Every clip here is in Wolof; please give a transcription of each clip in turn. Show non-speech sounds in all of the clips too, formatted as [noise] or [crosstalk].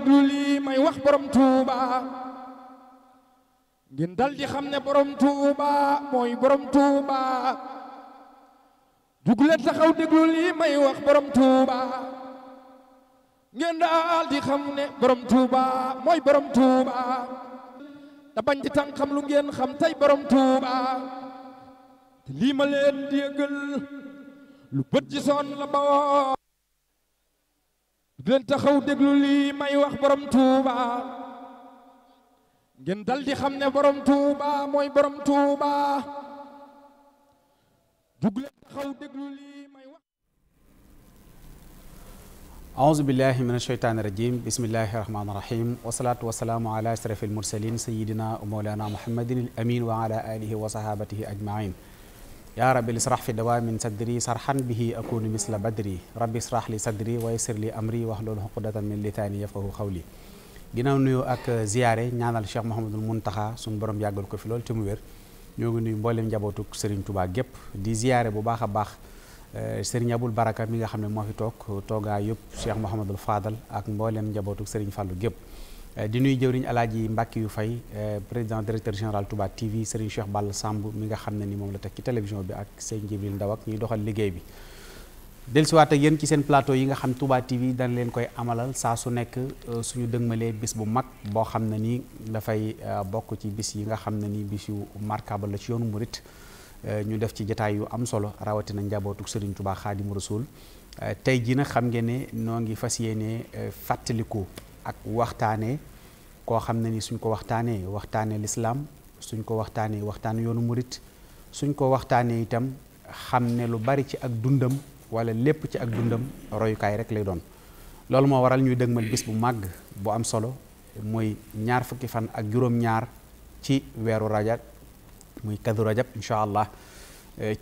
déglu lii wax borom tuuba ngeen dal xam ne borom tuuba mooy borom tuuba dugleen taxaw déglu lii may wax borom tuuba ngeen daal xam ne borom tuuba mooy borom tuuba da di tàng lu ngeen xam tey borom tuuba te lii ma leen di yëgal lu bët ci soon la bawoo ngeen taxaw déglu lii may wax borom Touba ngeen dal di xam ne borom Touba mooy borom Touba jug leen taxaw déglu lii may wax. aouzu billahi min asheytaani rajim bismillahi rahmaani rahim wasalaatu wasalaamu ala ashrafil mursalin sayidina mawlana muhammadin al amin wa ala alihi wa sahabatihi ajmain يا رب اسرح في دوام صدري سرحا به أكون مثل بدري ربي اسرح لي صدري ويسر لي أمري واحلل عقدة من لساني يفقهوا قولي ginnaaw nuyoo ak ziyaare ñaanal Cheikh Mouhamadul Mountakha suñu borom yàggal ko fi loolu te mu wér ñoo ngi nuyu mboolem njabootu Serigne Touba gépp di ziyaare bu baax a baax Serigne Abul Baraka mi nga xam ne moo fi toog toogaa yëpp Cheikh Mouhamadul Fadal ak mboolem njabootu Serigne Fallou gépp Euh, di nuy jëwriñ alaaji Mbàkki yu fay euh, président directeur général Touba TV Serigne Cheikh Balla Samb mi nga xam ne ni moom la teg ci télévision bi ak sëñ Jibril Ndaw ak ñuy doxal liggéey bi dellusiwaat ak yéen ci seen plateau yi nga xam Touba TV dana leen koy amalal saa su nekk euh, suñu dëgmalee bis bu mag boo xam ne nii dafay bokk ci bis yi nga xam ne nii bis yu marquable la ci yoonu murit ñu def ci jataay yu am solo rawatina njabootu Serigne Touba Xaadimu Rasuul tey jii nag xam ngeen ne noo ngi fas yéene fàttaliku ak waxtaanee koo xam ne ni suñ ko waxtaanee waxtaanee lislaam suñ ko waxtaanee waxtaan yoonu murit suñ ko waxtaanee itam xam ne lu bari ci ak dundam wala lépp ci ak dundam royukaay rek lay doon loolu moo waral ñuy dëgmal bis bu màgg bu am solo muy ñaar fukki fan ak juróom-ñaar ci weeru rajab muy kadu rajab incha allah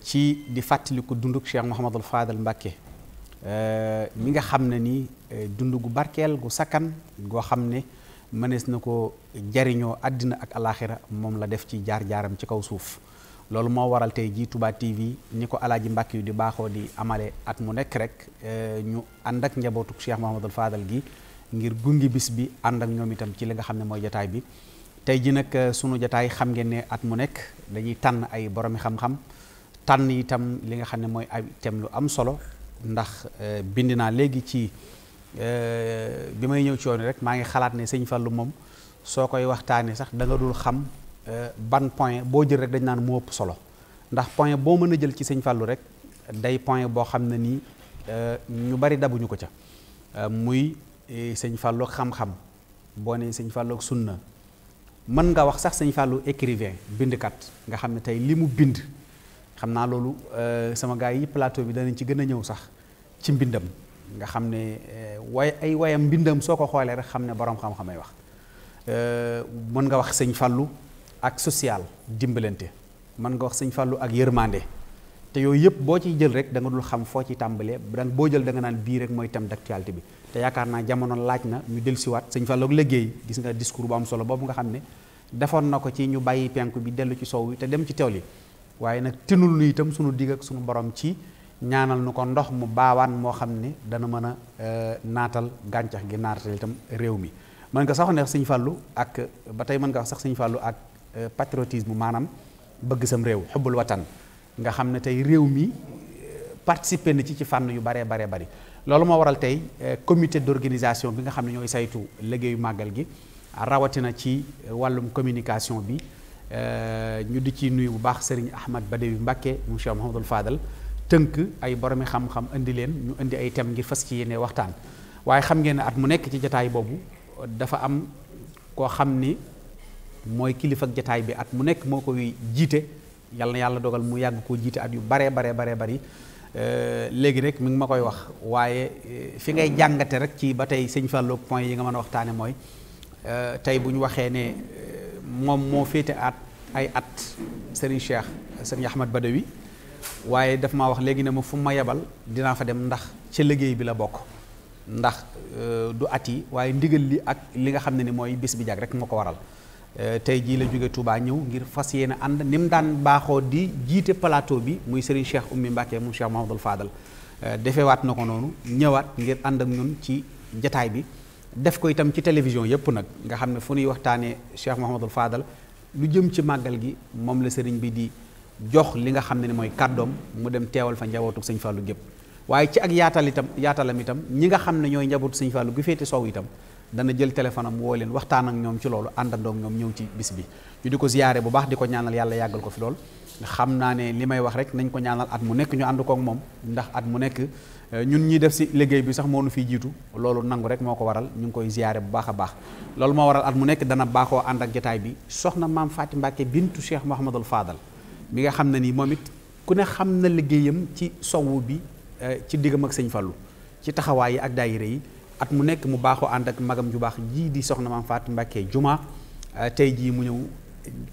ci di fàttaliku dunduk Cheikh Mouhamadul Fadal Mbacke mi nga xam ne Eh, dund gu barkeel gu sakkan goo xam ne mënees na ko jariñoo àddina ak alaaxira moom la def ci jaar-jaaram ci kaw suuf loolu moo waral tey jii Touba TV ni ko alaaji mbàkk yu di baaxoo di amale at mu nekk rek eh, ñu ànd ak njabootu Cheikh Mouhamadul Fadal gi ngir gungi bis bi ànd ak ñoom itam ci li nga xam ne mooy jataay bi tey ji nag eh, sunu jataay xam ngeen ne at mu nekk dañuy tànn ay boromi xam-xam tànn itam li nga xam ne mooy ay tem lu am solo ndax bind naa léegi ci Eh, bi may ñëw ci yoon rek maa ngi xalaat ne sëñ fàllu moom soo koy waxtaanee sax da nga dul xam eh, ban point boo jël rek dañ naan moo ëpp solo ndax point boo mën a jël ci sëñ Fallou rek day point boo xam ne nii eh, ñu bari dabuñu ko ca muy sëñ Fallou boo nee sëñ Fallou ak sunna mën nga wax sax sëñ Fallou écrivain bindkat nga xam ne tey li mu bind xam naa loolu sama gaa yi plateau bi danañ ci gën a ñëw sax ci mbindam. nga xam ne eh, way ay wayam mbindam soo ko xoolee rek xam ne boroom xam-xamay wax eh, mën nga wax sëñ Fallu ak social dimbalante mën nga wax sëñ Fallu ak yërmande te yooyu yëpp boo ciy jël rek da dul xam foo ci tàmbalee da boo jël da nga naan bii rek mooy thème d'actualité bi te yaakaar naa jamono laaj na ñu dellusiwaat sëñ Fallu ak liggéey gis nga discours bu am solo boobu nga xam ne defoon na ko ci ñu bàyyi penku bi dellu ci sow bi te dem ci teew yi waaye nag tinul nu itam borom ci. ñaanal nu ko ndox mu baawaan moo xam ne dana mën a euh, naatal gàncax gi naatal itam réew mi mën nga sax neex sëñ fàllu ak ba tey mën nga wax sax sëñ fàllu ak euh, patriotisme maanaam bëgg sam réew xubbul watan nga xam ne tey réew mi euh, participer na ci ci fànn yu baree baree bari loolu moo waral tey comité d'organisation bi nga xam ne ñooy saytu liggéeyu màggal gi rawatina ci wàllum communication bi ñu di ci nuyu bu baax sëriñ Ahmad Badawi Mbàkke mu Cheikh Mahamadul Fadal tënk ay boromi xam-xam indi leen ñu indi ay thèmes ngir fas ci yéene waxtaan waaye xam ngeen ne at mu nekk ci jataay boobu dafa am koo xam ni mooy kilifa jataay bi at mu nekk moo koy jiite yal na yàlla dogal mu yàgg koo jiite at yu baree baree baree bari euh, léegi rek mi ngi ma koy wax waaye euh, fi ngay jàngate rek ci ba tey sëñ Fallou point yi nga mën a waxtaane mooy euh, tey bu ñu waxee ne moom moo féete at ay at Serigne Cheikh Serigne Ahmad Badawi waaye daf ma wax léegi ne ma fu ma yebal dinaa fa dem ndax ca liggéey bi la bokk ndax euh, du at yi waaye ndigal li ak li nga xam ne ni mooy bis bi jag rek moo ko waral euh, tey jii la jóge Touba ñëw ngir fas yéene ànd ni mu daan baaxoo di jiite plateau bi muy Serigne Cheikh Oumy Mbacké mu Cheikh faadal Fadal euh, waat na ko noonu ñëwaat ngir ànd ak ñun ci jataay bi def ko itam ci télévision yëpp nag nga xam ne fu nuy waxtaanee Cheikh Mahamadul Fadal lu jëm ci màggal gi moom la Serigne bi di jox li nga xam ne ni mooy kàddoom mu dem teewal fa njabootu sëñ Fallou gépp waaye ci ak yaatal itam yaatalam itam ñi nga xam ne ñooy njabootu sëñ Fallou gu féete soow itam dana jël téléphone am woo leen waxtaan ak ñoom ci loolu àndandoog ñoom ñëw ci bis bi ñu di ko ziyaare bu baax di ko ñaanal yàlla yàggal ko fi lool xam naa ne li may wax rek nañ ko ñaanal at mu nekk ñu ànd koog moom ndax at mu nekk eh, ñun ñi def si liggéey bi sax moo nu fiy jiitu loolu nangu rek moo ko waral ñu ngi koy ziyaare bu baax a baax loolu moo waral at mu nekk dana baaxoo ànd ak jotaay bi soxna maam Faati Mbàkke bintu Cheikh Mouhamadul Fadal mi nga xam ne ni moom it ku ne xam na liggéeyam ci sowu bi eh, ci diggam ak sëñ Fallou ci taxawaay yi ak daayira yi at mu nekk mu baaxoo ànd ak magam ju baax jii di soxna maam Fatou Mbacké Juma eh, tey jii mu ñëw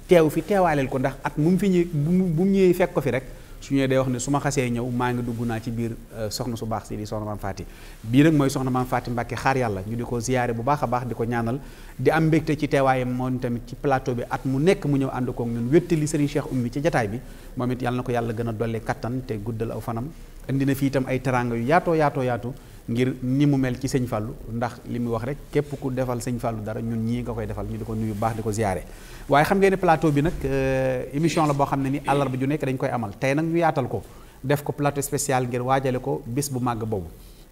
teew fi teewaaleel ko ndax at mu mu fi ñëw bu mu ñëwee fekk ko fi rek. su ñëwee day wax ne su ma xasee ñëw maa ngi dugg naa ci biir euh, soxna su baax si di soxna maam Faati bii nag mooy soxna maam Faati Mbàkke xaar yàlla ñu di ko ziyaare bu baax a baax di ko ñaanal di am mbégte ci teewaayam moom tamit ci plateau bi at mu nekk mu ñëw ànd koog ñun wéttali Serigne Cheikh Oumy ci jataay bi moom it yàlla na ko yàlla gën a dolli kattan te guddal aw fanam indi na fi itam ay teranga yu yaatoo yaato yaatu ngir ni mu mel ci sëñ Fallou ndax li mu wax rek képp ku defal sëñ Fallou dara ñun ñii nga koy defal ñu di ko nuyu baax di ko ziyaare waaye xam nga ne plateau bi nag euh, émission la boo xam ne ni àllarba ju nekk dañ koy amal tey nag ñu yaatal ko def ko plateau spécial ngir waajale ko bis bu màgg boobu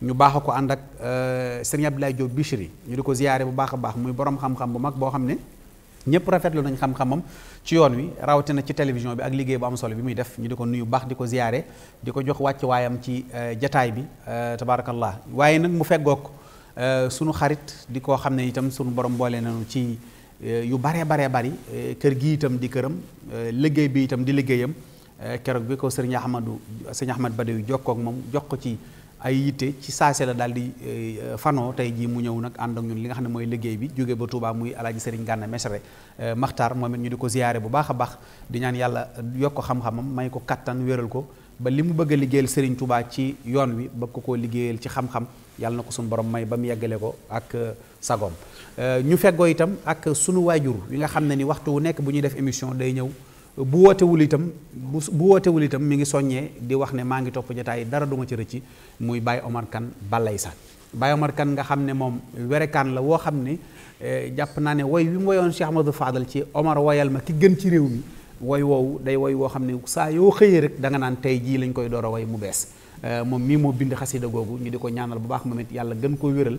ñu baax a ko ànd ak euh, sëriñ Abdoulaye Diop Bichri ñu di ko ziyaare bu baax a baax muy borom xam-xam bu mag boo xam ne ñëpp rafetlu nañ xam-xamam ci yoon wi rawatina ci télévision bi ak liggéey bu am solo bi muy def ñu di ko nuyu baax di ko ziyaare di ko jox wàcc waayam ci eh, jataay bi eh, tabaarakallah waaye nag mu feggoog eh, sunu xarit di koo xam ne itam sunu borom boole nañu ci yu baree baree bari kër gi itam di këram liggéey bi itam di liggéeyam keroog bi ko sëriñ Ahmadou sëriñ Ahmad Badawi jokkoog moom jox ko ci ay yitte ci saa saase la daal di euh, fano tey jii mu ñëw nag ànd ak ñun li nga xam ne mooy liggéey bi jóge ba Touba muy alaaji Serigne Gana Messere euh, Maxtaar moom it ñu di ko ziyaare bu baax a baax di ñaan yàlla yokk ko xam may ko kattan wéral ko ba li mu bëgg a liggéeyal Serigne Touba ci yoon wi bëgg ko koo liggéeyal ci xam-xam yàlla na ko suñu borom may ba mu yeggale ko ak euh, sagoom ñu feggoo itam ak sunu waajur yi nga xam ne ni waxtu wu nekk bu ñuy def émission day ñëw bu wootewul itam bu bu wootewul itam mi ngi soññee di wax ne maa ngi topp jotaay dara duma ci rëcci muy Baye Omar kan balay sax Baye Omar Kane nga xam ne moom werekaan la woo xam ne eh, jàpp naa ne woy wi mu woyoon Cheikh Amadou Fadal ci Omar woyal ma ki gën ci réew mi woy woowu day woy woo xam ne saa yoo xëyee rek danga naan tey jii lañ koy door woy mu bees eh, moom mii moo bind xasida googu ñu di ko ñaanal bu baax moom yàlla gën koo wéral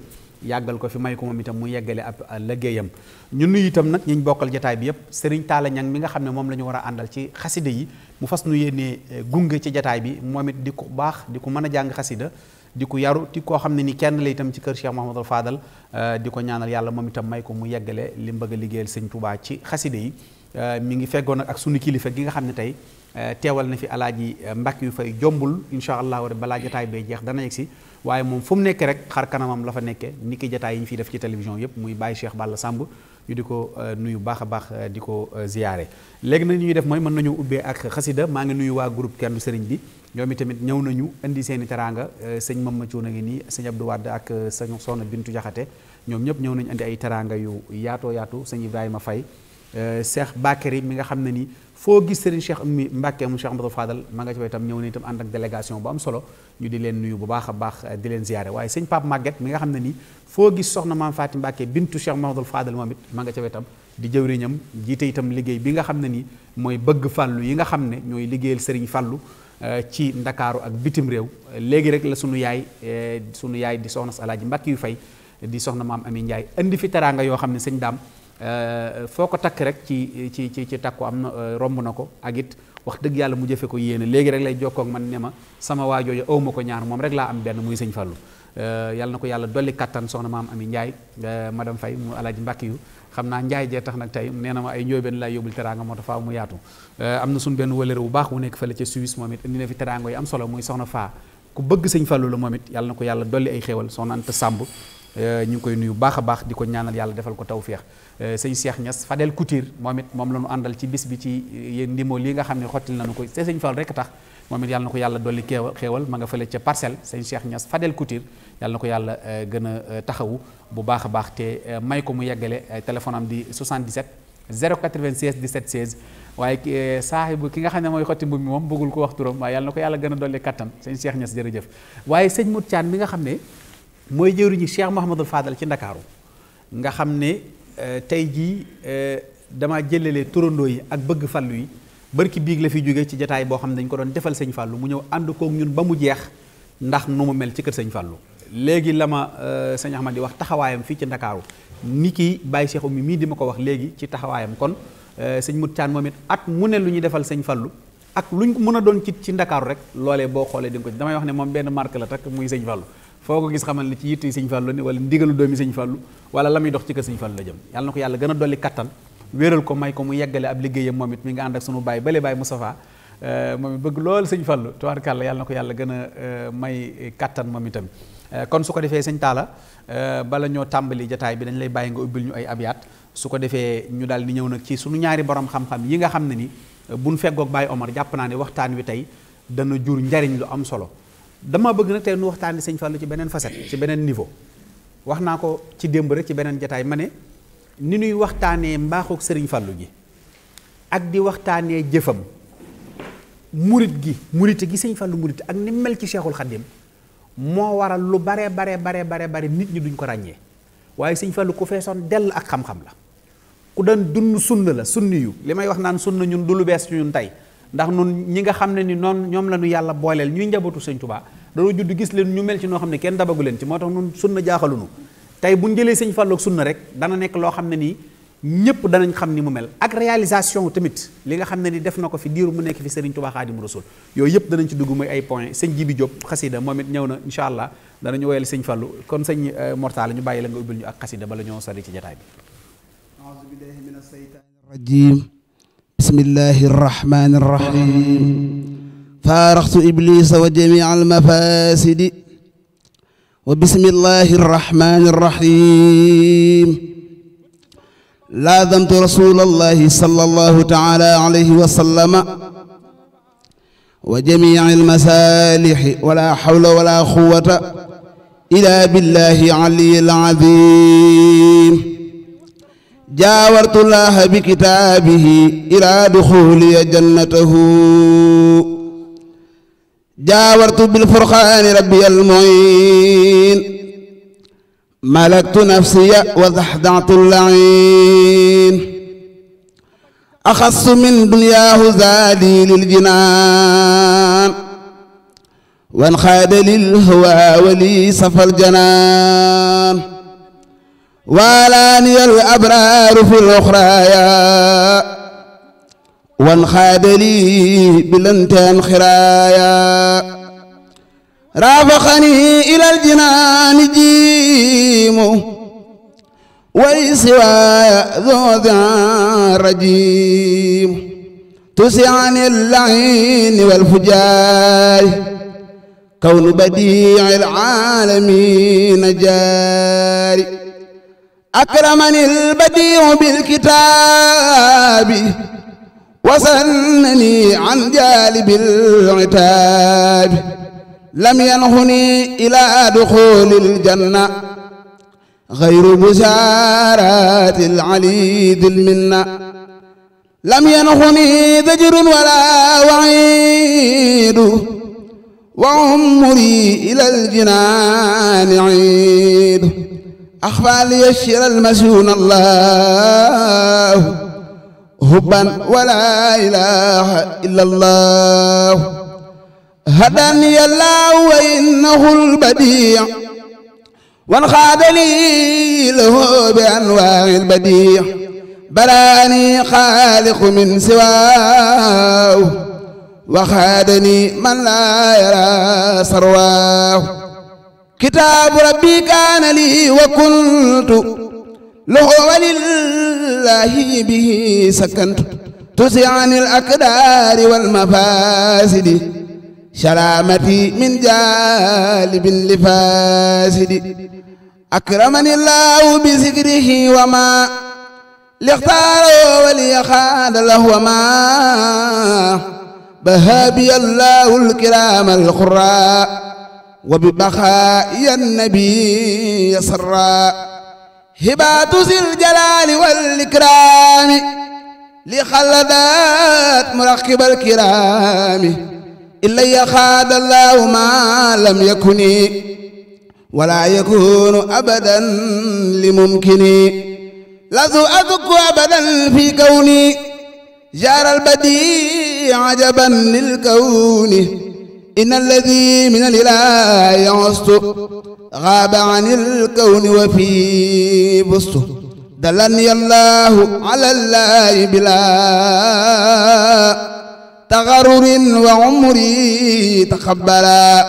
yàggal ko fi may ko moom itam mu yeggale ab liggéeyam ñu nuyu itam nag ñiñ bokkal jataay bi yëpp Serigne Talla Niang mi nga xam ne moom lañu ñu war a àndal ci xasida yi mu fas nu yéenee eh, gunge ci jataay bi moom it di ko baax di ko mën a jàng xasida di ko yaru ti koo xam ne ni kenn la itam ci kër Cheikh Mouhamadou Fadal eh, di ko ñaanal yàlla moom itam may ko mu yeggale li mbëgg a liggéeyal Sëñ Touba ci xasida yi eh, mi ngi feggoon nag ak sunu kilifa gi nga xam ne tey teewal na fi alaaji mbàkk yu fay jombul incha allah balaa jataay bay jeex dana yegg si waaye moom fu mu nekk rek xar kanamam la fa nekkee niki ki jataay yi ñu fiy def ci télévision yëpp muy Baye Cheikh Balla Samb ñu di ko euh, nuyu baax a baax euh, di ko euh, ziyaare léegi nag ñuy def mooy mën nañu ubbee ak xasida maa ngi nuyu waa groupe kenn du sëriñ bi ñoom itamit ñëw nañu indi seen i teraanga sëñ Mama Cuuna ngi nii sëñ du wàdd ak sëñ Soxna Bintu Jaxate ñoom ñëpp ñëw nañu indi ay teraanga yu yaatoo yaatu sëñ Ibrahima Faye Cheikh Bakary mi nga xam ne ni foo gis Serigne Cheikh Mbacke mu Cheikh Amadou Fadal ma nga ca way itam ñëw ne itam ànd ak délégation bu am solo ñu di leen nuyu bu baax a baax eh, di leen ziare waaye sëñ Pape Maguette mi nga xam ne nii foo gis soxna maam Faati Mbacke bintu Cheikh Amadou Fadal moom it ma nga ci way itam di jëwriñam jiite itam liggéey bi nga xam ne nii mooy bëgg fàllu yi nga xam ne ñooy liggéeyal Serigne Fàllu eh, ci ndakaaru ak bitim réew léegi rek la sunu yaay eh, sunu yaay di soxna si Alaaji Mbàkke yu fay di soxna maam Ami Njaay indi fi teraanga yoo xam ne sëñ daam Euh, foo ko takk rek ci ci ci ci takku am na euh, romb na ko ak it wax dëgg yàlla mu jëfe ko yéene léegi rek lay jokkoo man ne ma sama waa jooju aw ko ñaar moom rek laa am benn muy sëñ Fallou euh, yàlla ko yàlla dolli kattan soxna maam Ami Ndiaye madame Faye mu alaaji Mbàkke yu xam naa Ndiaye jee tax nag tey nee na ma ay njóobeen laay yóbbul teraanga moo tax faaw mu yaatu am na suñu benn wëlëre bu baax bu nekk fële ca Suisse moom it indi na fi teraanga am solo muy soxna faa ku bëgg sëñ Fallou moom it yàlla ko yàlla dolli ay xéewal soxna Samb ñu koy nuyu baax a baax di ko ñaanal yàlla defal ko taw tawféex Euh, sëñ Cheikh ñas Fadel Couture moom it moom la ñu àndal ci bis bi ci euh, yéen ndimo lii nga xam ne xottil nañu ko te sëñ rek tax moom it na ko yàlla dolli keew xéewal ma nga fële ca parcelle sëñ Cheikh Niass Fadel Couture yàlla na ko yàlla euh, gën a taxawu bu baax a baax te may ko mu yeggale téléphone am di 77 096 17 16 waaye saaxibu ki nga xam ne mooy xotti mbubb moom bëggul ko wax turam waaye yàlla na ko yàlla gën a dolli kattan sëñ Cheikh Niass jërëjëf waaye sëñ Mout Thiane mi nga xam ne mooy jëwriñu Cheikh Mouhamadul Fadal ci Ndakaaru nga xam ne Euh, tey jii euh, dama jëlale turandoo yi ak bëgg fàllu yi barki biig la fi jóge ci jataay boo xam ne dañ ko doon defal sëñ fàllu mu ñëw ànd kook ñun ba mu jeex ndax nu mu mel ci kër sëñ fàllu léegi la ma euh, sëñ Ahmad di wax taxawaayam fii ci Ndakaaru ni ki Baye Cheikh Oumy mii di ma ko wax léegi ci taxawaayam kon sëñ Mut Caan moom it at mu ne lu ñuy defal sëñ Fallu ak lu ñu mën a doon ci ci Ndakaaru rek loole boo xoolee di nga ko damay wax ne moom benn marque la takk muy sëñ Fallu foo ko gis xamal ni ci yitte sëñ fàllu ne wala ndigalu doomi sëñ fàllu wala la muy dox ci kër sëñ fàllu la jëm yàlla na ko yàlla gën a dolli kattan wéral ko may ko mu yeggale ab liggéeyam moom it mi nga ànd ak sunu baay bale baay Moustapha euh, moom it bëgg lool sëñ fàllu tubaarkàlla yàlla ko yàlla gën a euh, may kattan moom itam euh, kon su ko defee sëñ taala bala ñoo tàmbali jataay bi dañ lay bàyyi nga ubbil ñu ay abyaat su ko defee ñu daal di ñëw nag ci sunu ñaari borom xam-xam yi nga xam ne ni buñ feggoog Baye Omar jàpp naa ne waxtaan wi tey dana jur njariñ lu am solo dama bëgg na tey nu waxtaan waxtaanee sëñ Fallou ci beneen facette ci beneen niveau wax naa ko ci démb rek ci beneen jataay ma ne ni nuy waxtaanee mbaaxuk sëriñ Fallou gi ak di waxtaanee jëfam murit gi murite gi sëñ Fallou murit ak ni mel ci Cheikhul Khadim moo waral lu bare bare bare bare bare nit ñi duñ ko ràññee waaye sëñ Fallou ku feesoon dell ak xam-xam la ku daan dund sunna la sunni yu li may wax naan sunna ñun du lu bees ñun tey ndax nun ñi nga xam ne ni noon ñoom la ñu yàlla booleel ñuy njabootu sëñ Tuubaa dañoo judd gis leen ñu mel ci noo xam ne kenn dabagu leen ci moo tax nun sunna jaaxalunu tey bu ñu jëlee sëñ Fallu ak sunna rek dana nekk loo xam ne nii ñëpp danañ xam ni mu mel ak réalisation tamit li nga xam ne ni def na ko fi diiru mu nekk fi Serigne Touba Xaadimu Rasuul yooyu yëpp danañ ci dugg muy ay point sëñ Jibi Diop xasida moom it ñëw na incha allah danañu woyal sëñ Fallu kon sëñ euh, Mortala ñu bàyyi la nga ubbil ñu ak xasida bala ñoo sori ci jataay bi بسم الله الرحمن الرحيم فارقت إبليس وجميع المفاسد وبسم الله الرحمن الرحيم لاذمت رسول الله صلى الله تعالى عليه وسلم وجميع المسالح ولا حول ولا قوة إلا بالله علي العظيم جاورت الله بكتابه إلى دخولي جنته جاورت بالفرقان ربي المعين ملكت نفسي وزحزعت اللعين أخص من دنياه زادي للجنان وانخاد للهوى ولي صفى الجنان والاني الأبرار في الأخرايا وانخاد لي بالانتان خرايا رافقني إلى الجنان جيم ويسوايا ذو ذا رجيم تسعني اللعين والفجار كون بديع العالمين جاري أكرمني البديع بالكتاب وسنني عن جالب العتاب لم ينهني إلى دخول الجنة غير بشارات العليد المنة لم ينهني ذجر ولا وعيد وعمري إلى الجنان عيد أخفى ليشر المسون الله هبا ولا إله إلا الله هداني الله وإنه البديع وانخاد له بأنواع البديع براني خالق من سواه وخادني من لا يرى سرواه كتاب ربي كان لي وكنت له ولله به سكنت تسي عن الأقدار والمفاسد شرامتي من جالب لفاسد أكرمني الله بذكره وما لاختاره وليخاد له وما بهابي الله الكرام الخرام وببخاء النبي صرا هبات ذي الجلال والإكرام لخلدات مرقب الكرام إلا خاد الله ما لم يكن ولا يكون أبدا لممكن لذو أذك أبدا في كوني جار البديع عجبا للكون إن الذي من الإله يعصت غاب عن الكون وفي بسط دلني الله على الله بلا تغرر وعمري تقبلا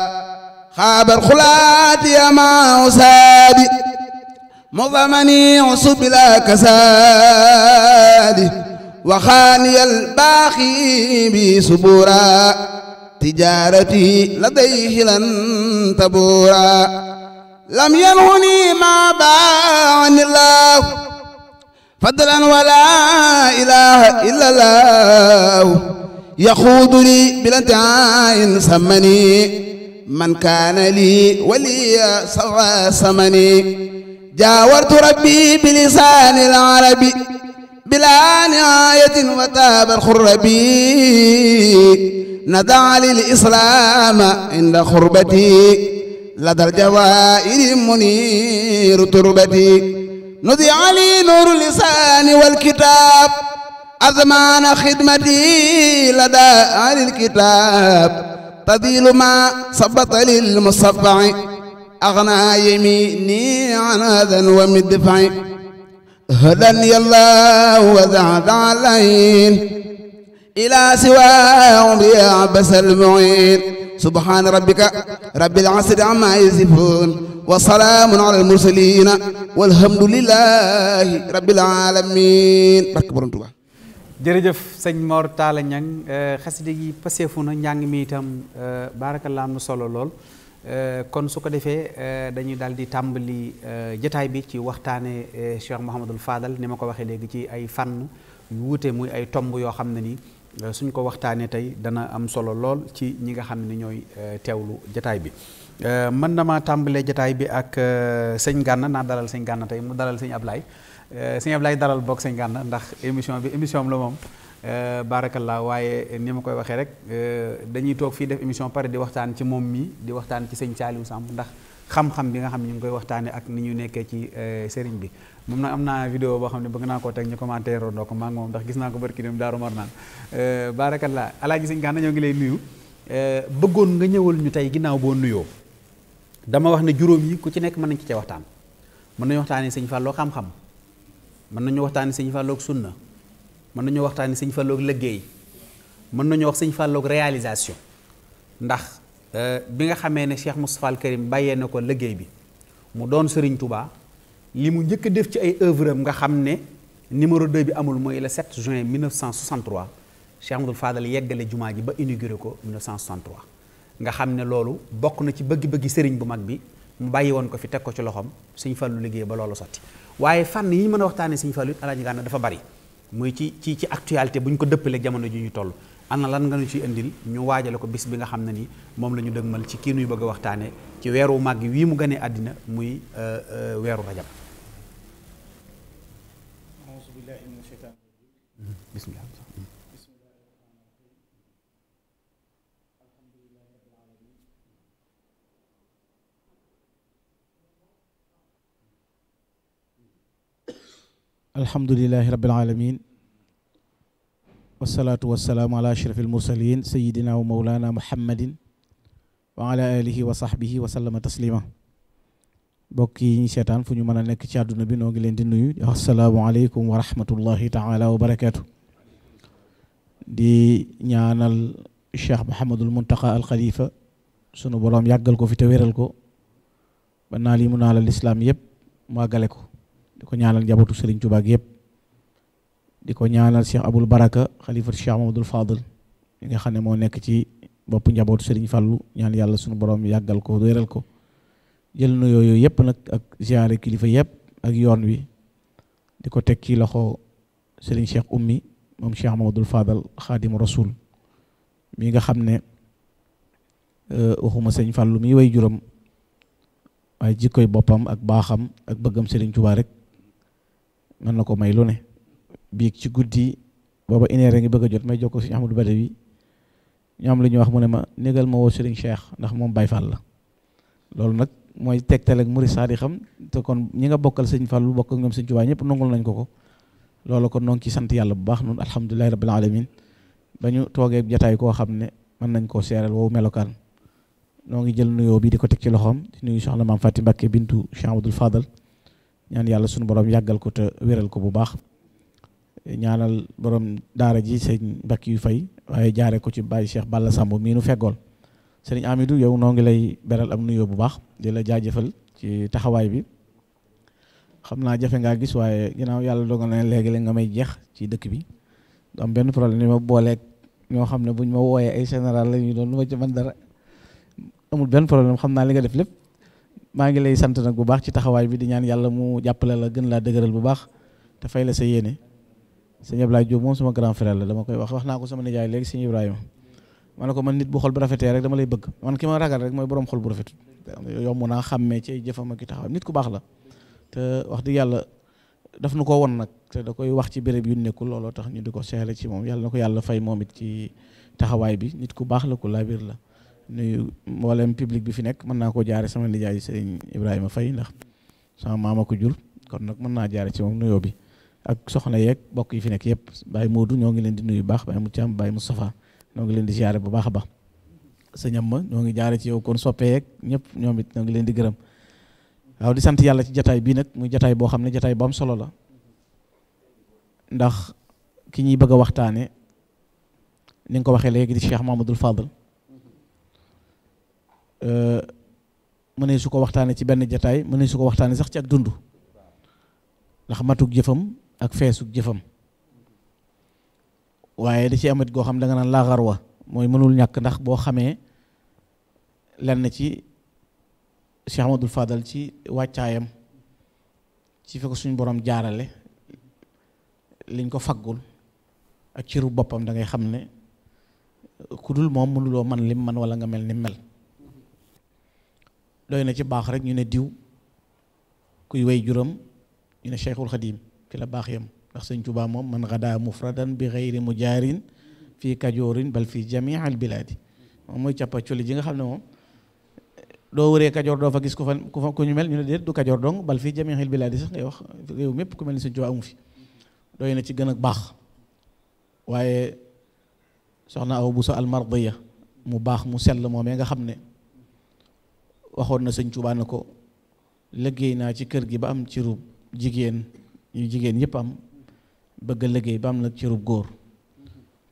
خاب الخلات يا ما أسادي مضمني عصب بلا كسادي وخاني الباخي بسبورا تجارته لديه لن تبورا لم ينهني ما باعني الله فضلا ولا إله إلا الله يخوض لي بلا دعاء سمني من كان لي ولي سوى سمني جاورت ربي بلسان العربي بلا نهاية وتاب الخربي ندع للإسلام عند خربتي لدى الجوائر منير تربتي نضيع لي نور اللسان والكتاب أزمان خدمتي لدى أهل الكتاب تذيل ما صبت للمصفع أغنى يميني عن هذا ومدفعي هدني الله وذعد علي إلى سوى أولياء عبس المعين سبحان ربك رب العصر عما يزفون وسلام على المرسلين والحمد لله رب العالمين بارك انتوا جرجف jërëjëf sëñ Mor Talla Niang xasida yi paseefu na njàng mi Euh, kon su ko defee euh, dañuy daal di tàmbali euh, jataay bi ci waxtaane Cheikh Mouhamadul Fadal ni ma ko waxee léegi ci ay fànn yu wuute muy ay tomb yoo xam ne ni suñ ko waxtaanee tey dana am solo lool ci ñi nga xam ne ñooy teewlu jataay bi. mën na maa tàmbalee jataay bi ak sëñ Gànna naa dalal sëñ Gànna tey mu dalal sëñ Ablaye sëñ Ablaye dalal bokk sëñ Gànna ndax émission bi émission am la moom. Euh, baarakallaa waaye ni ma koy waxee rek euh, dañuy toog fii def émission pare di waxtaan ci moom mii di waxtaan ci sëñ Saliou Samb ndax xam-xam bi nga xam ne ñu ngi koy waxtaanee ak ni ñu nekkee ci euh, sëriñ bi moom nag am naa vidéo boo xam ne bëgg naa koo teg ñu commentaire roondoo ko maa ngi moom ndax gis naa ko barki dem Daaru Marnaan baarakallaa alaaji sëñ Gana ñoo ngi lay nuyu bëggoon nga ñëwal ñu tey ginnaaw boo nuyoo dama wax ne juróom yi ku ci nekk mën nañ ci cee waxtaan mën nañu waxtaanee sëñ Fallou xam mën nañu waxtaanee sëñ Fallou sunna mën nañoo waxtaani sëñ Falloog liggéey mën nañoo wax sëñ Falloog réalisation ndax euh, bi nga xamee ne Cheikh Moustapha al Karim bàyyee na ko liggéey bi mu doon Serigne tubaa li mu njëkk def ci ay œuvre am nga xam ne numéro 2 bi amul mooy le 7 juin 1963 Cheikh Amadou Fadal yeggale jumaa ji ba inauguré ko 1963. nga xam ne loolu bokk na ci bëgg-bëggi sëriñ bu mag bi mu bàyyi woon ko fi teg ko ci loxoom Sëñ Fallu liggéey ba loolu sotti waaye fànn yi ñu mën a waxtaanee Sëñ Fallu it Alaaji Gana dafa bari muy ci ci ci actualité buñ ko dëppalee jamono ji ñu toll ana lan nga ñu ciy indil ñu waajale ko bis bi nga xam ne ni moom la ñu dëgmal ci kii nuy bëgg waxtaane ci weeru màgg wii mu gënee àddina muy euh, euh, weeru rajab mm-hmm. bismillah alhamdulilahi rabbil والصلاة والسلام على أشرف المرسلين سيدنا ومولانا محمد وعلى آله وصحبه وسلم تسليما بوكي شيطان فني مانا نيك تي ادنا بي نوغي لين السلام عليكم ورحمه الله تعالى وبركاته دي نيانال الشيخ محمد المنتقى الخليفه سونو بروم ياغال في تويرال كو بنالي منال الاسلام يب ما غالي كو ديكو نيانال جابوتو سيرن diko ñaanal Cheikh Abul Baraka khalifa Cheikh Mamadou Fadil mi nga xamne mo nek ci bop njabot Serigne fallu ñaan yàlla suñu borom yagal ko doyeral ko jël nu yoyu yep nak ak ziare kilifa yep ak yoon wi diko tek teg ci loxo Serigne Cheikh ummi mom Cheikh Mamadou Fadal khadim rasul mi nga xamne euh waxuma serigne fallu mi way juram waaye jikkoy bopam ak baxam ak bëggam Serigne Touba rek man lako may lu ne biig ci guddi booba une ngi bëgg a jot may jokkoo Serigne Ahmadou Badawi ñoom la ñuy wax mu ne ma négal ma woo Serigne Cheikh ndax moom Baye Fall la loolu nag mooy tegtal ak murid saadi xam te kon ñi nga bokkal Serigne Fall lu bokk ak ñoom Serigne Touba ñëpp nangul nañ ko ko loolu ko noo ngi ci sant yàlla bu baax noonu alhamdulilahi la alamin ba ñu toogee jataay koo xam ne mën nañ koo seeral woowu melokaan noo ngi jël nuyoo bi di ko teg ci loxoom di nuyu soxna maam Fatim Mbacké bintu Cheikh Abdoul Fadal ñaan yàlla sunu borom yàggal ko te ko bu baax ñaanal borom daara ji sëñ mbakk yu fay waaye jaare ko ci Baye Cheikh Balla Samb mii nu feggool sëriñ Amidou yow noo ngi lay beral am nuyoo bu baax di la jaajëfal ci taxawaay bi xam naa jafe ngaa gis waaye ginnaaw yàlla dogal na léegi la nga may jeex ci dëkk bi am benn problème ni ma ñoo xam ne buñ ma wooyee ay général la ñuy doon lu ma ci dara amul benn problème xam naa li nga def lépp maa ngi lay sant nag bu baax ci taxawaay bi di ñaan yàlla mu jàppale la gën laa dëgëral bu baax te fay la sa yéene sëñ Ablaye Diop mom sama grand frère la dama koy wax waxna ko sama nijaay léegi sëñ Ibrahima ma ko man nit bu xol bu rafeté rek dama lay bëgg man kima ragal rek moy borom xol bu rafet yomb naa ci jëfama ki taxaw nit ku bax la te wax di yalla daf nu ko won nak te da koy wax ci béréb yu nekkul lolo tax ñu diko ko ci mom yalla na yalla fay momit ci taxaway bi nit ku bax la ku labir la nuyu mboolem public bi fi nek man nako jaaré sama nijaay sëñ Ibrahima fay ndax sama mama ko jur kon nak man na jaaré ci mom nuyo bi ak soxna yeeg bokk yi fi nekk yëpp Baye Modou ñoo ngi leen di nuyu baax Baye Moutiam Baye Moustapha ñoo ngi leen di ziare bu baax a am ma ñoo ngi jaare ci yow kon soppee ñëpp ñoom it ñoo ngi leen di gërëm waaw di sant yàlla ci jataay bii nag muy jataay boo xam ne jataay bu solo la ndax ki ñuy bëgg a waxtaane ni ko waxee léegi di Cheikh Mamadou Fadl mu ne su ko waxtaane ci benn jataay mu ne su ko waxtaane sax ci ak dund ndax matug jëfam ak feesu jëfam waaye da ci amat goo xam da nga naan laaxar wa mooy mënul ñàkk ndax boo xamee lenn ci Cheikh Amadou Fadal ci wàccaayam ci fi ko suñu borom jaarale liñ ko faggul ak ciru boppam dangay xam ne kudul moom mënuloo man lim man wala nga mel ni mel doy na ci baax rek ñu ne diw kuy way juróom ñu ne Cheikhul Xadim ci la baax yam ndax sëñ Tuubaa moom man xadaa mufradan bi xayri mujaarin fii kajoorin bal fii jamii al bilaadi moom mooy cappa coli ji nga xam ne moom doo wëree kajoor doo fa gis ku fa ku ñu mel ñu ne déet du kajoor dong bal fii jamii al bilaadi sax ngay wax réew mépp ku mel ni sëñ Tuubaa amu fi doy na ci gën a baax waaye soxna aw bu sa almardiya mu baax mu sell moomee nga xam ne waxoon na sëñ Tuubaa na ko liggéey naa ci kër gi ba am ci rub jigéen yu jigéen yëpp am bëgg a liggéey ba am nag cërub góor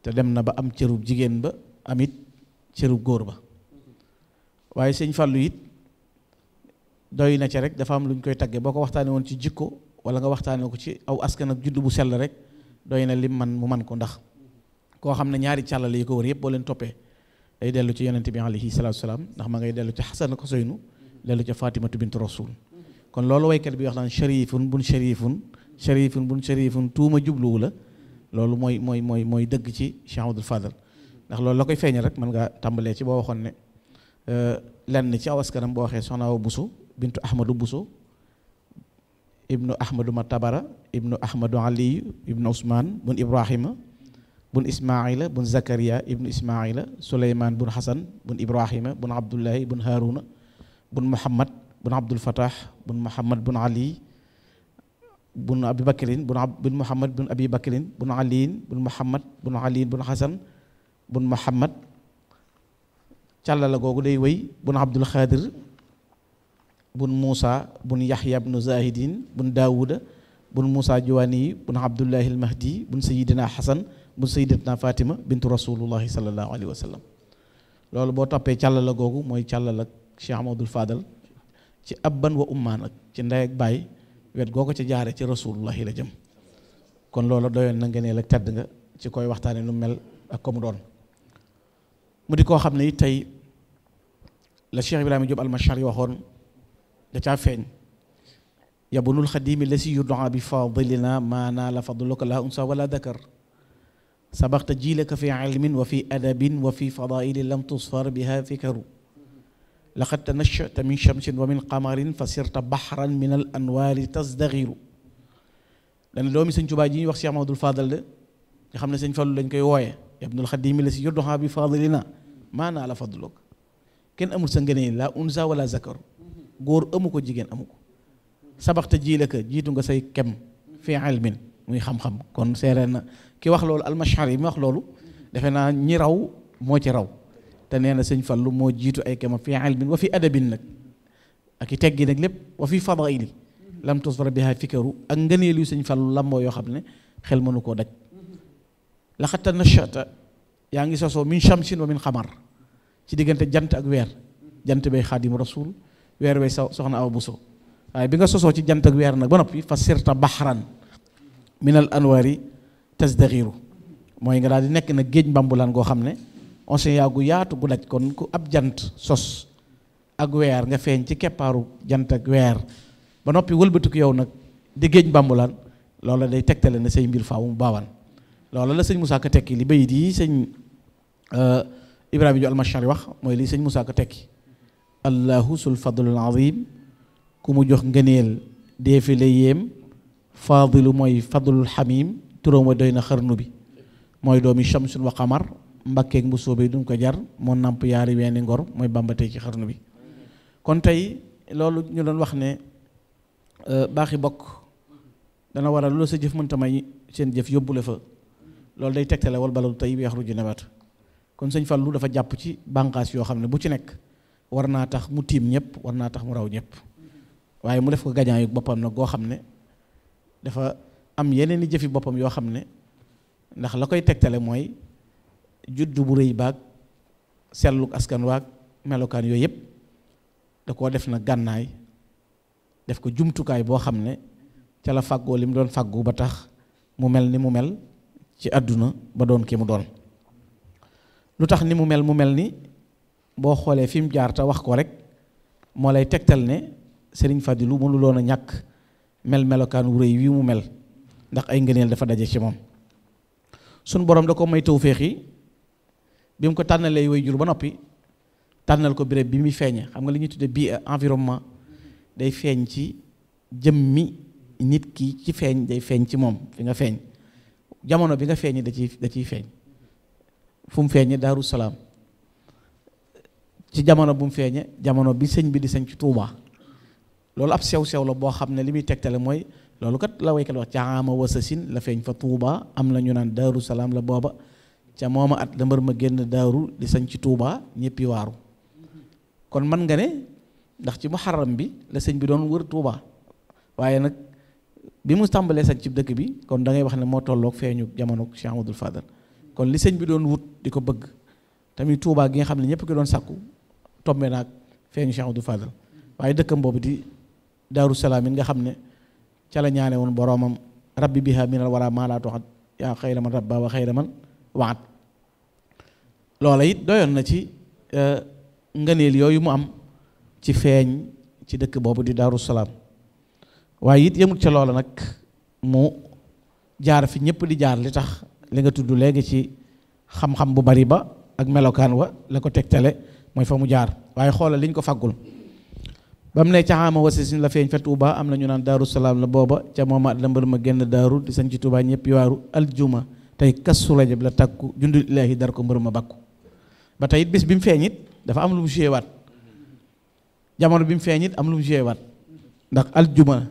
te dem na ba am cërub jigéen ba amit cërub góor ba waaye sëñ Fallou it doy na ci rek dafa am lu ñu koy tagge boo ko waxtaanee woon ci jikko wala nga waxtaanee ko ci aw askan ak juddu bu sell rek doy na lim man mu man ko ndax koo xam ne ñaari càllale yi ko wër yëpp boo leen toppee day dellu ci yonente bi alayhi salaatu salaam ndax ma ngay dellu ci xasan ko soynu dellu ca fatimatu bintu rasul kon loolu sharifun bun sharifun tuuma jubluwu la loolu mooy mooy mooy mooy dëgg ci Cheikh Abdoul Fadal ndax loolu la koy feeñal rek mën ngaa tàmbalee ci boo waxoon ne euh, lenn ci aw boo waxee soxna Awa Bousso bintu Ahmadou Bousso ibnu Ahmadou Matabara ibnu Ahmadou Aliyu ibnu Ousmane bun Ibrahima bun Ismaila bun Zakaria ibnu Ismaila Souleymane bun Xasan bun Ibrahima bun Abdullahi bun Haruna bun Muhammad bun Abdul Fatah bun Muhammad bun Ali bunu abi bakrin bunu bin muhammad bunu abi bakrin aliin bunu muhammad bunu aliin bunu xasan bunu muhammad càllala googu day wéy bunu abdul xaadir bunu muusa bunu yaxya bunu zahidin bunu daawuda bunu muusa juwaani bunu abdullahi almahdi bunu sayidina xasan bunu sayidatna fatima bintu rasulullahi salallahu alayhi wa loolu boo toppee càllala googu mooy càllala cheikh amadul fadal ci abban wa ummaan ak ci ndey ak baay wet goko ci jaare ci rasulullahi la jëm kon loolu doyon na ngeen ak tedd nga ci koy waxtaane nu mel ak ko mu doon mu di koo xam ne it tey la Cheikh Ibrahima Diop almashari waxoon da caa feeñ yabunul xadimi la si yudaa bi fadilina maanaa la fadluka la unsa wala dakar sabaqta jiilaka fi ilmin wa fi adabin wa fi fadail lam tusfar biha fikaru لقد تنشأت من شمس ومن قمر فصرت بحرا من الأنوار تزدغر لأن لو مسنج باجي وقت يعمل دول فاضل ده يخم نسنج فاضل لين كي واي يا ابن الخديم اللي سيجر ده هابي فاضلنا ما أنا على فضلك كن أمر سنجني لا أنزا ولا ذكر غور أمك وجيجن أمك سبق تجيلك جيت عند سي كم في علم مي خم خم كون سيرنا كي وخلول المشعري ما وخلوله دفنا نيراو موتي راو, te nee na sëñ Fallu moo jiitu ay kema fi ilmin wa fi adabin nag ak i teggi nag lépp wa fi fadaili lam tosfara biha fikaru ak ngëneelu sëñ Fallu lamboo yoo xam ne xel mënu koo daj laxatta nachata yaa ngi sosoo min chamsin wa min xamar ci diggante jant ak weer jant bay xaadimu rasul weer way sa soxna aw buso waaye bi nga sosoo ci jant ak weer nag ba noppi fa sirta baxran min al anwaari tasdaxiru mooy nga daal di nekk nag géej mbambulaan goo xam ne océan gu yaatu gu daj kon ku ab jant sos ak weer nga feeñ ci keppaaru jant ak weer ba noppi wëlbatiku yow nag di géej bambulaan loola day tegtale na say mbir faaw mu baawan loola la sëñ Moussa Ka tekki li bayit yi sëñ euh, Ibrahima ju almashari wax mooy li sëñ Moussa Ka tekki allahu sul fadlul ku mu jox ngëneel dee fi la yéem faadilu mooy fadlul xamim turam wa doy na xarnu bi mooy doomi shamsun wa qamar mbakkeek mu soobee duñ ko jar moo namp yaari weeni ngor mooy bàmba tey ci xarnu bi kon tey loolu ñu doon wax ne euh, baaxi bokk dana war a loolu sa jëf mënta may seen jëf yóbbu fa loolu day tegtale wal baladu tey bi yaxruju nabaatu kon sëñ Fallu dafa jàpp ci bànqaas yoo xam ne bu ci nekk war naa tax mu tiim ñëpp war naa tax mu raw ñëpp waaye mu def ko gajaan yu boppam nag goo xam ne dafa am yeneen i jëfi boppam yoo xam ne ndax la koy tegtale mooy judd bu rëy baag selluk askan waag melokaan yooyu yëpp da koo def na gànnaay def ko jumtukaay boo xam ne ca la fàggoo li mu doon faggu ba tax mu mel ni mu mel ci àdduna ba doon ki mu doon lu tax ni mu mel mu mel ni boo xoolee fi mu jaar te wax ko rek moo lay tegtal ne sëriñ Fadilou mënu loon a ñàkk mel melokaan wu rëy wi mu mel ndax ay ngëneel dafa daje ci moom sun borom da ko may tawféex bi mu ko tànnalee way jur ba noppi tànnal ko béréb bi muy feeñe xam nga li ñuy tudde bii euh, environnement day feeñ ci jëmmi nit ki ci feeñ day feeñ ci moom fi nga feeñ jamono bi nga feeñi da ciy da ciy feeñ fu mu feeñe Daaru Salaam ci jamono bu mu feeñe jamono bi sëñ bi di sëñ ci Tuubaa loolu ab sew-sew la boo xam ne li muy tegtale mooy loolu kat la waykat wax caama wasasin la feeñ fa Tuubaa am na ñu naan Daaru Salaam la booba ca moo ma at la ma génn daaru di sañ ci Touba ñëppi waaru kon man nga ne ndax ci muharram bi la sëñ bi doon wër tuubaa waaye nag bi mu tàmbalee sañ ci dëkk bi kon dangay wax ne moo tolloog feeñu jamono Cheikh Amadou Fadal kon li sëñ bi doon wut di ko bëgg tamit tuubaa gi nga xam ne ñëpp ki doon sàkku tombe naag feeñu Cheikh Amadou Fadal waaye dëkkam boobu di Daaru Salaam nga xam ne ca la ñaane woon boroomam rabbi biha minal wara maa laa toxat yaa xayra man rabba wa xayra man waat lola it na ci e, ngëneel yoyu mu am ci feñ ci dekk bobu di daru salam waye it yemut ci loola nak mu jaar fi ñepp di jaar li tax li nga tuddu legi ci xam-xam bu bari ba ak melokan wa la ko tele moy fa mu jaar waye xoolal liñ ko fagul bam ne ci xama wasi sin la feñ fa tuba am na ñu nan daru salam la boba ci momat la mbër ma di sañ ci Touba aljuma tey kasu rajab la ko jundul ilaahi dar ko mbërëm a bakku ba tey it bis bi mu feeñ it dafa am lu mu joué waat jamono bi mu feeñ am lu mu joué waat ndax aljuma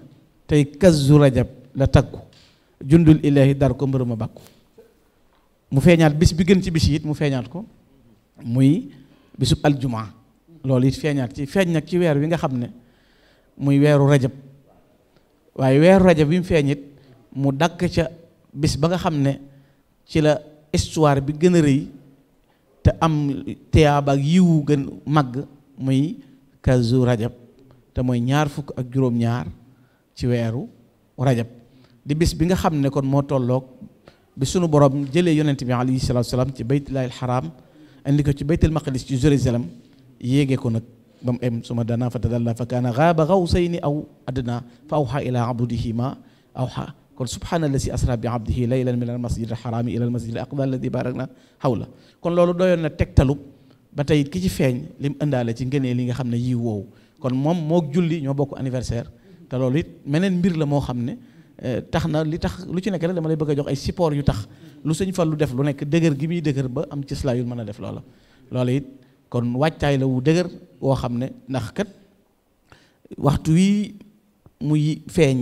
tey kasu rajab la tag ko jundul ilaahi dar ko mbërëm a bakku mu feeñaat bis bi gën ci bis yi it mu feeñaat ko muy bisub aljuma loolu it feeñaat ci feeñ nag ci weer wi nga xam ne muy weeru rajab waaye weeru rajab bi mu feeñ mu dakk ca bis ba nga xam ne ci la histoire bi gën a rëy te am teyaaba ak yiwu gën màgg muy kazu rajab te mooy ñaar fukk ak juróom-ñaar ci weeru rajab di bis bi nga xam ne kon moo tolloog bi sunu borom jëlee yonent bi alayhi salaatu salaam ci baytullahi alxaraam indi ko ci baytul maqdis ci Jérusalem yéege ko nag ba mu em suma dana fa tadalla fa kaana gaaba gawsayni aw àddina fa awxa ila abdihi ma awxa كل سبحان الذي اسرى بعبده ليلا من المسجد الحرام الى المسجد الاقصى الذي باركنا حوله كون لولو دويون نا تك تالوب باتاي كي فيغ ليم اندال سي غني ليغا خامني يي وو كون موم موك جولي ньо بوكو انيفرسير تا لولو ييت منين مير لا مو خامني تخنا لي تخ لوتي نيك لا مالاي بغا جوخ اي سيبور يو تخ لو سيغ فالو ديف لو نيك دغر غي مي دغر با ام تي سلايول مانا ديف لولا لولا ييت كون واتاي لا وو دغر وو وقت وي موي فيغ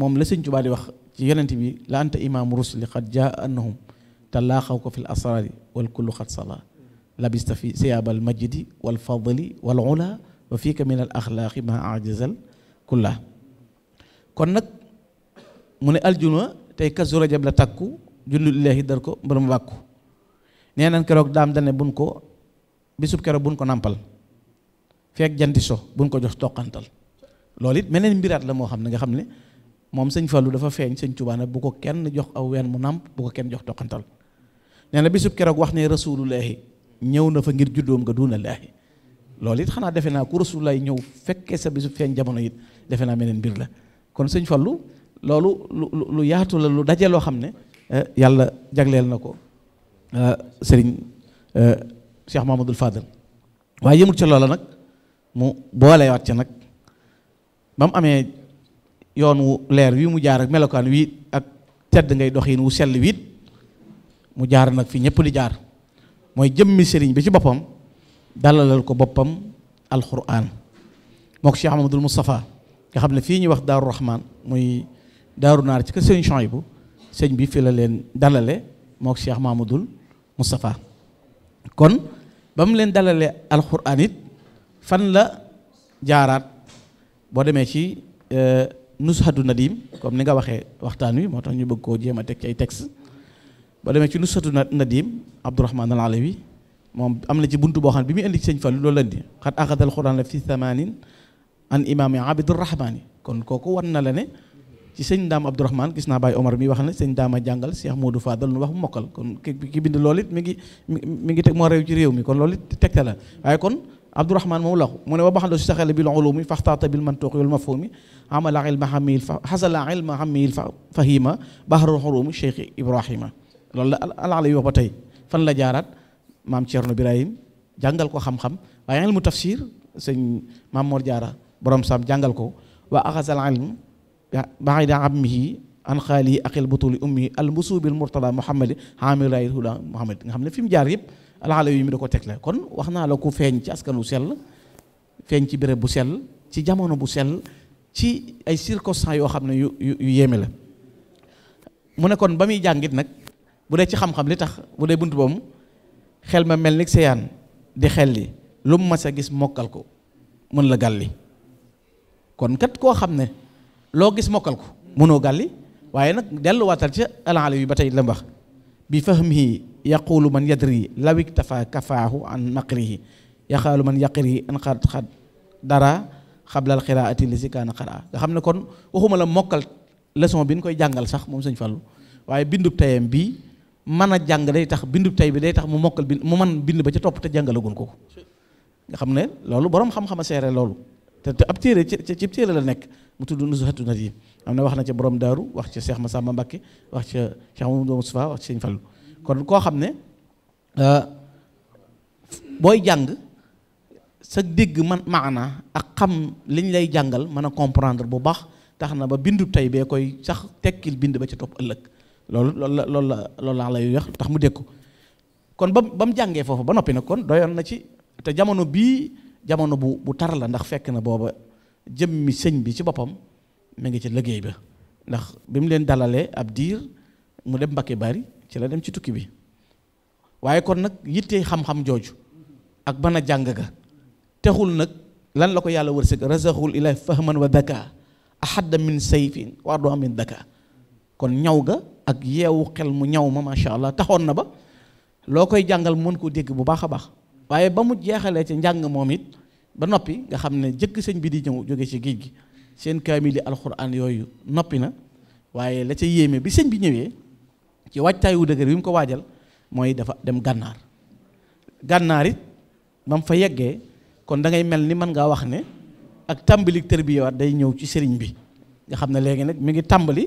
موم لا سيغن توبا دي واخ تي يوننتي بي لا انت امام رسل قد جاء انهم تلاقوك في الاسرار والكل قد صلى لبست في ثياب المجد والفضل والعلا وفيك من الاخلاق ما اعجز كلها كون نك من الجنوا تي كزور جبل تاكو جل الله دركو برم باكو نانا كروك دام دان بونكو بيسوب كرو بونكو نامبال فيك جانتي سو بونكو جوخ توكانتال لوليت منين ميرات لا مو خامني خامني moom sëñ Fallou dafa feeñ sëñ Tuubaa bu ko kenn jox aw ween mu nàmp bu ko kenn jox toqantal nee na bisub keroog wax ne rasulullahi ñëw na fa ngir juddoom nga duuna laahi loolu it xanaa defe naa ku rasulullahi ñëw fekkee sa bisub feeñ jamono it defe naa meneen mbir la kon sëñ Fallou loolu lu lu yaatu la lu daje loo xam ne eh, yàlla jagleel na ko eh, sëriñ eh, Cheikh Mahmadul Fadal waaye yëmul ca loola nag mu boolewaat ca nag ba mu amee yoon wu leer wi mu jaar ak melokaan wi ak tedd ngay dox doxiin wu sell wit mu jaar nag fi ñëpp di jaar mooy jëmmi sëriñ bi ci boppam dalalal ko boppam alquran mook Cheikh Mamadul Moustapha nga xam ne fii ñuy wax Daaru Rahman muy daaru naar ci kër sëriñ Chouaïbou sëñ bi fi la leen dalale mook Cheikh Mamadul Moustapha kon ba mu leen dalalee alquran it fan la jaaraat boo demee ci euh, nusxatu nadim comme ni nga waxee waxtaan wi moo tax ñu bëgg koo jéem a teg ci ay texte ba demee ci nusxatu nadim abdourahman al alawi moom am na ci bunt boo xam ne bi muy indi ci sëñ Fallu loolu andi xat axadal quran la fi thamanin an imaami abdurahmani kon kooku wan na la ne ci sëñ daam abdourahman gis naa Baye Omar mi wax ne sëñ a jàngal Cheikh Modou Fadal nu wax mu mokkal kon ki bind loolu it mi ngi mi ngi teg moo réew ci réew mi kon loolu it tegte la عبد الرحمن مولاه من وبحن لو اشتغل بالعلوم فاحتاط بالمنطق والمفهوم عمل علم عمي حصل علم عمي فهيما بحر الحروم الشيخ ابراهيم loolu la al ala wax ba tey fan la jaaraat maam Thierno Birahim jàngal ko xam-xam waaye ilmu tafsir sëñ maam Mor Jaara borom sam jàngal ko waa axasal ilm baxida ammihi an xaali aqil butuli ummi al musubil murtada muhammadi hamil rayil huda muhammad nga xam ne fi mu jaar yëpp alxala yu mu da ko tegle kon wax naa la ko feeñ ci askan wu sell feeñ ci béréb bu sell ci jamono bu sel ci ay circonstances yoo xam ne yu yu yéeme la mu ne kon ba muy jàngit nag bu dee ci xam-xam li tax bu dee bunt boobu xel ma mel ni seyaan di xel li lu mu mas a gis mokkal ko mën la gàlli kon kat koo xam ne loo gis mokkal ko mënoo gàlli waaye nag delluwaatal ci alaala yu ba tey la mbax bi fahmihi yaqulu man yadri law iktafa kafaahu an naqrihi yaxaalu man yaqri an xad xad dara xablal xiraati li si kaana xara nga xam ne kon waxuma la mokkal leçon bi ñu koy jàngal sax moom sañ Fallu waaye bindub tayam bii mën a jàng day tax bindub tay bi day tax mu mokkal bind mu man bind ba ca topp te jàngale jàngalagun ko ko nga xam ne loolu boroom xam-xam a seere loolu te ab téere ci ci téere la nekk mu tudd Nuzhatun Nadim am na wax na ca borom daaru wax ca Cheikh Massamba Mbacké wax ca Cheikh Mamadou Moustapha wax ca Sëñ Fallu kon koo xam ne euh, booy jàng sa dégg man maana ak xam liñ lay jàngal mën a comprendre bu baax tax na ba bindu tey bee koy sax tekkil bind ba ca topp ëllëg loolu loolu la loolu la loolu laa lay wax tax mu dégg ko kon ba ba mu jàngee foofu ba noppi nag kon doyoon na ci te jamono bii jamono bu bu tar la ndax fekk na booba jëmmi sëñ bi ci boppam mi ngi ci liggéey ba ndax bi mu leen dalalee ab diir mu dem Mbakke Bari ci la dem ci tukki bi waaye kon nag yitte xam-xam jooju ak bana a jàng ga texul nag lan la ko yàlla wërsëg razaqul ilaahi fahman wa daka ahadda min sayfin wa do min daka kon ñaw ga ak yeewu xel mu ñaw ma macha allah taxoon na ba loo koy jàngal mën ko dégg bu baax a baax waaye ba mu jeexalee ci njàng moom it ba noppi nga xam ne jëkk sëñ bi di ñëw jóge ci géej gi seen kaamili alxuraan yooyu noppi na waaye la ca yéeme bi sëñ bi ñëwee ci waajtaay wu dëgër bi mu ko waajal mooy dafa dem gànnaar gànnaar it ba mu fa yeggee kon dangay mel ni man ngaa wax ne ak tàmbali tërbiyawaat day ñëw ci sëriñ bi nga xam ne léegi nag mi ngi tàmbali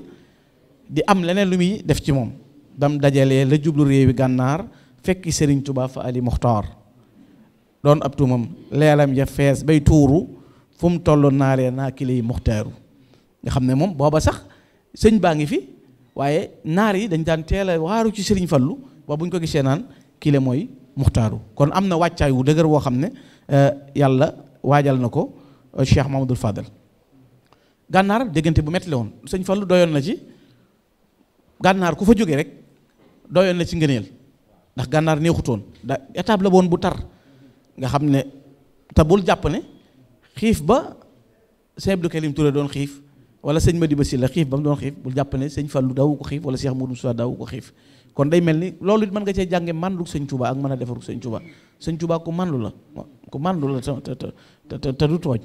di am leneen lu muy def ci moom dam dajalee la jublu réewi gànnaar fekk sëriñ Tuubaa fa Ali Muxtaar doon ab tuumam leelam ja fees bay tuuru fu mu toll naaree naa ki yi muxtaaru nga xam ne moom booba sax sëñ baa ngi fi waaye naar yi dañ daan teel a waaru ci sëriñ fallu ba bu ñu ko gisee naan kile mooy muxtaaru kon am na wàccaay wu dëgër woo xam ne euh, yàlla waajal na ko euh, Cheikh Mamadou Fadal gànnaar déggante bu metti la woon sëñ fallu doyoon na ci gànnaar ku fa jóge rek doyoon la ci ngëneel ndax gànnaar neexutoon da étape la woon bu tar nga xam ne te bul jàpp ne xiif ba sëñ Abdou Karim Touré doon xiif wala sëñ ma Madiba Sylla xiif ba mu doon xiif bu jàpp ne sëñ Fallou daawu ko xiif wala Cheikh Moudou Moussa daawu ko xiif kon day mel ni loolu it mën nga cee jànge màndu sëñ Touba ak mën a defaru sëñ Touba sëñ Touba ku màndu la ku màndu la te te te du tooñ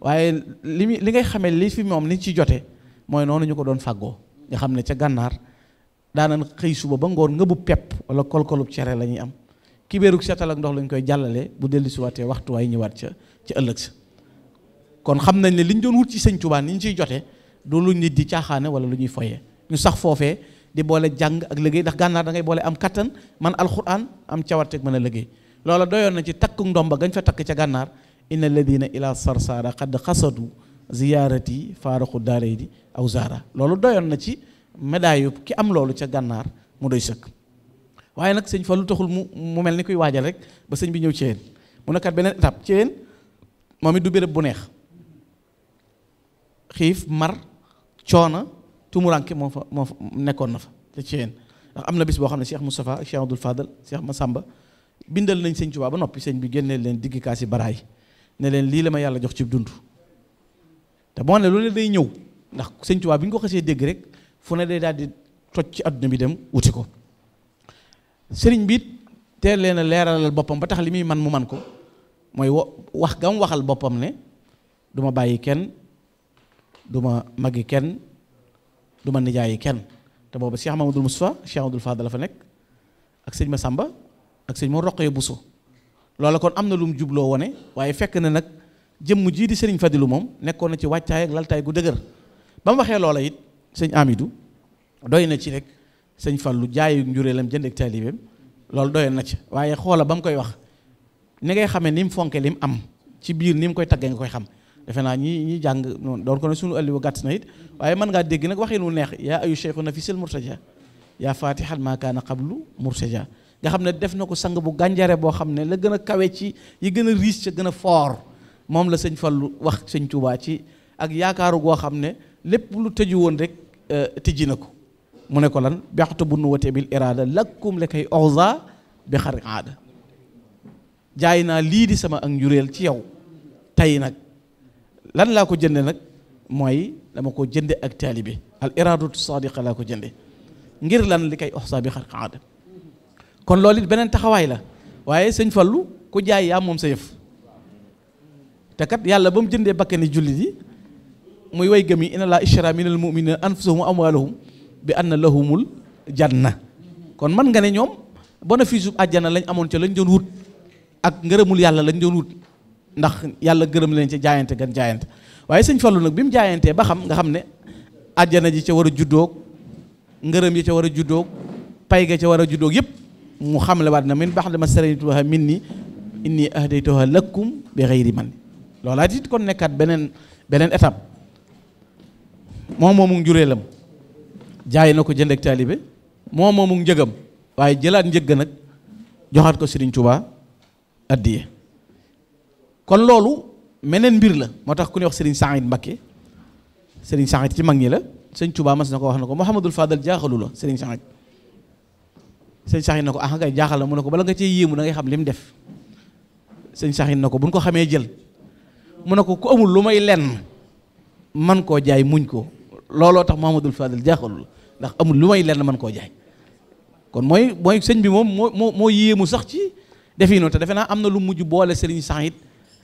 waaye li muy li ngay xamee li fi moom ni ci jote mooy noonu ñu ko doon fàggoo nga xam ne ca gànnaar daanan xëy suba ba ngoon nga bu pepp wala kolkolub cere la ñuy am kibéerug setal ak ndox lañ koy jàllale bu dellu si waxtuwaay ñëwaat ca ci ëllëg kon xam nañ ne li ñu doon wut ci sëñ Tuubaa ni ñu ciy jotee doo lu nit di caaxaane wala lu ñuy foyee ñu sax foofee di boole jàng ak liggéey ndax gànnaar dangay boole am kattan man alxuraan am cawarteeg man a liggéey loola doyoon na ci takku ndomba gañ fa takk ca gànnaar inna alladina ila sarsara xad xasadu ziyaarati faaraxu daaray di aw loolu doyoon na ci médaille ki am loolu ca gànnaar mu doy sëkk waaye nag sëñ Fallu taxul mu mu mel ni kuy waajal rek ba sëñ bi ñëw ci yéen mu nekkat beneen étape ci moom it du béréb bu neex xiif mar coona tumuranke moo fa moo fa nekkoon na fa te ci ndax am na bis boo xam ne seex Moustapha ak Cheikh Abdoul Fadal Cheikh Massamba bindal nañ sëñ Tuubaa ba noppi sëñ bi génneel leen digg kaasi baraay ne leen lii la ma yàlla jox ci dund te moo ne loolu day ñëw ndax sëñ Tuubaa bi ñu ko xasee dégg rek fu ne day daal di toj ci àdduna bi dem wuti ko sëriñ bi it leen a leeralal boppam ba tax li muy man mu man ko mooy wax gam waxal boppam ne duma bàyyi kenn du ma yi kenn du ma nijaayi kenn te booba Cheikh Mamadou Moustapha Cheikh Abdoul Fadal la fa nekk ak sëñ ma Samba ak sëñ ma roq Roqaya Bousso loola kon am na lu mu jubloo wone waaye fekk na nag jëmm jii di sëriñ lu moom nekkoon na ci wàccaay ak laltaay gu dëgër ba waxee loola it sëñ amidu doy na ci rek sëñ fa lu jaayu njureelam jënd ak taalibeem loolu doyoon na ci waaye xoola ba mu koy wax ni ngay xamee ni mu fonke li mu am ci biir ni mu koy taggee nga koy xam defe naa ñi ñi jàng noonu doon ko ne suñu ëlli na it waaye mën ngaa dégg nag waxin wu neex yaa ayu cheikhu nafisal murtaja yaa fatihan ma kaana qablu murtaja nga xam ne def na ko sang bu gànjare boo xam ne la gën a kawe ci yi gën a riis gën a foor moom la sëñ Fallu wax sëñ ci ak yaakaaru goo xam ne lépp lu tëju woon rek euh, tijji na ko mu ne ko lan bextu bu nu watee bil iraada lakkum le koy orza bi aada jaay naa lii di sama ak njuréel ci yow tey nag lan laa ko jënde nag mooy dama ko jënde ak taalibe al iradatu sadiqa laa ko jënde ngir lan li koy oxsa bi xarqa aada kon loolu it beneen taxawaay la waaye sëñ fallu ku jaay yaa moom sa yëf te kat yàlla ba mu jëndee bakkani jullit yi muy way gëm yi inna laa ishtara minal mu'minina anfusahum wa amwaalahum bi anna lahumul janna kon man nga ne ñoom bénéfice bu àjjana lañ amoon ca lañ doon wut ak ngërëmul yàlla lañ doon wut ndax yàlla gërëm leen ci jaayante gan jaayante waaye sëñ Fallou nag bi mu jaayantee ba xam nga xam ne àjjana ji ca war a juddoog ngërëm yi ca war a juddook pay ga ca war a juddoog yëpp mu xam waat na min baax dama serenituha min ni inni ahdaytuha lakum bi xeyri nekkaat beneen beneen étape moom moomu njureelam jaay na ko jënd ak taalibe moom njëgam waaye jëlaat njëgg nag joxaat ko Serigne addiye kon loolu meneen mbir la moo tax ku ñuy wax Serigne Saïd mbakke Serigne Saïd ci mag ñi la sëñ Touba mas na ko wax na ko Mouhamadul Fadal jaaxalu la Serigne Saïd sëñ Saïd na ko ah kay jaaxal la mu ne ko bala nga cee yéemu da xam li mu def sëñ Saïd na ko bu ñu ko xamee jël mu ne ko ku amul lu may lenn man koo jaay muñ ko looloo tax Mouhamadul Fadal jaaxalu la ndax amul lu may lenn man koo jaay kon mooy mooy sëñ bi moom moo moo moo yéemu sax ci defi noonu te defe naa am na lu mujj boole Serigne Saïd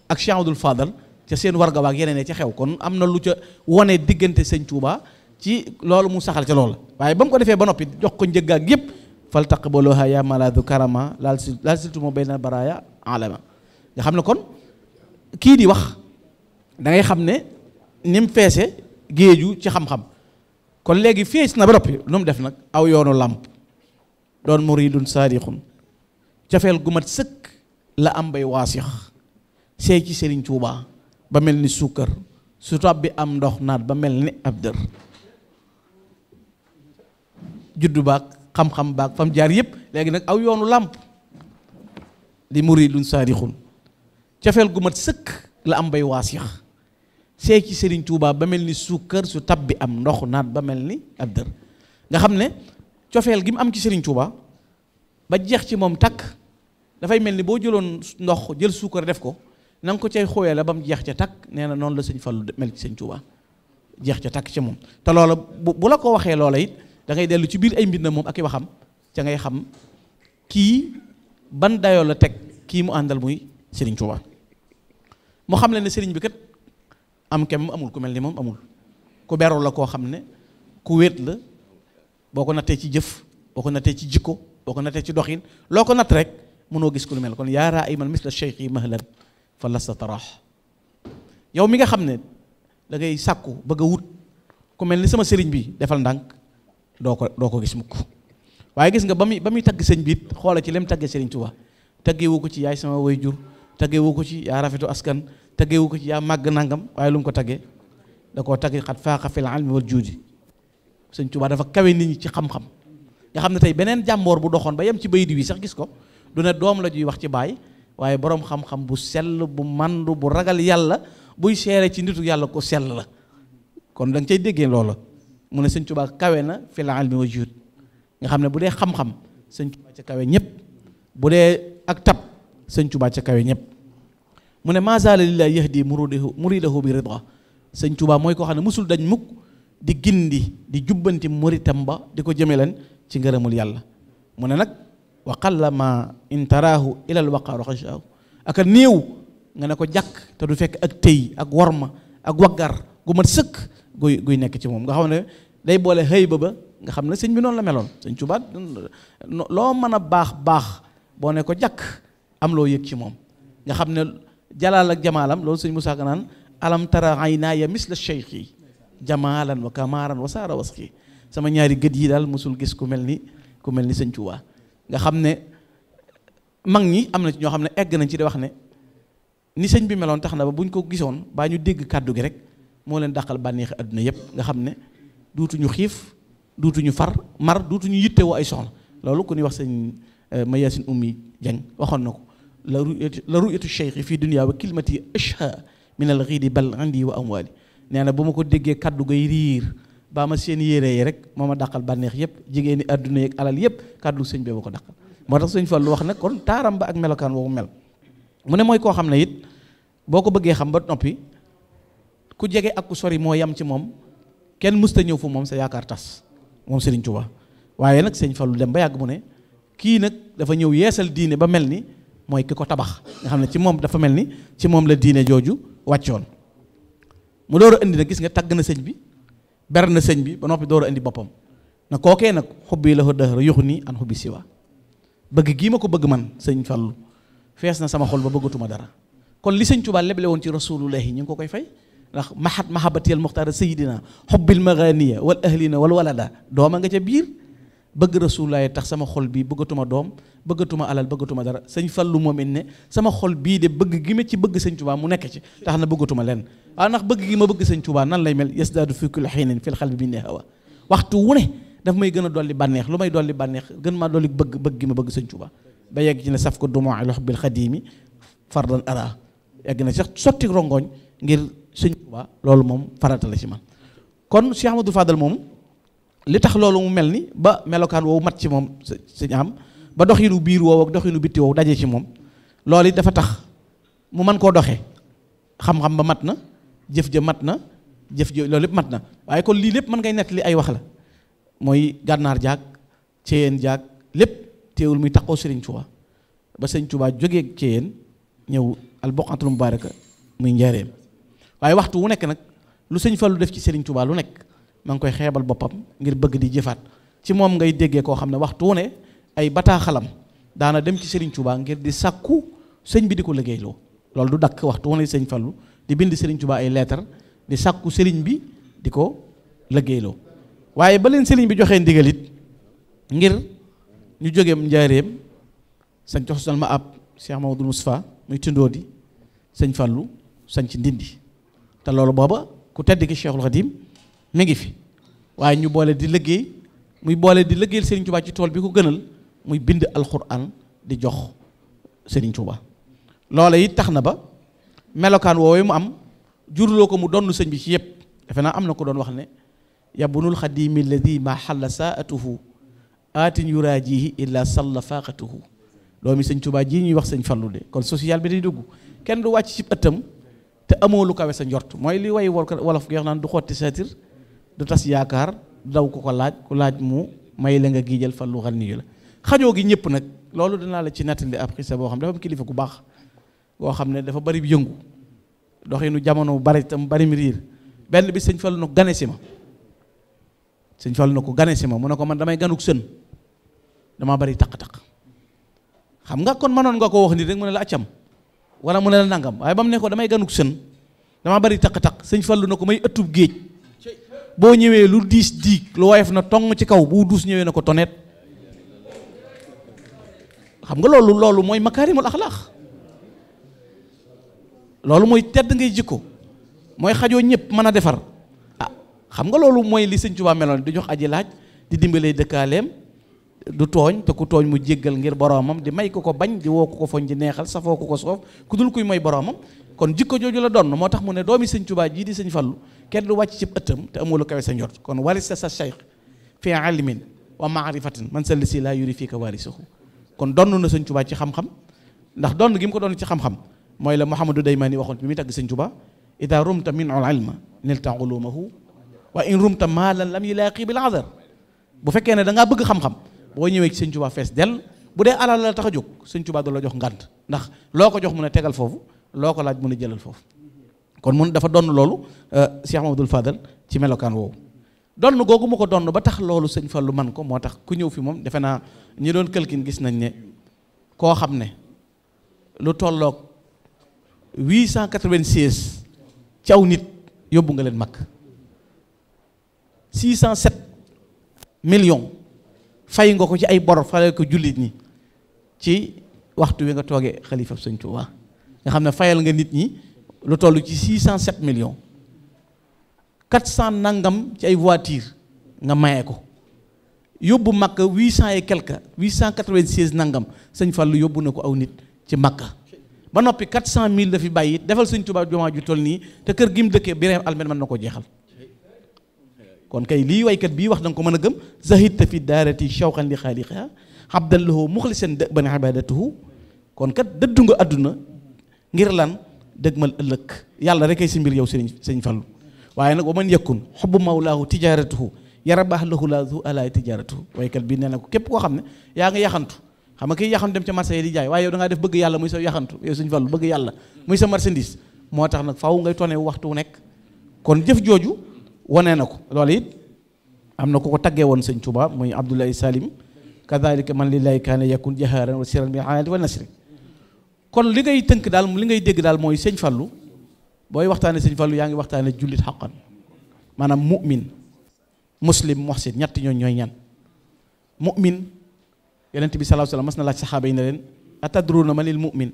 ak Cheikh Amadou Fadal ca seen warga waa yeneen ca xew kon am na lu ca wone diggante sëñ Touba ci loolu mu saxal ca la waaye ba mu ko defee ba noppi jox ko njëggaak yépp fal taqbaluha ya maladu karama laal si moo bay bayna baraya alama nga xam ne kon kii di wax da ngay xam ne ni mu feese géeju ci xam-xam kon léegi fees na ba noppi lu mu def nag aw yoonu làmp doon muridun saadiqun cafeel gu mat sëkk la am bay waasix seey ci Serigne Touba ba mel ni suukar su topp am ndox naat ba mel ni ab dër juddu baag xam-xam baag fam jaar yëpp léegi nag aw yoonu làmp li muri luñ saadixun cofeel gu mat sëkk la am bay waas yax seey ci Serigne Touba ba mel ni suukar su tab bi am ndox naat ba mel ni ab dër nga xam ne cofeel gi mu am ci Serigne Touba ba jeex ci moom takk dafay mel ni boo jëloon ndox jël suukar def ko nanga ko cay xooyee la ba mu jeex ca takk nee na noon la sëñ Fallu mel ci sëñ Tuubaa jeex ca takk ca moom te loola bu bu la ko waxee loola it da dellu ci biir ay mbind na moom ak i waxam ca ngay xam kii ban dayoo la teg kii mu àndal muy sëriñ Tuubaa mu xam le ne sëriñ bi kat am kem amul ku mel ni moom amul ku beru la koo xam ne ku wéet la boo ko nattee ci jëf boo ko nattee ci jikko boo ko nattee ci doxin loo ko natt rek mënoo gis ku lu mel kon yaaraa ay man mis la fa lasta taraax yow mi nga xam ne dangay sàkku bëgg a wut ku mel ni sama sëriñ bi defal ndànk doo ko doo ko gis mukk waaye gis nga ba muy ba muy tagg sëñ bi it xoola ci lem tagge sëriñ Tuubaa taggewu ko ci yaay sama way jur taggewu ko ci yaa rafetu askan taggewu ko ci yaa màgg nangam waaye lu mu ko taggee da koo tagge xat faaqa fil ilmi wal juudi sëñ Tuubaa dafa kawe nit ñi ci xam-xam nga xam ne tey beneen jàmboor bu doxoon ba yem ci bayit wi sax gis ko du ne doom la juy wax ci baay waaye boroom xam-xam bu sell bu màndu bu ragal yàlla buy seere ci nitu yàlla ko sell la kon da nga cay déggee loola mu ne sëñ Tuubaa kawe na fi la almi nga xam ne bu dee xam-xam sëñ Tuubaa ca kawe ñëpp bu dee ak tab sëñ Tuubaa ca kawe ñëpp mu ne mazaala lillah yahdi muridahu muridahu bi ridwa sëñ Tuubaa mooy koo xam ne musul dañ mukk di gindi di jubbanti muritam ba di ko jëme leen ci ngërëmul yàlla mu ne nag wa qallama in taraahu ila al waqaru xashaahu ak a néew nga ne ko jàkk te du fekk ak tëy ak worma ak waggar gu mat sëkk guy guy nekk ci moom nga xam ne day boole xëy ba ba nga xam ne sëñ bi noonu la meloon sëñ Tuubaa loo mën a baax baax boo ne ko jàkk am loo yëg ci moom nga xam ne jalaal ak jamaalam loolu sëñ Musaa Ka naan alam tara aynaaya misla cheikh yi jamaalan wa kamaaran wa saara waski sama ñaari gët yi daal mosul gis ku mel ni ku mel ni sëñ Tuubaa nga xam ne mag ñi am na ci ñoo xam ne egg nañ ci di wax ne ni sëñ bi meloon tax na ba buñ ko gisoon baa ñu dégg kàddu gi rek moo leen dàqal bànneexi àdduna yépp nga xam ne duutuñu xiif duutuñu far mar duutuñu yittewoo ay soxla loolu ku ñuy wax sëñ Mayasin Ummi jang waxoon na ko la ru'yatu la ru'yatu cheikh fii dunia wa kilmati ashha min al ghidi bal andi wa amwali neena na bu ma ko déggee kàddu gay riir baa ma seen yére yi rek moo ma dàqal bànneex yëpp jigéeni adduna yeeg alal yëpp kàddu sëñ bee ba ko dàqal moo tax sëñ Fallu wax nag kon taaram ba ak melokaan woowu mel mu ne mooy koo xam ne it boo ko bëggee xam ba noppi ku jege ak ku sori moo yam ci moom kenn musta ñëw fu moom sa yaakaar tas moom Serigne Touba waaye nag sëñ Fallu dem ba yàgg mu ne kii nag dafa ñëw yeesal diine ba mel ni mooy ki ko tabax nga xam ne ci moom dafa mel ni ci moom la diine jooju wàccoon mu door indi nag gis nga tagg na sëñ bi ber na sëñ bi ba noppi door a indi boppam na kookee nag xubbi la ko dëhër yuxu nii an xubbi siwa bëgg gii ma ko bëgg man sëñ Fallu fees na sama xol ba bëggatuma dara kon li sëñ Tuubaa leble woon ci rasulullahi ñu ngi ko koy fay ndax mahat mahabatiyal muxtaara sayidina xubbil maganiya wal ahlina wal walada dooma nga ca biir bëgg rasulullahi tax sama xol bii bëggatuma doom bëggatuma alal bëggatuma dara sëñ Fallu moom it ne sama xol bii de bëgg gi ma ci bëgg sëñ Tuubaa mu nekk ci tax na bëggatuma leen waaw ndax bëgg gi ma bëgg sëñ Tuubaa nan lay mel yasdaadu fi kulli xiinin fil xalbi bi ne hawa waxtu wu ne daf may gën a dolli bànneex lu may dolli bànneex gën maa dolli bëgg bëgg gi ma bëgg sëñ Tuubaa ba yegg ci ne saf ko dumaa al hubbil xadiimi fardan ara yegg na sax sotti rongoñ ngir sëñ Tuubaa loolu moom farata la ci man kon Cheikh Amadou Fadal moom li tax loolu mu mel ni ba melokaan woowu mat ci moom sëñ am ba dox doxinu biir woow ak nu bitti woow daje ci moom loolu dafa tax mu man koo doxee xam-xam ba mat na jëf ja mat na jëf ja loolu lépp mat na waaye kon lii lépp man ngay nettali ay wax la mooy gànnaar jaag ceyeen jaag lépp teewul muy taxoo Sëriñ Tuubaa ba Sëriñ Tuubaa jógee ceyeen ñëw albuqaatul mubaaraka muy njaareem waaye waxtu wu nekk nag lu sëñ Fallu def ci Sëriñ tubaal lu nekk ma ngi koy xeebal boppam ngir bëgg di jëfaat ci moom ngay déggee koo xam ne waxtu wu ne ay bataaxalam daana dem ci Serigne Touba ngir di sàkku sëñ bi di ko liggéeyloo loolu du dakk waxtu wane sëñ Fallu di bind Serigne Touba ay leetar di sàkku Serigne bi di ko liggéeyloo waaye ba leen bi joxee ndigal ngir ñu jógeem njaareem sañ jox sonal ma ab Cheikh Mamadou Moustapha muy tindoo di sëñ Fallu sañ ci ndindi te loolu booba ku tedd ki Cheikhul Khadim mu ngi fi waaye ñu boole di liggéey muy boole di liggéeyal Serigne Touba ci tool bi ko gënal. muy bind alquran di jox Serigne Touba lolé yi taxna ba melokan wowe mu am jurlo ko mu donu serigne bi ci yeb defena amna ko don wax ne yabunul khadim alladhi ma halla saatuhu atin yurajihi illa salla faaqatuhu mi serigne Touba ji ñuy wax serigne Fallu de kon social bi day dugg kenn du wàcc ci ëttam te amo lu kawe sa njort moy li way wolof gi wax naan du xoti satir du tas yaakaar daw ko ko laaj ko laaj mu may la nga gijeel Fallu xal niyu la xajoo gi ñëpp nag loolu dinaa la ci nettali ab xisa boo xam dafa am kilifa bu baax boo xam ne dafa bari yëngu doxinu jamono bari tam bari mi riir benn bi sëñ Fallu na ko ma sëñ Fallu na ko gane si ma ne ko man damay ganuk sën damaa bari taq-taq xam nga kon mënoon nga ko wax nii rek mu ne la accam wala mu ne la nangam waaye ba mu ne damay ganuk sën dama bari taq-taq sëñ Fallu na ko may ëttub géej boo ñëwee lu diis diig lu woyof na tong ci kaw bu duus ñëwee na ko tonet xam nga loolu loolu mooy makaarimul axlaax loolu mooy tedd ngay jikko mooy xajoo ñëpp mën a defar ah xam nga loolu mooy li sëñ Tuubaa meloon di jox aji laaj di dimbalee dëkkaaleem du tooñ te ku tooñ mu jéggal ngir boroomam di may ko ko bañ di woo ko ko foñ di neexal safoo ko ko soof ku dul kuy mooy boroomam kon jikko jooju la doon moo tax mu ne doomi sëñ Tuubaa jii di sëñ Fallu kenn du wàcc ci ëttam te amul kawe sa njort kon warisa sa cheikh fi alimin wa maarifatin man salli si laa yuri fii ka warisuhu kon donn na sëñ Tuubaa ci xam-xam ndax donn gi mu ko doon ci xam-xam mooy la Mouhamadou Daymani waxoon bi muy tagg sëñ Tuubaa ida rumta min al ilma nilta ulumahu wa in rumta maalan lam yulaaqi bil azar bu fekkee ne da ngaa bëgg xam-xam boo ñëwee ci sëñ Tuubaa fees dell bu dee alal la tax a jóg sëñ Tuubaa du la jox ngant ndax loo ko jox mun a tegal foofu loo ko laaj mun a jëlal foofu kon mun dafa donn loolu euh, Cheikh Mamadou Fadal ci melokaan woowu donn googu mu ko ba tax loolu sëñ Fallu man ko moo tax ku ñëw fi moom defe naa ñi doon calcul gis nañ ne koo xam ne lu tolloog 896 ci aw nit yóbbu nga leen mag 607 millions fay nga ko ci ay bor fayal ko jullit ñi ci waxtu wi nga tooge xalifa sëñ Tuubaa nga xam ne fayal nga nit ñi lu toll ci 607 millions 400 nangam ci ay voiture nga maye ko yóbbu Makka huit cent et quelque huit cent quatre-vingt-seize nangam sëñ Fallou yóbbu na ko aw nit ci Makka ba noppi quatre cent mille la fi bàyyi defal sëñ Tuubaa jumaa ju toll nii te kër gi mu dëkkee Birahim Almet mën na ko jeexal kon kay lii waykat bii wax da nga ko mën a gëm zahidta fi daarati shawqan li xaaliqiha abdan lahu muxlisan dëban ibadatuhu kon kat dëddu nga àdduna ngir lan dëgmal ëllëg yàlla rek ay si mbir yow sëriñ sëñ Fallou waaye nag wa man yakun xubbu mawlaahu tijaratuhu yara baax lahu la zu alaay tijaratu waykat bii nee na ko képp koo xam ne yaa ngi yaxantu xam nga kii yaxantu dem ca marché yi di jaay waaye yow da ngaa def bëgg yàlla muy sa yaxantu yow suñ fallu bëgg yàlla muy sa marchandise moo tax nag faaw ngay tone kon jëf jooju wane na ko loolu it am na ku ko taggee woon sëñ Tuba muy Abdoulaye Salim kadalika man lillahi kaana yakun jaharan wa siran bi ayati wa nasri kon li ngay tënk daal li ngay dégg daal mooy sëñ fallu booy waxtaane sëñ fallu yaa ngi waxtaane jullit xaqan maanaam mu'min muslim muhsin ñett ñooñu ñooy ñan mu'min yonent bi sallallahu alayhi mas na laaj saxaaba yi ne leen ma manil mu'min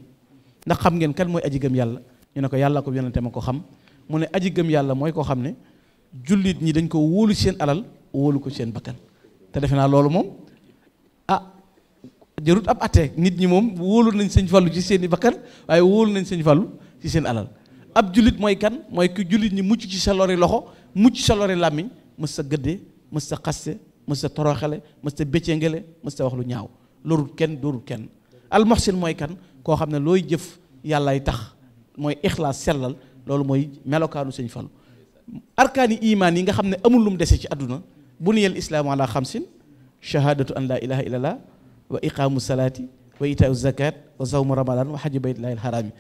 ndax xam ngeen kan mooy aji gëm yàlla ñu ne ko yàlla ko yonente ma ko xam mu ne aji gëm yàlla mooy koo xam ne jullit ñi dañ ko wóolu seen alal wóolu ko seen bakkan te defe naa loolu moom ah jërut ab atte nit ñi moom wóolu nañ sëñ fallu ci seen i bakkan waaye wóolu nañ sëñ fallu ci seen alal ab jullit mooy kan mooy ki jullit ñi mucc ci sa lori loxo mucc sa lori làmmiñ mës sa gëdde mës sa xaste mës sa toroxale mës sa bëccëngale mës sa wax lu ñaaw lorul kenn doorul kenn almoxsin mooy kan koo xam ne looy jëf yàllaay tax mooy ixlaas sellal loolu mooy melokaanu sëñ Fallu arkaani imaan yi nga xam ne amul lu mu dese ci àdduna buniyal islaamu ala xamsin shahadatu an laa ilaha illallah wa iqaamu salaati wa itaau zakat wa sawmu ramadan wa xaji baytillahi alxaraami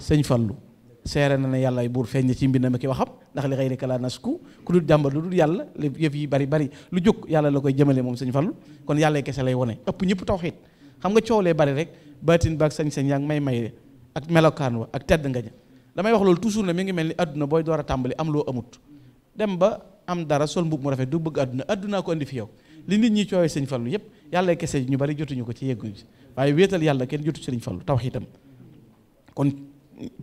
sëñ Fallu seere na ne yàlla ay buur feeñ na ci mbindam ki waxam ndax li xëy rek la nasku ku dul jàmbar lu dul yàlla li yëf yi bari bari lu jóg yàlla la koy jëmale moom sëñ Fallu kon yàlla kese lay ñëpp tawxiit xam nga coow lee bari rek baatin baag sañ-sañ yaa ngi may may ak melokaan wa ak tedd nga ña damay wax loolu toujours na mi ngi mel ni adduna booy door a tàmbali am loo amut dem ba am dara sol mbub mu rafet du bëgg adduna addunaa ko indi fi yow li nit ñi coowee sëñ Fallu yëpp yàlla kese ñu bari jotuñu ko ci yegguñu waaye wéetal yàlla kenn jotu sëñ Fallu tawxiitam kon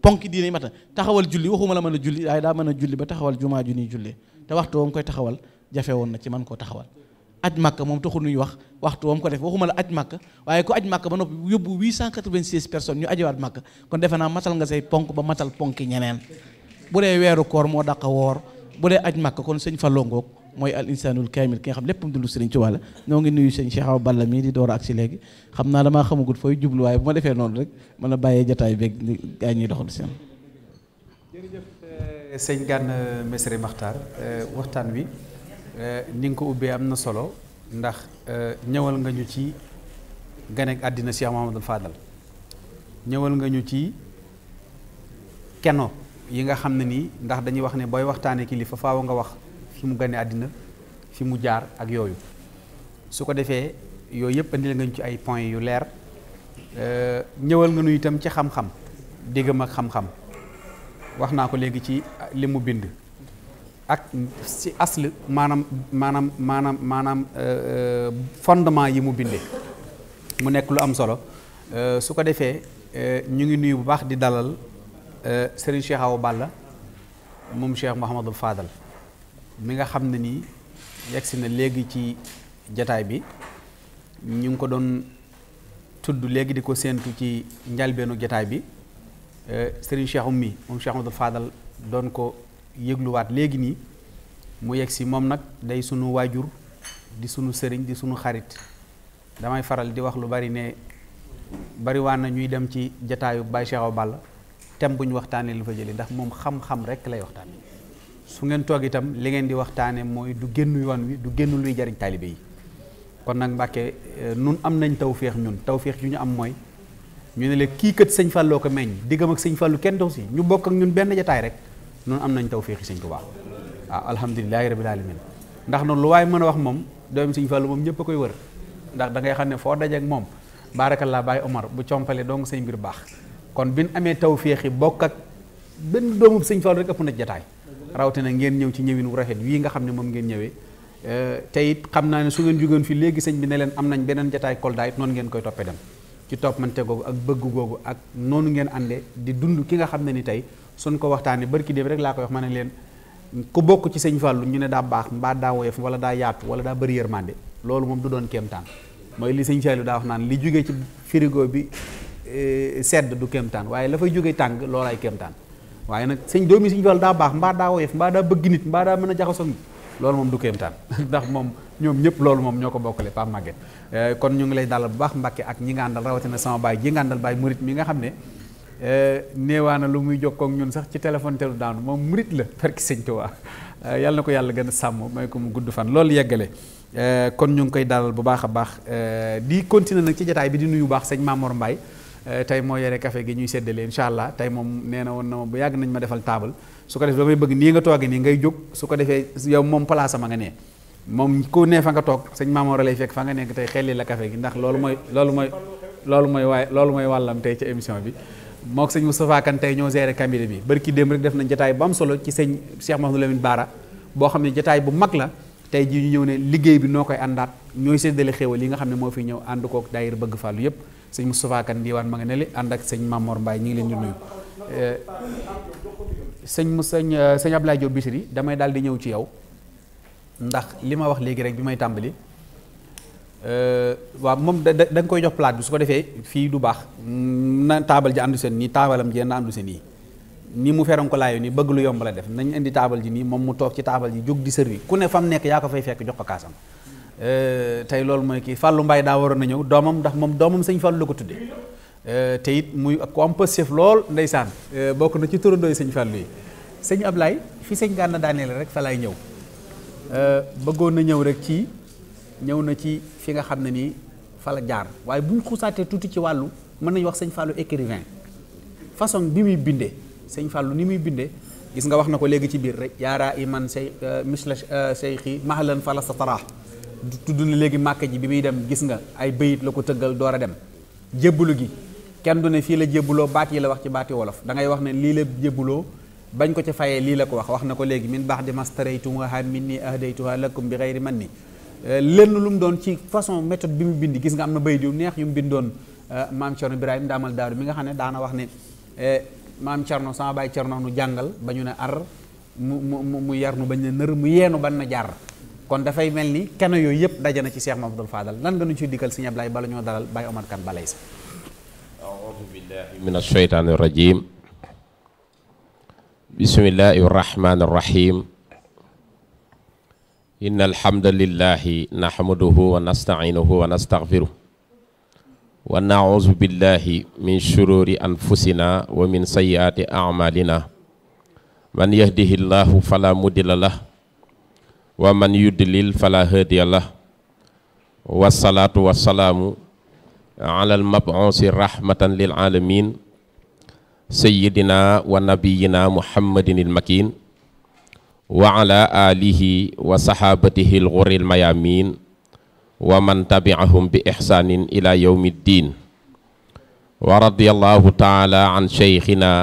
ponki diine mata taxawal julli waxuma la mën a julli waaye daa mën a julli ba taxawal jumaa ju ñuy jullee te waxtu wam koy taxawal jafe woon na ci man koo taxawal aj màkka moom taxul ñuy wax waxtu wam ko def waxuma la aj màkka waaye ku aj màkka ba noppi yóbbu 896 personnes ñu ajawaat màkka kon defe naa matal nga say ponk ba matal ponki ñeneen bu dee weeru koor moo daq woor bu dee aj màkka kon sëñ Fallou ngoog mooy al insanul kaamil ki nga xam léppam dund Sëriñ Tuubaa la noo ngi nuyu sëñ Cheikh Awa Balla mii di door a agsi léegi xam naa damaa xamagul fooy jublu waaye bu ma defee noonu rek mën a bàyyee jataay beeg gaa ñuy doxal seen jërëjëf euh, sëñ Gana euh, Messere Maxtaar euh, waxtaan wi ni nga ko ubbee am na solo ndax ñëwal nga ñu ci ganek àddina Cheikh Mahamadou Fadal ñëwal nga ñu ci keno yi nga xam ne nii ndax dañuy wax ne booy waxtaanee kilifa faaw nga wax fi mu gane adina fi mu jaar ak yooyu su ko defee yooyu yëpp andil nga ci ay point yu leer euh, ñëwal nga nu itam ci xam-xam diggam ak xam-xam wax naa ko léegi ci li mu bind ak si asl maanaam maanaam maanaam maanaam euh, euh, fondement yi mu bindee mu nekk lu am solo su ko defee ñu ngi nuyu bu baax di dalal Serigne Cheikh Awa Balla moom Cheikh Mouhamadou Fadal mi nga xam ne nii yegsi na léegi ci jataay bi ñu ngi ko doon tudd léegi di ko séentu ci njalbeenu jataay bi euh, Serigne Cheikh Oumy moom Cheikh Amadou Fadal doon ko yëgluwaat léegi nii mu yegsi moom nag day sunu waajur di sunu sëriñ di sunu xarit damay faral di wax lu bari ne bariwaan na ñuy dem ci jataayu Baye Cheikh Awa Balla thème bu ñu waxtaanee lu fa jële ndax moom xam-xam rek lay waxtaanee su ngeen toog itam li ngeen di waxtaane mooy du génn yoon wi du génn luy jariñ taalibe yi kon nag Mbàkke euh, nun am nañ tawféex ñun tawféex yu ñu am mooy ñu ne la kat sëñ Falloo ko meññ diggam ak sëñ kenn dox si ñu bokk ak ñun benn jataay rek nun am nañ tawféexi sëñ Tuubaa waaw ah, alhamdulilahi rabil alamin ndax noonu lu waaye mën a wax moom doom sëñ Fallu moom ñëpp a koy wër ndax da xam ne foo dajeek moom baarakal baarakallaa Baay Omar bu compalee dong sëñ mbir baax kon bi bin amee tawféexi bokk ak benn doomub sëñ Fallu rek ëpp nañ jataay rawatina ngeen ñëw ci ñëwin wu rafet wii nga xam ne moom ngeen ñëwee eh, te it xam naa ne su ngeen jógoon fi léegi sëñ bi ne leen am nañ beneen jataay Kolda it noonu ngeen koy toppee dem ci ak bëgg googu ak noonu ngeen ànde di dund ki nga xam ne ni tey suñ ko waxtaanee ki démb rek laa koy wax ma ne leen ku bokk ci sëñ Fallou ñu ne daa baax mbaa daa woyof wala daa yaatu wala daa bëri yërmande loolu moom du doon kéemtaan mooy li sëñ Fallou daa wax naan li jógee ci frigo bi eh, sedd du kéemtaan waaye la fay jógee tàng loolaay kéemtaan waaye nag sëñ doomi sëñ Fallu daa baax mbaa daa woyof mbaa daa bëgg nit mbaa daa mën a jaxasoo loolu moom du kéemtaan [laughs] ndax moom ñoom ñëpp loolu moom ñoo ko bokkale Pape magget eh, kon ñu ngi lay dalal bu baax Mbàkke ak ñi nga rawatina sama baay ji nga àndal baay nga xam ne eh, néewaana lu muy jokkoo ak sax ci téléphone teelu moom murit la [laughs] barki sëñ Tuubaa eh, yàlla ko yàlla gën a sàmm may ko mu gudd fan loolu yeggale kon ñu ngi koy dalal bu baax a baax di continuer nag ci jataay bi di nuyu baax sëñ Mamour Mbaye Euh, tey moo yore kafe gi ñuy séddale incha allah tey moom nee na woon na bu yàgg nañ ma defal table su ko defee damay bëgg nii nga toogee nii ngay jóg su ko defee yow moom place am nga ne moom ku ne fa nga toog sëñ Maamoor lay fekk fa nga nekk tey xelli la café gi ndax loolu mooy loolu mooy loolu mooy waay loolu mooy wàllam tey émission bi mook sëñ Moustapha Kan tey ñoo géré caméra bi barki démb rek def nañ jataay bu solo ci sëñ Cheikh Mahamadou Lamine Bara boo xam ne jataay bu mag la tey jii ñu ñëw ne liggéey bi noo koy àndaat ñooy séddale xéewal yi nga xam ne moo fi ñëw ànd kook daayir bëgg fàllu yépp seigne Moustapha kan diwan ma nga neli and ak seigne mamour mbay ñi ngi leen di nuyu seigne mu seigne sëñ Abdoulaye Diop Bichri damay dal di ñew ci yow ndax lima wax léegi rek bi may tambali euh wa da da nga koy jox plate bi su ko defé fi du bax na table ji andu sen ni taabalam ji na andu sen ni ni mu feroon ko layu ni bëgg lu yomb la def nañ indi table ji ni mom mu tok ci table ji jog di servi ku ne fam nek ya ko fay fekk jox ko kasam Euh, tey loolu mooy kii fàllu Mbaye daa waroon a ñëw doomam ndax moom doomam sañ Fallou la ko tuddee euh, te it muy ku am lool ndeysaan euh, bokk na ci turandooy sëñ Fallou yi sëñ Ablaye fi sëñ gànna daaneel rek fa lay ñëw bëggoon na ñëw rek ci ñëw na ci fi nga xam ne nii fa jaar waaye buñ ñu tuuti ci wàllu mën nañu wax sëñ fàllu écrivain façon bi muy bindee sëñ fàllu ni muy bindee gis nga wax na ko léegi ci biir rek yaara yaaraa iman say misla say xi mahalan fala sa tudd na léegi màkk ji bi muy dem gis nga ay bayit la ko tëggal door a dem jébbalu gi kenn du ne fii la jébbaloo baat yi la wax ci baati wolof dangay wax ne lii la jébbaloo bañ ko ci fayee lii la ko wax wax na ko léegi min baax di mastaraytumuha minni ahdaytuha lakum bi xayri man ni lenn lu mu doon ci façon méthode bi mu bind gis nga am na bayit yu neex yu mu bindoon eh, maam Cerno Ibrahim daamal daaru mi nga xam ne daana wax ne eh, maam Cerno sama baay Cerno nu jàngal ba ñu ar mu mu mu yar nu bañ ne nër mu yeenu ban na jaar kon da fay melni keno yoy yep dajana ci Cheikh Mamadou Fadal lan nga nu ci digal seigne Ablaye balu ñoo dalal Baye Omar kan balay sa a'udhu billahi minash shaitanir rajim bismillahir rahmanir rahim innal hamdalillahi nahmaduhu wa nasta'inuhu wa nastaghfiruh wa na'udhu billahi min shururi anfusina wa min sayyiati a'malina man yahdihi llahu fala mudilla lahu ومن يدلل فلا هادي له والصلاة والسلام على المبعوث رحمة للعالمين سيدنا ونبينا محمد المكين وعلى آله وصحابته الغر الميامين ومن تبعهم بإحسان إلى يوم الدين ورضي الله تعالى عن شيخنا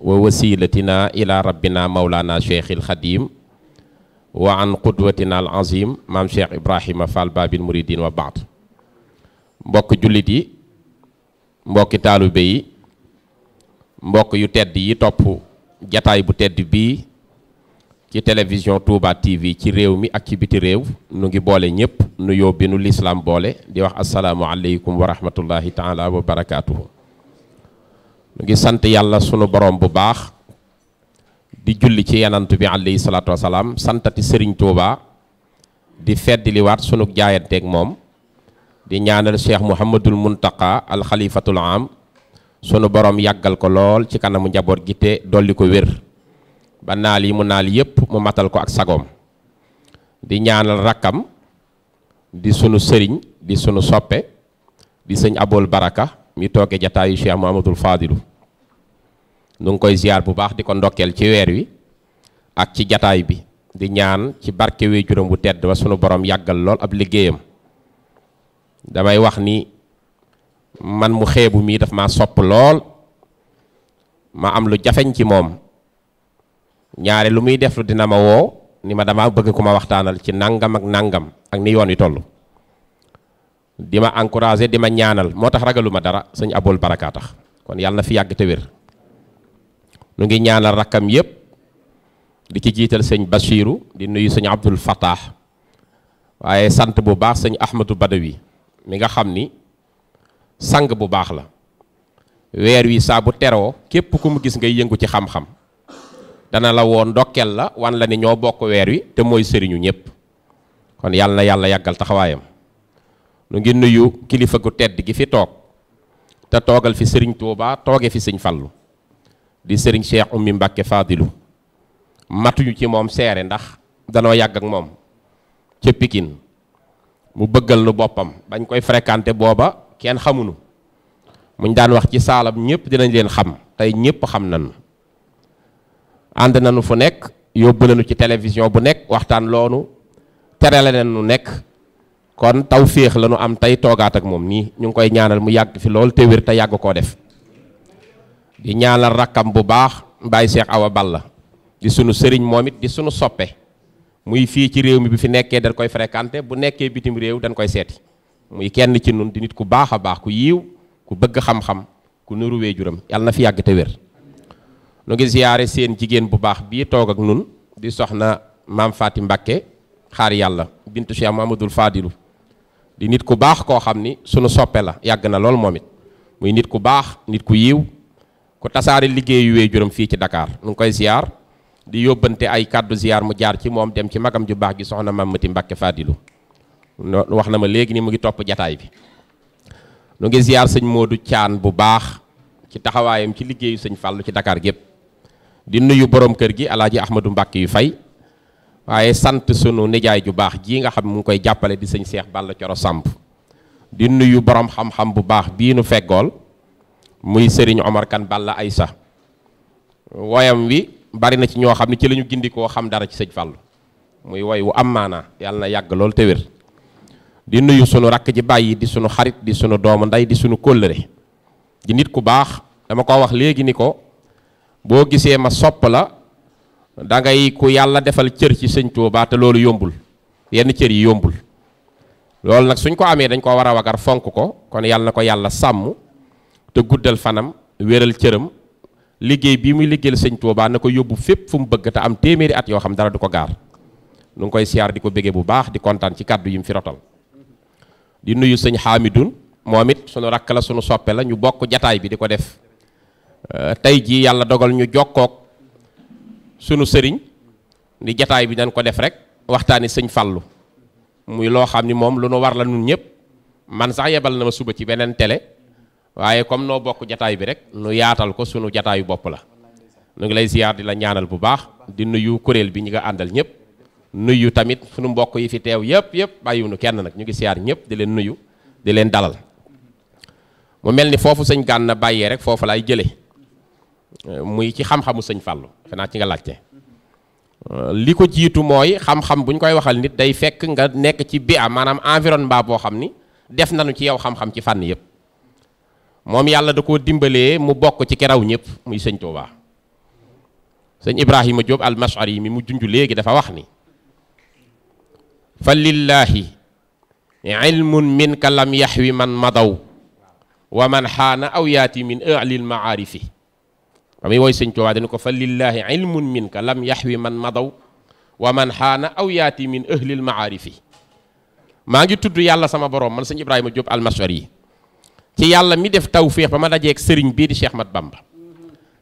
ووسيلتنا إلى ربنا مولانا شيخ الخديم وعن قدوتنا العظيم مام شيخ ابراهيم فالبا بن مريدين وبعض مبوك جوليتي مبوك طالبي مبوك يو تيد يي توپ جاتاي بو تيد بي كي تلفزيون توبا تي في كي ريومي اك بيتي ريو نوغي بوله نييب نويو بي نو الاسلام بوله دي واخ السلام عليكم ورحمه الله تعالى وبركاته نوغي سانت يالا سونو بروم بو باخ di julli ci yanantu bi alayhi salatu wasalaam santati serigne Touba di fedd sunu sunug ak mom di ñaanal cheikh mouhamadul muntaka al Khalifatul am sunu borom yagal ko lol ci kanamu njabot gité doli dolli ko wér banal yi mu nal yépp mu matal ko ak sagom di ñaanal rakam di sunu serigne di sunu soppe di serigne abul baraka mi tooge jataayu cheikh mouhamadul fadilu nung koy ziar bu baax di ndokkel ci wèr wi ak ci jataay bi di ñaan ci barké wee juroom bu tedd ba suñu borom yagal lool ab liggéeyam damay wax ni man mu xébu mi daf ma sopp lool ma am lu jafeñ ci mom ñaare lu muy def lu dina ma woo ni ma dama bëgg ku waxtaanal ci nangam ak nangam ak ni yoon yi tollu di ma dima di ma ñaanal motax ragaluma dara señ abul baraka tax kon yalla fi yag te nu ngi ñaanal rakam yépp di ci jiital señ bashiru di nuyu señ Abdul Fatah waaye sant bu baax señ ahmadu Badawi mi nga xam ni sang bu baax la weer wi saa bu teroo képp ku mu gis ngay yëngu ci xam-xam dana la woo ndokkeel la wan la ni ñoo bokk weer wi te mooy sëriñu ñëpp kon yàlla na yàlla yàggal taxawaayam nu ngi nuyu kilifa gu tedd gi fi toog te toogal fi sëriñ touba tooge fi sëñ Fallu di sëriñ Cheikh Oumy Mbacke Fadilou matuñu ci moom seere ndax danoo yàgg ak moom ca Pikine mu bëggal nu boppam bañ koy fréquenté booba kenn xamunu muñ daan wax ci saalam ñëpp dinañ leen xam tey ñëpp xam nañu ànd nañu fu nekk yóbbu nañu ci télévision bu nekk waxtaan loonu terale nañu nekk kon taw féex la nu am tey toogaat ak moom nii ñu ngi koy ñaanal mu yàgg fi lool te wér te yàgg koo def di ñaanal rakkam bu baax Mbaye Cheikh Awa la di sunu sëriñ moomit di sunu soppe muy fii ci réew mi bi fi nekkee dañ koy fréquenté bu nekkee bitim réew dañ koy seeti muy kenn ci nun di nit ku baax a baax ku yiiw ku bëgg xam-xam ku nuru waajuram yàlla na fi yàgg te wér nu ngi ziyaare seen jigéen bu baax bii toog ak nun di soxna maam Faati Mbàkke xaar yàlla bintu Cheikh Mamadul faadilu di nit ku baax koo xam ni sunu soppe la yàgg na lool moom muy nit ku tasaare liggéeyu waajuram fi ci Dakar nu koy ziar di yobante ay cadeau ziar mu jaar ci mom dem ci magam ju bax gi soxna Mamati Mbàkke Fadilu wax na ma legi ni mu ngi top jotaay bi nu ngi ziar seigne Modou tian bu bax ci taxawayam ci liggéeyu seigne Fàllu ci Dakar gep di nuyu borom kër gi alaaji Ahmadou Mbàkke yu fay waye sante sunu nijaay ju bax gi nga xam mu ngi koy di seigne cheikh Balla cioro samp di nuyu borom xam-xam bu bax bi nu feggol muy Serigne Omar kan Balla Aïssa wayam wi bari na ci ño xamni ci lañu gindi ko xam dara ci seigne fallu muy way wu amana yalla na yag lol te wér di nuyu sunu rak ji bayyi di sunu xarit di sunu doom nday di sunu kolere di nit ku bax dama ko wax legi ni ko boo gisee ma sop la da ngay ku yalla defal cër ci seigne touba te lolou yombul yenn cër yi yombul Lol nak suñ ko amé dañ ko wara wagar fonk ko kon yalla nako ko sammu te guddal fanam wéral cëram liggéey bii muy liggéeyal sëñ Tuubaa na ko yóbbu fépp fu mu bëgg te am téeméeri at yoo xam dara du ko gaar nu koy siyaar di ko béggee bu baax di kontaan ci kàddu yi mu fi rotal di nuyu sëñ Xaamidun moom it sunu rakk la sunu soppe la ñu bokk jataay bi di ko def euh, tey jii yàlla dogal ñu jokkook sunu sëriñ di jataay bi dañ ko def rek waxtaani sëñ Fallu muy loo xam ni moom lu nu war la nun ñëpp man sax yebal na ma suba ci beneen télé waaye comme noo bokk jataay bi rek nu yaatal ko sunu jataayu bopp la nu ngi lay ziar di la ñaanal bu baax di nuyu kuréel bi ñu nga àndal ñëpp nuyu tamit sunu mbokk yi fi teew yëpp yëpp bàyyiwunu kenn nag ñu ngi ziar ñëpp di leen nuyu di leen dalal mu mel ni foofu sëñ Gana bàyyee rek foofu laay jële muy ci xam-xamu sëñ Fallou xanaa ci nga laajte li ko jiitu mooy xam-xam bu ñu koy waxal nit day fekk nga nekk ci bi am maanaam environnement boo xam ni def nañu ci yow xam ci fànn yëpp moom yàlla da koo dimbalee mu bokk ci keraw ñëpp muy sëñ Touba sëñ Ibrahima Diop al-Mash'ari mi mu junj léegi dafa wax ni fa lillaahi ilmun min ka lam yaxwi man madaw wa man xaana aw yaati min alil maarifi ba wooy sëñ Touba dañu ko fa lillaahi ilmun min ka lam yaxwi man madaw wa man xaana aw yaati min ahlil maarifi maa ngi tudd yàlla sama borom man sañ Ibrahima Diop al-Mash'ari yi ci yàlla mi def tawfiq ba ma ak serigne bi di Cheikh Mat Bamba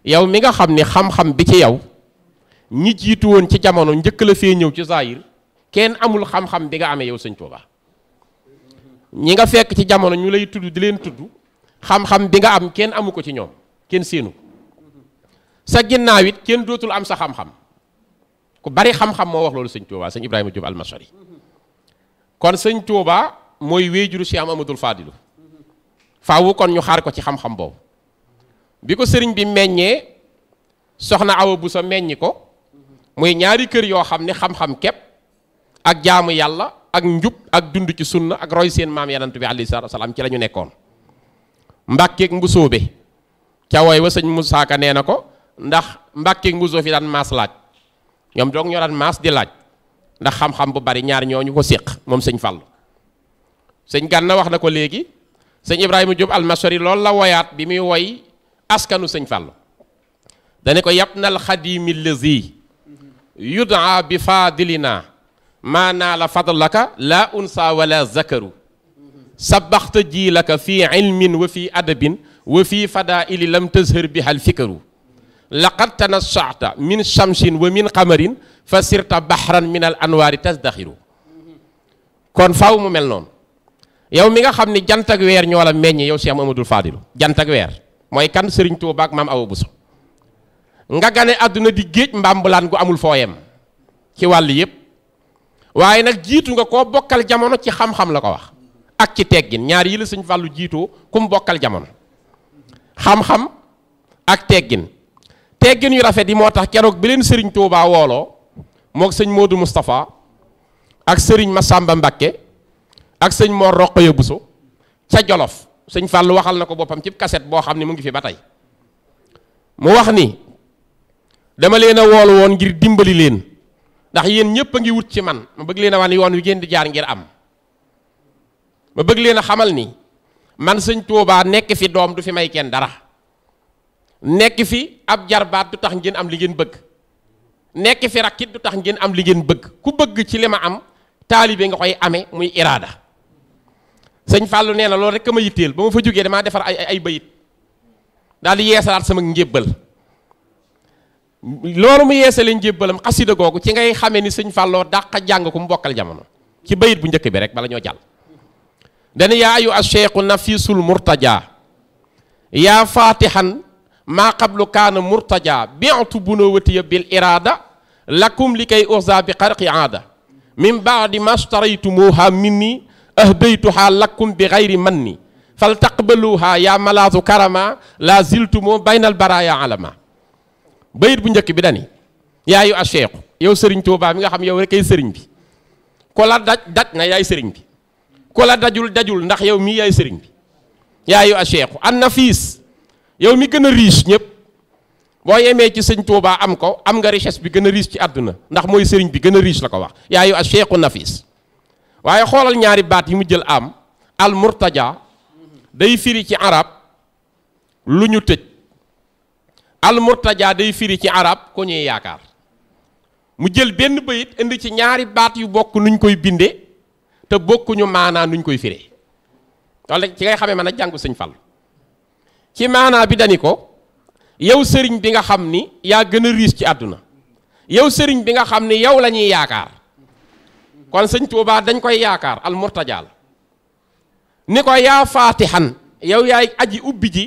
yow mi nga xamni xam-xam bi ci yow ñi jitu won ci jamono ñeuk la fee ñëw ci Zahir ken amul xam-xam bi nga amé yow serigne Touba ñi nga fekk ci jamono ñu lay tuddu di len tuddu xam-xam bi nga am ken amuko ci ñom ken séenu sa ginnawit ken kenn dootul am sa xam-xam ku bari xam-xam mo wax loolu serigne Touba serigne Ibrahima al-masri kon serigne Touba moy wéjuru Cheikh Amadou Fadilou faawu kon ñu xaar ko ci xam-xam boobu bi ko sëriñ bi meññee soxna Awa Bousso meññi ko muy ñaari kër yoo xam ne xam-xam képp ak jaamu yàlla ak njub ak dund ci sunna ak roy seen maam yenantu bi alayhi salaatu wasalaam ci lañu ñu nekkoon mbàkkeeg mbusóobe ca woy wa sëñ Moussa Ka nee na ko ndax mbàkkeeg mbusoo fi daan maas laaj ñoom doog ñoo daan maas di laaj ndax xam-xam bu bari ñaar ñoo ñu ko séq moom sëñ Fallou sëñ Gànna wax na ko léegi sëñ Ibrahima Diop almasori loolu la woyaat bi muy woy askanu sëñ Fàllu dane ko yabnal xadimi lazi yudaa bi fadilina maa naa la fadlaka laa unsa wala zakaru sabaxta jiilaka fi ilmin wa fi adabin wa fi fadaili lam tazhër biha alfikaru laqad tanassata min shamsin wa min qamarin fa sirta bahran min al anwaari tazdaxiru kon faw mu mel noonu yow mi nga xamni ni jant ak weer ñola meñ yow Cheikh amadou Fadil jant ak weer moy kan Serigne Touba ak mam awu Bousso nga gané aduna di géej mbambulaan gu amul foyem ci wal yeb waye nak jitu nga ko bokal jamono ci xam-xam la ko wax ak ci teggin ñaar yi le serigne fallu jitu kum bokal jamono xam-xam ak teggin teggin yu rafet di motax kérok bi len Serigne Touba wolo mok serigne Modou ak Serigne Massamba Mbakke ak sëñ Mor Roqaya Buso ca Jolof sëñ Fàllu waxal na ko boppam ci kaset boo xam ne mu ngi fi ba tey mu wax ni dama leen a wool woon ngir dimbali leen ndax yéen ñëpp ngi wut ci man ma bëgg leen a wan yoon wi ngeen di jaar ngir am ma bëgg leen a xamal ni man sëñ Tuubaa nekk fi doom du fi may kenn dara nekk fi ab jarbaat du tax ngeen am li ngeen bëgg nekk fi rakkit du tax ngeen am li ngeen bëgg ku bëgg ci li ma am taalibe nga koy amee muy iraada sëñ Fallou nee na loolu rek ka ma yitteel ba ma fa jógee damaa defar ay ay bayit daal di yeesalaat sama njébbal loolu mu yeesalee njébbalam xasida googu ci ngay xame ni sëñ Fallou daq jàng ku mu bokkal jamono ci bayit bu njëkk bi rek bala ñoo jàll dana yaa ayu acheikhu nafisul murtaja yaa fatihan maa qablu kaana murtaja bi'tu bunawatiya bil irada lakum li kay urza bi xarqi aada min baadi mastaraytumuha minni ahbaytuha lakum bi ghayri manni faltaqbaluha ya malaatu karama la ziltumo baynal baraya alama bayit bu njëkk bi dani yaayu acheikhu yow sëriñ Tuubaa mi nga xam yow rek ay sëriñ bi ko la daj daj na yaay sëriñ bi ko la dajul dajul ndax yow mii yaay sëriñ bi yaayu acheikhu an nafis yow mi gën a riche ñëpp boo yemee ci sëñ Tuubaa am ko am nga richesse bi gën a riche ci àdduna ndax mooy sëriñ bi gën a riche la ko wax yaayu acheikhu nafis waaye xoolal ñaari baat yi mu jël am al murtaja day firi ci arab lu ñu tëj al murtaja day firi ci arab ko ñuy yaakaar mu jël benn bayit indi ci ñaari baat yu bokk nuñ koy binde te bokkuñu maanaa nuñ koy firee wala ci ngay xamee man a jàngu sëñ Fall ci maanaa bi dani ko yow sëriñ bi nga xam ni yaa gën a riis ci àdduna yow sëriñ bi nga xam ni yow lañuy yaakaar kon sëñ Tuubaa dañ koy yaakaar al murtajaal ni ko yaa xan yow yaay aji ubbi ji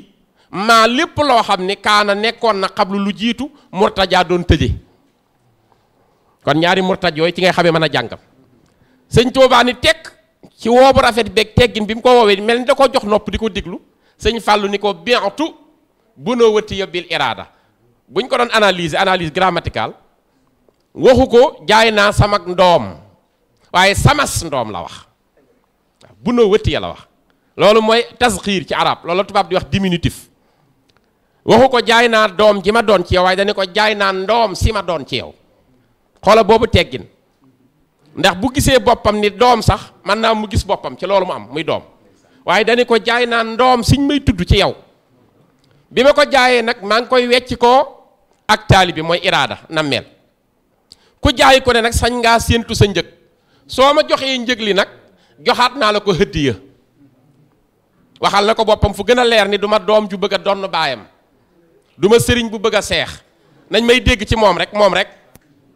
maa lépp loo xam ni kaana nekkoon na xablu lu jiitu murtajaa doon tëje kon ñaari murtaj yooyu ci ngay xamee man a jàngam sëñ Tuubaa ni tekk ci woobu rafet beeg teggin bi mu ko woowee mel ni da ko jox nopp di ko diglu sëñ Fàllu ni ko bientu bu na wëtti yóbbil iraada buñ ko doon analyse analyse grammaticale waxu ko jaay naa samak ndoom waaye samas ndoom la wax bu noo wëtti ya la wax loolu mooy tasxiir ci arab loolu tubaab di wax diminutif waxu ko jaay naa doom ji ma doon ci yow waaye jaay naa ndoom si ma doon ci yow xoola boobu teggin ndax bu gisee boppam ni doom sax mën naa mu gis boppam ci loolu mu am muy doom waaye dañu ko jaay naa ndoom siñ may tudd ci yow bi ma ko jaayee nag maa ngi koy wecc koo ak taali bi mooy iraada nameel ku jaay ko ne nag sañ ngaa séentu sa njëg soo ma joxee njëg li nag joxaat naa la ko hëddiya waxal na ko boppam fu gën a leer ni duma doom ju bëgg a donn baayam du ma sëriñ bu bëgg a seex nañ may dégg ci moom rek moom rek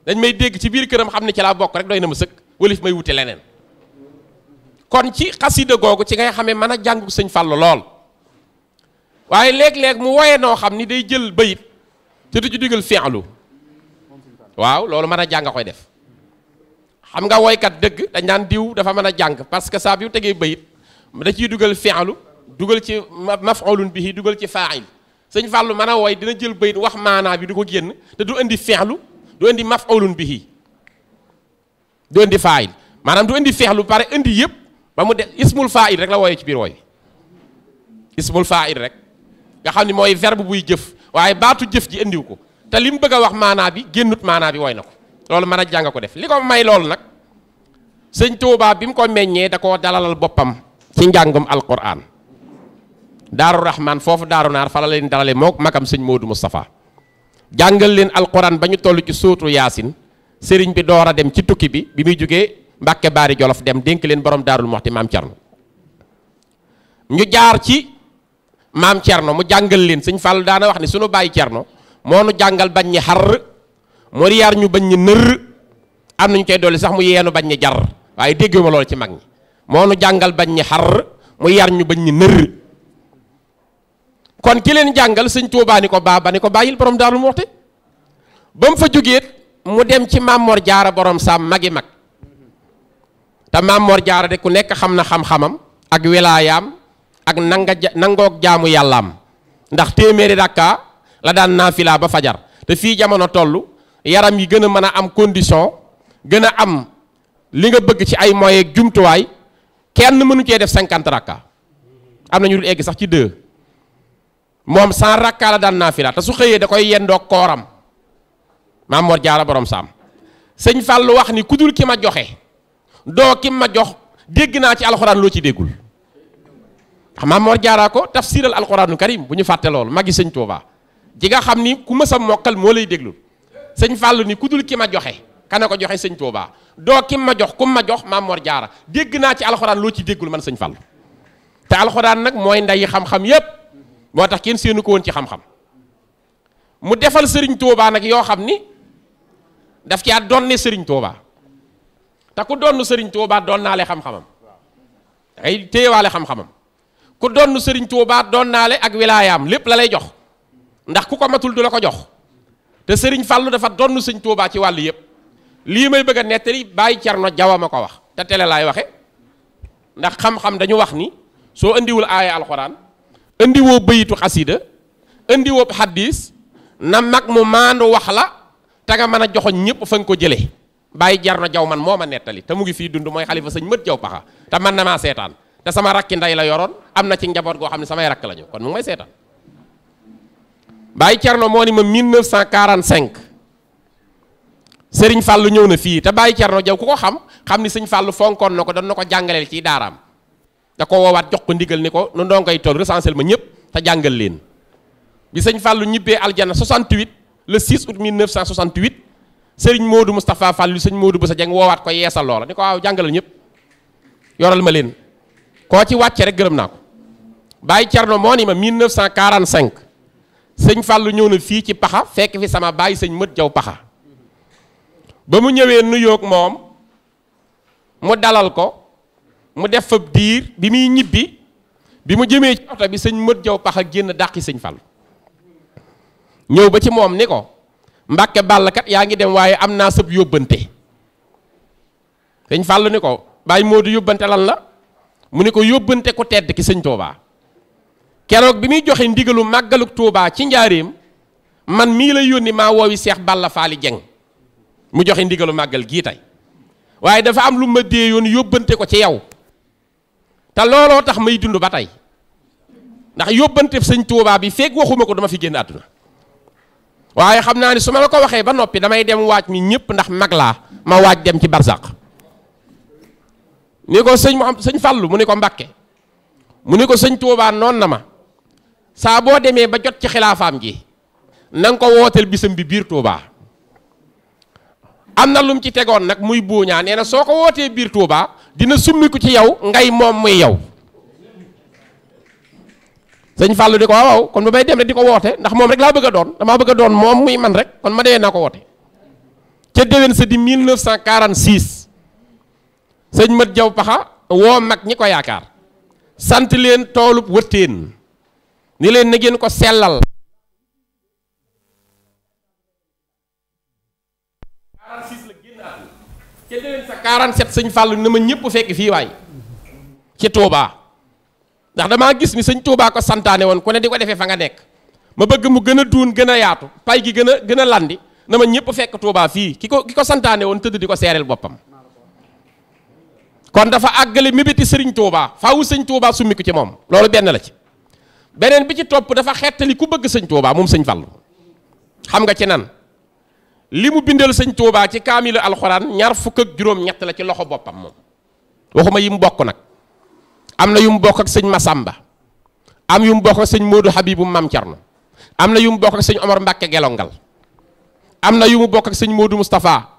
dañ may dégg ci biir këram xam ne ci laa bokk rek doy na ma sëkk walif may wuti leneen kon ci xasida googu ci ngay xamee mën a jàng sëñ Fàllu lool waaye léeg-léeg mu woye noo xam ni day jël bayit te du ci digal fi'lu waaw loolu mën a jàng koy def xam nga woykat dëgg dañ naan diw dafa mën a jàng parce que saa bi mu tegee bayit da ciy dugal fi'lu dugal ci bi bihi dugal ci fa'il sëñ Fallou mën a woy dina jël bayit wax maanaa bi du ko génn te du indi fi'lu du indi maf'ulun bihi du indi fa'il maanaam du indi fi'lu pare indi yëpp ba mu de ismul fa'il rek la wooyee ci biir wooy ismul fa'il rek nga xam ni mooy verbe buy jëf waaye baatu jëf ji indiw ko te li mu bëgg a wax maanaa bi génnut maanaa bi woy na ko loolu mana jang ko def liko may loolu nak seigne touba bim ko meññee da ko dalalal bopam ci jangum alquran darur rahman fofu daaru naar fala len dalale mok makam seigne modou mustafa jangal len alquran bañu tollu ci sóotu yasin sëriñ bi doora dem ci tukki bi bi mi jugge Mbàkke bari Jolof dem denk len borom darul Muxti mam Cerno ñu jaar ci mam Cerno mu jàngal leen sëñ Fàllu daana wax ni sunu baye Cerno mo nu jangal bañ ni har moo yar ñu bañ ñu nër am nañu koy dolli sax mu yeenu bañ ni jar waaye dégguma loolu ci mag ñi moo nu jàngal bañ ni xar mu yar ñu bañ ñu nër kon ki jàngal sëñ Tuubaa ko baa ba ni ko bàyyil borom Daaru Muxti ba mu fa jógeet mu dem ci Mamor Jaara borom saam magi mag te Mamor Jaara de ku nekk xam na xam-xamam ak welaayam ak nanga nangoog jaamu yàllaam ndax téeméeri rakka la daan naafila ba fajar te fii jamono toll yaram yi gën a mën a am condition gën a am li nga bëgg ci ay moyens jumtuwaay kenn mënu cee def cinquante rakka am na ñu dul egg sax ci deux moom cent rakka la daan naafila te su xëyee da koy yendoo kooram maam Mor Jaara borom saam sëñ Fallou wax ni ku dul ki ma joxe doo ki ma jox dégg naa ci alxuraan loo ci déggul xam maam Mor Jaara ko tafsiral alxuraanul karim bu ñu fàtte loolu magi sëñ Tuuba ji nga xam ni ku mës mokkal moo lay déglu sëñ Fallou ni ku dul ki ma joxe kana ko joxe sëñ Touba doo kim ma jox kum ma jox maam Mor Jaara dégg naa ci alxuraan loo ci déggul man sëñ Fallou te alxuraan nag mooy ndeyi xam-xam yépp moo tax kenn séenu ko woon ci xam-xam mu defal sëriñ Touba nag yoo xam ni daf caa donne sëriñ Touba te ku donn sëriñ Touba doon naale xam-xamam ay téyewaale xam-xamam ku donn sëriñ Touba doon naale ak wilaayaam lépp la lay jox ndax ku ko matul du la ko jox te sëriñ Fallou dafa donn sëñ Touba ci wàllu yëpp lii may bëgg a nettali bàyyi Cerno Jawa ma ko wax te tele laay waxe ndax xam-xam dañu wax ni soo indiwul aaya alxuraan indiwoo bëyitu xasida indiwoo xaddiis na mag mu maandu wax la te nga mën a joxoñ ñëpp fa nga ko jëlee bàyyi Cerno Jaw man moo ma nettali te mu ngi fii dund mooy xalifa sëñ mët jaw paxa te man na maa seetaan te sama rakki nday la yoroon am na ci njaboot goo xam ne samay rakk la ñu kon mu Baye Thierno moo ni ma 1945 Serigne Fallou ñëw na fii te Baye Thierno jaw ku ko xam xam ni sëñ Fallou fonkoon na ko doon na ko jàngaleel ci daaraam da ko woowaat jox ko ndigal ni ko nu ndongoy toll recensel ma ñëpp te jàngal leen bi sëñ Fallou ñibbee aljana 68 le 6 août 1968 Serigne Modou Moustapha Fallou sëñ Modou Boussa Dieng woowaat ko yeesal loola ni ko waaw jàngalal ñëpp yoral ma leen koo ci wàcce rek gërëm naa ko Baye Thierno moo ni ma 1945. sëñ Fallou ñëw na fii ci paxa fekk fi sama baay sëñ mët jaw paxa ba mu ñëwee nuyoog moom mu dalal ko mu def fa diir bi muy ñibbi bi mu jëmee ci oto bi sëñ mët jaw paxa génn dàqi sëñ Fallou ñëw ba ci moom ni ko Mbàkke Bàll kat yaa ngi dem waaye am naa sëb yóbbante sëñ Fallou ni ko bàyyi moo di yóbbante lal la mu ni ko yóbbante ku tedd ki sëñ toobaa keroog bi muy joxe ndigalu màggaluk Touba ci njaareem man mii lay yónni maa woowi Seex Balla Faali Jeng mu joxe ndigalu màggal gii tey waaye dafa am lu ma dee yoon yóbbante ko ci yow te looloo tax may dund ba tey ndax yóbbante sëñ Touba bi feeg waxuma ko dama fi génn àdduna waaye xam naa ne su ma la ko waxee ba noppi damay dem waaj mi ñëpp ndax mag laa ma waaj dem ci barzaq ni ko sëñ mu am sëñ Fàllu mu ni ko Mbàkke mu ni ko sëñ Touba noon na ma saa boo demee ba jot ci xilaafaam gi na ko wooteel bisam bi biir Touba am na lum ci tegoon nag muy buuñaa nee na soo ko wootee biir Touba dina summiku ci yow ngay moom muy yow sëñ Fallou di ko waaw kon ba may dem rek di ko woote ndax moom rek laa bëgg a doon damaa bëgg a doon moom muy man rek kon ma demee naa ko woote ca déwén sa di 1946 sëñ Mat Jaw Paxa woo mag ñi ko yaakaar sant leen toolub wëttéen ni leen na ngeen ko sellal ca déwén sëñ Fallou na ma ñëpp fekk fii waay ci Touba ndax damaa gis ni sëñ Touba ko santaane woon ku ne di ko defee fa nga nekk ma bëgg mu gën a duun gën a yaatu pay gi gën a gën a landi na ma ñëpp fekk Touba fii ki ko ki ko santaane woon tëdd di ko seereel boppam kon dafa àggale mébéti sëriñ Touba faawu sëñ Touba summi ko ci moom loolu benn la ci beneen bi ci topp dafa xettali ku bëgg sëñ Touba moom sëñ Fallu xam nga ci nan li mu bindal sëñ Touba ci kaamilu alxuraan ñaar fukk juróom-ñett la ci loxo boppam moom waxuma yi mu bokk nag am na yu mu bokk ak sëñ Masamba am yu mu bokk ak sëñ Modou Habibou Mam Thierno am na yu mu bokk ak sëñ Omar Mbacke Gelongal am na yu mu bokk ak sëñ Modou Moustapha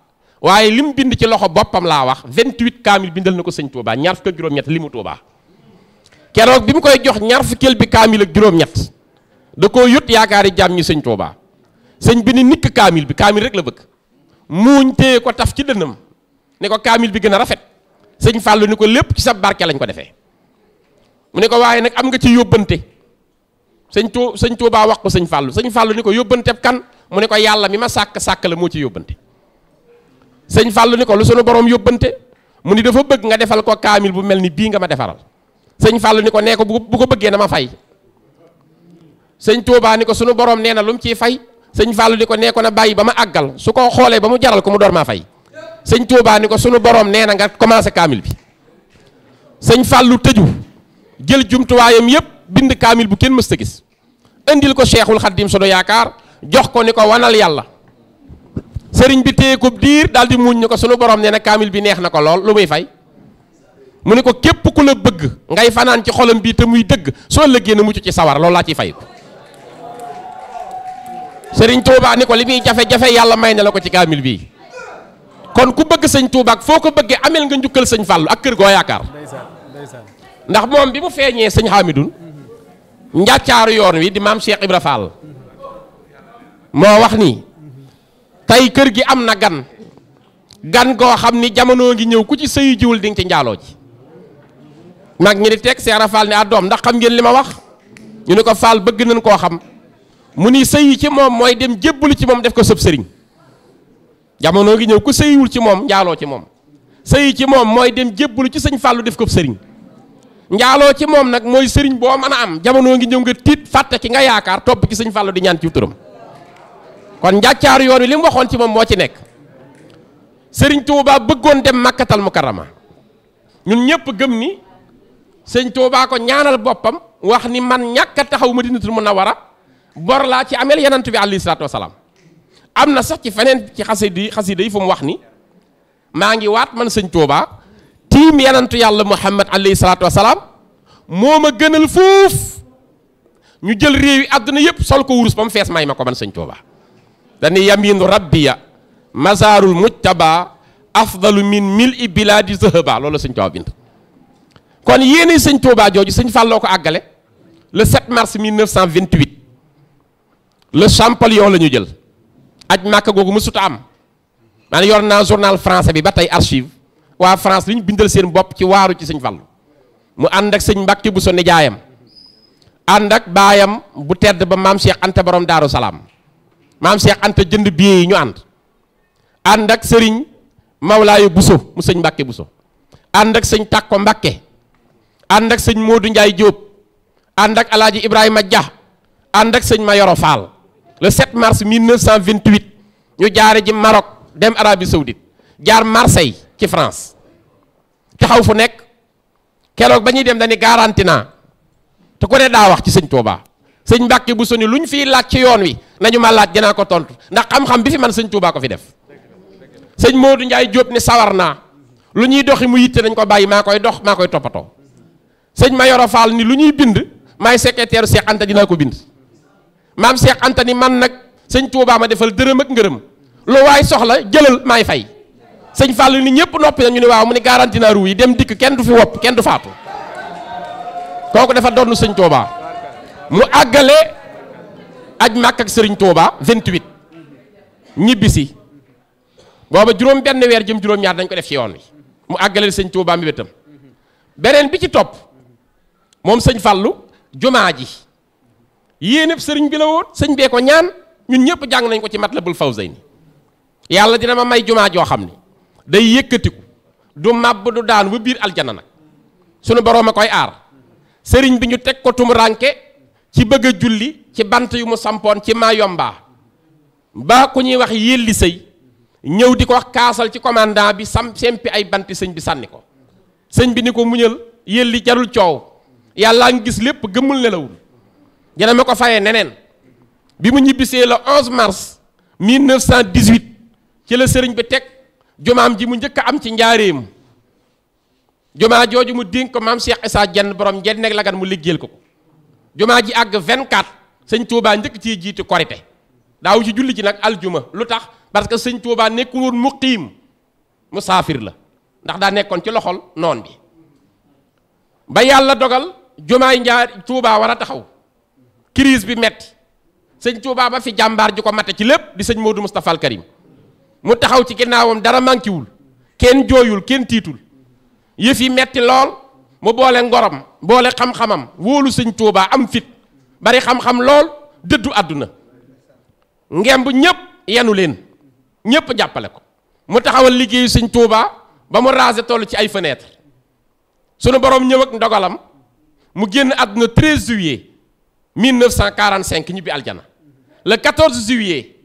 waaye li mu bind ci loxo boppam laa wax 28 kaamil bindal na ko sëñ Touba ñaar fukk juróom-ñett li mu Touba. keroog bi mu koy jox ñaar fukkeel bi kaamil ak juróom-ñett da koo yót yaakaari jàmm ñi sëñ Tuubaa sëñ bi ni nikk kaamil bi kaamil rek la bëgg muuñ ko taf ci dënnam ne ko kaamil bi gën a rafet sëñ Fàllu ni ko lépp ci sa barke lañ ko defee mu ne ko waaye nag am nga ci yóbbante sëñ Tou sëñ Tuubaa wax ko sëñ Fàllu sëñ Fàllu ni ko yóbbante kan mu ne ko yàlla mi ma sàkk sàkk la moo ci yóbbante sëñ Fàllu ni ko lu sunu borom yóbbante mu ni dafa bëgg nga defal ko kaamil bu mel ni bii nga ma defaral sëñ Fallou ni ko nee ko bu ko bëggee na ma fay sëñ Touba ni ko sunu borom nee na lu mu ciy fay sëñ Fallou ni ko nee ko na bàyyi ba ma àggal su ko xoolee ba mu jaral ko mu door maa fay sëñ Touba ni ko sunu boroom nee na nga commencé kaamil bi sëñ Fallou tëju jël jumtuwaayam yëpp bind kaamil bu kenn mësta gis indil ko Cheikhul Khadim sunu yaakaar jox ko ni ko wanal yàlla sëriñ bi téye ko diir daal di muñ ni ko sunu borom nee na kaamil bi neex na ko lool lu muy fay. mu ne ko képp ku la bëgg ngay fanaan ci xolam bii te muy dëgg soo lëggee na mucc ci sawar loolu laa ciy fay sëriñ Touba ni ko li muy jafe-jafe yàlla may na la ko ci kaamil bii kon ku bëgg sëñ Touba foo ko bëggee ameel nga njukkal sëñ Fallou ak kër goo yaakaar ndax moom bi mu feeñee sëñ Hamidou njàccaaru yoon wi di maam Cheikh Ibra Fall moo wax ni tey kër gi am na gan gan goo xam ni jamono ngi ñëw ku ci sëyu jiwul di ci njaaloo ji nag ñi di teg seera faal ni ah doom ndax xam ngeen li ma wax ñu ne ko faal bëgg nañ koo xam mu ni sëyi ci moom mooy dem jébbalu ci moom def ko sëb sëriñ jamono ngi ñëw ku sëyiwul ci moom njaaloo ci moom sëyi ci moom mooy dem jébbalu ci sëñ fàllu def ko sëriñ njaaloo ci moom nag mooy sëriñ boo mën a am jamono ngi ñëw nga tiit fàtte ki nga yaakaar topp ci sëñ fàllu di ñaan ci turam kon njàccaaru yoon wi li mu waxoon ci moom moo ci nekk sëriñ Touba bëggoon dem màkkatal mukarrama ñun ñëpp gëm ni sëñ Tuubaa ko ñaanal boppam wax ni man ñàkk a taxaw Madinatul Munawwara bor laa ci ameel yenant bi alayhi salaatu salaam am na sax ci feneen ci xasida yi xasida yi fu mu wax ni maa ngi waat man sëñ Tuubaa tiim yenantu yàlla Muhammad alayhi salaatu salaam moom a gënal fuuf ñu jël réew yi àdduna yëpp sol ko wurus ba mu fees may ma ko man sëñ Tuubaa dañuy yaminu rabbiya mazaarul mujtaba afdalu min mil i bilaadi zahaba loolu sëñ Tuubaa bind kon yéene sëñ Touba jooju sëñ Falloo ko àggale le 7 mars 1928 le Champollion la ñu jël aj màkk googu mësut a am maanaam yor naa journal français bi ba tey archive waa France li ñu bindal seen bopp ci waaru ci sëñ Fallu mu ànd ak sëñ Mbàkke bu so nijaayam ànd ak baayam bu tedd ba maam Cheikh Anta borom Daaru Salaam maam Cheikh Anta jënd billet yi ñu ànd ànd ak sëriñ Mawlaayu Buso mu sëñ Mbàkke Buso ànd ak sëñ Tàkko Mbàkke ànd ak sëñ Modou Ndiaye Diop ànd ak El Ibrahima Dia ànd ak sëñ ma Mayoro Fall le 7 mars 1928 ñu jaare ji marok dem Arabie Saoudite jaar Marseille ci France taxaw fu nekk keroog ba ñuy dem dañuy garanti naa te ku ne daa wax ci sëñ Touba. sëñ Mbàkke bu soni lu ñu fii laaj ci yoon wi nañu ma laaj dinaa ko tontu ndax xam-xam bi fi man sëñ Touba ko fi def sëñ Modou Ndiaye Diop ne sawar naa lu ñuy doxi mu yitte nañ ko bàyyi maa koy dox maa koy toppatoo. sëñ Mayoro Fall ni lu ñuy bind maay secrétaire Cheikh Anta dinaa ko bind maam Cheikh Anta ni man nag sëñ Touba ma defal dërëm ak ngërëm lu waay soxla jëlal maay fay sëñ Fall ni ñëpp noppi na ñu ne waaw mu ne garanti naa ruu yi dem dikk kenn du fi wopp kenn du faatu kooku dafa doon sëñ Touba mu àggale aj màkk ak sëriñ Touba 28 ñibbisi booba juróom benn weer jëm juróom-ñaar dañ ko def ci yoon wi mu àggaleel sëñ Touba mi wetam beneen bi ci topp. moom sëñ Fallou jumaa ji yéeneb sëriñ bi la woon sëñ bee ko ñaan ñun ñëpp jàng nañ ko ci mat bul Matlabul Fawzayni yàlla dina ma may jumaa joo xam ni day yëkkatiku du màbb du daan ba biir aljana nag sunu boroom a koy aar sëriñ bi ñu teg ko tumuranke ci bëgg a julli ci bant yu mu sampoon ci Mayomba ba ku ñuy wax yelli sëy ñëw di ko wax kaasal ci commandant bi sam sempi ay banti sëñ bi sànni ko sëñ bi ni ko muñal yelli jarul coow yàllaa ngi gis lépp gëmmul nelawul dina ma ko faye neneen bi mu ñibbisee le 11 mars 1918 ci la sëriñ bi teg jumaam ji mu njëkk a am ci njaareem jumaa jooju mu dénk ko maam Cheikh jenn Diène borom Diène nekk lagan mu liggéel ko ko jumaa ji àgg 24 sëñ Touba njëkk ciy jiitu korite daaw ci julli ci nag aljuma lu tax parce que sëñ Touba nekkul woon mu saafir la ndax daa nekkoon ci loxol noon bi ba yàlla dogal. jumaay njaar Touba war a taxaw crise bi metti sëñ Touba ba fi jàmbaar ji ko matt ci lépp di sëñ Modou Moustapha al Karim mu taxaw ci ginnaawam dara mànkiwul kenn jooyul kenn tiitul yëf yi metti lool mu boole ngorom boole xam-xamam wóolu sëñ Touba am fit bari xam-xam lool dëddu àdduna ngemb ñépp yenu leen ñépp jàppale ko mu taxawal liggéeyu sëñ Touba ba mu raser toll ci ay fenêtre sunu borom ñëw ndogalam mu génn àdduna 13 juillet 1945 ñibbi aljana le 14 juillet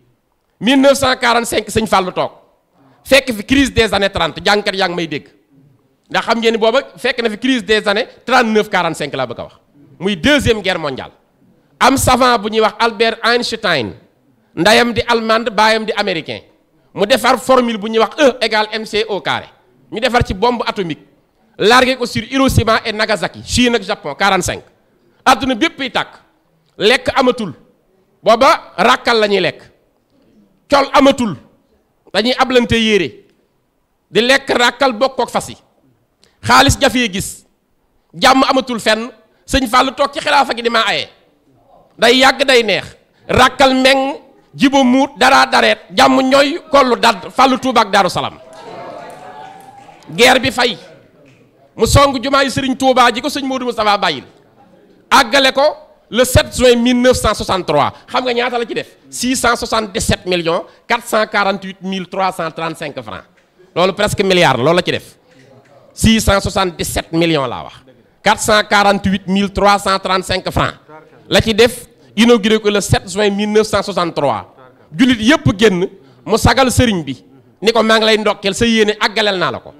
1945 sëñ Fallou toog fekk fi crise des années 30 jàngkat yaa ngi may dégg ndax xam ngeen ni booba fekk na fi crise des années 39 45 laa bëgg a wax muy deuxième guerre mondiale am savant bu ñuy wax Albert Einstein ndayam di allemande baayam di américain mu defar formule bu ñuy wax E égal mc au carré ñu defar ci bombe atomique largué ko sur Hiroshima et Nagasaki Chine et Japon 45 Aduna bépp yi lek amatul Baba, rakal lañuy lek. lekk amatul dañuy ablanté yéré. di lek rakal bokk ak fas yi xaalis gis jàmm amatul fenn Seigne Fallou toog ci gi day yag day neex Rakal meng jibo muut dara dareet jàmm ñoy kollu dad Fallu guerre bi fay mu song jumaayu Serigne Touba ji ko sëñ Modou mustapha bayil àggale ko le 7 juin 1963 xam nga ñaata la ci def millions 448 335 francs loolu presque milliard 667 la ci def 677 millions la wax 448 335 francs la ci def inauguré ko le 7 juin 1963 jullit yépp génn mu sagal sëriñ bi ni ko maa ngi lay ndokkel sa yéene àggaleel naa la ko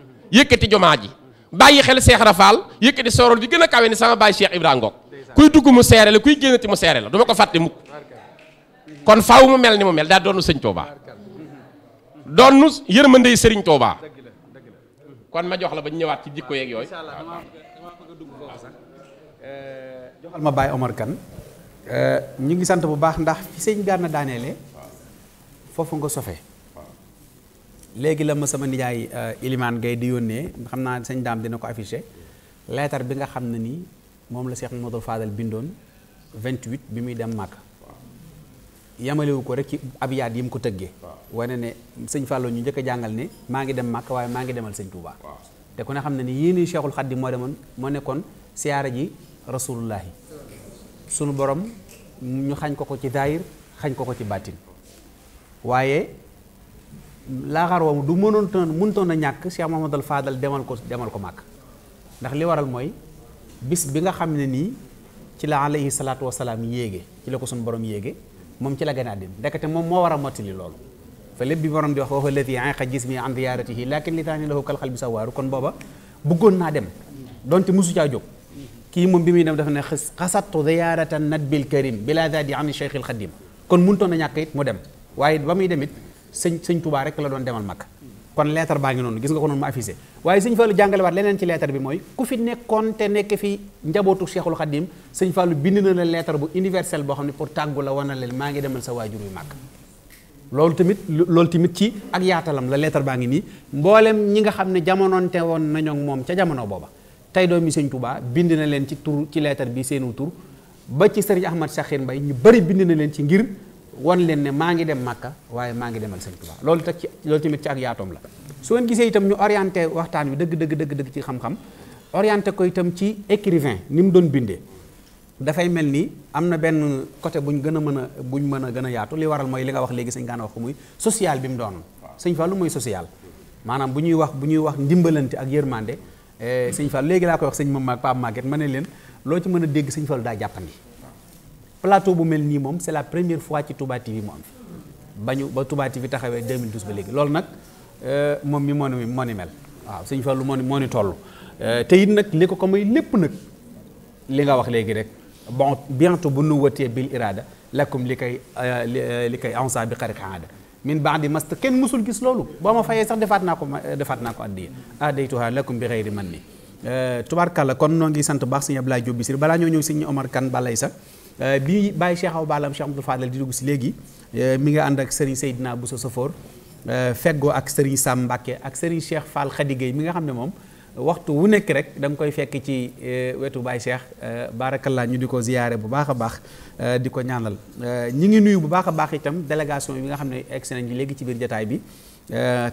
bàyyi xel Cheikh yëkk yëkkati sorol di gën a kawe ni sama bàyyi Cheikh Ibrahima Ngok kuy dugg mu seere la kuy génnati mu seere la du ko fàtte mukk kon faaw mu mel ni mu mel daa doonu sëñ Touba doonu yërmandey sëriñ Touba kon ma jox la ba ñu ñëwaat ci jikko yeeg yooyu. Eh, joxal ma Baye Omar kan eh, ñu ngi sant bu baax ndax fi sëñ gaana daaneele foofu nga sofee. léegi la ma sama nijaay euh, Ilimaan Gaye di yónnee xam naa sëñ daam dina ko affiché leetar bi nga xam ne nii moom la seex Cheikh Modou Fadal bindoon 28 bi muy dem Màkka yamalewu ko rek ci ab yaat yi mu ko tëggee wane ne sëñ Fallou ñu njëkk jàngal ne maa ngi dem Màkka waaye maa ngi demal sëñ Touba te ku ne xam ne ni yéen i Cheikhul Khadim moo demoon moo nekkoon siyaara ji rasulullahi sunu borom ñu xañ ko ko ci daayir xañ ko ko ci bàttin waaye laaxar woowu du mënontoon mëntoon a ñàkk Cheikh Mahamadal Fadal demal ko demal ko màkk ndax li waral mooy bis bi nga xam ne nii ci la alayhi salaatu wasalaam yéege ci la ko sun borom yéege moom ci la gën a àddina ndekete moom moo war a mottali loolu fa lépp bi borom di wax waxu lati anqa jismi an diyaratihi lakin li taani lahu kal xal bi sawaaru kon booba bëggoon naa dem donte musu caa jóg kii moom bi muy dem dafa ne xasattu diyaratan nadbil karim bila zadi an cheikh al xadim kon mënutoon a ñàkk it mu dem waaye ba muy dem it sëñ sëñ Touba rek la doon demal mag kon lettre baa ngi noonu gis nga ko noonu mu affiché waaye sëñ Fallou jàngalewaat leneen ci lettre bi mooy ku fi nekkoon te nekk fi njabootu Cheikhul Khadim sëñ Fallou bind na la lettre bu universelle boo xam ne pour tàggu la wana leen maa ngi demal sa waajur yu loolu tamit loolu tamit ci ak yaatalam la lettre baa ngi nii mboolem ñi nga xam ne jamonoonte woon nañoo moom ca jamono booba tey doomi sëñ Touba bind na leen ci tur ci lettre bi seenu tur ba ci sëriñ Ahmad Sakhir mbay ñu bëri bind na leen ci ngir wan leen ne maa ngi dem Màkka waaye maa ngi demal Sëñ Tuubaa loolu tak ci loolu tamit ci ak yaatoom la su ngeen gisee itam ñu orienté waxtaan wi dëgg dëgg dëgg dëgg ci xam-xam orienté ko itam ci écrivain ni mu doon bindee dafay mel ni am na benn côté buñ gën a mën a buñ mën a gën a yaatu li waral mooy li nga wax léegi sëñ Gana wax muy social bi mu doon sëñ Fallou mooy social maanaam bu ñuy wax bu ñuy wax ndimbalante ak yërmande eh, sëñ Fallou léegi laa koy wax sëñ Mame ak Pape ma ne leen loo ci mën a dégg sëñ Fallou daa jàppandi plateau bu mel ni mom c'est la première fois ci Touba TV mom fi bañu ba Touba TV taxawé 2012 ba légui léegi nak euh mom mi moo ni moo mel waaw Sëñ Fallu moni moni tollu euh toll te it nag li ko ko may lépp nag li nga wax légui rek bon bientôt bu nu watee bil irada lakum likay likay li koy euh, euh, ansa bi xarit aada min baax di mast kenn mësul gis lolou bama fayé sax defaat naa ko defaat naa ko addiya aadaytuha lakum bi xeyri man ni euh, tubaarkàlla kon noo ngi sant baax sëñ Abdoulaye Diop Bichri bala ñu ñew sëñ Omar kan balay sax Euh, bii bàyyi Cheikh baalam Balla am Cheikh di dugg si léegi euh, mi ngi ànd ak Serigne Seydina Bousso Sofor euh, feggoo ak Serigne Sam Mbacke ak Serigne Cheikh Fall Khady Gueye mi nga xam ne moom waxtu wu nekk rek danga koy fekk ci wetu Baye Cheikh barakallah ñu di ko ziyaare bu baax a baax di ko ñaanal ñu ngi nuyu bu baax a baax itam délégation yi nga xam ne egsi nañu léegi ci biir jataay bi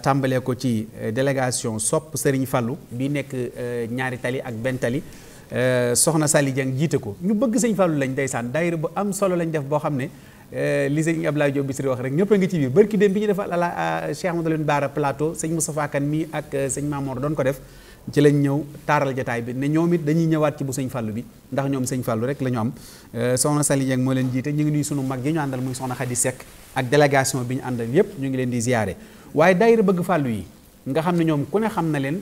tàmbalee ko ci délégation sopp Serigne Fallou bi nekk ñaari tali ak benn tali Euh, soxna Sali Dieng jiite ko ñu bëgg sëñ Fallou lañ ndeysaan daayira bu am solo lañ def boo xam ne euh, li sëñ Abdoulaye Diop Bichri wax rek ñëpp a ngi ci biir barki dem bi ñu defal ala Cheikh Amadou Lamine Bara plateau sëñ Moustapha mii ak euh, sëñ Mamour doon ko def ci lañ ñëw taaral jataay bi ne ñoom it dañuy ñëwaat ci bu sëñ fàllu bi ndax ñoom sëñ Fallou rek la ñu am soxna Sali Dieng moo leen jiite ñu ngi nuyu sunu mag yi ñu àndal muy soxna Khady Seck ak délégation bi ñu àndal yépp ñu ngi leen di ziyaare waaye daayira bëgg Fallou yi nga xam ne ñoom ku ne na leen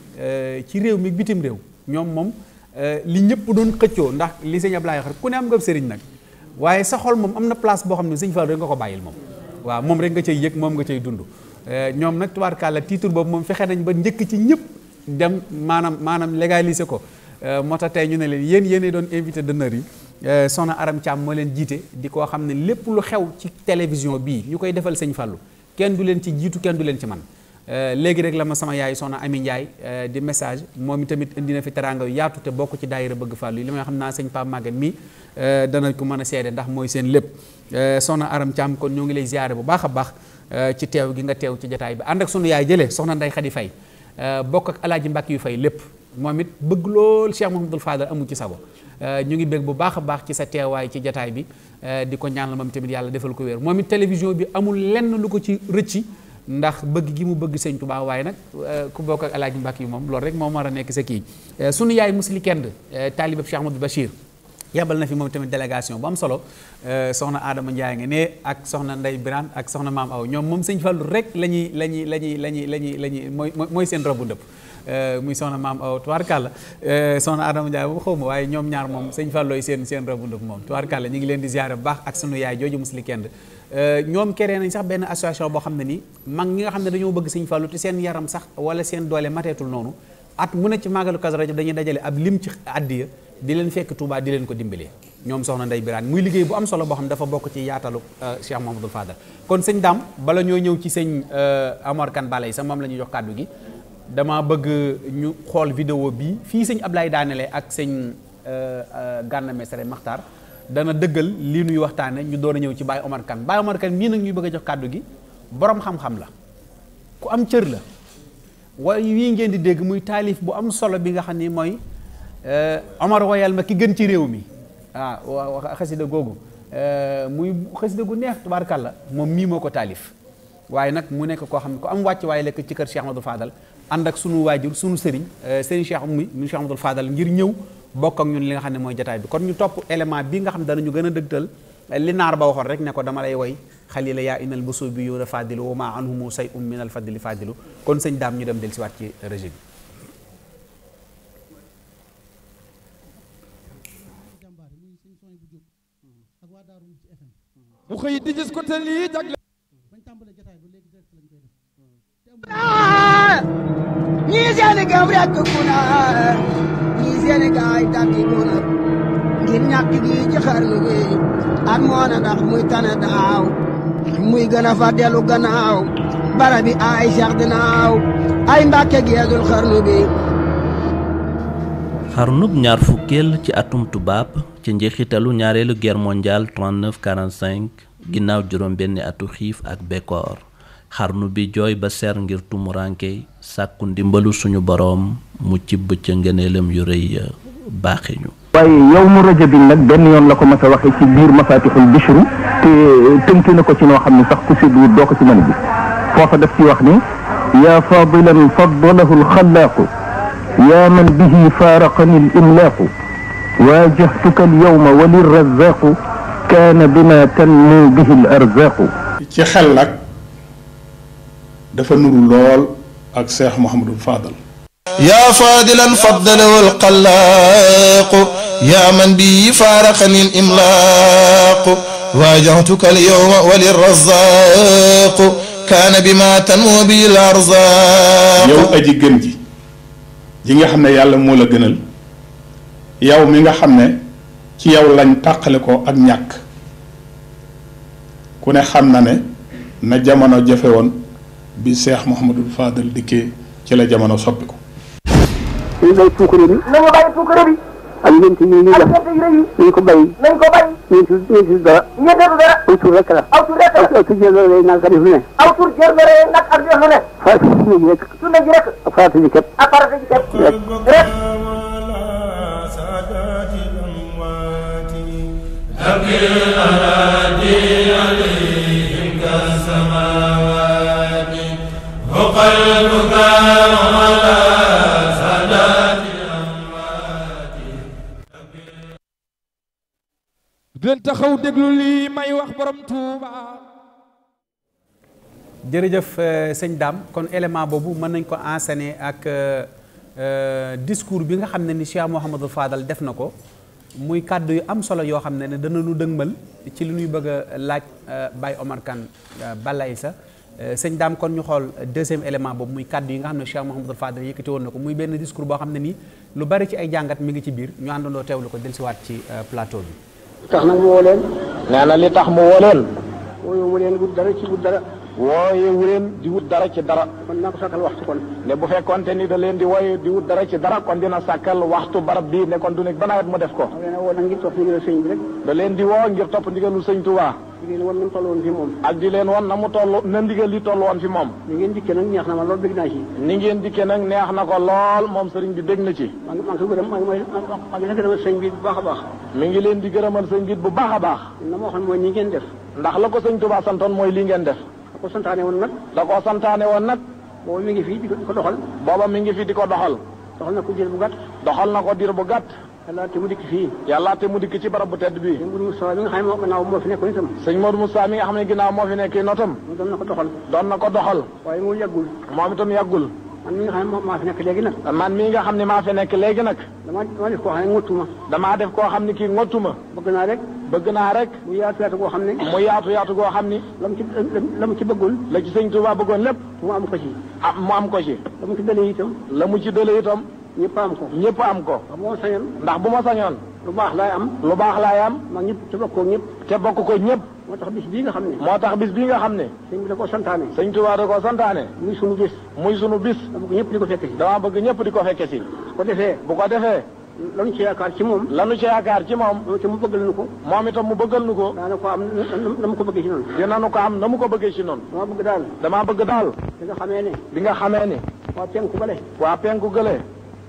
ci réew mi bitim réew ñoom moom Euh, li ñëpp doon xëccoo ndax li sëñ laay wax ku ne am nga sëriñ nag waaye sa xol moom am na place boo xam ne sëñ Fall rek nga ko bàyyil moom waa moom rek nga cay yëg moom nga cay dund euh, ñoom nag tubaarkàlla titre boobu moom fexe nañ ba njëkk ci ñëpp dem maanaam maanaam légaliser ko euh, moo tax tey ñu ne leen yéen yéene doon invité d'honneur yi Soxna Aram Thiam moo leen jiite di koo xam ne lépp lu xew ci télévision bii ñu koy defal sëñ Fallou kenn du leen ci jiitu kenn du leen ci man Euh, léegi rek la ma sama yaay soxna Ami Ndiaye euh, di message moom itamit indi na fi teraanga yaatu te bokk ci daayira bëgg fàllu yi li may xam naa sëñ Pape Maguette mi euh, danañ ko mën a seede ndax mooy seen lépp soxna Aram am kon ñoo ngi lay ziare bu baax a baax ci teew gi nga teew ci jataay bi ànd ak sunu yaay jëlee soxna Ndeye Khady Faye bokk ak alaaji yu fay lépp moom it bëgg lool Cheikh Mouhamadoul Fadal amu ci sago ñu ngi bëgg bu baax a baax ci sa teewaay ci jataay bi di ko ñaanal moom tamit yàlla defal ko wér moom it télévision bi amul lenn lu ko ci rëcci ndax bëgg gi mu bëgg sëñ Tuubaa waaye nag euh, ku bokk ak alaaji Mbàkke yi moom loolu rek moom war a nekk sa kii euh, sunu yaay musli kend euh, taalibab Cheikh Ahmadou Bachir yabal na fi moom tamit délégation bu am solo soxna Adama Ndiaye nga ne ak soxna Ndey Birane ak soxna maam aw ñoom moom sëñ Fallu rek la ñuy la ñuy la ñuy la la ñuy mooy mooy seen robu ndëpp muy soxna maam aw tubaarkàlla soxna Adama Ndiaye boobu xaw ma waaye ñoom ñaar moom sëñ Fallooy seen seen ndëpp moom tubaarkàlla ñu ngi leen di ziyaare bu baax ak sunu yaay jooju musli ñoom kere nañ sax benn association boo xam ne nii mag ñi nga xam ne dañoo bëgg sëñ Fallou te seen yaram sax wala seen doole mateetul noonu at mun ne ci màggalu kas Rajab dañuy dajale ab lim ci àddiya di leen fekk Touba di leen ko dimbalee ñoom soxna Ndey Biraan muy liggéey bu am solo boo xam ne dafa bokk ci yaatalu euh, Cheikh Mouhamadoul Fadal kon sëñ Dame bala ñoo ñëw ci sëñ euh, Amar Kane Balay sax moom la ñuy jox kàddu gi dama bëgg ñu xool vidéo bii fii sëñ Ablaye daanelee ak sëñ euh, Gana Messere Maxtaar dana dëggal lii nuy waxtaane ñu doon a ñëw ci Baye Omar Kane Baye Omar Kane mii nag ñuy bëgg a jox kàddu gi borom xam-xam la ku am cër la way wii ngeen di dégg muy taalif bu am solo bi nga xam ni mooy eh, Omar wayal ma ki gën ci réew mi ah, waaw xasida googu eh, muy xasida gu neex la moom mii moo ko taalif waaye nag mu nekk koo xam ne ku am wàcc waaye lekk ci kër Cheikh Amadou Fadal ànd ak sunu waajur sunu sëriñ eh, sëriñ Cheikh Oumy mu Cheikh ngir ñëw bokk ak ñun li nga xam ne mooy jataay bi kon ñu topp élément bi nga xam ne danañu gën a dëgtal li naar ba waxoon rek ne ko dama lay woy xalila yaa inal busu bi yu fadilu wa ma anhumu say um minal fadli fadilu kon sëñ daam ñu dem del siwaat ci régie bi mu xëy di Нельзя nyar fukel tubab ci atum tubaab ci njeexitalu ñaareelu guerre mondiale 39 ginnaaw juróom benn atu xiif ak bekor xarnu bi jooy ba seer ngir tumuranke sàkku ndimbalu suñu boroom mu ci bëcc ngëneelam yu rëy baaxe ñu waaye yow mu rajo bi nag benn yoon la ko mas a waxe ci biir mafatixul bichru te tënk na ko ci noo xam ne sax ku séddu doo ko ci mën gis foofa daf ci wax ni ya fadilan faddalahu alxalaaqu yaa man bihi faaraqani al imlaaqu waajahtuka al yawma wa lirrazaaqu kaana bima tanmu bihi al arzaaqu ci xel nag dafa nuru lool ak cheikh mohamadul fadal يا فاضلا فضله القلاق يا من بي فارقني الإملاق واجهتك اليوم وللرزاق كان بما تنمو به الأرزاق يو أجي جنجي جيغا خامne yalla mo la gënal yow mi nga xamne ci yow lañ takale ko ak ñak ku ne xam na ne na jamono jafé won bi Cheikh Mouhamadul Fadal dikkee ci la jamono soppi ko. nañu bàyyi puukare bi. nañu bàyyi puukare bi. ak ñeent yi ñuy def ak ñeent yi nañu ko bàyyi. nañu ko bàyyi. ñeent yi ñeent yi dara. ñeent yi dara. aw tur rek la. aw tur rek la aw tur jéem a rey nag ak def lu ne. aw tur jéem a rey nag ak def lu ne. farata sunna ji rek. sunna ji rek. ak farata ji képp. ak farata ji képp. rek rek. أبي الأرادي عليهم كالسماوات taxaw déglu lii may wax borom Touba. jërëjëf eh, sëñ daam kon élément boobu mën nañ ko enseigner ak eh, eh, discours bi nga xam ne ni Cheikh Mouhamadou faadal def na ko muy kàddu yu am solo yoo xam ne ne dana lu dëgmal ci lu ñuy bëgg a laaj Baye Omar Kane Balaye sa Euh, sëñ daam kon ñu xool deuxième élément boobu muy kàddu yi nga xam ne Cheikh Mouhamadul Fadal yëkkati woon na ko muy benn discours boo xam ne nii lu bari ci ay jàngat mi ngi ci biir ñu teew teewlu ko dellusiwaat ci euh, plateau bi. li tax na mu woo leen. nee li tax mu woo leen. wooyee wu leen wut dara ci wut dara. wooyee wu leen di wut dara ci dara. kon naa ko sàkkal waxtu kon. ne bu fekkoonte ni da leen di wooyee di wut dara ci dara kon dina sàkkal waxtu barab bii ne kon du nekk ba nawet mu def ko. da leen di woo ngir topp ndigalu sëñ bi di woo ngir topp ndigalu sëñ di leen wan na mu toll woon fi moom ak di leen wan na mu toll na ndigal li toll woon fi moom ni ngeen dikkee nag neex na ko lool moom sëriñ bi bég na ci maa ngi leen a di gërëmal sëñ bi bu baax a baax ndax la ko sëñ Tuubaa santoon mooy lii ngeen def da ko santaane woon nag da ko santaane woon nag booba mi ngi fi di ko doxal booba mi ngi fi di ko doxal doxal na ko diir bu gàtt yàlla te mu dikk fii yàlla te mu dikk ci barab bu tedd bi sëñ Modou Moussa mi nga xam ne gannaaw moo fi nekkoon itam sëñ Modou Moussa mi nga xam ne ginnaaw moo fi nekk notam doon na ko doxal doon na ko doxal waaye moom yàggul moom itam yàggul man mi nga xam ne maa fi nekk léegi nag man mi nga xam ne maa fi nekk léegi nag damaa damaa def koo xam ne ngottuma damaa def koo xam ne kii ngottuma bëgg naa rek bëgg naa rek mu yaatu yaatu goo xam ne mu yaatu yaatu goo xam ne lam ci lam ci bëggul la ci sëñ Touba bëggoon lépp mu am ko ci ah mu am ko ci la mu ci dële itam la mu ci dële itam ñëpp am ko. ñëpp am ko. ndax bu ma sañoon. ndax bu lu baax laay am. lu baax laay am. mag ñëpp te bokk ko ñëpp. te bokk ko ñëpp. moo tax bis bii nga xam ne. moo tax bis bii nga xam ne. sëñ bi da koo santaane. sëñ Tuubaa da koo santaane. muy sunu bis. muy sunu bis. dama ñëpp di ko fekk si. dama bëgg ñëpp di ko fekke si. bu ko defee. bu ko defee. lanu ci yaakaar ci moom. lanu ci yaakaar ci moom. moom itam mu bëggal nu ko. moom itam mu bëgg bëggal nu ko. daana ko am na mu ko bëggee ci noonu. dinañu ko am na mu ko bëggee ci noon dama bëgg daal. dama bëgg daal. nga xamee ne. bi nga xamee ne. waa penku gële. waa penku gële.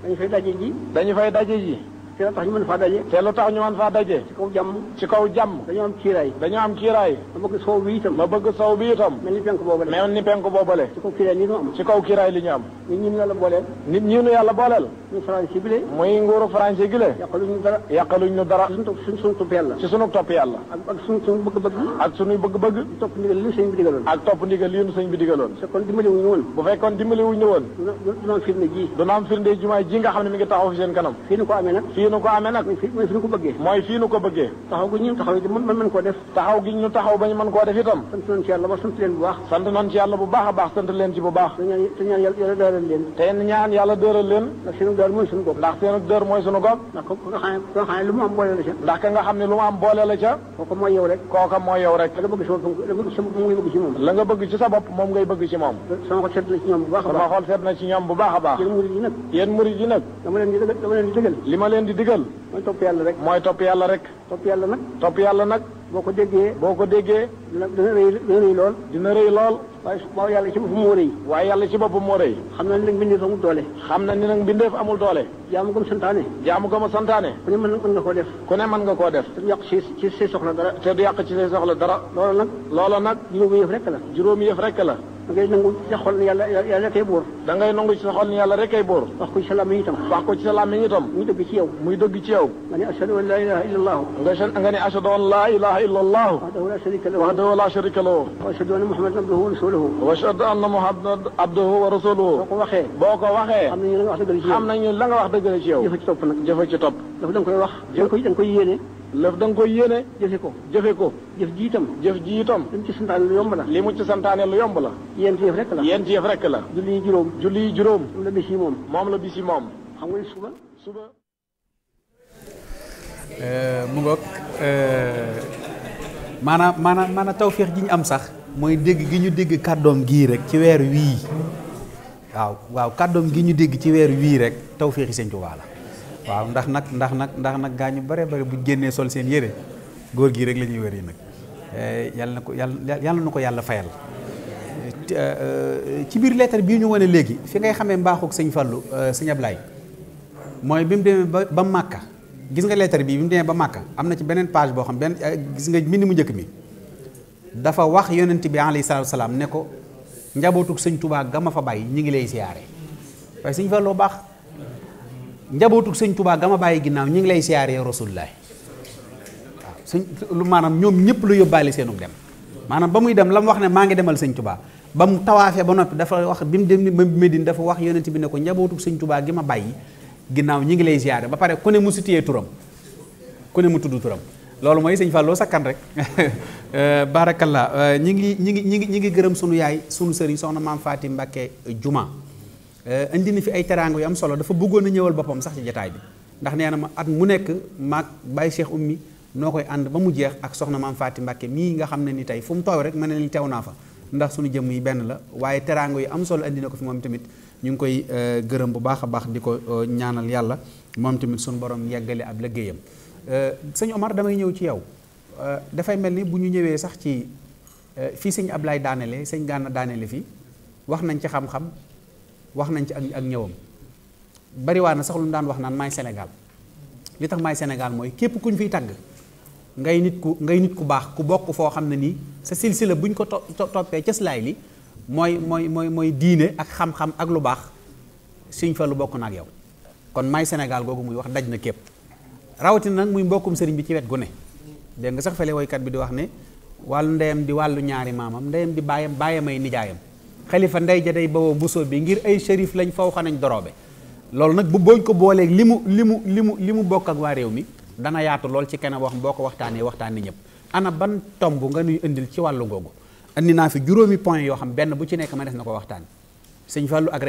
带你飞，大姐姐。te lu tax ñu mën faa daje. ci kaw jàmm. ci kaw jàmm. dañoo am kiiraay. am kiiraay. ma bëgg sow bi itam. ma bëgg sow bi itam. mel ni penk boobale. mel ni penk boobale. ci kaw kiiraay li ñu am. ci kaw kiiraay li ñu am. nit ñi yàlla booleel. nit ñi ñu yàlla muy France bi le. muy nguuru France dara. yàqaluñ ñu dara. ci sunu topp yàlla. ci sunu topp yàlla. ak sunu bëgg-bëgg. ak sunu bëgg-bëgg. topp ndigal li sëñ bi digaloon. ak topp ndigal li sëñ bi digaloon. bu fekkoon dimbali wuñu woon. bu fekkoon dimbali wuñu woon. ji. dina am firnde jumaa ji nga xam ne mi ngi taxaw fi seen kanam. fii fii nu ko amee nag mooy a ndax seen dër mooy sunu gopp ndax seen nga xam ne lu mu am boole la ca ndax ka nga xam ne lu mu am boole la ca kooka a a baax yéen leen di di digal. mooy topp yàlla rek. mooy topp yàlla rek. topp yàlla nag. topp yàlla nag. boo ko déggee. boo ko déggee. dina dina rëy dina rëy lool. lool. waaye waaw yàlla ci boppam moo rëy waaye yàlla ci boppam moo rëy xam na ni nag mbindeef amul doole xam na ni nag mbindeef amul doole jaamu gëm santaane jaamu gëm santaane ku ne mën nga koo def ku ne mën nga koo def te du yàq ci ci say soxla dara te du yàq ci say soxla dara loolu nag loolu nag juróomi yëf rekk la juróomi yëf rekk la da ngay nangu ci sa xol ni yàlla yàlla kay bóor da ngay nangu ci sa xol ni yàlla rek kay bóor wax ko ci sa làmmiñ itam wax ko ci sa làmmiñ itam muy dëgg ci yow muy dëgg ci yow nga ne ashhadu an la ilaha illa allah nga nga ne ashhadu an la ilaha illa allah wahdahu la sharika lahu wahdahu la sharika lahu wa ashhadu anna muhammadan abduhu wa rasuluhu وشهد أن محمد عبده ورسوله بوك وخي أمنا نيو لنغ وخ دغل سيو جفا سي توب نك جفا سي توب داف دنجكوي وخ دنجكوي دنجكوي ييني لاف دنجكوي ييني جفيكو جفيكو جف جيتام جف جيتام لم سي سانتان لو يومبلا لي مو سي سانتان لو يومبلا يين جيف رك لا يين جيف رك لا جولي جوروم جولي جوروم لا بيسي موم موم لا بيسي موم خم سوبا سوبا ا مبوك ا مانا مانا مانا توفيق جي ني ام صاح mooy dégg gi ñu dégg kàddoom gii rek ci weer wii waaw waaw kàddoom gi ñu dégg ci weer wii rek taw tawféexi Sëñ Tuubaa la waaw ndax nag ndax nag ndax nag gaa ñu bare bare bu génnee sol seen yére góor gi rek la ñuy wër yi nag eh, yal na ko yàlla yàlla na ko yàlla fayal eh, eh, ci biir lettre bii ñu wane léegi fi ngay xamee mbaaxu sëñ Fallou sëñ Ablaye mooy bi mu demee ba ba Màkka gis nga lettre bii bi mu demee ba Màkka am na ci beneen page boo xam benn gis nga mbind mu njëkk mi dafa wax yonent bi alayhi salaatu salaam ne ko njabootug sëñ tubaa gama fa bàyyi ñu ngi lay siyaare waaye fa Fallu baax njabootug sëñ tubaa gama bàyyi ginnaaw ñu ngi lay siyaare rasulullaah waaw maanaam ñoom ñëpp lu yóbbaale seenug dem maanaam ba muy dem la mu wax ne maa ngi demal sëñ tubaa ba mu tawaafee ba noppi dafa wax bi mu dem Medine dafa wax yonent bi ne ko njabootug sëñ tubaa gi ma bàyyi ginnaaw ñu ngi lay siyaare ba pare ku ne mu situé turam ku ne mu tudd turam loolu mooy sëñ Fallou sakkan rek [laughs] euh, barakallah euh, ñi ngi ñi ngi ñi ngi ñi ngi gërëm sunu yaay sunu sëriñ soxna maam Faati Mbacke Juma euh, indi na fi ay teraanga yu am solo dafa bëggoon a ñëwal boppam sax ci jataay bi ndax nee na ma at mu nekk maag Baye Cheikh Ummi noo koy ànd ba mu jeex ak soxna maam Faati Mbacke mii nga xam ne ni tey fu mu tooy rek mën ni teew naa fa ndax sunu jëmm yi benn la waaye teraanga yi am solo indina ko fi moom tamit ñu ngi koy gërëm bu baax a baax di ko ñaanal yàlla moom tamit sunu borom yeggale ab liggéeyam Euh, sëñ Omar damay ñëw ci yow euh, dafay mel ni bu ñu ñëwee sax ci euh, fii sëñ Ablaye daanele sëñ Gana daanele fii wax nañ ci xam-xam wax nañ ci ak ak ñëwam bariwaa na sax lu mu daan wax naan may Sénégal li tax may Sénégal mooy képp ku ñu fiy tàgg ngay nit ku ngay nit ku baax ku bokk foo xam ne nii sa silsila bu ñu ko toppee cëslaay li mooy mooy mooy mooy diine ak xam-xam ak lu baax suñ fa lu bokk na ak yow kon maay Sénégal googu muy wax daj na képp. rawatina nag muy mbokkum sëriñ bi ci wet gu ne nga sax fële woykat bi di wax ne wàll ndeyam di wàllu ñaari maamam ndeyam di baayam baayam ay nijaayam xalifa ndey ja day bawoo buso bi ngir ay shérif lañ faw xanañ doroobe loolu nag bu booñ ko booleeg li mu li mu li mu li mu bokk ak waa réew mi dana yaatu lool ci kenn wax boo ko waxtaanee waxtaan waxtaanee ñëpp ana ban tomb nga nuy indil ci wàllu googu indi naa fi juróomi point yoo xam benn bu ci nekk ma def na ko waxtaan sëñ Fallou ak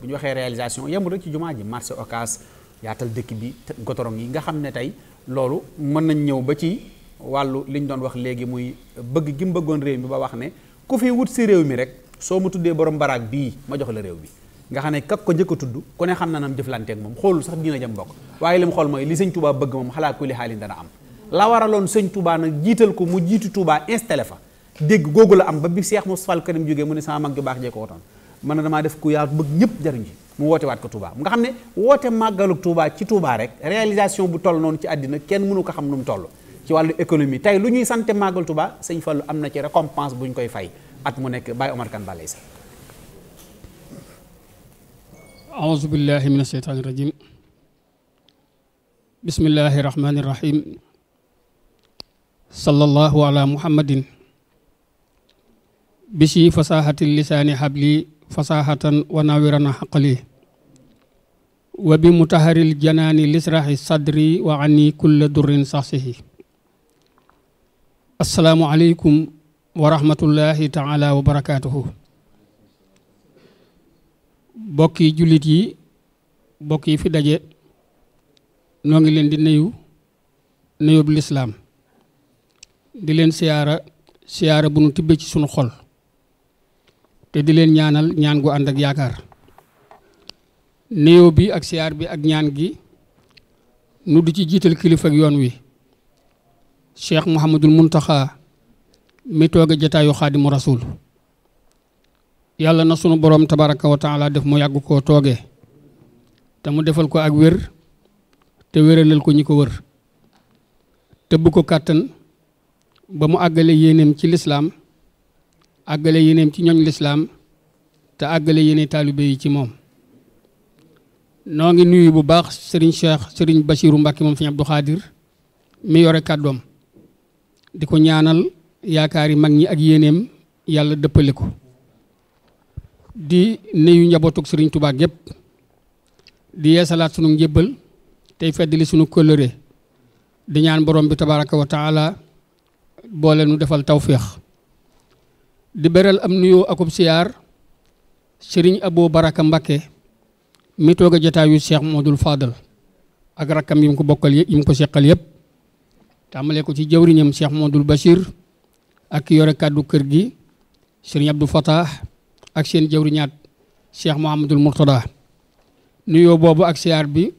bu ñu waxee réalisation yemul rek ci jumaa ji marché Ocass yaatal dëkk bi gotorong yi nga xam ne tey loolu mën nañ ñëw ba ci wàllu li ñu doon wax léegi muy bëgg gi mu bëggoon réew mi ba wax ne ku fi wut si réew mi rek soo mu tuddee borom baraag bii ma jox la réew bi nga xam ne kak ko njëkk tudd ku ne xam na nam jëflanteeg moom xoolul sax dina jëm bokk waaye li mu xool mooy li sëñ Touba bëgg moom xalaa kuli xaalin dana am la waraloon sëñ Touba nag jiital ko mu jiitu Touba installé fa dégg googu la am ba bi Cheikh Moustapha Karim jógee mu ne sama mag ju baax jee ko wotoon na damaa def ku yaa ñëpp jariñ ji mu woote waat ko Touba nga xam ne woote màggalug Touba ci Touba rek réalisation bu toll noonu ci àddina kenn mënu ko xam nu mu toll ci wàllu économie tey lu ñuy sante màggal Touba sëñ Fallou am na ci récompense bu ñu koy fay ak mu nekk Baye Omar Kane balay sa aouzu billahi min asheytaani rajim bismillahi rahmani lisaani habli fasaxatan wa nawirana xaqali wa bi mutaharil janaani lisraxi sadri wa ani kulla durrin saxsihi asalaamu aleykum wa rahmatullahi taala wa barakaatuhu bokki jullit yi bokk yi fi daje noo ngi leen di nuyu nuyub lislaam di leen siyaara siyaara bu nu tibbee ci sunu xol te di leen ñaanal ñaan gu ànd ak yaakaar néyo bi ak siyaar bi ak ñaan gi nu di ci jiital kilifa yoon wi cheikh Mouhamadul Muntaxa mi tooge jataayu xaadimu rasul yàlla na sunu boroom tabaraka wa taala def mu yàgg koo toogee te mu defal ko ak wér te wéralal ko ñi ko wër tëbb ko kàttan ba mu àggale yéeneem ci lislaam àggale yéeneem ci ñoñ lislaam te àggale yéene taalibe yi ci moom noo ngi nuyu bu baax sëriñ Cheikh sëriñ Bachirou Mbacke moom sëñ Abdou Khadir mi yore kàddoom di ko ñaanal yaakaar yi mag ñi ak yéeneem yàlla dëppale ko di nuyu njabootug sëriñ tubaak gépp di yeesalaat sunu njébbal tey feddali sunu kóllëre di ñaan borom bi tabaraka wa taala boole nu defal tawféex di beral am nuyo akub siar serigne Abou Baraka mbake mi toga a yu Cheikh Modou Fadal ak rakam yim ko bokal yëpp yi mu ko sekkal yeb tamale ko ci jawriñam Cheikh bashir ak yore kaddu keur gi serigne Abdou Fatah ak sen jawriñaat Cheikh Mouhamadul murtada nuyo bobu ak siar bi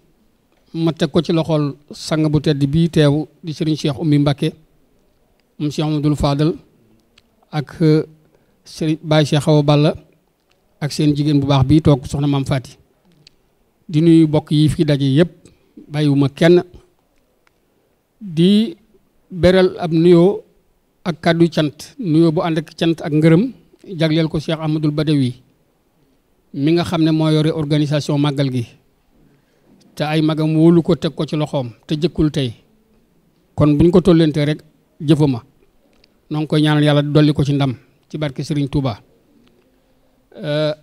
ma teg ko ci loxol sang bu tedd bi teew di serigne Cheikh ummi mbake Cheikh Fadal ak sëriñ bay Cheikh Awa Balla ak seen jigen bu baax bi tok soxna mam Fati di nuyu bokk yi fi yep, yëpp bàyyiwuma kenn di beral ab nuyo ak kaddu cant nuyo bu andak ak cant ak ngeureum jagleel ko Cheikh amadou Badawi mi nga xam mo moo organisation magal gi te ay magam wolu ko tek ko ci loxom te jekul tay kon buñ ko tolenté rek jëfuma noo koy ñaanal yalla dolli ko ci ndam ci barke Serigne Touba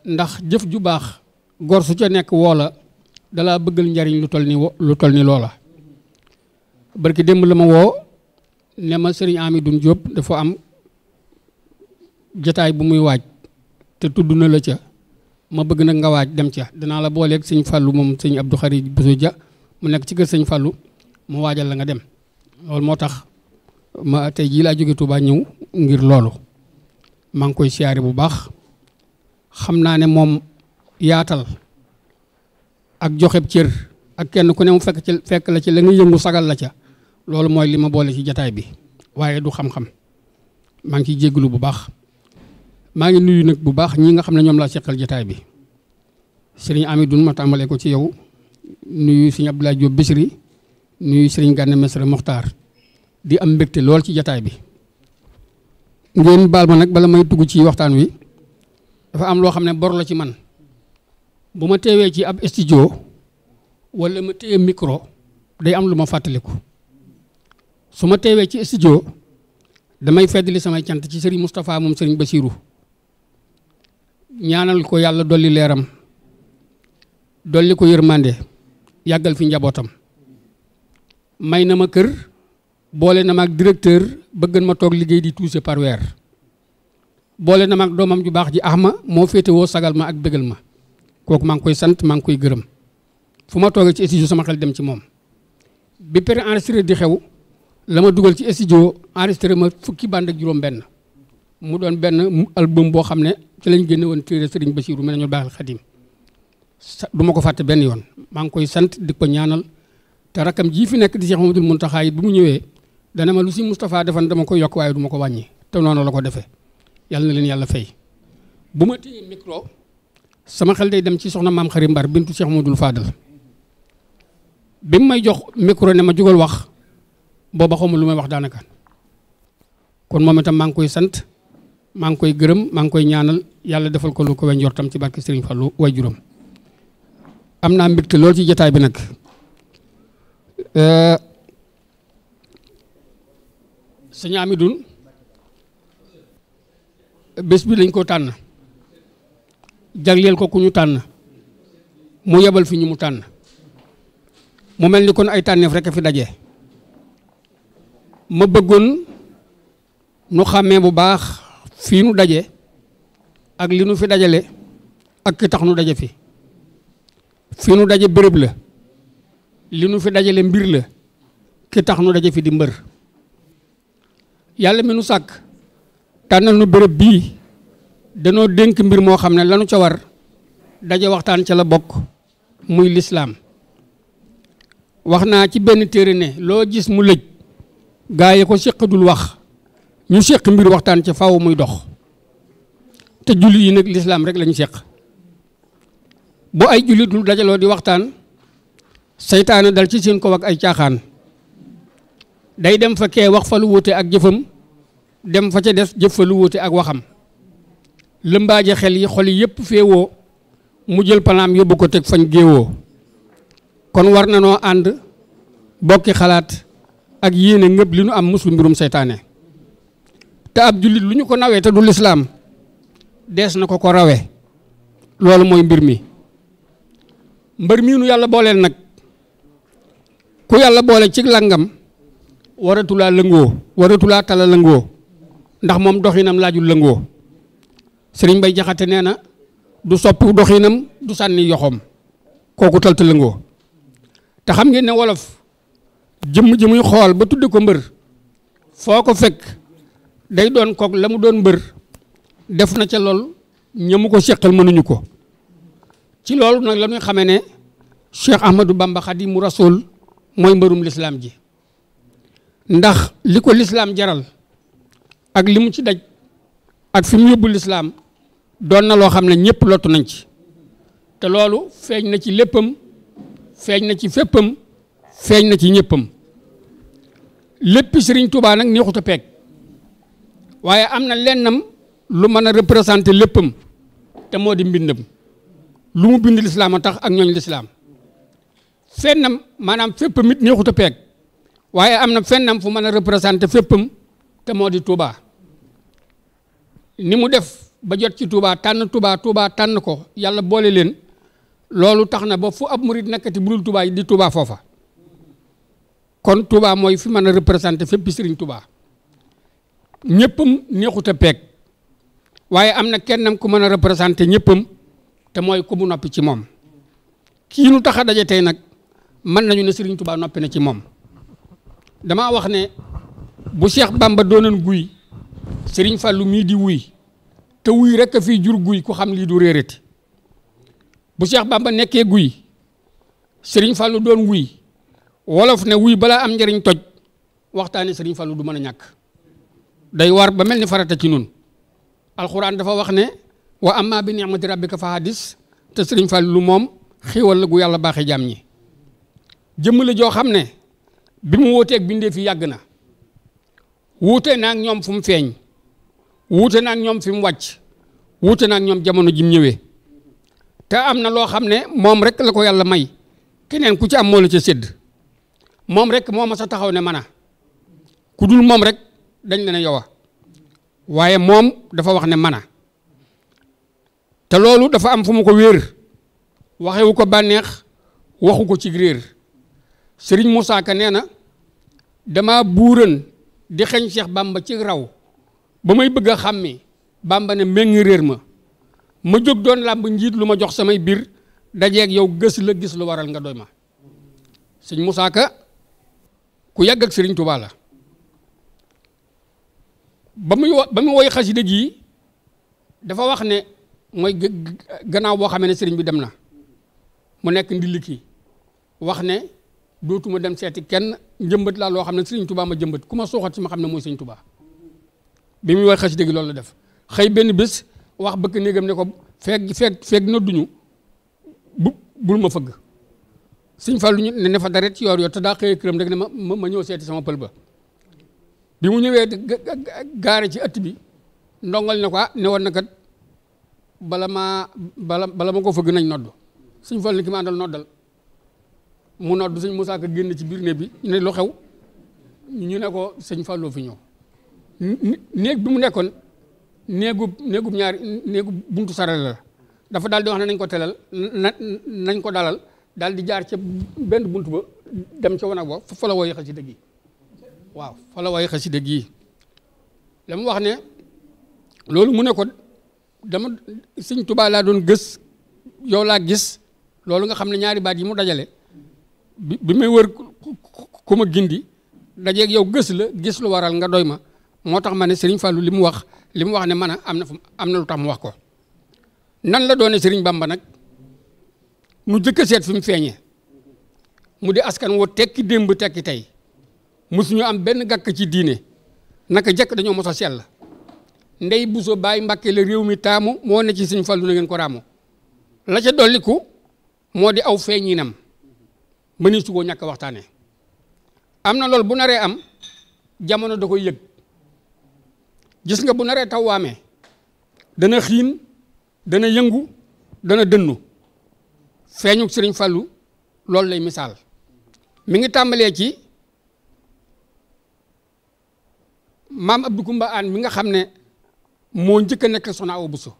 ndax jëf ju bax gor su ca wola da la bëggal ndariñ lu tol ni lu tol ni loola barki démb la ma woo ne ma Serigne Amidou Diop dafa am jotaay bu muy waaj te tudd na la ca ma bëgg nak nga waaj dem ca dana la ak serigne fallu mom serigne Abdou kharid mu nek ci keur serigne fallu mu waajal la nga dem lol motax ma tay ji la jóge Touba ñew ngir lolou maa ngi koy siyaare bu baax xam naa ne moom yaatal ak joxeb cër ak kenn ku ne mu fekk ci fekk la ci la nga yëngu sagal la ca loolu mooy li ma boole ci jataay bi waaye du xam-xam maa ngi ciy jégalu bu baax maa ngi nuyu nag bu baax ñi nga xam ne ñoom laa seqal jataay bi sëriñ Amidoune ma tàmbalee ko ci yow nuyu sëriñ Abdoulaye Diop Bichri nuyu sëriñ Gana Messere Mokhtar di am mbégte lool ci jataay bi ngeen baal ma nag bala may tugg ci waxtaan wi dafa am loo xam ne bor la ci man bu ma teewee ci ab studio walla ma téye micro day am lu ma fàttaliku su ma teewee ci studio damay feddali samay cant ci sëriñ Moustapha moom sëriñ Bassirou ñaanal ko yàlla dolli leeram dolli ko mànde yàggal fi njabootam may na ma kër boole na maag directeur bëggan ma toog liggéey di touché par weer boole na maag doomam ju baax ji ax ma moo féete woo sagal ma ak bégal ma kooku maa ngi koy sant maa ngi koy gërëm fu ma toogee ci studio sama xel dem ci moom bi péré enregistré di xew la ma dugal ci studio enregistré ma fukki band ak juróom benn mu doon benn album boo xam ne ci lañ génne woon téere Sëriñ Basiiru mu ne ñu baaxal xadim du ma ko fàtte benn yoon maa ngi koy sant di ko ñaanal te rakam jii nekk di Cheikh Mamadou Mountakha yi mu ñëwee dana ma lu si Moustapha defan dama koy yokk waaye du ma ko wàññi te noonu la ko defee yàlla na leen yàlla fay bu ma téye micro sama xel day dem ci soxna maam xari mbar bintu Cheikh Modou Fadal bi mu may jox micro ne ma jugal wax booba xawma lu may wax daanaka kon moom itam maa ngi koy sant maa ngi koy gërëm maa ngi koy ñaanal yàlla defal ko lu ko wen jortam ci barke Serigne Fallou way juróom am naa mbégte lool ci jotaay bi nag euh, sëñ Amidoun bés bi lañ ko tànn jagleel ko ku ñu tànn mu yebal fi ñu mu tànn mu mel ni kon ay tànneef rek fi daje ma bëggoon nu xàmmee bu baax fii nu daje ak li nu fi dajale ak ki tax nu daje fi fii nu daje la li nu fi dajale mbir la ki tax nu daje fi di mbër yàlla mi nu sàkk tànnal nu bërëb bii danoo dénk mbir moo xam ne lanu ca war daje waxtaan ca la bokk muy lislaam wax naa ci benn téere ne loo gis mu lëj gaa yi ko séq wax ñu séq mbir waxtaan ca faw muy dox te jullit yi nag lislaam rek lañu séq boo ay jullit dajaloo di waxtaan seytaane dal ci seen ko ak ay caaxaan day dem fa kee wax fa lu wuté ak jëfëm dem fa ca des jëf fa lu wuté ak waxam lembaaje xel yi xol yépp féwo mu jël palaam yobbu ko tek fañ géwo kon war na noo bokki xalaat ak yéene ngëb li nu am musul mbirum seytaane ta ab jullit ko nawé ta du l'islam dess na ko ko loolu moy mbir mi mbir mi nu yalla nak ku yalla bolé ci langam waratulaa lëngoo waratulaa tala lëngoo ndax moom doxinam laajul lëngoo sëriñ Bay Jaxate nee na du sopp doxinam du sànni yoxoom kooku tal ta lëngoo te xam ngeen ne wolof jëmm ji muy xool ba tudde ko mbër foo ko fekk day doon kook la mu doon mbër def na ca lool ñamu ko seqal mënuñu ko ci loolu nag la ñuy xamee ne Cheikh Ahmadou Bamba mu Rasul mooy mbërum lislaam ji ndax li ko lislaam jaral ak li mu ci daj ak fi mu yóbbu lislaam doon na loo xam ne ñëpp lottu nañ ci te loolu feeñ na ci léppam feeñ na ci féppam feeñ na ci ñëppam lépp sëriñ Tuubaa nag neexut a waaye am na lennam lu mën a représenter léppam te moo di mbindam lu mu bind lislaam a tax ak ñooñ lislaam fennam maanaam féppam it neexut a waaye am na fennam fu mën a représenté féppam te moo di Touba ni mu def ba jot ci Touba tànn Touba Touba tànn ko yàlla boole leen loolu tax na ba fu ab murit nekkati bu dul yi di Touba foofa kon Touba mooy fi mën a représenté fépp Sëriñ Touba ñëppam neexut a peeg waaye am na kennam ku mën a représenté ñëppam te mooy ku mu noppi ci moom kii nu tax a daje tey nag mën nañu ne Sëriñ Touba noppi na ci moom. dama wax ne bu Cheikh Bamba doonoon guuy Serigne fallu mi di wuy te wuy rek fi jur guuy ku xam li du rerete bu Cheikh Bamba neke guuy Serigne fallu doon wuy wolof ne wuy bala am njariñ toj waxtaane Serigne fallu du meuna ñak day war ba melni farata ci nun alquran dafa wax ne wa amma bi ni'mati rabbika fa hadis te Serigne fallu mom xewal la gu yalla baxé jaam ñi la bi mu wuuteeg bindee fi yàgg na wuute ak ñoom fu mu feeñ wuute ak ñoom fi mu wàcc wuute ak ñoom jamono ji ñëwee te am na loo xam ne moom rek la ko yàlla may keneen ku ci am moo la ca sédd moom rek moo ma sa taxaw ne mana ku dul moom rek dañ la ne yow waaye moom dafa wax ne mana te loolu dafa am fu mu ko wér waxewu ko bànneex waxu ko ci réer Sëriñ Moussa Ka nee na dama buuran di xeñ Cheikh Bamba ci raw ba may bëgg a xàmmi Bamba ne méngi réer ma ma jóg doon làmb njiit lu ma jox samay biir dajeeg yow gës la gis lu waral nga doy ma sëñ Moussa Ka ku yàgg ak sëriñ ba muy ba muy woy xasida gi dafa wax ne mooy gannaaw boo xamee ne sëriñ bi dem na mu nekk ndilli wax ne dootuma dem seeti kenn njëmbat laa loo xam ne sëriñ tubaa ma jëmbat ku ma sooxat ci ma xam ne mooy sëriñ tubaa bi muy war xas dëgg loolu la def xëy benn bés wax bëgg néegam ne ko feeg feeg feeg nodduñu bu bul ma fëgg sëñ Fallu ñu ne ne fa dara ci yoor yoor te daa xëyee këram ne ma ma ñëw seeti sama pël ba bi mu ñëwee gaare ci ëtt bi ndongal ne ko ah ne woon na kat bala maa bala bala ma ko fëgg nañ nodd sëñ Fallu ne ki ma àndal noddal mu nodd sëñ Moussa Ka génn ci biir néeg bi ne lu ñu ne ko sëñ Fallou fi ñëw néeg bi mu nekkoon néegub néegub ñaari néegub buntu sarale la dafa daal di wax ne nañ ko telal na nañ ko dalal daal di jaar ca benn buntu ba dem ca wanag ba fa la woy xasida gi waaw fa la woy xasida gi la mu wax ne loolu mu nekkoon dama sëñ Tuubaa laa doon gës yow laa gis loolu nga xam ne ñaari baat yi mu dajale bi may wër ku ma gindi dajeeg yow gës la gis lu waral nga doy ma moo tax ma ne Serigne Fallou li mu wax li mu wax ne man am na fu am na lu tax mu wax ko nan la doone Serigne Bamba nag mu jëkk seet fi mu feeñee mu di askan woo tekki démb tekki tey mosuñu am benn gàkk ci diine naka jëkk dañoo mos a sell ndey buso bàyyi mbàkke la réew mi taamu moo ne ci Serigne Fallou na ngeen ko raamu la ca ko moo di aw feeñinam mënee su koo ñàkk a waxtaanee am na lool bu naree am jamono da koy yëg gis nga bu naree taw waamee dana xiin dana yëngu dana dënnu feeñu sëriñ Fallou loolu lay misaal mi ngi tàmbalee ci maam Abdou Koumba Aan mi nga xam ne moo njëkk a nekk Soxna Awa Bousso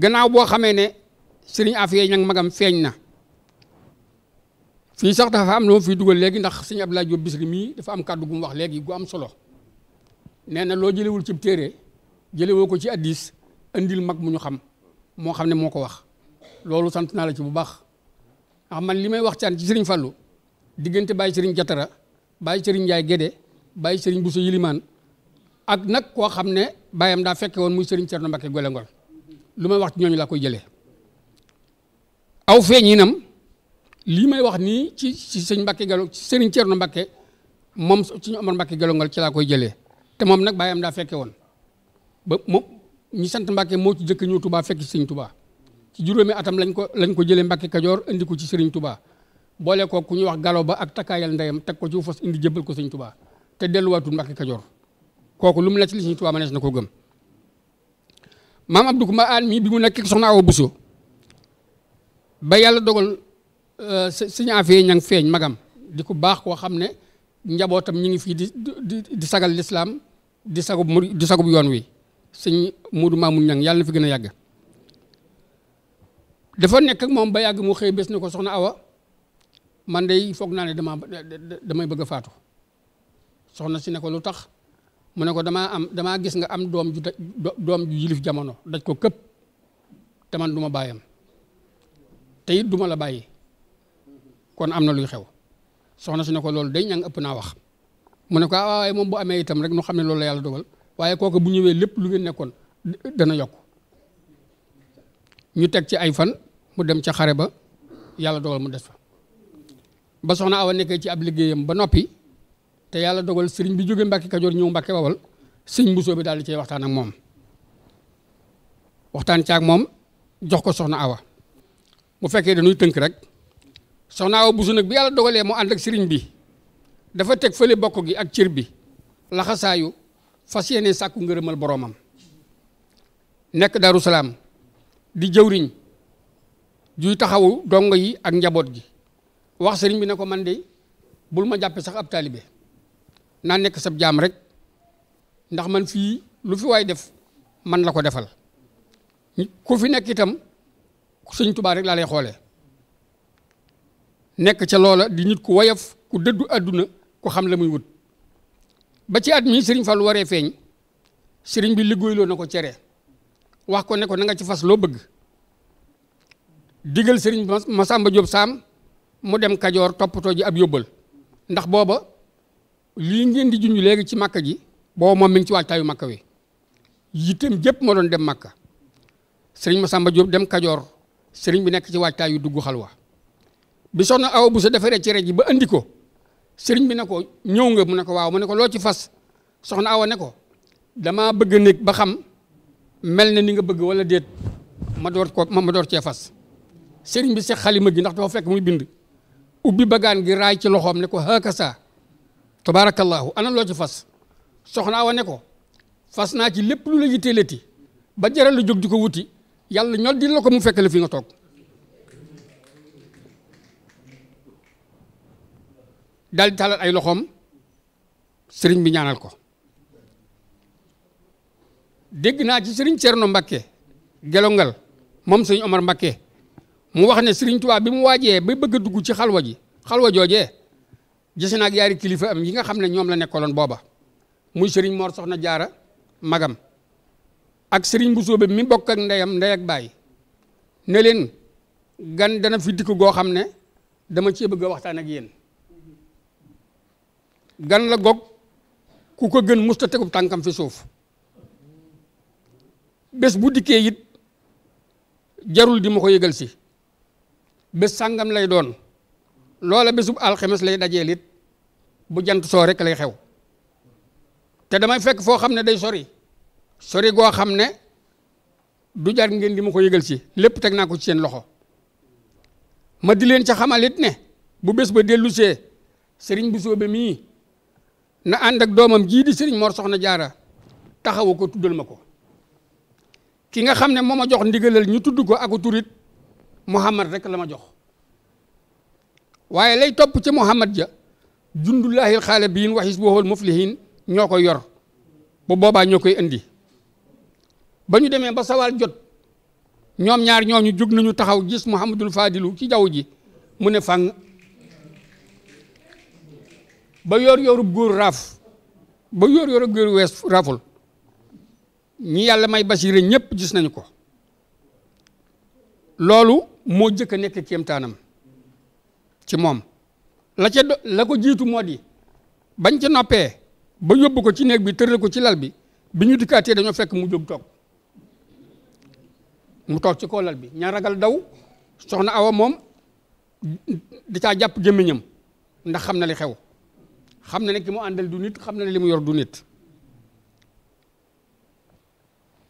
gannaaw boo xamee ne sëriñ Afiye ñang magam feeñ na fii sax dafa am lu ma fiy dugal léegi ndax sëñ Abdoulaye Diop Bichri mii dafa am kàddu gu wax léegi gu am solo nee na loo jëlewul cib téere jëlewoo ko ci addis indil mag mu ñu xam moo xam ne moo ko wax loolu sant naa la ci bu baax ndax man li may waxtaan ci sëriñ Fallou diggante bàyyi sëriñ Jatara bàyyi sëriñ Ndiaye Guédé bàyyi sëriñ Bousso Yilimaan ak nag koo xam ne bàyyam daa fekke woon muy seriñ sëriñ Cerno Mbakke Golengol lu may wax ci ñooñu laa koy jëlee aw lii may wax nii ci ci sëñ Mbacke Gallo ci sëriñ Thierno Mbacke moom suñu Omar Mbacke Gallo Ngal ci laa koy jëlee te moom nag baayam daa fekke woon ba moom ñi sant Mbacke moo ci jëkk ñëw tubaa fekk ci sëñ tubaa ci juróomi atam lañ ko lañ ko jëlee Mbacke Kajoor indi ko ci sëriñ tubaa boole ko ku ñuy wax Gallo Ba ak takkaayal ndeyam teg ko ci fas indi jëbbal ko sëñ tubaa te delluwaatu Mbacke Kajoor kooku lu mu la ci li sëñ Touba mënees na ko gëm maam Abdou Koumba mii bi mu nekk soxna Awa Bousso Euh, sëñ Afee ña ngi magam di ku baax koo xam ne njabootam ñu ngi fii di di di sagal lislaam di sagub mu yoon wi sëñ Muudu Maamun ñang yàlla na fi gën a yàgg dafa nekk moom ba yàgg mu xëy ni ko soxna Awa man day foog naa ne damaa bëgg a faatu soxna si ne ko lu tax mu ne ko damaa am damaa gis nga am doom ju doom ju yilif jamono daj ko këpp te man duma ma bàyyam te it du la bàyyi kon amna luy xew soxna su ne ko loolu day ñang ëpp naa wax mu ne ko ah waaye moom bu amee itam rek nu xam ne loolu la yàlla dogal waaye kooku bu ñëwee lépp lu ngeen nekkoon dana yokk ñu teg ci ay fan mu dem ca xare ba yàlla dogal mu des fa ba soxna awa nekkee ci ab liggéeyam ba noppi te yàlla dogal sëriñ bi jóge Kajoor ñëw Mbàkke Bawal Buso bi daal di cay waxtaan ak moom waxtaan caag moom jox ko soxna awa mu fekkee dañuy tënk rek soxna wo busu nak bi yalla dogale mo and ak serigne bi dafa tek fele bokk gi ak cir bi la fas fasiyene sakku ngeureumal boromam nek daru salam di jeuwriñ juy taxawu dong yi ak njabot gi wax serigne bi nako man de bul ma jappé sax ab talibé na nek sab jam rek ndax man fi lu fi way def man la ko defal ku fi nek itam serigne touba rek la lay xolé nekk ca loola di nit ku woyof ku dëddu àdduna ku xam la muy wut ba ci at mi sëriñ Fallou waree feeñ sëriñ bi liggéeyloo na ko cere wax ko ne ko na nga ci fas loo bëgg digal sëriñ sàmba Diop Saam mu dem Kajoor toppatoo ji ab yóbbal ndax booba lii ngeen di junj léegi ci màkka ji boo moom mi ngi ci waajtaayu màkka wi yittem jëpp moo doon dem makka sëriñ ma Masamba Diop dem Kajoor sëriñ bi nekk ci waajtaayu dugg xalwa bi soxna aw bu sa defaree cere ji ba andi ko sëriñ bi ne ko ñëw nga mu ne ko waaw mu ne ko loo ci fas soxna awa ko damaa bëgg nekk ba xam mel na ni nga bëgg wala déet ma door ko ma door cee fas sëriñ bi seq xalima gi ndax dafa fekk muy bind ubbi bagaan gi raay ci loxoom ne ko hakasa tabarakallahu ana loo ci fas soxna awa ne ko fas naa ci lépp lu la yitteelati ba jaral lu jóg di ko wuti yàlla ñol di la ko mu fekk la fi nga toog dal di talal ay loxom serigne bi ñaanal ko dégg na ci serigne cerno mbacke gelongal mom serigne omar mbacke mu wax ne serigne touba bi mu waje ba bëgg dugg ci xalwa ji xalwa jojé gis naa ak yaari kilifa am yi nga xam ñom la nekkolon boba muy serigne mor soxna jaara magam ak serigne bu be mi bok ak ndeyam ndey ak bay ne len gan dana fi dik go xamne dama ci bëgg waxtaan ak yeen gan la gog ku ko gën musta tegub tànkam fi suuf bés bu dikkee it jarul di ma ko yégal si bés sàngam lay doon loola bésub alxemes lay dajeel it bu jant soo rek lay xew te damay fekk foo xam ne day sori sori goo xam ne du jar ngeen di ma ko yëgal si lépp teg naa ko ci seen loxo ma di leen ca xamalit ne bu bés ba dellusee sëriñ bu soobe mii na andak ak domam ji di serigne Mor Soxna Jaara taxawu ko tuddal mako ki nga xamne moma jox ndigalal ñu tuddu ko aku turit Muhammad rek lama jox waye lay top ci Muhammad ja jundullaahil Khalibin wa xisbuhul muflihiin muflihin yor bu boba ñoo indi bañu ñu ba sawal jot ñom ñaar ñooñu jog nañu taxaw gis Muhammadul Fadilu ci jaww ji mu ne ba yor-yorub góor raaf ba yor-yorub góor wees raaful ñi yàlla may basiire ñëpp gis nañu ko loolu moo jëkk a nekk kéemtaanam ci moom la ca la ko jiitu moo di bañ ca noppee ba yóbbu ko ci nekk bi tëral ko ci lal bi bi ñu dikkaatee dañoo fekk mu jóg toog mu toog ci ko lal bi ña ragal daw soxna awa moom da caa jàpp gémmiñam ndax xam na li xew xam na ne ki mu àndal du nit xam na ne li mu yor du nit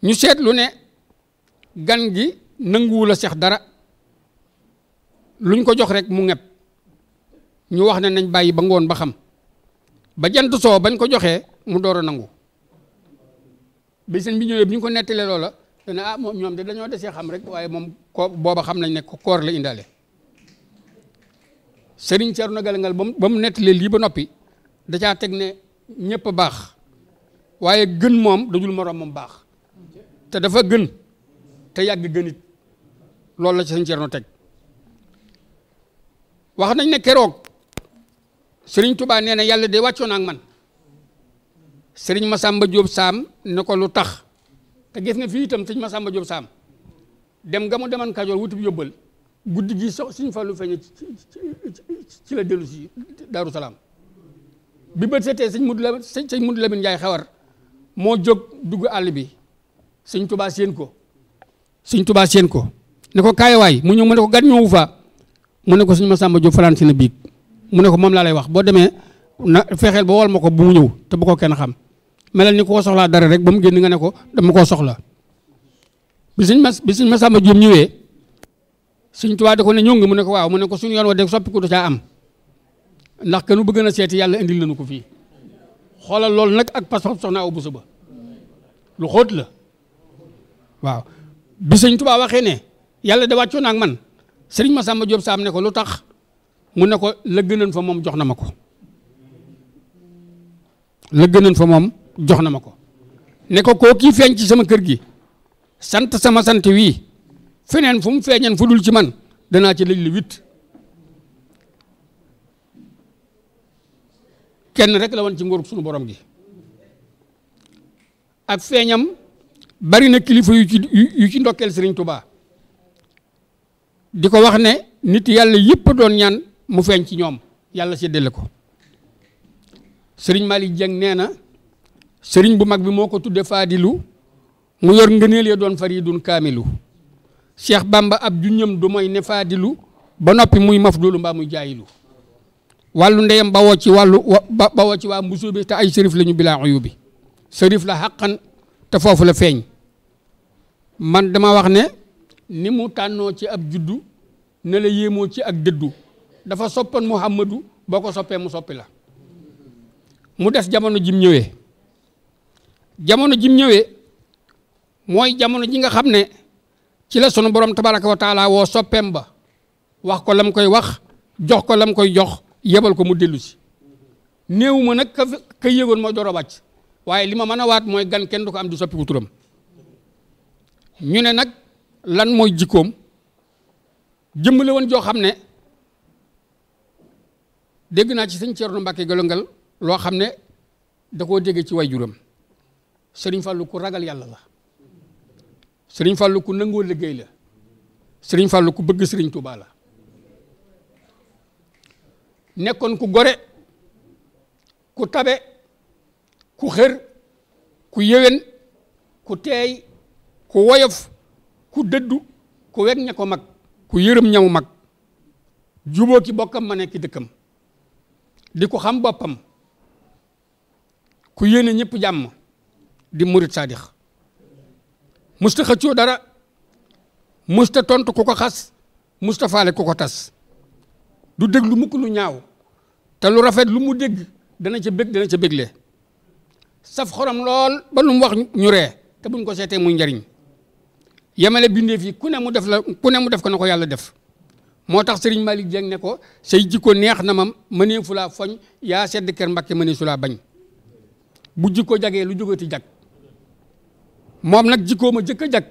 ñu seetlu ne gan gi nanguwul a sex dara luñ ko jox rek mu ŋepp ñu wax ne nañ bàyyi ba ngoon ba xam ba jant soo bañ ko joxee mu door a nangu bi seen bi ñëwee bi ñu ko nettalee loola dana ah moom ñoom de dañoo desee xam rek waaye moom ko booba xam nañ nekk ko koor la indaale sëriñ Ceerno Galangal ba mu nettalee lii ba noppi da teg ne ñëpp baax waaye gën moom dajul moroom moom baax te dafa gën te yàgg gënit loolu la ci sëñ Cerno teg wax nañ ne keroog sëriñ Tuubaa nee na yàlla de wàccoon ak man sëriñ Masamba jóob Saam ne ko lu tax te gis nga fii itam sëriñ Masamba Diop Saam dem nga mu demoon Kajoor wutub yóbbal guddi gi so suñ fa lu feeñe ci la dellu si Daaru bi bët setee sëñ Mudu Lamin sëñ sëñ Mudu Lamin Njaay xewar moo jóg dugg àll bi sëñ Tubaa séen ko sëñ Tubaa séen ko ne ko kaayawaay mu ñëw mu ne ko gan ñëwu fa mu ne ko suñ Masamba Jóob falaan si na biig mu ne ko moom laa lay wax boo demee na fexeel ba wol ma ko bu mu ñëw te bu ko kenn xam melal ni koo soxlaa dara rek ba mu génn nga ne ko dama koo soxla bi sëñ mas bi sëñ Masamba Jóob ñëwee sëñ Tubaa da ko ne ñëw mu ne ko waaw mu ne ko suñu yoon wa dégg soppi ko du caa am ndax kanu bëgg na seeti yàlla indil lanu ko fii xoolal loolu nag ak pas-pas soxna aw bu ba lu xóot la waaw bi sëñ Tuubaa waxee ne yàlla da wàccoo naag man sëriñ Masamba Diop Sam ne ko lu tax mu ne ko la gënoon fa moom jox na ma ko la gënoon fa moom jox na ma ko ne ko koo kii feeñ ci sama kër gi sant sama sant wii feneen fu mu feeñan fu dul ci man danaa ci lëj li huit kenn rek la won ci nguurug sunu borom gi ak feñam bari na kilifa yu ci yu ci ndokkeel Serigne Touba di wax ne nit yalla yep doon ñaan mu feñ ci ñoom yàlla séddale ko Serigne Malick jeng neena Serigne bu mag bi moko tuddé Fadilu mu yor ngeenel ya doon faridun kamilu. Cheikh Bamba ab juñum du moy ne Fadilu ba nopi muy maf mba muy walu ndeyam bawo ci walu bawo ci wa mbusu bi te ay sërif lañu bila uyubi bi la haqqan ta fofu la feñ man dama wax ne ni mu tanno ci ab juddu ne la yemo ci ak deddu dafa soppan muhammadu bako ko mu soppi la mu des jamono jim ñewé jamono jim ñewé moy jamono ji nga xam ci la sunu borom tabaraka taala wo soppem ba wax ko lam koy wax jox ko lam koy jox yebal ko mu dellu si néew ma nag ka ka yéegoon moo door a wàcc waaye li ma mën a waat mooy gan kenn du ko am du soppiku turam ñu ne nag lan mooy jikkoom jëmmale woon joo xam ne dégg naa ci sëñ Thierno Mbacke Galongal loo xam ne da koo déggee ci waajuram sëriñ Fallou ku ragal yàlla la sëriñ Fallou ku nangoo liggéey la sëriñ Fallou ku bëgg sëriñ Touba la. nekkoon ku gore ku tabe ku xër ku yéwén ku teey ku woyof ku dëddu ku weg ña ko mag ku yërëm ñaw mag juboo ki bokkam ma nekk dëkkam di ko xam boppam ku yéene ñëpp jàmm di murit saadix musta xëccoo dara musta tontu ku ko xas musta faale ku ko tas du dégg lu mukk lu ñaaw te lu rafet lu mu dégg dana ca bég dana ca béglee saf xorom lool ba lu mu wax ñu ree te buñ ko seetee muy njariñ yemale bindee fii ku ne mu def la ku ne mu def ko na ko yàlla def moo tax sëriñ Malick Dieng ne ko say jikko neex na ma mënee fu laa foñ yaa sedd kër Mbàkke mënee su bañ bu jikko jagee lu jógeeti jag moom nag jikkoo ma jëkk a jag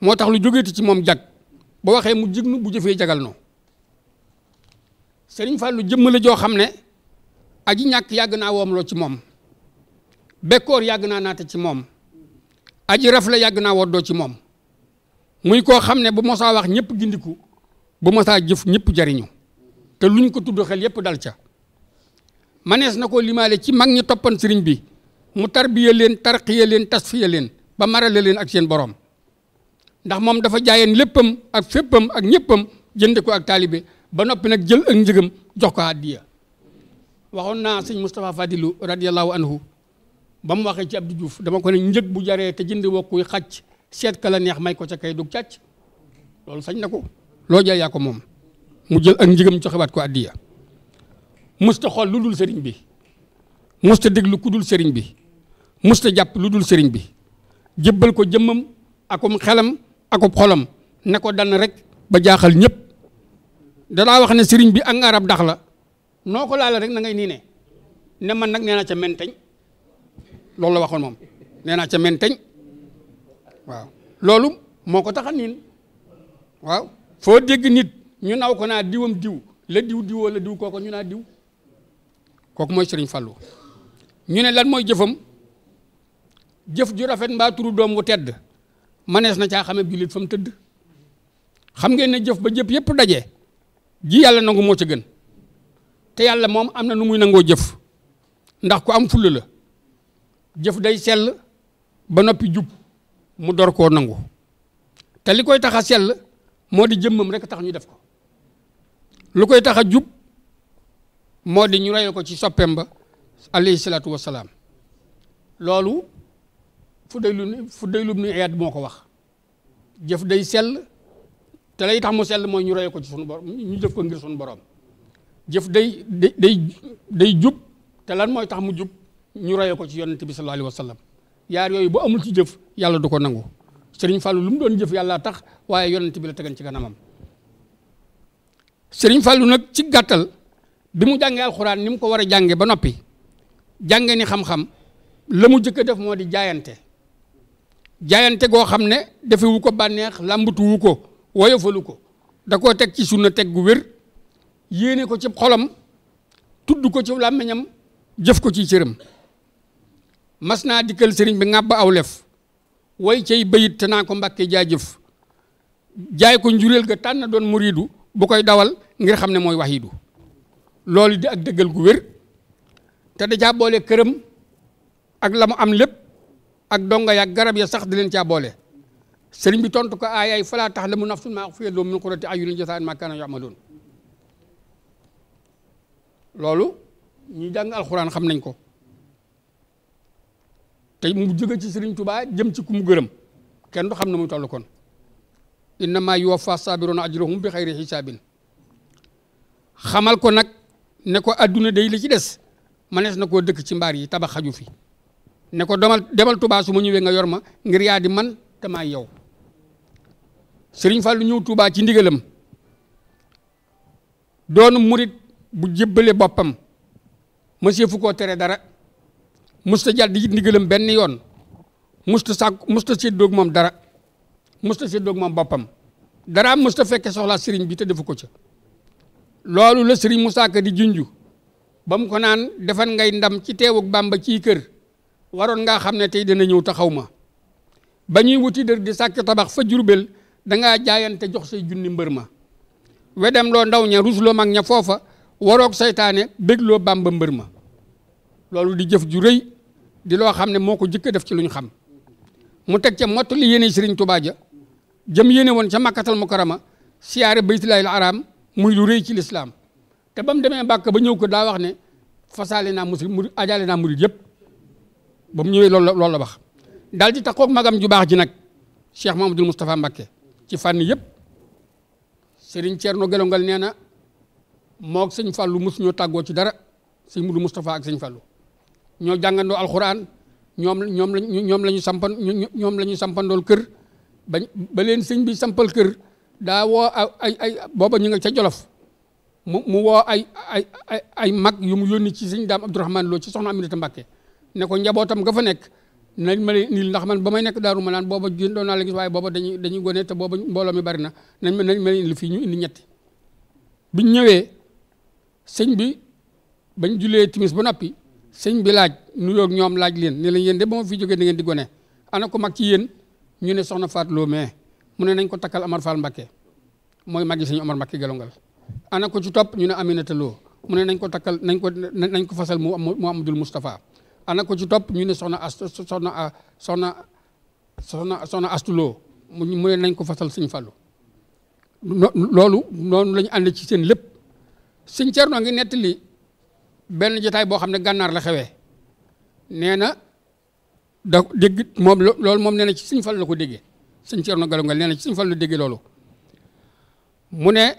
moo tax lu jógeeti ci moom jag ba waxee mu jig nu bu jëfee jagal no Serigne Fallou lu la joo xam ne aji ñàkk yàgg naa woomloo ci moom bekkoor yàgg naa naate ci moom aji raf la yàgg naa woddoo ci moom muy koo xam ne bu mosaa wax ñëpp gindiku bu mosaa jëf ñëpp jariñu te luñ ko tudd xel yëpp dal ca manees na ko limaale ci mag ñi toppan sëriñ bi mu tarbiya leen tarqiya leen tasfiya leen ba marale leen ak seen borom ndax moom dafa jaayeen léppam ak féppam ak ñëppam jënde ko ak taalibe ba noppi nag jël ak njëgam jox ko addiya waxoon naa sëñ Moustapha Fadilu radiallahu anhu ba mu waxee ci di juuf dama ko ne njëg bu jaree te jëndi wokkuy xàcc seet ka la neex may ko ca kay dug càcc loolu sañ na ko loo jar yaa ko moom mu jël ak njëgam joxewaat ko addiya musta xool lu dul sëriñ bi musta déglu ku dul sëriñ bi musta jàpp lu dul sëriñ bi jébbal ko jëmmam akum xelam akum xolam ne ko dann rek ba jaaxal ñëpp la wax ne serigne bi ak arab dakh la noko la la rek na ngay nii ne ne man nak neena ca menteñ lolou la waxoon moom ca menteñ waaw lolou moko ko waaw nit ñu naw ko na diwum diw le diw diw wala diw koko ñu na diw koko moy serigne fallu ñu ne lan moy jëfëm jëf ju rafet mba turu dom wu tedd manes na ca xame bi lit fam tedd xam ngeen ne jëf ba jëp yépp dajé ji yalla nangu mo ci gën te yalla mom am na nu muy nangoo jëf ndax ku am fulu la jëf day sel ba nopi jup mu dor ko nangu te likoy taxa sel modi di jëmmam rek tax ñu def ko lu koy tax a ñu ray ko ci soppeem ba alayhi salatu wassalam lolu fu deylu fu deylu ayat moko wax jëf day sel te lay tax mu sell mooy ñu roye ko ci sunu borom ñu jëf ko ngir sunu borom jëf day day day jub te lan mooy tax mu jub ñu roye ko ci yonent bi sallallahu alayhi wa sallam yooyu bu amul ci jëf yàlla du ko nangu sëriñ Fallou lu mu doon jëf yàlla tax waaye yonent bi la tegan ci kanamam sëriñ Fallou nag ci gàttal bi mu jàngee alxuraan ni mu ko war a jànge ba noppi jànge ni xam-xam la mu jëkk a def moo di jaayante jaayante goo xam ne defewu ko bànneex làmbatuwu ko woyofalu ko da koo teg ci sunna teg gu wér yéene ko ci xolam tudd ko ci làmmiñam jëf ko ci cëram mas naa dikkal sëriñ bi ŋàbb aw lef way cay bayit te naa ko mbàkke jaajëf jaay ko njuréel ga tànn doon muriidu bu koy dawal ngir xam ne mooy waxiidu loolu di ak dëggal gu wér te da caa boole këram ak la mu am lépp ak donga yaag garab ya sax di leen caa boole sëriñ bi tontu ko aayaay falaa taxlamu nafsun maa uxfiya lahum min qurrati ayunin jazaa'an maa kaanu ya'maluun loolu ñu jàng alxuraan xam nañ ko te mu jóge ci sëriñ Tuubaa jëm ci ku mu gërëm kenn du xam ne muy toll kon innamaa yuwaffaa saabiruuna ajrahum bi xayri xisaabin xamal ko nag ne ko adduna day li ci des manees na koo dëkk ci mbaar yi tabax fi ne ko demal demal Tuubaa su ma ñëwee nga yor ma ngir yaa man te yow fa lu ñëw Touba ci ndigalam doonu murit bu jébbale boppam monsieur fu koo tere dara musta jàdd yi ndigalam benn yoon musta sàkk musta séddoog moom dara musta séddoog moom boppam dara musta fekke soxlaa sëriñ bi te defu ko ca loolu la sëriñ mu Ka di junju ba mu ko naan defan ngay ndam ci teewuk Bàmba ciy kër waroon ngaa xam ne tey dina ñëw taxaw ma ba ñuy wuti dër di sàkk tabax fa Jurbel dangaa jaayante jox say junni mbër ma wedem loo ndaw ña rusloo mag ña foofa waroog seytaane bégloo bàmba mbër ma loolu di jëf ju rëy di loo xam ne moo ko jëkk def ci lu ñu xam mu teg ca li yéene sëriñ Tuubaa ja jëm yéene woon ca màkkatal mukarama siyaare baytullaahil araam muy lu rëy ci lislaam te ba mu demee Mbàkke ba ñëw ko daa wax ne fasaale naa muslim mu ajaale naa murid yëpp ba mu ñëwee loolu la loolu la wax daal di taxoog magam ju baax ji nag Cheikh Mamadou Moustapha Mbacké ci fan yépp serigne cierno Gelongal nee na moog falu Fallou mosuñoo tàggoo ci dara serigne mudou Moustapha ak serigne fallu ñoo jàngandoo alquran ñom ñom lañ ñoom la ñu sampan ñoom la ñu kër ba ba leen sëñ bi sampal kër da wo ay ay booba ñu nga ca Jolof mu wo ay ay ay mag yu mu ci serigne dam abdourahman Lo ci soxna Aminata Mbàkke ne ko njabotam nga fa nek nañ ma nil ndax man bamay nek nekk daaru ma jindo na la gis way booba dañuy dañuy goné te booba mbooloo mi bari na nañ ma nañ ma nil fi ñu indi ñett bi ñëwé señ bi bañ timis bu nopi señ bi laaj yok ñom laaj leen ni la yéen de bama fi joggé da ngeen di goné ana ko mak ci yeen ñu né soxna mu né nañ ko takal amar fall mbakke moy magi señ omar mbakke galongal ana ko ci top ñu né aminata lo mu né nañ ko takal nañ ko nañ ko fasal mu mu amadul mustafa ana ko ci topp ñu ne soxna as soxna soxna soxna soxna astuloo mu ne nañ ko fasal sëñ Fallou loolu noonu lañu ñu ànd ci seen lépp sëñ Cerno ngi nettali benn jotaay boo xam ne gànnaar la xewee nee na da dégg moom loolu moom nee na ci sëñ Fallou la ko déggee sëñ Cerno Galu Ngal nee na ci sëñ Fallou la déggee loolu mu ne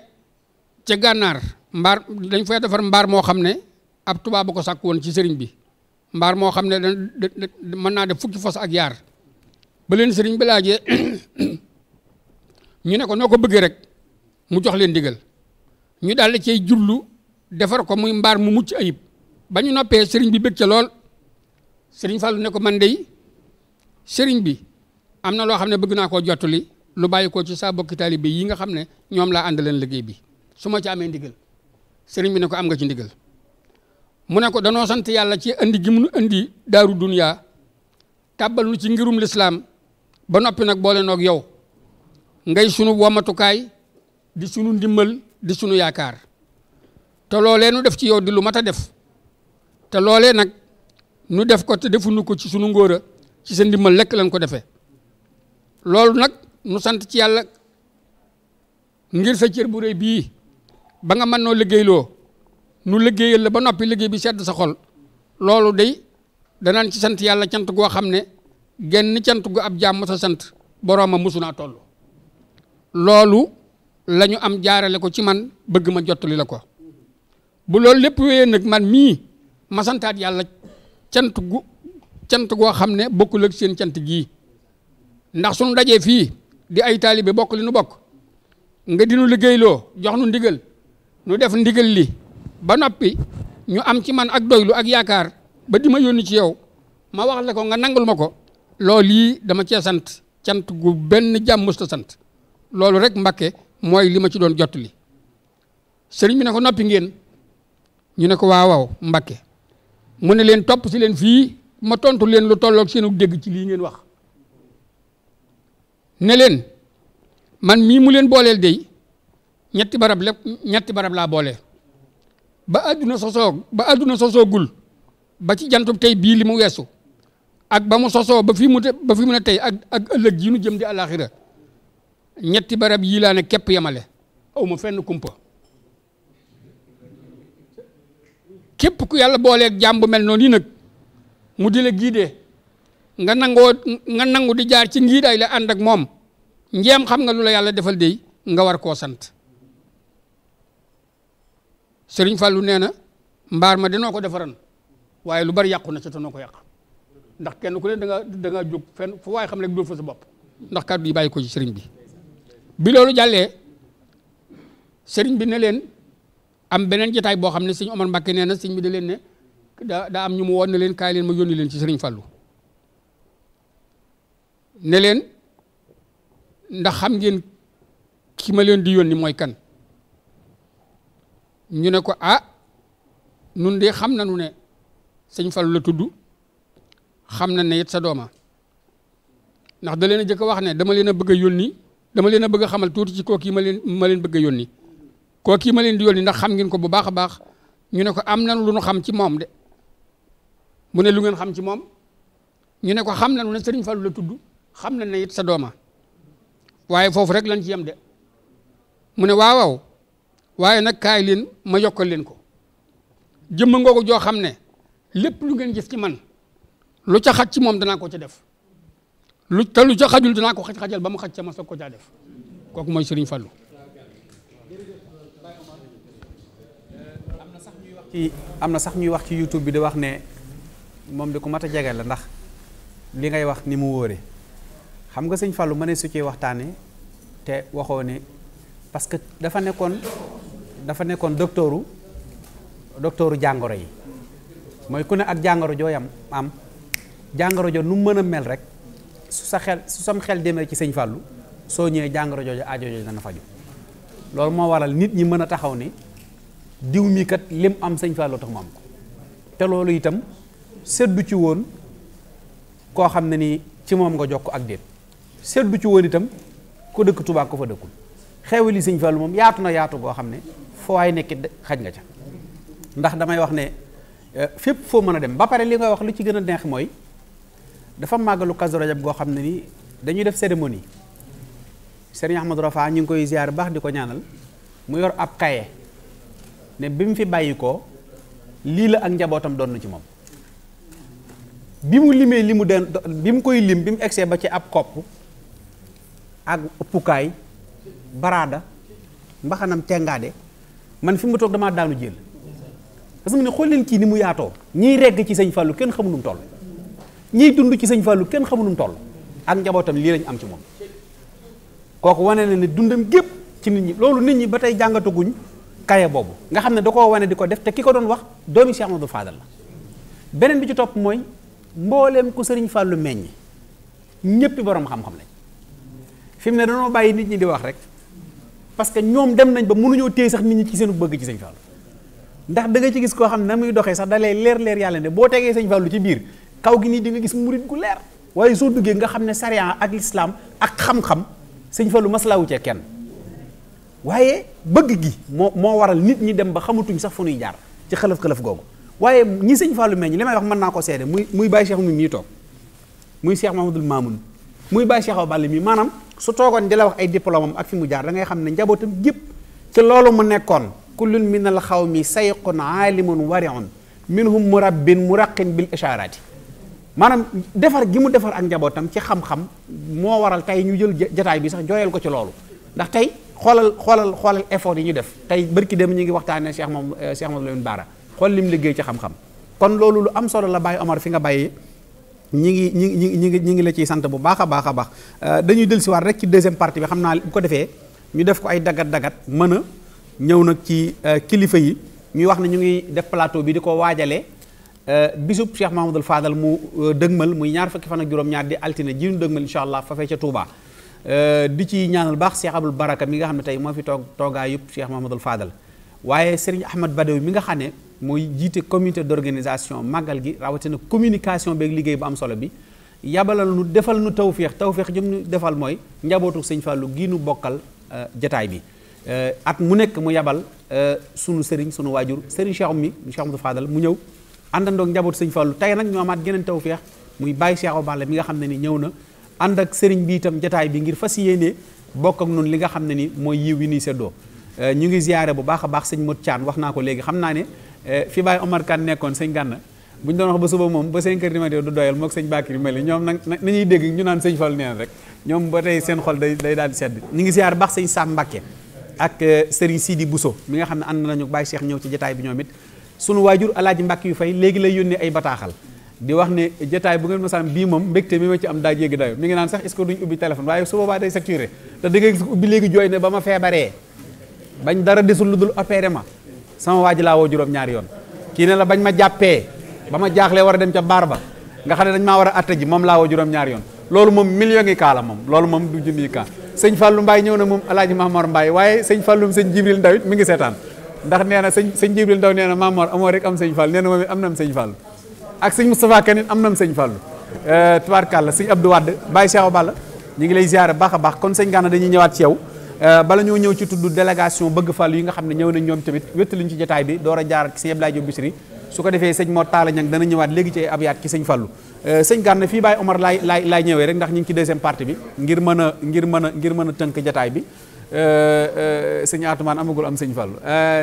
ci gànnaar mbaar lañ fay defar mbaar moo xam ne ab tubaab bu ko sàkk woon ci sëriñ bi mbar mo xamne ne na def fukki fos ak yar ba len serigne bilaje [coughs] ñu ne ko noko ko rek mu jox len digël ñu dal ci cay defar ko muy mbar mu mucc ayib ba ñu noppee bi bëgg ci lool serigne fallu ne ko man day serigne bi am na xamne ne bëgg na ko jotuli lu bàyyi ko ci sa bokki taalibe yi nga xamne ne la andalen liggey bi suma ci amé ndigal serigne bi ne ko am nga ci digël mu ne ko danoo sant yàlla ci andi gi mu indi daaru duniyaa tàbbal nu ci ngirum lislaam ba noppi nag boole noog yow ngay sunu womatukaay di sunu ndimmal di sunu yaakaar te loolee nu def ci yow di lu mat a def te loolee nag nu def ko te defuñu ko ci sunu ngóora ci sa ndimmal lekk lañ ko defee loolu nag nu sant ci yàlla ngir sa cër bu bii ba nga mën noo liggéeyloo nu liggéeyal la ba noppi liggéey bi sedd sa xol loolu day danaan ci sant yàlla cant goo xam ne genn cant gu ab jaam sa sant boroomam mosu naa toll loolu lañu am jaarale ko ci man bëgg ma jottali la ko bu loolu lépp wéyee nag man mii ma santaat yàlla cant gu cant goo xam ne bokkul ak seen cant gii ndax suñu dajee fii di ay taalibe bokk li nu bokk nga dinu liggéeyloo jox nu ndigal nu def ndigal li ba noppi ñu am ci man ak doylu ak yaakaar ba di ma yónni ci yow ma wax la ko nga nangul ma ko loolu yii dama cee sant cant gu benn jàmm musta sant loolu rek Mbàkke mooy li ma ci doon jot li sëriñ bi ne noppi ngeen ñu ne ko waawaw waaw mu ne leen topp si leen fii ma tontu leen lu seen seenu dégg ci lii ngeen wax ne leen man mii mu leen booleel day ñetti barab lépp ñetti barab laa boole ba àdduna sosoo ba àdduna sosoogul ba ci jantub tey bii li mu weesu ak ba mu sosoo ba fi mu ba fi mu ne tey ak ak ëllëg yi nu jëm di àllaaxira ñetti barab yii laa ne képp yemale aw fenn kumpa képp ku yàlla booleeg jaam bu mel noonu yi nag mu di la giidee nga nangoo nga nangu di jaar ci ngiidaay la ànd ak moom njeem xam nga lu la yàlla defal dey nga war koo sant Serigne Fallou nee na mbaar ma danoo ko defaran waaye lu bari yàqu na ci te noo ko yàq ndax kenn ku leen da nga da jóg fenn fu waaye xam ne doo fa sa bopp ndax kàddu yi bàyyi ko ci Serigne bi. bi loolu jàllee Serigne bi ne leen am beneen jotaay boo xam ne Serigne Omar Mbacke nee na Serigne bi da leen ne daa daa am ñu mu woon ne leen kaay leen ma yónni leen ci Serigne Fallou ne leen ndax xam ngeen ki ma leen di yónni mooy kan. ñu ne ko ah nun de xam na ne sëñ Fallu la tudd xam na ne it sa dooma ndax da leen jëkk wax ne dama leen a bëgg a yónni dama leen a bëgg xamal tuuti ci kooku yi ma leen ma leen bëgg a yónni kooku yi ma leen di yónni ndax xam ngeen ko bu baax a baax ñu ne ko am nanu lu nu xam ci moom de mu ne lu ngeen xam ci moom ñu ne ko xam nanu ne sëriñ falu la tudd xam na ne it sa dooma waaye foofu rek lañ ci yem de mu ne waaw waaye nag kaay leen ma yokkal leen ko jëmma ngoogu joo xam ne lépp lu ngeen gis ci man lu ca xaj ci moom danaa ko ca def lu te lu ca xajul danaa ko xaj-xajal ba mu xaj ca ma soog ko caa def kooku mooy Serigne Fallou. am na sax ñuy wax ci am na sax ñuy wax ci YouTube bi di wax ne moom di ko mat a jege la ndax li ngay wax ni mu wóore xam nga sëñ Fallou ma ne su ci waxtaanee te waxoo ne parce que dafa nekkoon dafa nekkoon docteuru docteuru jàngoro yi mooy ku ne ak jàngoro jooy am am jàngoro jo nu mën a mel rek su sa xel su sam xel demee ci sëñ fàllu soo ñëwee jàngoro jooju aajo jooju dana faju loolu moo waral nit ñi mën a taxaw ni diw mi kat lim am sëñ Fallou tax mu am ko te loolu itam seddu ci woon koo xam ne ni ci moom nga jokk ak déet seddu ci woon itam ko dëkk Tuubaa ko fa dëkkul xeweli sëñ Fallou moom yaatu na yaatu goo xam ne foo waay nekkit xaj nga ca ndax damay wax ne euh, fépp foo mën a dem ba pare li ngay wax lu ci gën a neex mooy dafa màggalu Kazu Rajab goo xam ne nii dañuy def cérémonie Serigne Ahmadou Rafa ñu ngi koy ziar baax di ko ñaanal mu yor ab kaye ne bi mu fi bàyyi ko lii la ak njabootam doon na ci moom bi mu limee li mu den bi mu koy lim bi mu egsee ba ci ab kopp ak ëppukaay baraada mbaxanam tengaade man fi mu toog damaa daanu jël parce que mu ne xool leen kii ni mu yaatoo ñii regg ci sëñ fàllu kenn xamu nu mu ñiy dund ci sëñ Fallou kenn xamu nu mu ak njabootam lii lañ am ci moom kooku wane na ne dundam gépp ci nit ñi loolu nit ñi ba tey jàngataguñ kaye boobu nga xam ne da koo wane di ko def te ki ko doon wax doomi Cheikh Amadou Fadal la beneen bi ci topp mooy mbooleem ku sëriñ fàllu meññ ñëpp borom xam-xam lañ fi ne danoo bàyyi nit ñi di wax rek parce que ñoom dem nañ ba mu mënuñoo téye sax nit ñi ci seen bëgg ci sëñ Fallou ndax da ci gis koo xam ne na muy doxee sax da lay leer leer yàlla ne boo tegee sëñ Fallou ci biir kaw gi nii di nga gis murit gu leer waaye soo duggee nga xam ne sariya ak lislaam ak xam-xam sëñ Fallou maslaawu cee kenn waaye bëgg gi moo moo waral nit ñi dem ba xamatuñ sax fu ñuy jaar ci xëlëf-xëlëf googu waaye ñi sëñ Fallou meññ ñi may wax mën naa ko seede muy muy bàyyi Cheikh mi mii toog muy Cheikh Mahamadul Mamoun muy bàyyi Cheikh Awa Balla mi maanaam su toogoon di la wax ay diplôme ak fi mu jaar da ngay xam ne njabootam gépp ci loolu mu nekkoon xaw kullun min al xawmi sayqun aalimun wariun minhum murabbin muraqin bil ishaaraati maanaam defar gi mu defar ak njabootam ci xam-xam moo waral tey ñu jël jataay bi sax jooyal ko ci loolu ndax tey xoolal xoolal xoolal effort yi ñu def tey barki dem ñu ngi waxtaanee Cheikh moom Cheikh moom Lamine Bara xool lim liggéey ci xam kon loolu lu am solo la bàyyi Omar fi nga bàyyi ñi ngi ñi ngi ñi ngi ñi ngi la ci sant bu baax a baax a baax euh, dañuy dellusiwaat rek ci deuxième partie bi xam naa bu ko defee ñu def ko ay dagat daggat mën a ñëw nag ci euh, kilifa yi ñuy wax ne ñu ngi def plateau bi di ko waajalee euh, bisub Cheikh Mahamadul Fadal mu dëgmal muy ñaar fukki fan ak juróom-ñaar di altine ji ñu dëgmal incha allah fafee ca Touba. di ci ñaanal baax Cheikh Abdul Baraka mi nga xam ne tey moo fi toog toogaa yëpp Cheikh Mahamadul Fadal waaye Serigne mi nga xam ne. mooy jiite comité d'organisation màggal gi rawatina communication beeg liggéey bu am solo bi yabalal nu defal nu tawféex tawféex jëm nu defal mooy njabootu sëñ Fallou gii nu bokkal euh, jataay bi euh, at mu nekk mu yabal euh, sunu sëriñ sunu waajur sëriñ Cheikh mi Cheikh Amadou Fadal mu ñëw àndandoog njabootu sëñ Fallou tey nag ñu amaat geneen tawféex muy bàyyi Cheikh Oballa mi nga xam ne ni ñëw na ànd ak sëriñ bi itam jataay bi ngir fas yéene bokk ak noonu li nga xam ne ni mooy yiw yi nuy seddoo ñu ngi ziyaare bu baax a baax sëñ mot Thian wax naa ko léegi xam naa ne Eh, fi Baye Omar kan nekkoon sëñ Gànna bu ñu doon wax ba suba moom ba 5 heures du matin du doyal moog sëñ Bakary Mali ñoom nag na ñuy dégg ñu naan sëñ Fall nee na rek ñoom ba tey seen xol day daal di sedd ñu ngi ziar baax sëñ Sam Mbacké ak eh, Serigne Sidi Bousso mi nga xam ne ànd nañu Baye Cheikh ñëw ci jataay bi ñoom it sunu waajur alaaji Mbacké yu fay léegi lay yónnee ay bataaxal di wax ne jotaay bu ngeen ma saam bii moom mbégte mi ma ci am daa jéggi dayo mi naan sax est-ce que duñ ubbi téléphone waaye su boobaa day saturé te da nga ne ba ma feebaree bañ dara desul lu dul opéré sama waa ji laa woo juróom-ñaari yoon kii ne la bañ ma jàppee ba ma jaaxle war a dem ca baar ba nga xam ne dañ maa war a atte ji moom laa woo juróom-ñaari yoon loolu moom million yi kaa moom loolu moom du junniy kaa sëñ Fallou Mbaye ñëw na moom alaaji Mamor Mbaye waaye sëñ Fallum sëñ Jibril Ndaw it mi ngi seetaan ndax nee na sëñ sëñ Jibril Ndaw nee na Mamor amoo rek am sëñ Fall nee na moom it am na sëñ Fall ak sëñ Moustapha Kanit am nam sëñ Fall eh, tubaarkàlla sëñ Abdou Wade Baye Cheikh Balla ñu ngi lay ziare baax a baax sëñ Gana dañuy ñëwaat ci yow Euh, bala ñoo ñëw ci tudd délégation bëgg fàllu yi nga xam ne ñëw nañ ñoom tamit wéttaliñ ci jotaay bi door a jaar ci sëñ Abdoulaye Diop Bichri su ko defee sëñ Mor Talla Niang dana ñëwaat léegi ci ab yaat ci sëñ Fallou euh, sëñ Gana fii Baye Omar laay laay laay ñëwee rek ndax ñu ngi ci deuxième partie ngir mën a ngir mën a ngir mën a tënk jotaay bi euh, sëñ Atumaan amagul am sëñ Fallou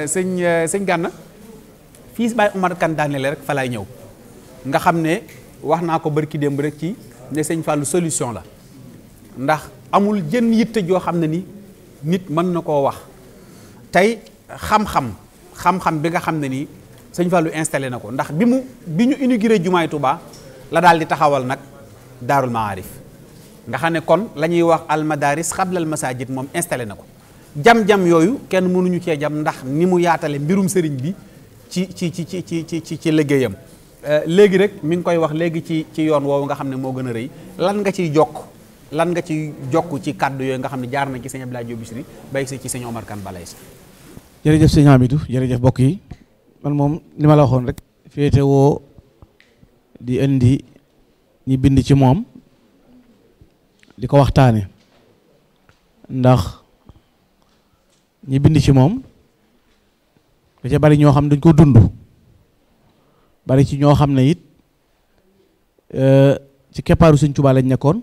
sëñ sëñ Gana fii Baye Omar kan daanele rek fa laay ñëw nga xam ne wax naa ko barki démb rek ci ne sëñ fàllu solution la ndax amul jën yitte joo xam ne nii nit mën na koo wax tey xam-xam xam-xam bi nga xam ne nii sëñ Fallou installé na ko ndax bi mu bi ñu inauguré jumaay Touba la daal di taxawal nag daarul maarif nga xam ne kon la ñuy wax almadaris xablal masajid moom installé na ko jam-jam yooyu kenn mënuñu cee jam ndax ni mu yaatale mbirum sëriñ bi ci ci ci ci ci ci ci liggéeyam euh, léegi rek mi ngi koy wax léegi ci ci yoon woowu nga xam ne moo gën a rëy lan nga ciy jokk lan nga ci jokk ci kàddu yooyu nga xam ne jaar nañ ci sëñ Abdoulaye Diop Bichri bay si ci sëñ Omar Kane Balaye jërëjëf sëñ Amidou jërëjëf bokk yi man moom li ma la waxoon rek féete woo di indi ñi bind ci moom di ko waxtaane ndax ñi bind ci moom da ca bari ñoo xam ne dañ ko dund bari ci ñoo xam ne it euh, ci keppaaru sëñ Tuubaa lañ nekkoon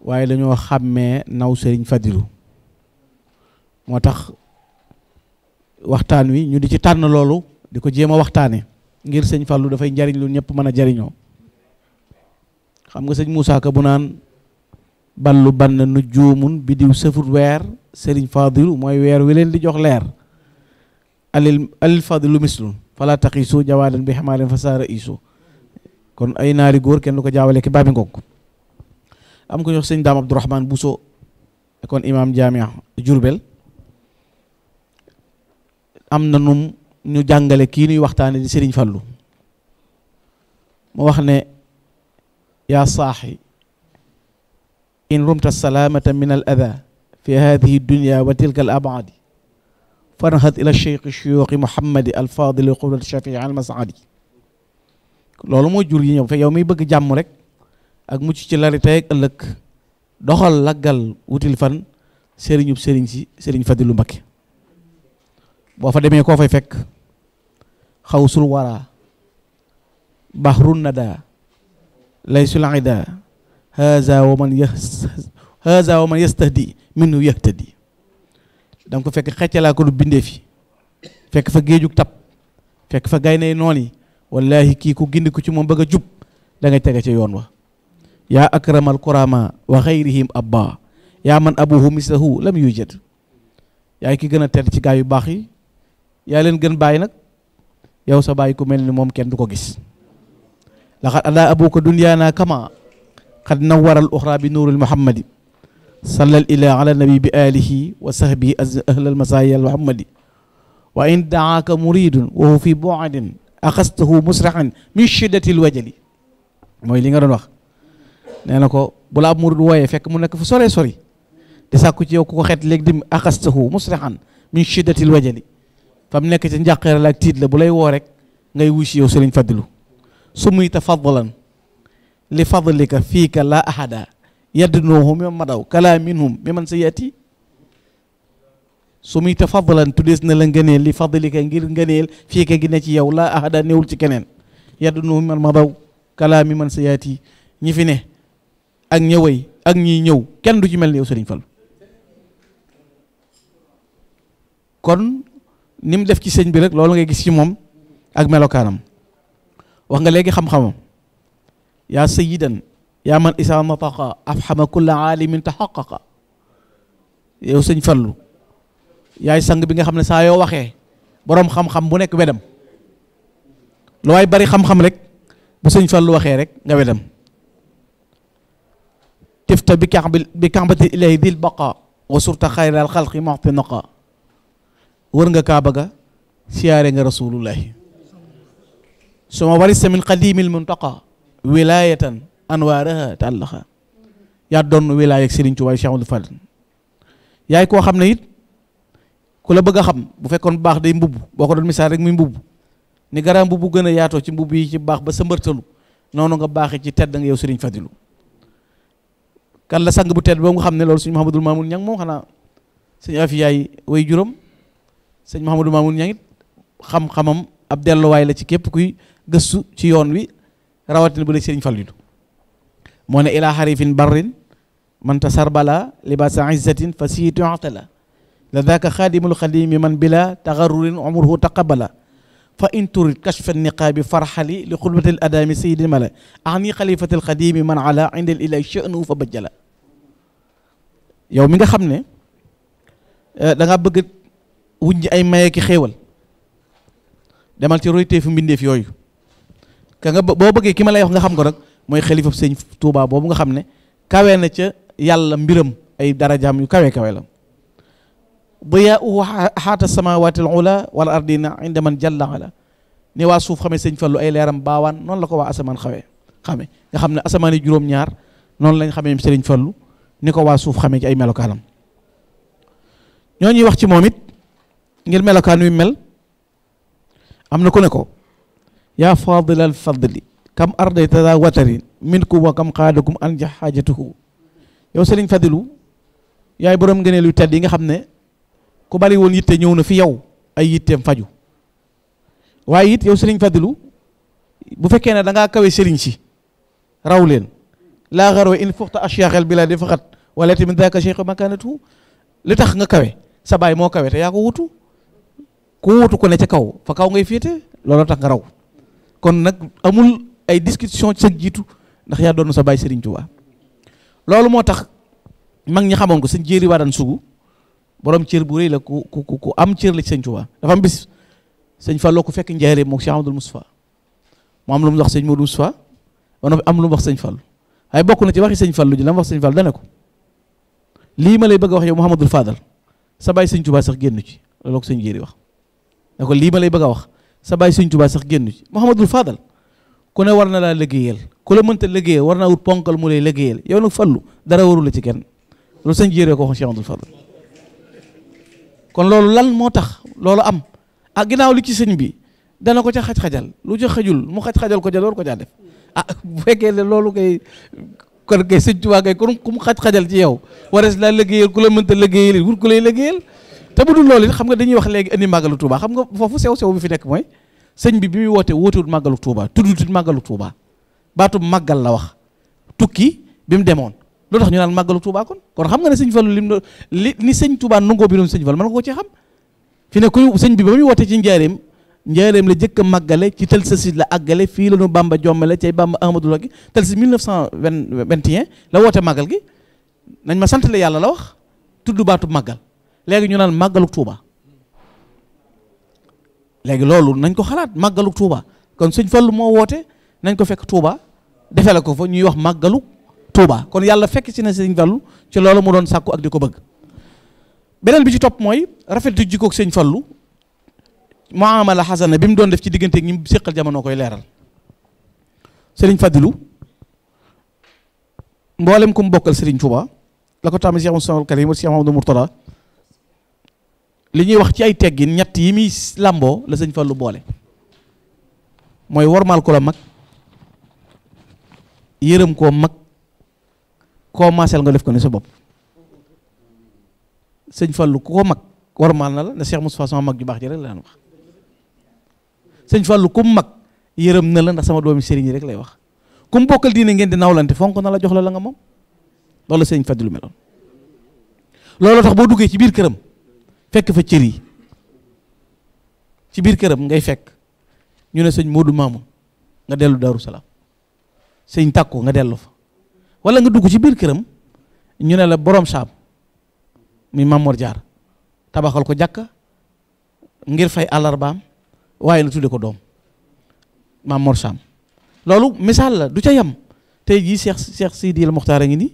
waaye dañoo xàmmee naw sëriñ Fadilu moo tax waxtaan wi ñu di ci tànn loolu di ko jéem a waxtaane ngir sëñ Fallou dafay njariñ lu ñëpp mën a jariñoo xam nga sëñ Moussa Ka bu naan ballu bann nu juumun bi diw sëfut weer sëriñ Fadilu mooy weer wi leen di jox leer alil alil Fadilu mislun fala taxiisu jawaadan bi xamaaleen fa saara iisu kon ay naari góor kenn du ko jaawale ki baabi ngokk am ko ñuy wax sëñ daam Abdourahman Bousso kon imaam jaamia Jurbel am na num ñu jàngale kii nuy waxtaane di Sëriñ Fallu mu wax ne yaa saaxi in rumta salaamata min al ada fi hadihi dunya wa tilka al abaadi farhat ila cheikh shuyuuxi muhammadi al faadili qublat shafii al masaadi loolu moo jur yi ñëw fekk yow miy bëgg jàmm rek ak mucc ci lari tey ak ëllëg doxal laggal wutil fan sëriñub sëriñ si sëriñ lu Mbakke boo fa demee koo fay fekk xawsul wara bahrun nada laysul ida haza wa man haza wa man yastahdi minhu yahtadi danga ko fekk xeccalaa ko du bindee fi fekk fa géejug tab fekk fa gaynde noon yi wallaahi kii ku gindi ko ci moom bëgg a jub da ngay tege ca yoon wa يا أكرم الكرامة وغيرهم أبا يا من أبوه مثله لم يوجد يا كي جنا ترتشي غاي باخي يا لين جن باينك يا هو سبايكو من المهم كن دوكيس لقد ألا أبوك الدنيا أنا كما قد نور الأخرى بنور المحمدي صلى الله على النبي بآله وصحبه أهل المسايا المحمدي وإن دعاك مريد وهو في بعد أخذته مسرعا من شدة الوجل موي لي غادي nee na ko bu la ab fekk mu nek fu soree sori di sàkku ci yow ku ko xet leg dim axastahu musrihan min shiddatil wajali fam nek ci njàqare la ak la bu lay rek ngay wuy yow serigne fadlu sumu muy li fadlika fika la ahada yadnuhum mi madaw kala minhum miman sayati sumu yati su na la ngene li fadlika ngir ngëneel fika gi ne ci yow la ahada néewul ci kenen yadnuhum mi madaw kala miman sayati ñi fi ne ak ñëway ak ñiy ñëw kenn du ci mel ni yow Serigne Fallou kon ni mu def ci sëñ bi rek loolu ngay gis ci moom ak melokaanam wax nga léegi xam-xamam yaa sayyidan yaa man isaa nataqa afxama kulla aalimin taxaqaqa yow sëñ Fallou yaay sang bi nga xam ne saa yoo waxee boroom xam-xam bu nekk wedam lu waay bari xam-xam rek bu sëñ Fallou waxee rek nga wedam تفت بكعبة إله ذي البقاء وصرت خير الخلق معطي نقاء ورنجا كابغا سيارين رسول الله ثم ورث من قديم المنطقة ولاية أنوارها تعلقها يا دون ولاية سيرين توا شيخ عبد الفضل يا كو خامنا نيت كولا بغا خام بو فيكون باخ دي مبوب بوكو دون ميسار رك مي مبوب ني غرام مبوب غنا ياتو سي مبوب يي سي باخ با سمبرتلو نونو غا باخي سي تيد غا kan la sang bu tedd ba xam ne loolu sëñ Mouhamadul Mamoun Ñang moom xanaa sëñ Afiyaay way juróom sëñ Mouhamadul Mamoun Ñang xam-xamam ab delluwaay la ci képp kuy gëstu ci yoon wi rawatina bu dee sëñ Fallilu moo ne ilaa xarifin barrin manta sarbala libaasa izzatin fa siitu atala la daaka xaadimul xadimi man bila taxarurin umruhu taqabala فإن ترد كشف النقاب فرحلي لخلوة الأدام سيد الملأ أعني خليفة القديم من على عند الإله شأنه فبجل يوم خمنة آه، دا نغا بغ وني اي مايك خيوال دا مال تي رويتي في مبيندي في يوي كاغا بو بغي كيما لاي وخ نغا موي خليفة سيدنا توبا بوبو نغا خمنة كاوينا تيا يالا ميرم اي درجام يو كاوي كاوي ضياؤه حات السماوات العلى والارضين عند من جل على نوا سوف خمي سيني فلو اي ليرام باوان نون لاكو وا اسمان خاوي خامي غا خامني اسمان جوروم نيار نون لاني خامي سيني فلو نيكو وا سوف خامي اي ملوكانم ньоني واخ سي موميت غير ملوكان وي مل امنا كو نيكو يا فاضل الفضل كم ارضيت ذا وتر منك وكم قادكم انجح حاجته يا سيرين فضلو ياي بروم غنيلو تادي غا خامني ku bari woon yitte ñëw na fi yow ay yitteem faju waaye it yow sëriñ Fadilu bu fekkee ne danga ngaa kawe sëriñ si raw leen laa xaroo in fuxta ashiyaxel bi laa di faxat wala tamit daaka cheikh makanatu li tax nga kawe sa baay moo kawe te yaa ko wutu ku wutu ko ne ca kaw fa kaw ngay féete looloo tax nga raw kon nag amul ay discussion ci sa jiitu ndax yaa sa baay sëriñ Tuubaa loolu moo tax mag ñi xamoon ko sëñ jéeri waadan sugu borom cër bu reey la ku ku ku am cër la ci sëñ Tuubaa dafa am bis sëñ fallo ko fekk njaareem mo Cheikh Amadou Moustapha mo am lu wax sëñ Modou Moustapha wono am lu wax sëñ fallo waaye bokku na ci waxi sëñ fallo ji lam wax sëñ fallo danako li ma lay bëgg wax yow Mouhamadou Fadal sa bay sëñ Tuubaa sax gennu ci loolu ko sëñ Jéeri wax nako li ma lay bëgg wax sa bay sëñ Tuubaa sax gennu ci Mouhamadou Fadal ku ne war na la liggéeyal ku la mënta liggéeyal war na wut ponkal mu lay liggéeyal yow nak fallo dara waru la ci kenn loolu sëñ jëri ko wax Cheikh Amadou Fadal kon loolu lan moo tax loolu am ah ginnaaw li ci sëñ bi dana ko ca xaj-xajal lu ca xajul mu xaj-xajal ko ca loolu ko caa def ah bu fekkee ne loolu kay kon kay sëñ Tuubaa kay kon ku mu xaj-xajal ci yow wares laa liggéeyal ku la mënta liggéeyal it wut ku lay liggéeyal te bu dul loolu it xam nga dañuy wax léegi indi màggalu Tuubaa xam nga foofu sew sew bi fi nekk mooy sëñ bi bi muy woote wootewut màggalu Tuubaa tuddutit màggalu Tuubaa baatu màggal la wax tukki bi demoon loolu tax ñu naan màggalu Touba kon xam nga ne sëñ Fallu lim li ni sëñ Touba nangoo bi doon sëñ Fallu mën nga ko ci xam fi ne ku sëñ bi ba muy wootee ci njaareem njaareem la jëkk a màggale ci tel sasid la aggale fii la ñu Bamba jommale cay Bamba Ahmadou la gi tel si 1921 la woote màggal gi nañ ma sant la yàlla la wax tudd baatu màggal léegi ñu naan màggalu Touba léegi loolu nañ ko xalaat màggalu Touba kon sëñ Fallu moo woote nañ ko fekk Touba defee ko fa ñuy wax màggalu Touba kon yàlla fekk ci na sëñ Fallu ci loolu mu doon sàkku ak di ko bëgg beneen bi ci topp mooy rafetlu jikkoog sëñ Fallu muamala xasana bi mu doon def ci diggante ñi séqal jamono koy leeral sëriñ Fadilu mboolem ku mu bokkal sëriñ Touba la ko tàmm Cheikh Moussa Karim Cheikh ñuy wax ci ay ñett yi muy làmboo la sëñ Fallu boole mooy wormaal ko la mag yërëm koo mag commencer nga def ko ni sa bop seigne Fallou ku ko mag warmaal na la ne Cheikh Moustapha sama mag ju bax ji rek la wax seigne Fallou kum mag yeureum na la ndax sama doomi serigne rek lay wax kum bokal diine ngeen di nawlante fonk na la jox la la nga mom loolu seigne Fadlu meloon tax bo duggé ci bir kërëm fekk fa cër ci bir kërëm ngay fekk ñu ne seigne Modou mamou nga delu daru salam seigne Takko nga delu fa. wala nga dugg ci biir këram ñu ne la borom saam mi Mamor Jaar tabaxal ko jàkka ngir fay àllarbaam waaye na tudde ko doom Mamor Saam loolu misaal la du ca yem tey jii seex Cheikh Sidi El la a ngi nii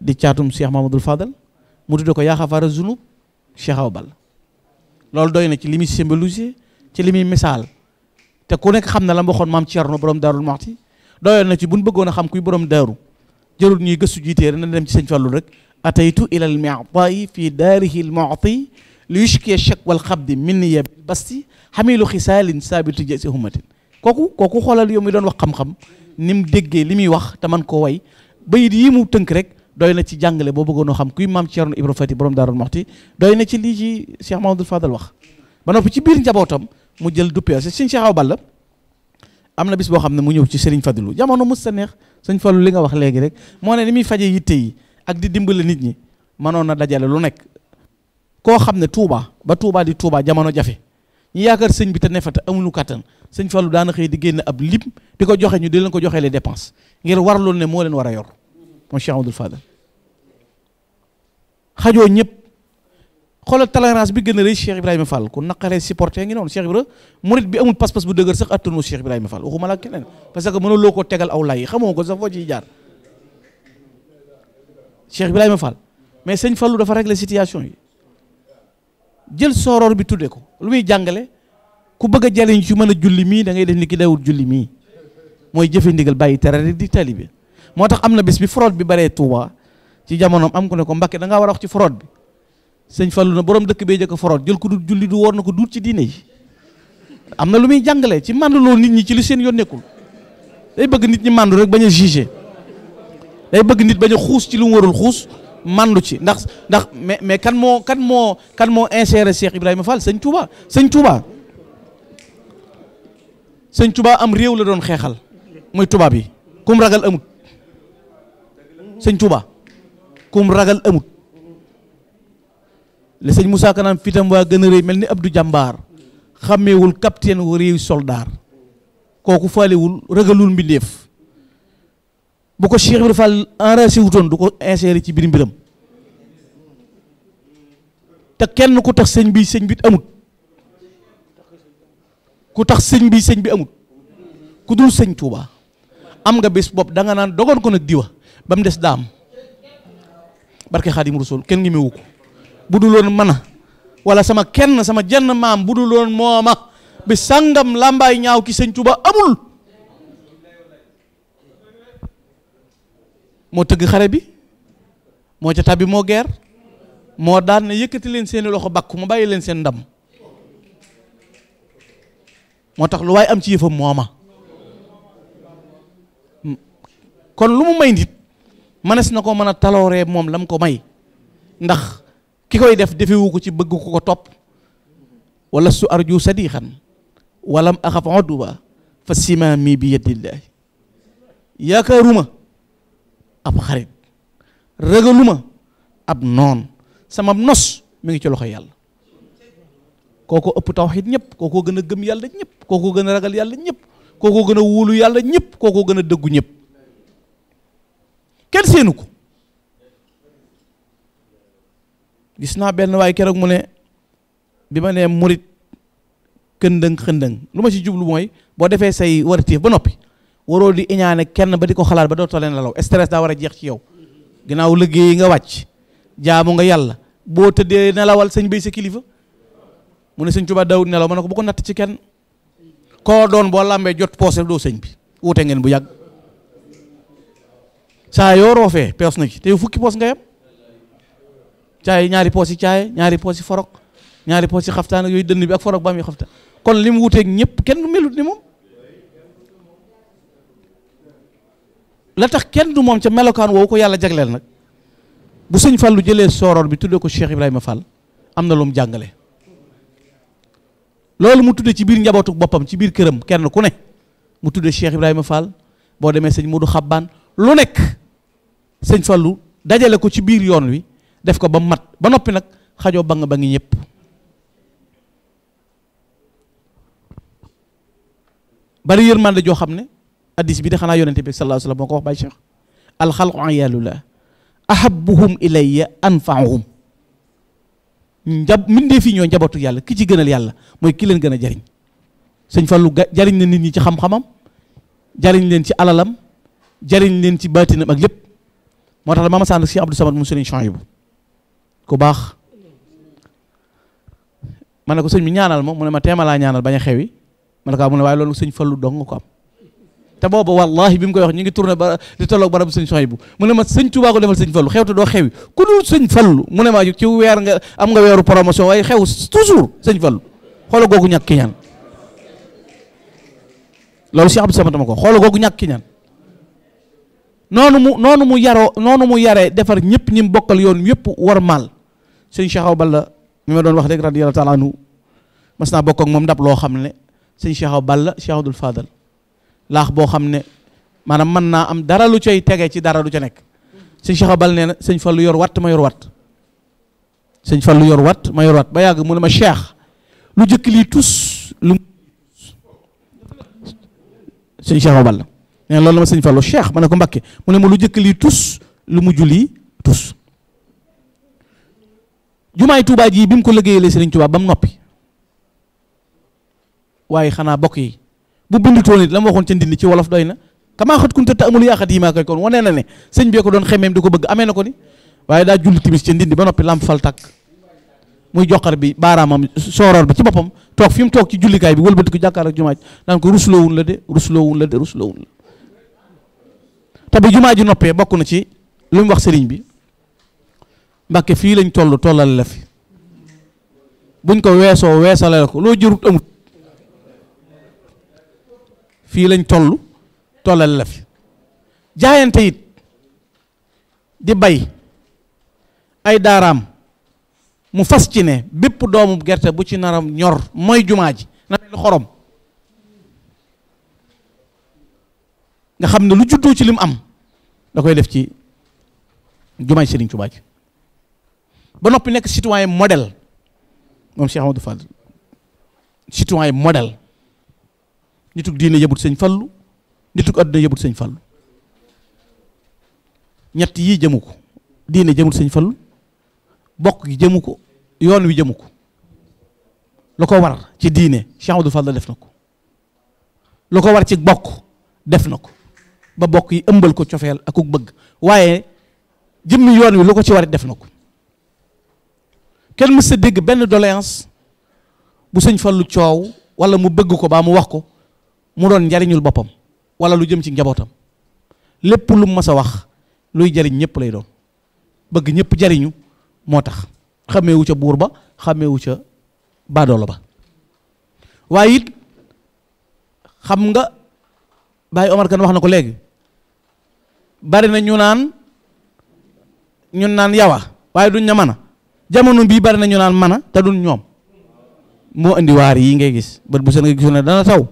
di caatum Cheikh Mamadou Fadal mu tudde ko Yaxafaara Zunub Cheikh Awa Balla loolu doy na ci li muy symbolisé ci li muy misaal te ku nekk xam na la ma waxoon maam Thierno borom Daarul Muxti doyoon na ci buñ bëggoon a xam kuy borom daaru جرور ني گسو جيتير نان ديم سي فالو رك اتيتو الى المعطى في داره المعطي ليشكي الشك والخبد من يبسي حميل خسال ثابت جسهمت كوكو كوكو خولال يومي دون وخ خم خم نيم دگي لي مي وخ تا مان كو واي بيد يي مو تنك رك دوينا سي جانغلي بو بوغونو خم كوي مام شيرن ابرو فاتي بروم دار المعطي دوينا سي لي سي شيخ محمود الفاضل وخ با نوب سي بير نجابوتام مو جيل دوبيا سي شيخ عبد الله amna bis bo xamne mu ñëw ci Serigne Fadilou jamono mu sa neex serigne Fallou li nga wax legi rek mo ne ni mi faje yitte yi ak di dimbal nit ñi manon na dajale lu nekk ko xamne Touba ba Touba di Touba jamono jafe ñi yaakar serigne bi te ne fa te katan serigne sëñ da na xëy di génn ab lim diko joxe ñu di lañ ko joxe les dépenses ngir war loolu ne mo leen wara yor mon Cheikh abdou Fadal xajo ñep xoolal tolérance bi gën a rëy Cheikh Ibrahima Fall ku naqaree supporter ngi noonu Cheikh Ibrahima murit bi amul pas-pas bu dëgër sax attanu Cheikh Ibrahima Fall waxuma la keneen parce que mënoo loo ko tegal aw lay xamoo ko sax foo ciy jaar Cheikh Ibrahima Fall mais sëñ Fallou dafa régler situation yi jël sooroor bi tuddee ko lu muy jàngale ku bëgg a jëriñ ci mën a julli mii da ngay def ni ki dawul julli mii mooy jëfe ndigal bàyyi tere di tali bi moo tax am na bés bi fraude bi baree Touba ci jamonoom am ku ne ko Mbàkke da war a ci fraude bi sëñ Fallou na borom dëkk bee jëkk foroon jël ko du julli du woor na ko duut ci diine yi am na lu muy jàngale ci màndu loolu nit ñi ci lu seen yoon nekkul day bëgg nit ñi màndu rek bañ a jugé day bëgg nit bañ xuus ci lu mu warul xuus màndu ci ndax ndax mais mais kan moo kan moo kan moo inséré Cheikh Ibrahima Fall sëñ Touba sëñ Touba sëñ Touba am réew la doon xeexal mooy tubaab yi kum ragal amut sëñ Touba kum ragal amut. le seigne Moussa kanam fitam wa Jambar, reuy melni Abdou jambar xamewul capitaine wu réew soldaar kooku faalewul regalul mbindef bu ko Cheikh ibrahim Fall enracé wuton du ko insérer ci birim biram te kenn ku tax seigne bi seigne bi amut ku tax seigne bi seigne bi amut ku dul seigne Touba am nga bes bop da nga nan dogon ko nak diwa bam dess des barke khadim Rasuul kenn ngi mewu bu dul woon man wala sama kenn sama jenn maam bu du loon mooma bi sàngam làmbaay ñaaw ki sëñ ba amul moo tëgg xare bi moo ca tabbi moo geer moo daan ne yëkkati leen seeni loxo bakku mu bàyyi leen seen ndam moo tax lu waaye am ci yëfam mooma kon lu mu may nit mënees na ko mën a talooree moom lam ko may ndax Kiko koy def defewu ko ci bëgg ko ko top wala su arju sadixan walam akhaf udwa fa simaami bi yadillah yakaruma ab xarit ragaluma ab non sama nos mi ngi ci loxo yalla koko upp tawhid ñep koko gëna gëm yalla ñep koko gëna ragal yalla ñep koko gëna wulu yalla ñep koko gëna deggu ñep kenn seenuko gis naa benn waaye keroog mu ne bi ma nee murit këndëng xëndëng lu ma ci jublu mooy boo defee say waratiif ba noppi waroo di iñaane kenn ba di ko xalaat ba dootoo leen lalaw stress daa war a jeex ci yow ginnaaw liggéey nga wàcc jaamu nga yàlla boo tëddee nelawal sëñ bay sa kilifa mu ne sëñ Tuubaa daawut nelaw ma ne ko bu ko natt ci kenn koo doon boo làmbee jot poose doo sëñ bi wute ngeen bu yàgg saa yoo roofee pees na ci te fukki poos nga yem caay ñaari poos yi caaye ñaari poos yi forog ñaari poos yi xaftaan ak yooyu dënn bi ak forog ba muy xaftaan kon li mu wuteeg ñëpp kenn du melut ni moom la tax kenn du moom ca melokaan woowu ko yàlla jagleel nag bu sëñ Fallu jëlee sooroor bi tuddee ko Cheikh Ibrahima Fall am na lu mu jàngale loolu mu tudde ci biir njabootu boppam ci biir këram kenn ku ne mu tudde Cheikh Ibrahima Fall boo demee sëñ Modou Xabbaan lu nekk sëñ Fallu dajale ko ci biir yoon wi def ko ba mat ba noppi nak xajo ba nga ba ngi ñëpp bari yermal la jo xamne hadith bi de xana yonente bi sallallahu alaihi wasallam ko wax bay cheikh alxalqu ayalullah ahabbuhum ilayya anfa'uhum njab mindee fi ñoo njabatu yalla ki ci gënal yalla moy ki leen gëna jariñ señ fallu jariñ na nit ñi ci xam-xamam jariñ leen ci alalam jariñ leen ci batinam ak lepp motax la si Abdou Samad mu sëriñ ku bax ma ne ko sëñ bi ñaanal ma mune ma téma la ñaanal baña xewi ma ne ko ah, mu ne Fallu dong ko am te bobu wallahi bimu koy wax ñi ngi tourné ba di tolok barab señ soyibu mune ma señ tuba ko defal señ Fallu xew do xewi ku dul señ Fallu mune ma ci wër nga am nga wëru promotion way xew toujours señ Fallu xol gogu ñak ki ñaan lolu Cheikh Abdou Samad mako xol gogu ñak ki ñaan nonu mu nonu mu yaro nonu mu yare defar ñepp ñim bokkal yoon yëpp war mal sëñ Cheikh Awa Balla mi ma doon wax rek radiyallahu taala anhu mas naa bokk ak moom ndab loo xam ne sëñ Cheikh Awa Balla Cheikh Abdoul Fadal laax boo xam ne maanaam mën naa am dara lu cay tege ci dara lu ca nekk sëñ Cheikh bal Balla na sëñ Fallu yor watt ma yor watt sëñ Fallu yor watt ma yor watt ba yàgg mu ne ma Cheikh lu jëkk lii tus lu sëñ Cheikh Awa Balla nee na sëñ Fallu Cheikh ma ne ko Mbakke mu ne lu jëkk lii tus lu mujj lii tus jumaay Touba ji bi mu ko liggéeyalee Serigne Touba ba mu noppi waaye xanaa bokk yi bu bindutoon it la ma waxoon ca ndindi ci wolof doy na kamaa xat kunta ta amul yaaxat yi maa koy kon wane na ne sëñ bee ko doon xemeem di ko bëgg amee na ko ni waaye daa julli timis ca ndindi ba noppi lamp fal tàkk muy joxar bi baaraamam sooroor bi ci boppam toog fi mu toog ci jullikaay bi wëlbati ko jàkkaar ak jumaa ji naan ko la de rusloowun la de rusloowun la te ji noppee bokk na ci lu mu wax sëriñ bi Mbàkke fii lañ toll tollal la fi buñ ko weesoo weesale la ko loo jërut amut fii lañ toll tollal la fi jaayante it di bay ay daaraam mu fas ci ne bépp doomu gerte bu ci naram ñor mooy jumaa ji na mel xorom nga xam ne lu juddoo ci lim am da koy def ci jumaa ji Sëriñ Tuubaa ji ba noppi nekk citoyen modèle moom Cheikh Amadou Fall yi modèle nitug diine yëbut sëñ Fallu nitug àdduna yëbut sëñ Fallu ñett yii jëmu ko diine jëmul sëñ Fallu bokk gi jëmu ko yoon wi jëmu ko lu ko war ci diine Cheikh Amadou Fall def na ko lu ko war ci bokk def na ko ba bokk yi ëmbal ko cofeel ak ku bëgg waaye jëmmi yoon wi lu ko ci war def na ko kenn mës sa dégg benn doléance bu sëñ Fallu coow wala mu bëgg ko baa mu wax ko mu doon njariñul boppam wala lu jëm ci njabootam lépp lu mas a wax luy jariñ ñëpp lay doon bëgg ñëpp jariñu moo tax xameewu ca buur ba xameewu ca baadoolo ba waaye it xam nga Baye Omar Kane wax na ko léegi bari na ñu naan ñun naan yawa waaye duñ na jamono bibar bari nañu Tadun nyom. ta dun ñom mo andi war yi ngay gis bët bu sen nga gisuna dana taw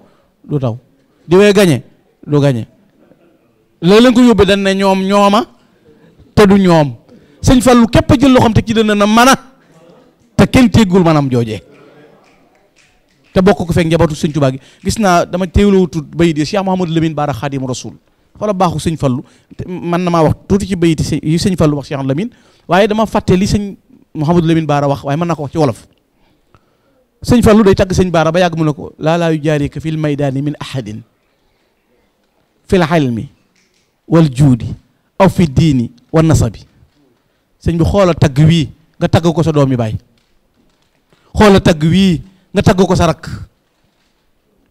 du taw di way gañe du gañe lay lañ ko yobbe dañ ne ñom ñoma ta du ñom señ fallu kep jël loxam te ci dana na mana te kenn téggul maanaam joojee te ko fek njabatu señ tuba gi gis na dama Cheikh mohammed Lamine Bara khadim rasul xoola baxu señ fallu man na ma wax tuti ci bayit yi wax Cheikh Lamine waye dama li señ Mouhamadou Lamine Baara wax waaye mën na ko wax ci wolof sëñ Fallou day tagg sëñ Baara ba yàgg mu ne ko laa laa yu jaarika fil maydaani min ahadin fil ilmi wal juudi aw fi diini wa nasabi sëñ bi xoola tagg wii nga tagg ko sa doom yi baay xoola tagg wii nga tagg ko sa rakk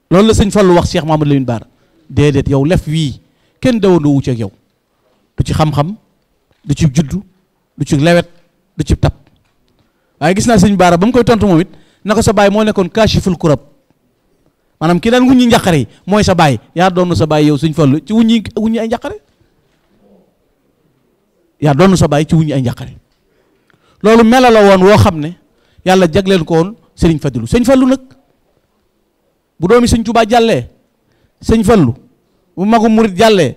loolu la sëñ Fallou wax Cheikh Mouhamadou Lamine Baara déedéet yow lef wii kenn dawandoo wu ci ak yow du ci xam-xam du ci juddu du ci lewet du ci tab waaye gis naa sëñ baara ba mu koy tontu moom it na ko sa baay moo nekkoon kaashiful kurab maanaam ki daan wuññi njaqare yi mooy sa baay yaa doon sa baay yow sëñ Fallu ci wuññi wuññi ay njaqare yaa doon sa baay ci wuññi ay loolu mela woon woo xam ne yàlla jagleen ko woon sëriñ Fadilu sëñ Fallu nag bu doomi sëñ Tuubaa jàllee sëñ Fallu bu magu murit jàllee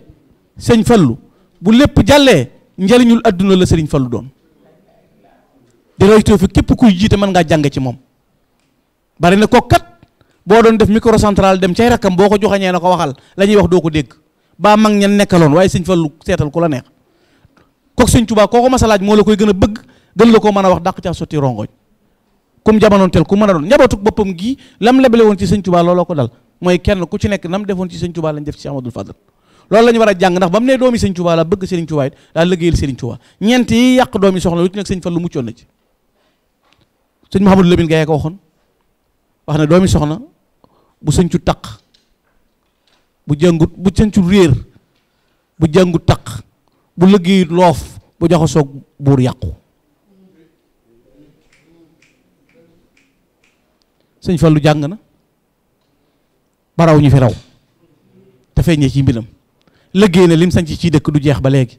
sëñ Fallu bu lépp jàllee njëriñul adduna la sëriñ Fallu doon di roytoo fi képp kuy jiite mën ngaa jàng ci moom bari na ko kat boo doon def microcentral dem cay rakkam boo ko joxañee na ko waxal la ñuy wax doo ko dégg baa mag ñan nekkaloon waaye sëñ Fallu seetal ku la neex kook sëñ Tuubaa koo ko a moo la koy gën a bëgg gën la koo mën a wax dàq caa sotti rongoñ kum jamonoon tel ku mën a doon njabootuk boppam gii lam lebale woon ci sëñ Tuubaa looloo ko dal mooy kenn ku ci nekk nam defoon ci sëñ Tuubaa lañ loolu la ñu war a jàng ndax ba mu la bëgg sëriñ Tuubaa it daal liggéeyal yi yàq doomi soxna lu ci nekk ci sëñ Mouhamadou Lamine Gaye ko waxoon wax ne doomi soxna bu sëñcu taq bu jàngut bu sëñcu réer bu jàngut taq bu liggéeyut loof bu jox soog buur yàqu sëñ Fallou jàng na baraw ñu fi raw te feeñee ci mbiram liggéey na lim sañc ciy dëkk du jeex ba léegi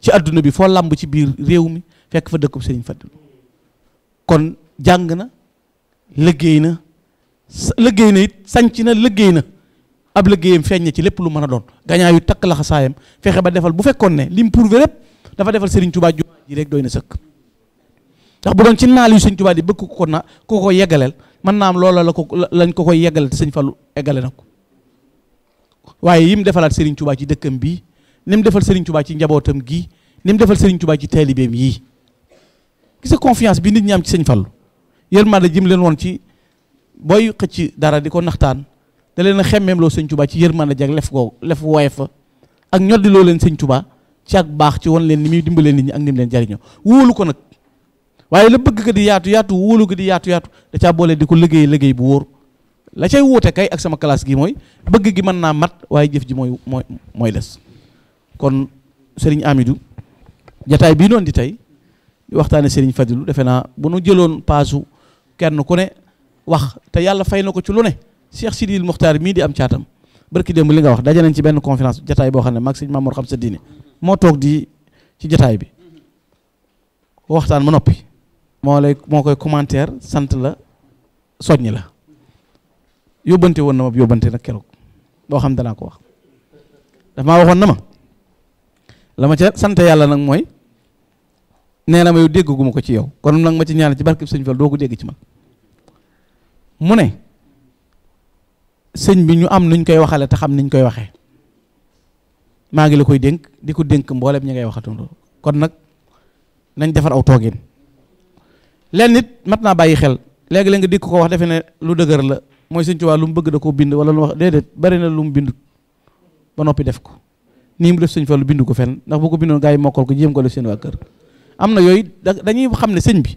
ci adduna bi foo làmb ci biir réew mi fekk fa dëkkub sëriñ Fallou kon jàng na liggéey na liggéey na it sanc na liggéey na ab liggéeyam feeñ ci lépp lu mën a doon gañaa yu takk la xasaayam fexe ba defal bu fekkoon ne lim prouvé lépp dafa defal Serigne Touba ju ji rek doy na sëkk ndax bu doon ci naal yu Serigne Touba di bëgg ko na ko ko yeggaleel mën naa am loola lañ ko koy yeggaleel sëñ falu Fallou eggale na ko waaye yim defalaat Serigne Touba ci dëkkam bii ni mu defal Serigne Touba ci njabootam gii ni mu defal Serigne Touba ci taalibeem yii gis nga nit ñi ci Serigne yërmande jim leen woon ci booy xëcc dara di ko naxtaan da leen a xemmeem loo sëñ Tuubaa ci yërmande jag lef goo lef wooye fa ak ñoddi loo leen sëñ Tuubaa ci ak baax ci wan leen ni muy dimbalee nit ñi ak ni mu leen jariñoo wóolu ko nag waaye la bëgg ko di yaatu yaatu wóolu ko di yaatu yaatu da caa boole di ko liggéey liggéey bu wóor la cay wuute kay ak sama classe gi mooy bëgg gi man naa mat waaye jëf ji mooy mooy mooy des kon Serigne Amidou jataay bii noonu di tey waxtaane Serigne kenn ku ne wax te yàlla fay na ko ci lu ne Cheikh Sidil Muxtaar mii di am caatam barki démb li nga wax daje nañ ci benn conférence jataay boo xam ne maag sëñ Mamour xam sa diine moo toog di ci jataay bi waxtaan ba noppi moo lay moo koy commentaire sant la soññ la yóbbante woon na ma yóbbante nag keroog boo xam danaa ko wax dafa maa waxoon na ma la ma ca sant yàlla nag mooy nee na ma yow dégg gu ma ko ci yow kon nag ma ci ñaanal ci barkeb sëñ Fall doo ko dégg ci man mu ne sëñ bi ñu am nuñ koy waxale te xam niñ koy waxee maa ngi la koy dénk di ko dénk mboolem ñi ngay waxatandoo kon nag nañ defar aw toogin leen nit mat naa bàyyi xel léegi la nga dikk ko wax defe ne lu dëgër la mooy sëñ Tuubaa lu mu bëgg da koo bind wala lu wax déedéet bari na lu mu bind ba noppi def ko nii mu def sëñ Fallu bind ko fen ndax bu ko bindoon gaa yi mokkal ko ko def seen waa kër amna yoy dañuy xamne ne sëñ bi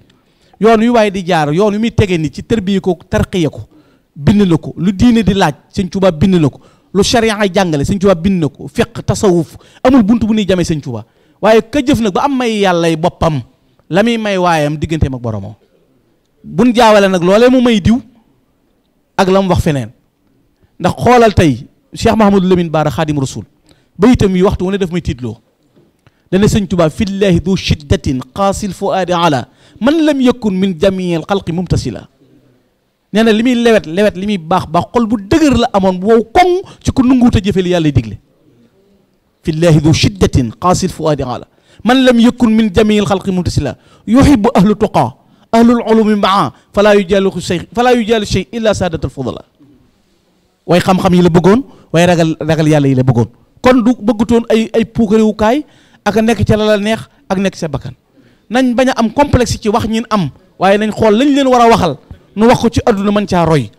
yoon yu way di jaar yoon yu mi tege ni ci terbiiko tarqiyako tarqiye lu diine di laaj sëñ touba bind lu sharia jàngale sëñ touba bind fiq tasawuf amul buntu bu ni jame sëñ touba waye ka jëf nak ba am may yalla bopam lami may wayam digganteem ak boromo buñ jaawale nak lolé mu may diw ak lam wax fenen ndax xolal tay Cheikh Mahamadou Lamine Bara khadim rasoul ba yi waxtu woné daf may titlo لان سنتوبا في الله ذو شدة قاس الفؤاد على من لم يكن من جميع الخلق ممتسلا نانا لمي لوات لوات لمي باخ باخ قلب دغر لا امون وو كون سي كو نغوتا جيفال يالله ديغلي في الله ذو شدة قاس الفؤاد على من لم يكن من جميع الخلق ممتسلا يحب اهل التقى اهل العلوم معا فلا يجال الشيخ فلا يجال شيء الا سادة الفضلاء واي خام خام يلا بغون واي رغال رغال يالله يلا بغون كون دو بغوتون اي اي بوكريو كاي ak nekk ca la la neex ak nekk ca bakkan nañ bañ a am complexe ci wax ñin am waaye nañ xool lañu leen war a waxal nu wax ko ci àdduna man caa roy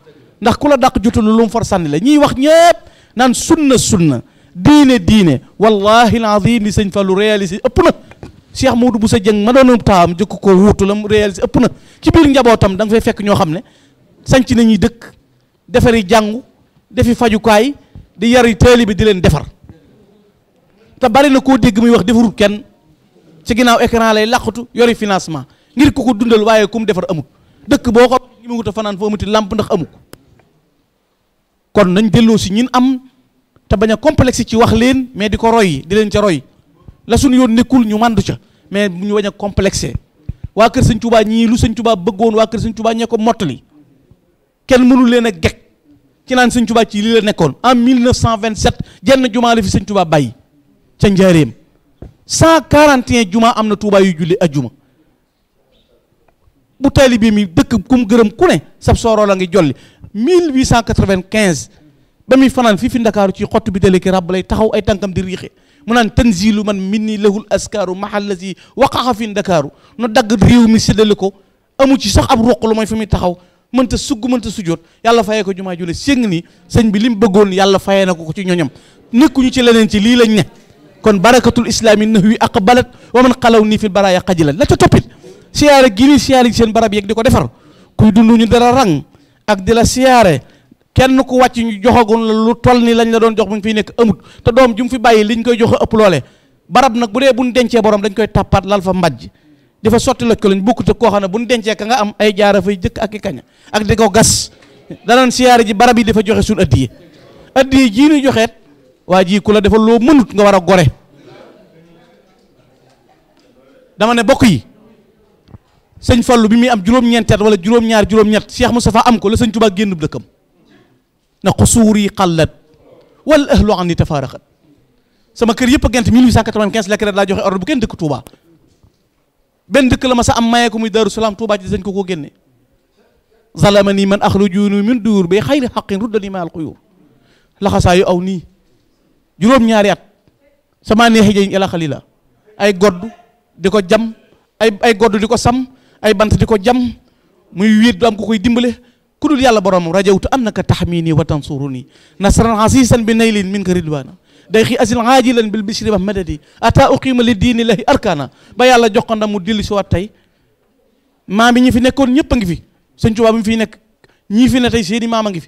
ndax ku la dàq jotul lu mu far sànni la ñiy wax ñëpp naan sunna sunna diine diine wallahi alazim sañ fa lu réalisé ëpp na Cheikh Modou Boussa Dieng ma doon taam jëkk ko wuutu la mu réalisé ëpp na ci biir njabootam da nga fay fekk ñoo xam ne sanc nañuy dëkk defari jàngu defi fajukaay di yari teeli bi di leen defar te bari na koo dégg muy wax defarul kenn ci ginnaaw écran lay làqatu yori financement ngir ku ko dundal waaye kum defar amut dëkk boo ko ñi mu wut a fanaan fa amuti làmp ndax amu ko kon nañ delloo si ñin am te bañ a complexe ci wax leen mais di ko roy di leen ca roy la suñu yoon nekkul ñu màndu ca mais ñu bañ a complexé waa kër sañ Tuubaa ñii lu sëñ Tuubaa bëggoon waa kër sañ Tuubaa ñee ko li kenn mënul leen ak gek ci naan sëñ Tuubaa ci lii la nekkoon en 1927 jenn jumaa fi sëñ Tuubaa bàyyi ca njaareem cent quarante et un am na Touba yu julli ajjuma bu taalibe mi dëkk kum gërëm ku ne sab sooroo la ngi jolli 1895 ba muy fanaan fii fi ndakaaru ci xotti bi dale ki ràbb lay taxaw ay tànkam di riixe mu naan tanzilu man min ni lahul askaaru mahallasi waqaxa fi ndakaaru nu dagg réew mi séddale ko amu ci sax ab roq lu mooy fi muy taxaw mënta sugg mënta sujjoot yàlla fayee ko jumaa jule séng ni sëñ bi li mu bëggoon yàlla fayee na ko ko ci ñoñam nekkuñu ci leneen ci lii lañ ne kon barakatul islami nahwi aqbalat wa man qalawni fil baraya qajilan la topit Siara gini siara sen barab yek diko defar kuy dundu ñu dara rang ak dila siara kenn ku wacc ñu joxagun la lu toll ni lañ la doon jox buñ fi nek amut te doom jum fi bayyi liñ koy joxe ëpp lolé barab nak bu dé buñ dencé borom dañ koy tapat lal fa mbajj di fa sotti ko lañ bukk te ko xana buñ dencé ka nga am ay jaara fay jëk ak kaña ak diko gas gas danañ siara ji barab yi dafa joxe sun addiye addiye ji ñu joxet waji kula defal lo munut nga wara gore dama ne bokk yi sëñ Fallu bi mi am juróom-ñeenti at wala juróom-ñaar juroom ñet Cheikh Moustapha am ko le seigne touba génn dëkkam na qusuri qallat wal ahlu anni tafaaraxat sama kër yëpp gent 1895 la laa joxe ordre bu kenn dëkk Touba ben dëkk la ma sa am maye ko muy daru salam Touba ci seigne ko ko génne zalamani man axrajuni min dur bi xayri xaqin ruddani ma al xuyur laxasaa yu awni juróom-ñaari at sama neexi jëñ ila kalila. ay godd di ko jam ay ay godd di ko sam ay bant di ko jam muy wéet du am Kudu koy dimbale ku dul yàlla boromam rajawtu annaka taxmini wa tansuruni nasran xasisan bi naylin minka ridwana dayxi asil aajilan bil bishri wa madadi ata uqima li diini lahi arkana ba yàlla jox ko ndam mu dili si waat tey maam yi ñi fi nekkoon ñëpp ngi fi sëñ Tuubaa mi fi nekk ñii fi ne fi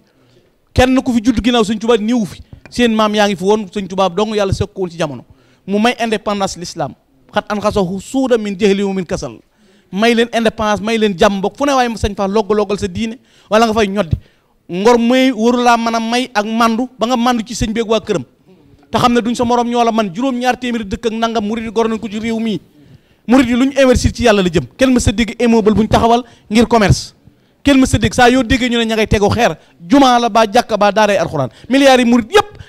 kenn ku fi judd fi seen maam yaa ngi fi woon sëñ tubaab dong yàlla sëkk woon ci jamono mu may indépendance l'islam xat an xasahu suuda min jahli min kasal may leen indépendance may leen jàmm bokk fu ne waaye ma sañ faa logga-loggal sa diine wala nga fay ñoddi ngor may waru laa a may ak mandu ba nga mandu ci sëñ beeg waa këram te xam ne duñ sa moroom ñoo la man juróom-ñaar téeméeri dëkk ak nangam murid yi gor nañ ko ci réew mii murid yi lu ñu investir ci yàlla la kenn ma sa dégg immeuble bu taxawal ngir commerce kenn ma sa dégg saa yoo ña ngay tegu xeer la baa jàkka baa daaray alxuraan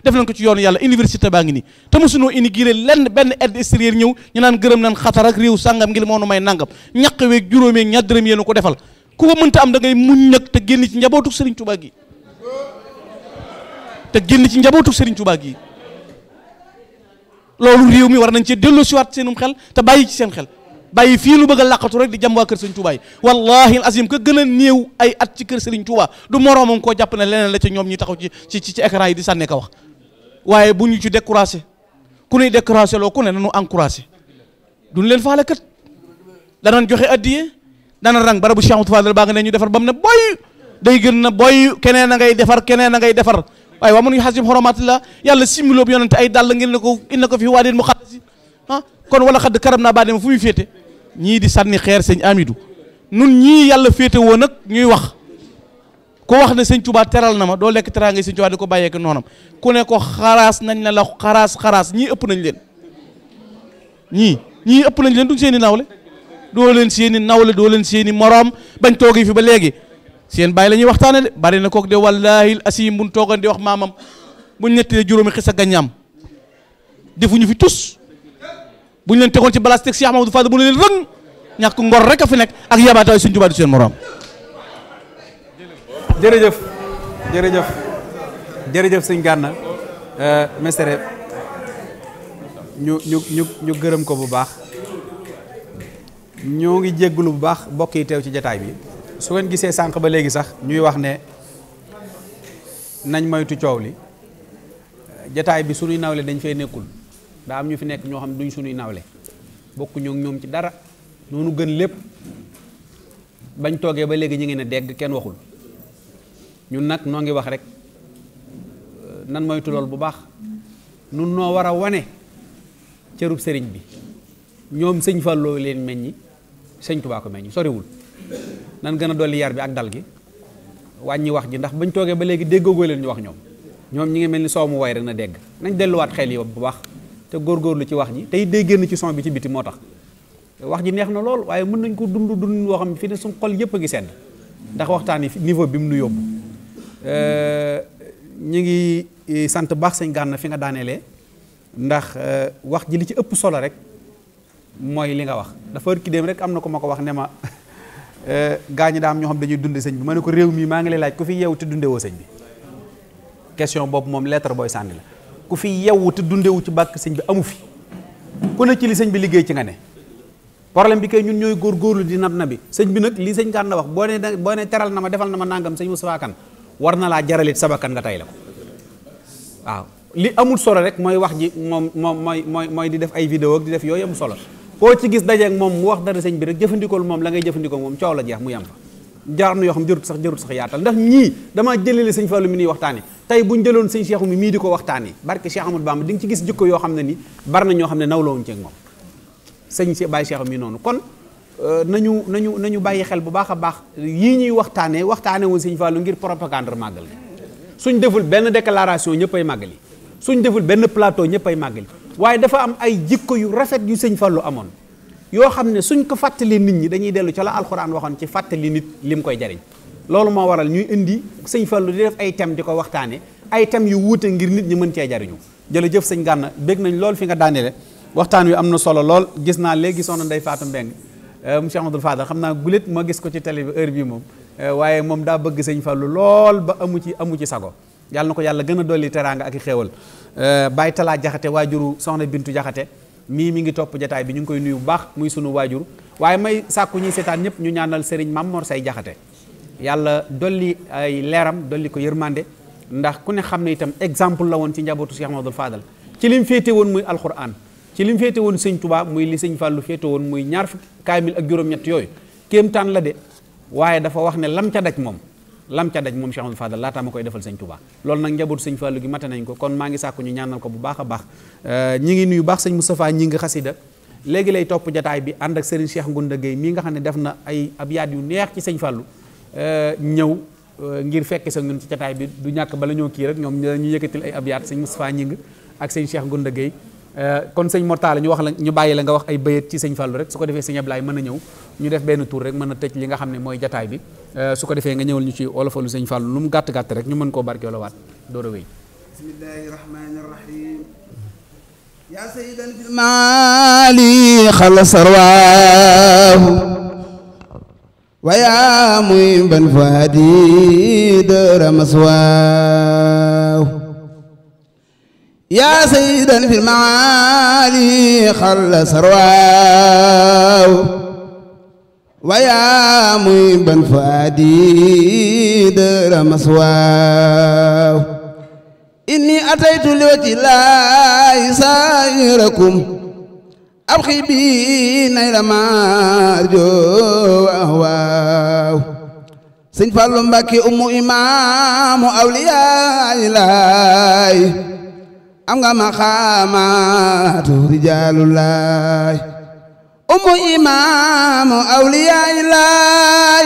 def nañ ko ci yoonu yàlla université baa ngi nii te mosunoo inauguré lenn benn aide extérieure ñëw ñu naan gërëm nan xatar ak réew sàngam ngir moo nu may nangam ñaq week juróomee ñaar dërëm yéen ko defal ku ko mënta am da ngay muñ nag te génn ci njabootu Serigne Touba gi te génn ci njabootu sëriñ Touba gi loolu réew mi war nañ cee dellu siwaat seenum xel te bàyyi ci seen xel bàyyi fii nu bëgg a làqatu rek di jam waa kër sëriñ Touba yi wallahi gën a néew ay at ci kër sëriñ Touba du moroomam koo jàpp ne leneen la ca ñoom ñi taxaw ci ci ci écran yi di sànne waye buñu ci décourager ku ñuy décourager lo ku ne nañu encourager duñ leen faale kat da nañ joxe addiye da na rang barabu Cheikh Mouhamadou Fadal ba nga ne ñu defar bam ne boy day gën na boy keneen na ngay defar keneen na ngay defar waye waa man yu xasim xoromatillah yàlla simulo bi yonante ay dal ngeen nako ko fi wadin muqaddasi ha kon wala xad karam na baa dem fu muy fété ñi di sànni xeer seigne Amidou nun ñi yàlla fété wo nak ñuy wax ku wax ne sëñ Tuubaa teral na ma doo lekk teraanga yi sëñ Tuubaa di ko bàyyeeki noonam ku ne ko xaraas nañ la la xaraas xaraas ñii ëpp nañ leen ñii ëpp nañ leen duñ seen i nawle doo leen seen i nawle doo leen seeni i moroom bañ toogee fi ba léegi seen baay la ñuy waxtaane de bari na kook de wallaahi asim buñ toogoon di wax maamam buñ nettalee juróomi xis a gaññaam defuñu fi tus buñ leen tegoon ci balaas teg Cheikh Mamadou Fadou bu ne leen ngor rek a fi nekk ak yabaataay sëñ Tuubaa seen moroom jërëjëf jërëjëf jërëjëf sëñ Gana euh, Messere ñu ñu ñu gërëm ko bu baax ñoo ngi jéggulu bu baax mbokk yi teew ci jataay bi su ngeen gisee sànq ba léegi sax ñuy wax ne nañ moytu coow li jataay bi suñuy nawle dañ fay nekkul daa am ñu fi nekk ñoo xam ne duñ suñuy nawle bokk ñoo ñoom ci dara noonu gën lépp bañ toogee ba léegi ñu ngi ne dégg kenn waxul ñun nag noo ngi wax rek nan moytu lool bu baax nun noo war a wane cërub sëriñ bi ñoom sëñ Fallou leen meññi sëñ Tuubaa ko meññi soriwul nan gën a dolli yar bi ak dal gi wàññi wax ji ndax bañ toogee ba léegi déggoogoo leen ñu wax ñoom ñoom ñi ngi mel ni soow mu way rek na dégg nañ delluwaat xel yi bu baax te góorgóorlu ci wax ñi tey day génn ci son bi ci biti moo tax wax ji neex na lool waaye mën nañ ko dund dund woo xam fi ne suñ xol yëpp a ngi sedd ndax waxtaan yi niveau bi mu nu yóbbu Euh, ñu ngi e, sant baax sëñ na fi nga daaneele ndax e, wax ji li ci ëpp solo rek mooy li nga wax dafa ërki dem rek am na ko ma ko wax ne ma e, gaañu daa am ñoo xam dañuy dunde sëñ bi ma ne ko réew mii maa ngi lay laaj ku fi yeewu te dundewoo sëñ bi question boobu moom lettre booy sànni la ku fi yeewu te dundewu ci bàkk sëñ bi amu fi ku ne ci li sëñ bi liggéey ci nga ne problème bi kay ñun ñooy góorgóorlu di nab na bi sëñ bi nag li sëñ Gana wax boo ne boo ne teral na ma defal na ma nangam sëñ Moustapha Kane war na laa jaralit sabakan nga tay la ko waaw li amul solo rek mooy wax ji moom moom mooy mooy mooy di def ay vidéo ak di def yooyu solo koo ci gis dajeeg moom mu wax dara sëñ bi rek jëfandikool moom la ngay jëfandikoo moom coow la jeex mu yem fa jaar na yoo xam jërut sax jërut yaatal ndax ñii damaa jëleli fa Fallou mi nuy waxtaane tey buñ jëloon sëñ Cheikh mi mii di ko waxtaane barke Cheikh Amadou Bamba di nga ci gis jikko yoo xam ne ni bari na ñoo xam ne nawlawuñ ceeg moom sëñ Baye Cheikh mi noonu kon Euh, nañu nañu nañu bàyyi xel bu baax a baax yii ñuy waxtaanee waxtaanee woon sëñ Fallou ngir propagande màggal gi suñ deful benn déclaration màgg li suñ deful benn plateau màgg màggali waaye dafa am ay jikko yu rafet yu sëñ lu amoon yoo xam ne suñ ko fàttali nit ñi dañuy dellu ca la alxuraan waxoon ci fàttali nit lim koy jariñ loolu moo waral ñuy indi sëñ Fallou di def ay thèmes di ko waxtaanee ay thèmes yu wuute ngir nit ñi mën cee jariñu jërëjëf sëñ Gànna bég nañ lool fi nga daaneele waxtaan wi am na solo lool gis naa léegi soxna Ndeye Fatou Mbengue Euh, monsieur Amadou Fadal xam naa gulet ma gis ko ci télé bi heure bii moom euh, waaye moom daa bëgg sëñ Fallou lool ba amu ci amu ci sago yàlla na ko yàlla gën a dolli teraanga ak i xéewal euh, Baye Talla Jaxate waajuru soxna Bintu Jaxate mii mi ngi topp jataay bi ñu ngi koy nuyu bu baax muy sunu waajur waaye may sàkku ñuy seetaan ñëpp ñu ñaanal sëriñ Mamor say Jaxate yàlla dolli ay leeram dolli ko yërmande ndax ku ne xam ne itam exemple la woon ci njabootu Cheikh Amadou Fadal woon muy alquran ci li mu féete woon sëñ Touba muy li sëñ Fallou féete woon muy ñaar fukki kaamil ak juróom-ñett yooyu kéemtaan la de waaye dafa wax ne lam ca daj moom lam ca daj moom Cheikh Amadou Fadal laata ma koy defal sëñ Touba loolu nag njabootu sëñ Fallou gi mate nañ ko kon maa ngi sàkku ñu ñaanal ko bu baax a baax euh, ñi ngi nuyu baax sëñ Moustapha ñi ngi xasida léegi lay topp jataay bi ànd ak Serigne Cheikh Ngounda Gueye mii nga xam ne def na ay ab yu neex ci sëñ Fallou euh, ñëw euh, ngir fekke sa ñun ci jataay bi du ñàkk bala ñoo kii rek ñoom ñu yëkkatil ay ab yaat sëñ Moustapha ñi ngi ak sëñ Cheikh Ngounda Gueye Eh, kon seigne mortal, ñu wax la ñu bayyi la nga wax ay beuyet ci seigne fallu rek suko defé seigne sëñ Ablaye mën ñëw ñu def ben tour rek mën a li nga xamné moy jotaay bi euh suko defé nga ñëwal ñu ci olofalu sëñ Fallou lu mu gatt gatt rek ñu mën ko barké waat wat a wéy bismillahi ya sayyidan fil maali xalas wa ويا مهم فؤادي در مسواه يا سيدا في المعالي خل سرواه ويا ميبا فؤادي در مسواه إني أتيت لوجه الله سائركم أبخي بينا إلى ما أرجو أهواه سنفال مبكي أم إمام أولياء الله am nga maqaamaatu rijaalullaay ummu imaamu awliyaaillaay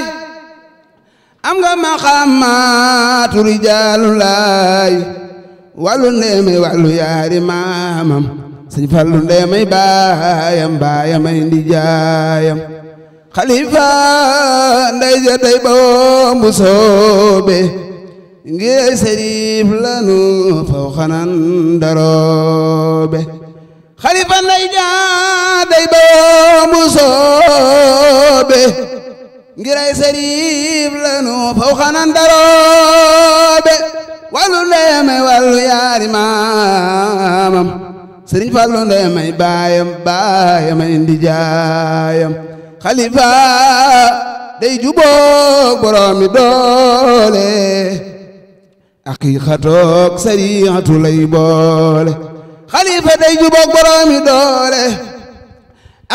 am nga maqaamaatu rijaalullaay wàllu ndeemay wàllu yaari maamam sëñ fallu ndeemay baayam baayamay ndijaayam xalifa ndey ja day soobe ngir sëriif lanu faw xanan daroobe xalifa nday jaa day boomu soobe ngir ay sëriif lanu faw xanan daroobe wàllu ndeeme wàllu yaari maamam sëriñ Fallu ndeemay baayam baayam ay ndijaayam xalifa day jubóog boroomi doole aqiqa toog sariatu lay boole xalifa day jubóog boroomi doole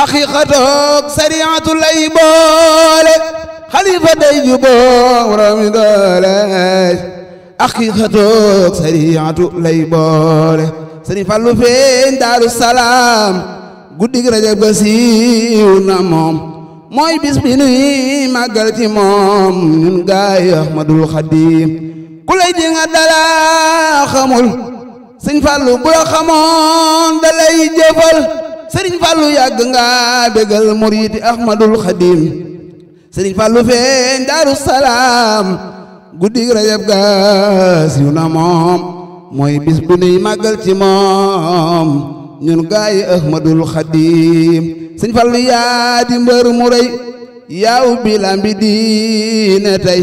aqiqa toog sariatu lay boole xalifa day jubóog boroomi doole aqiqa toog sariatu lay boole sëriñ Fallu feeñ Daaru Salaam guddig Rajab ba siiw na moom mooy bis bi ci moom ñun Ahmadul Xadim ku lay di nga dalaa xamul sëñ Fallou bu la xamoon da lay jëfal sëriñ Fallou yàgg nga bégal muridi Ahmadul Xadim sëriñ Fallou feeñ Daaru Salaam guddi rajab ga siw na moom mooy bis bu nuy màggal ci moom ñun gaay Ahmadul Xadim sëñ Fallou yaa di mbër mu rëy yaaw bi lambi diine tey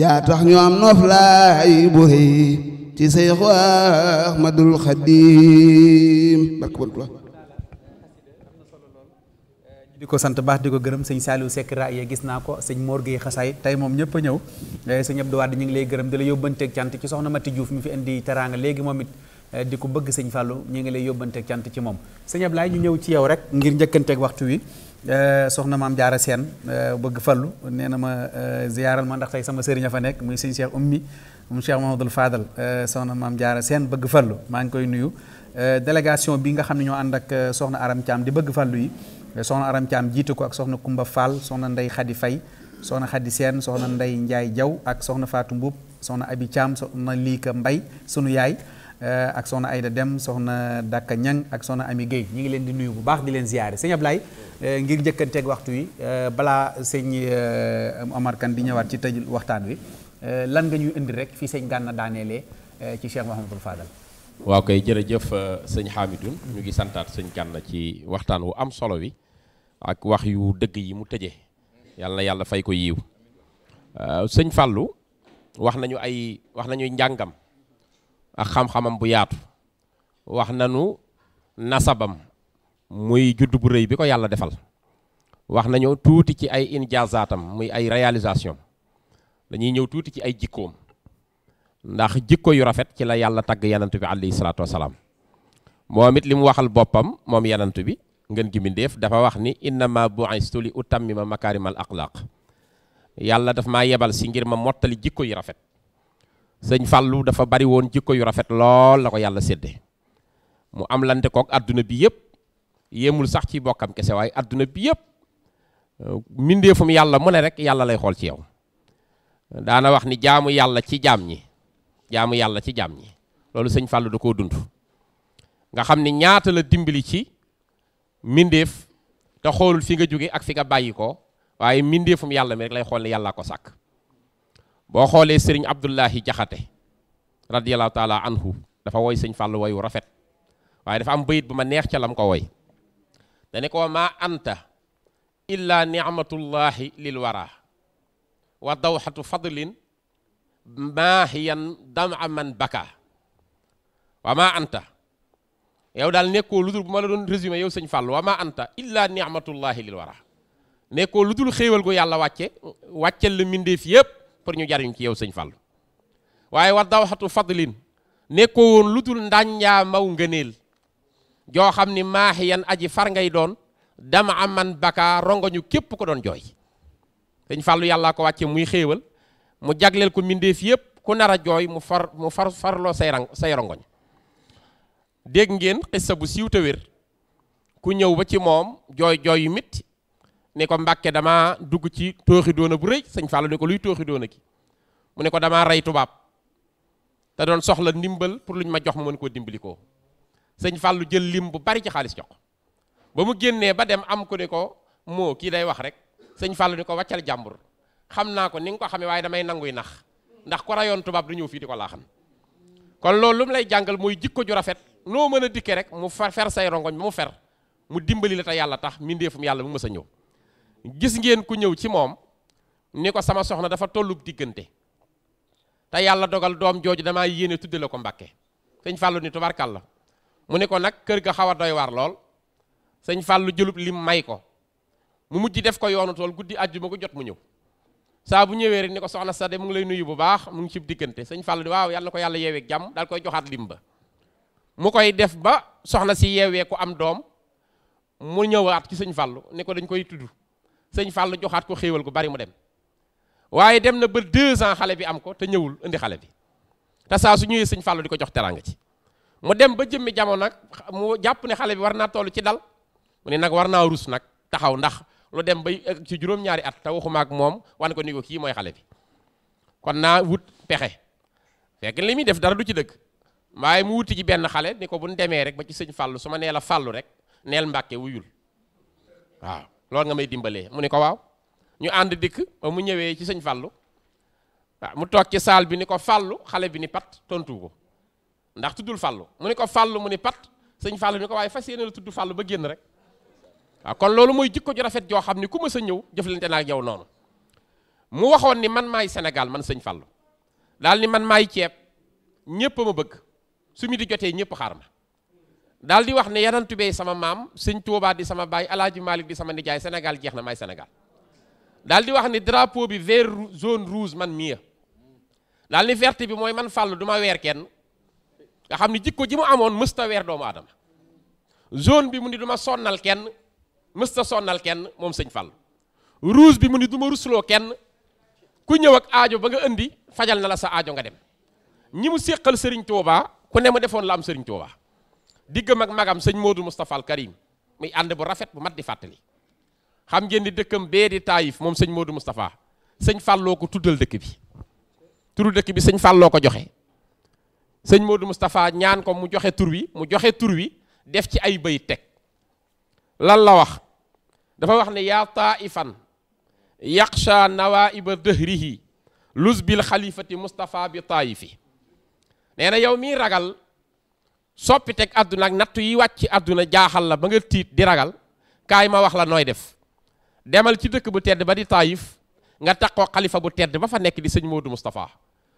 yaa tax ñu am noof laay bu rëy ci Seexu Ahmadul Xadiim di ko sant baax di ko gërëm sëñ Saliou Seck yee gis naa ko sëñ Mor Gueye xasaay tey moom ñëpp a ñëw eh, sëñ Abdou Wade ñu ngi lay gërëm di la yóbbanteeg cant ci soxna Mati Diouf mi fi indi teraanga léegi moom it eh, di ko bëgg sëñ Fallou ñu ngi lay yóbbanteek cant ci moom sëñ Ablaye ñu ñëw ci yow rek ngir njëkkanteek waxtu wi Eh, soxna maam jaara seen eh, bëgg fallu nee na ma eh, ziyaaral ma ndax tey sama sëriñ fa nekk muy sëñ Cheikh Ummi mu Cheikh Mamadou Fadal soxna maam jaara seen bëgg fallu maa ngi koy nuyu délégation bi nga xam ne ñoo ànd ak soxna Aram Thiam di bëgg fallu yi soxna Aram Thiam jiitu ko ak soxna Kumba Fall soxna Ndey Xadi Fay soxna Xadi Seen soxna Ndey Njaay Jaw ak soxna Faatu Mbuub soxna Abi Thiam soxna Liika Mbay sunu yaay Eh, ak soxna Ayda Dem soxna Daka Ñang ak soxna Ami Guèye ñi ngi leen di nuyu bu baax di leen ziyaare sëñ Ablaye eh, ngir njëkkanteeg waxtu wi eh, balaa sëñ Omar Kane di ñëwaat ci tëj waxtaan wi lan nga ñuy indi rek fii sëñ Gànna daaneelee ci Cheikh Mouhamadul Fadal. waaw kay jërëjëf sëñ Xaamidu ñu ngi santaat sëñ Gànna ci waxtaan wu am solo wi ak wax yu dëgg yi mu tëje yàlla yàlla fay ko yiw sëñ Fàllu wax nañu ay wax nañu njàngam ak xam-xamam bu yaatu wax nañu nasabam muy judd bu rëy bi ko yàlla defal wax nañu tuuti ci ay injazaatam muy ay réalisation dañuy ñëw tuuti ci ay jikkoom ndax jikko yu rafet ci la yàlla tagg yanant bi alayhi salaatu wasalaam moom it li mu waxal boppam moom yanant bi ngeen gi mbindéef dafa wax ni innama bu'istu li utammima makaarimal axlaaq yàlla daf maa yebal si ngir ma mottali jikko yu rafet sëñ Fallou dafa bari woon jikko yu rafet lool la ko yàlla sédde mu am lante kook adduna bi yëpp yéemul sax ci bokkam kese waaye àdduna bi yëpp euh, mbindeefum yàlla mu ne rek yàlla lay xool ci yow daana wax ni jaamu yàlla ci jaam ñi jaamu yàlla ci jaam ñi loolu sëñ Fallou di koo dund nga xam ni ñaata la dimbali ci mbindeef te xoolul fi nga jóge ak fi nga bàyyi ko waaye mbindeefum yàlla mi rek lay xool ne yàllaa ko sàkk bo xolé serigne abdullah Jaxate radiyallahu taala anhu dafa woy serigne Fàllu wayu rafet waye dafa am beuyit buma neex ci lam ko woy dane ko ma anta illa ni'matullah lil wara wa dawhatu fadlin maahiyan dama man baka wa ma anta yow dal neko ludul buma la don résumé yow serigne Fàllu wa ma anta illa ni'matullah lil wara nekkoo lu dul xéewal yàlla wàcce wàccel le mindeef yépp pour ñu jariñ ci yow sëñ Fall waaye war daw xatu fadlin nekkoo woon lu dul ndànjaa maw ngëneel joo xam ni maaxi yan aji far ngay doon dama am man baka rongoñu képp ko doon jooy sëñ Fallu yàllaa ko wàcce muy xéewal mu jagleel ko mbindeef yépp ku nar a jooy mu far mu far farloo say rang dégg ngeen xissa bu siiw te wér ku ñëw ba ci moom jooy jooy yu mitti ne ko mbàkke damaa dugg ci tooxi doona bu rëy sëñ Fallou ne ko luy tooxi doona ki mu ne ko damaa rey tubaab te doon soxla ndimbal pour luñ ma jox ma mën koo dimbali ko sëñ Fallou jël lim bu bari ci xaalis jox ba mu génnee ba dem am ku ne ko moo kii day wax rek sëñ Fallou ne ko wàccal jàmbur xam naa ko ni nga ko xamee waaye damay nanguy nax ndax ko rayoon tubaab du ñëw fii di ko laaxan kon loolu lu mu lay jàngal mooy jikko ju rafet noo mën a dikke rek mu fer say rongoñ ba mu dimbali la te yàlla tax mbindeefum yàlla mu mës a ñëw gis ngeen ku ñëw ci moom ni ko sama soxna dafa tollub diggante te yàlla dogal doom jooju damaa yéene tudde la ko mbàkke sëñ fàllu ni tubarkal la mu ne ko nag kër ga xaw a doy war lool sëñ fàllu jëlub lim may ko mu mujj def ko yoonu tool guddi àjjuma ko jot mu ñëw saa bu ñëwee rek ni ko soxna sa de mu ngi lay nuyu bu baax mu ngi cib diggante sëñ fàllu ni waaw yàlla ko yàlla yeeweeg jàmm daal koy joxaat lim ba mu koy def ba soxna si yeewee ku am doom mu ñëwaat ci sëñ fàllu ni dañ koy tudd sëñ Fallou joxaat ko xéewal ko bari mu dem waaye dem na ba deux ans xale bi am ko te ñëwul indi xale bi te saa su ñëwee sëñ Fallou di ko jox teraanga ci mu dem ba jëmmi jamono nag mu jàpp ne xale bi war naa toll ci dal mu ne nag war naa rus nag taxaw ndax lu dem ba ci juróom-ñaari at te waxuma ak moom wan ko ni ko kii mooy xale bi kon naa wut pexe fekk li muy def dara du ci dëgg waaye mu wuti ci benn xale ni ko bu ñu demee rek ba ci sëñ Fallou su nee la Fallou rek neel Mbàkke wuyul loolu nga may dimbalee mu ne ko waaw ñu ànd dikk ba mu ñëwee ci sëñ fàllu waaw mu toog ci saal bi ni ko fàllu xale bi ni pat tontu ko ndax tuddul fàllu mu ni ko fàllu mu ni pat sëñ fàllu ni ko waaye fas yéene la tudd fàllu ba génn rek waaw kon loolu mooy jikko ju rafet joo xam ni ku ma sa ñëw jëflante naa ak noonu mu waxoon ni man maay senegal man sëñ fàllu daal ni man maay ceeb ñépp ma bëgg su mi di jotee ñëpp xaar ma daal di wax ne yanantu bey sama maam sëñ Tuubaa di sama baay alaaji Malick di sama nijaay Sénégal jeex na maay Sénégal daal di wax ni drapeau bi vert zone rouge man mii daal di verte bi mooy man fàll du ma weer kenn nga xam ni jikko ji mu amoon mësta weer doomu aadama zone bi mu ni du ma sonnal kenn mësta sonnal kenn moom sëñ fàll rouge bi mu ni du ma rusloo kenn ku ñëw aajo ba nga indi fajal na la sa aajo nga dem ñi mu séqal sëriñ Tuubaa ku ne mu defoon la am sëriñ Tuubaa diggam ak magam sëñ Modou Moustapha Karim muy ànd bu rafet bu mat di fàttali xam ngeen ni dëkkam bee di taayif moom sëñ Modou Moustapha sëñ Falloo ko tuddal dëkk bi turu dëkk bi sëñ Falloo ko joxe sëñ Modou Moustapha ñaan ko mu joxe tur mu joxe tur wi def ci ay bay teg lan la wax dafa wax ne yaa taifan yaqsha nawaiba dëhrihi luz bil xalifati Moustapha bi taayifi nee na yow miy ragal soppiteg aduna ak nattu yi wàcc aduna jaaxal la ba nga tiit di ragal kaay ma wax la nooy def demal ci dëkk bu tedd ba di taayif nga takkoo xalifa bu tedd ba fa nekk di sëñ Modou mustapha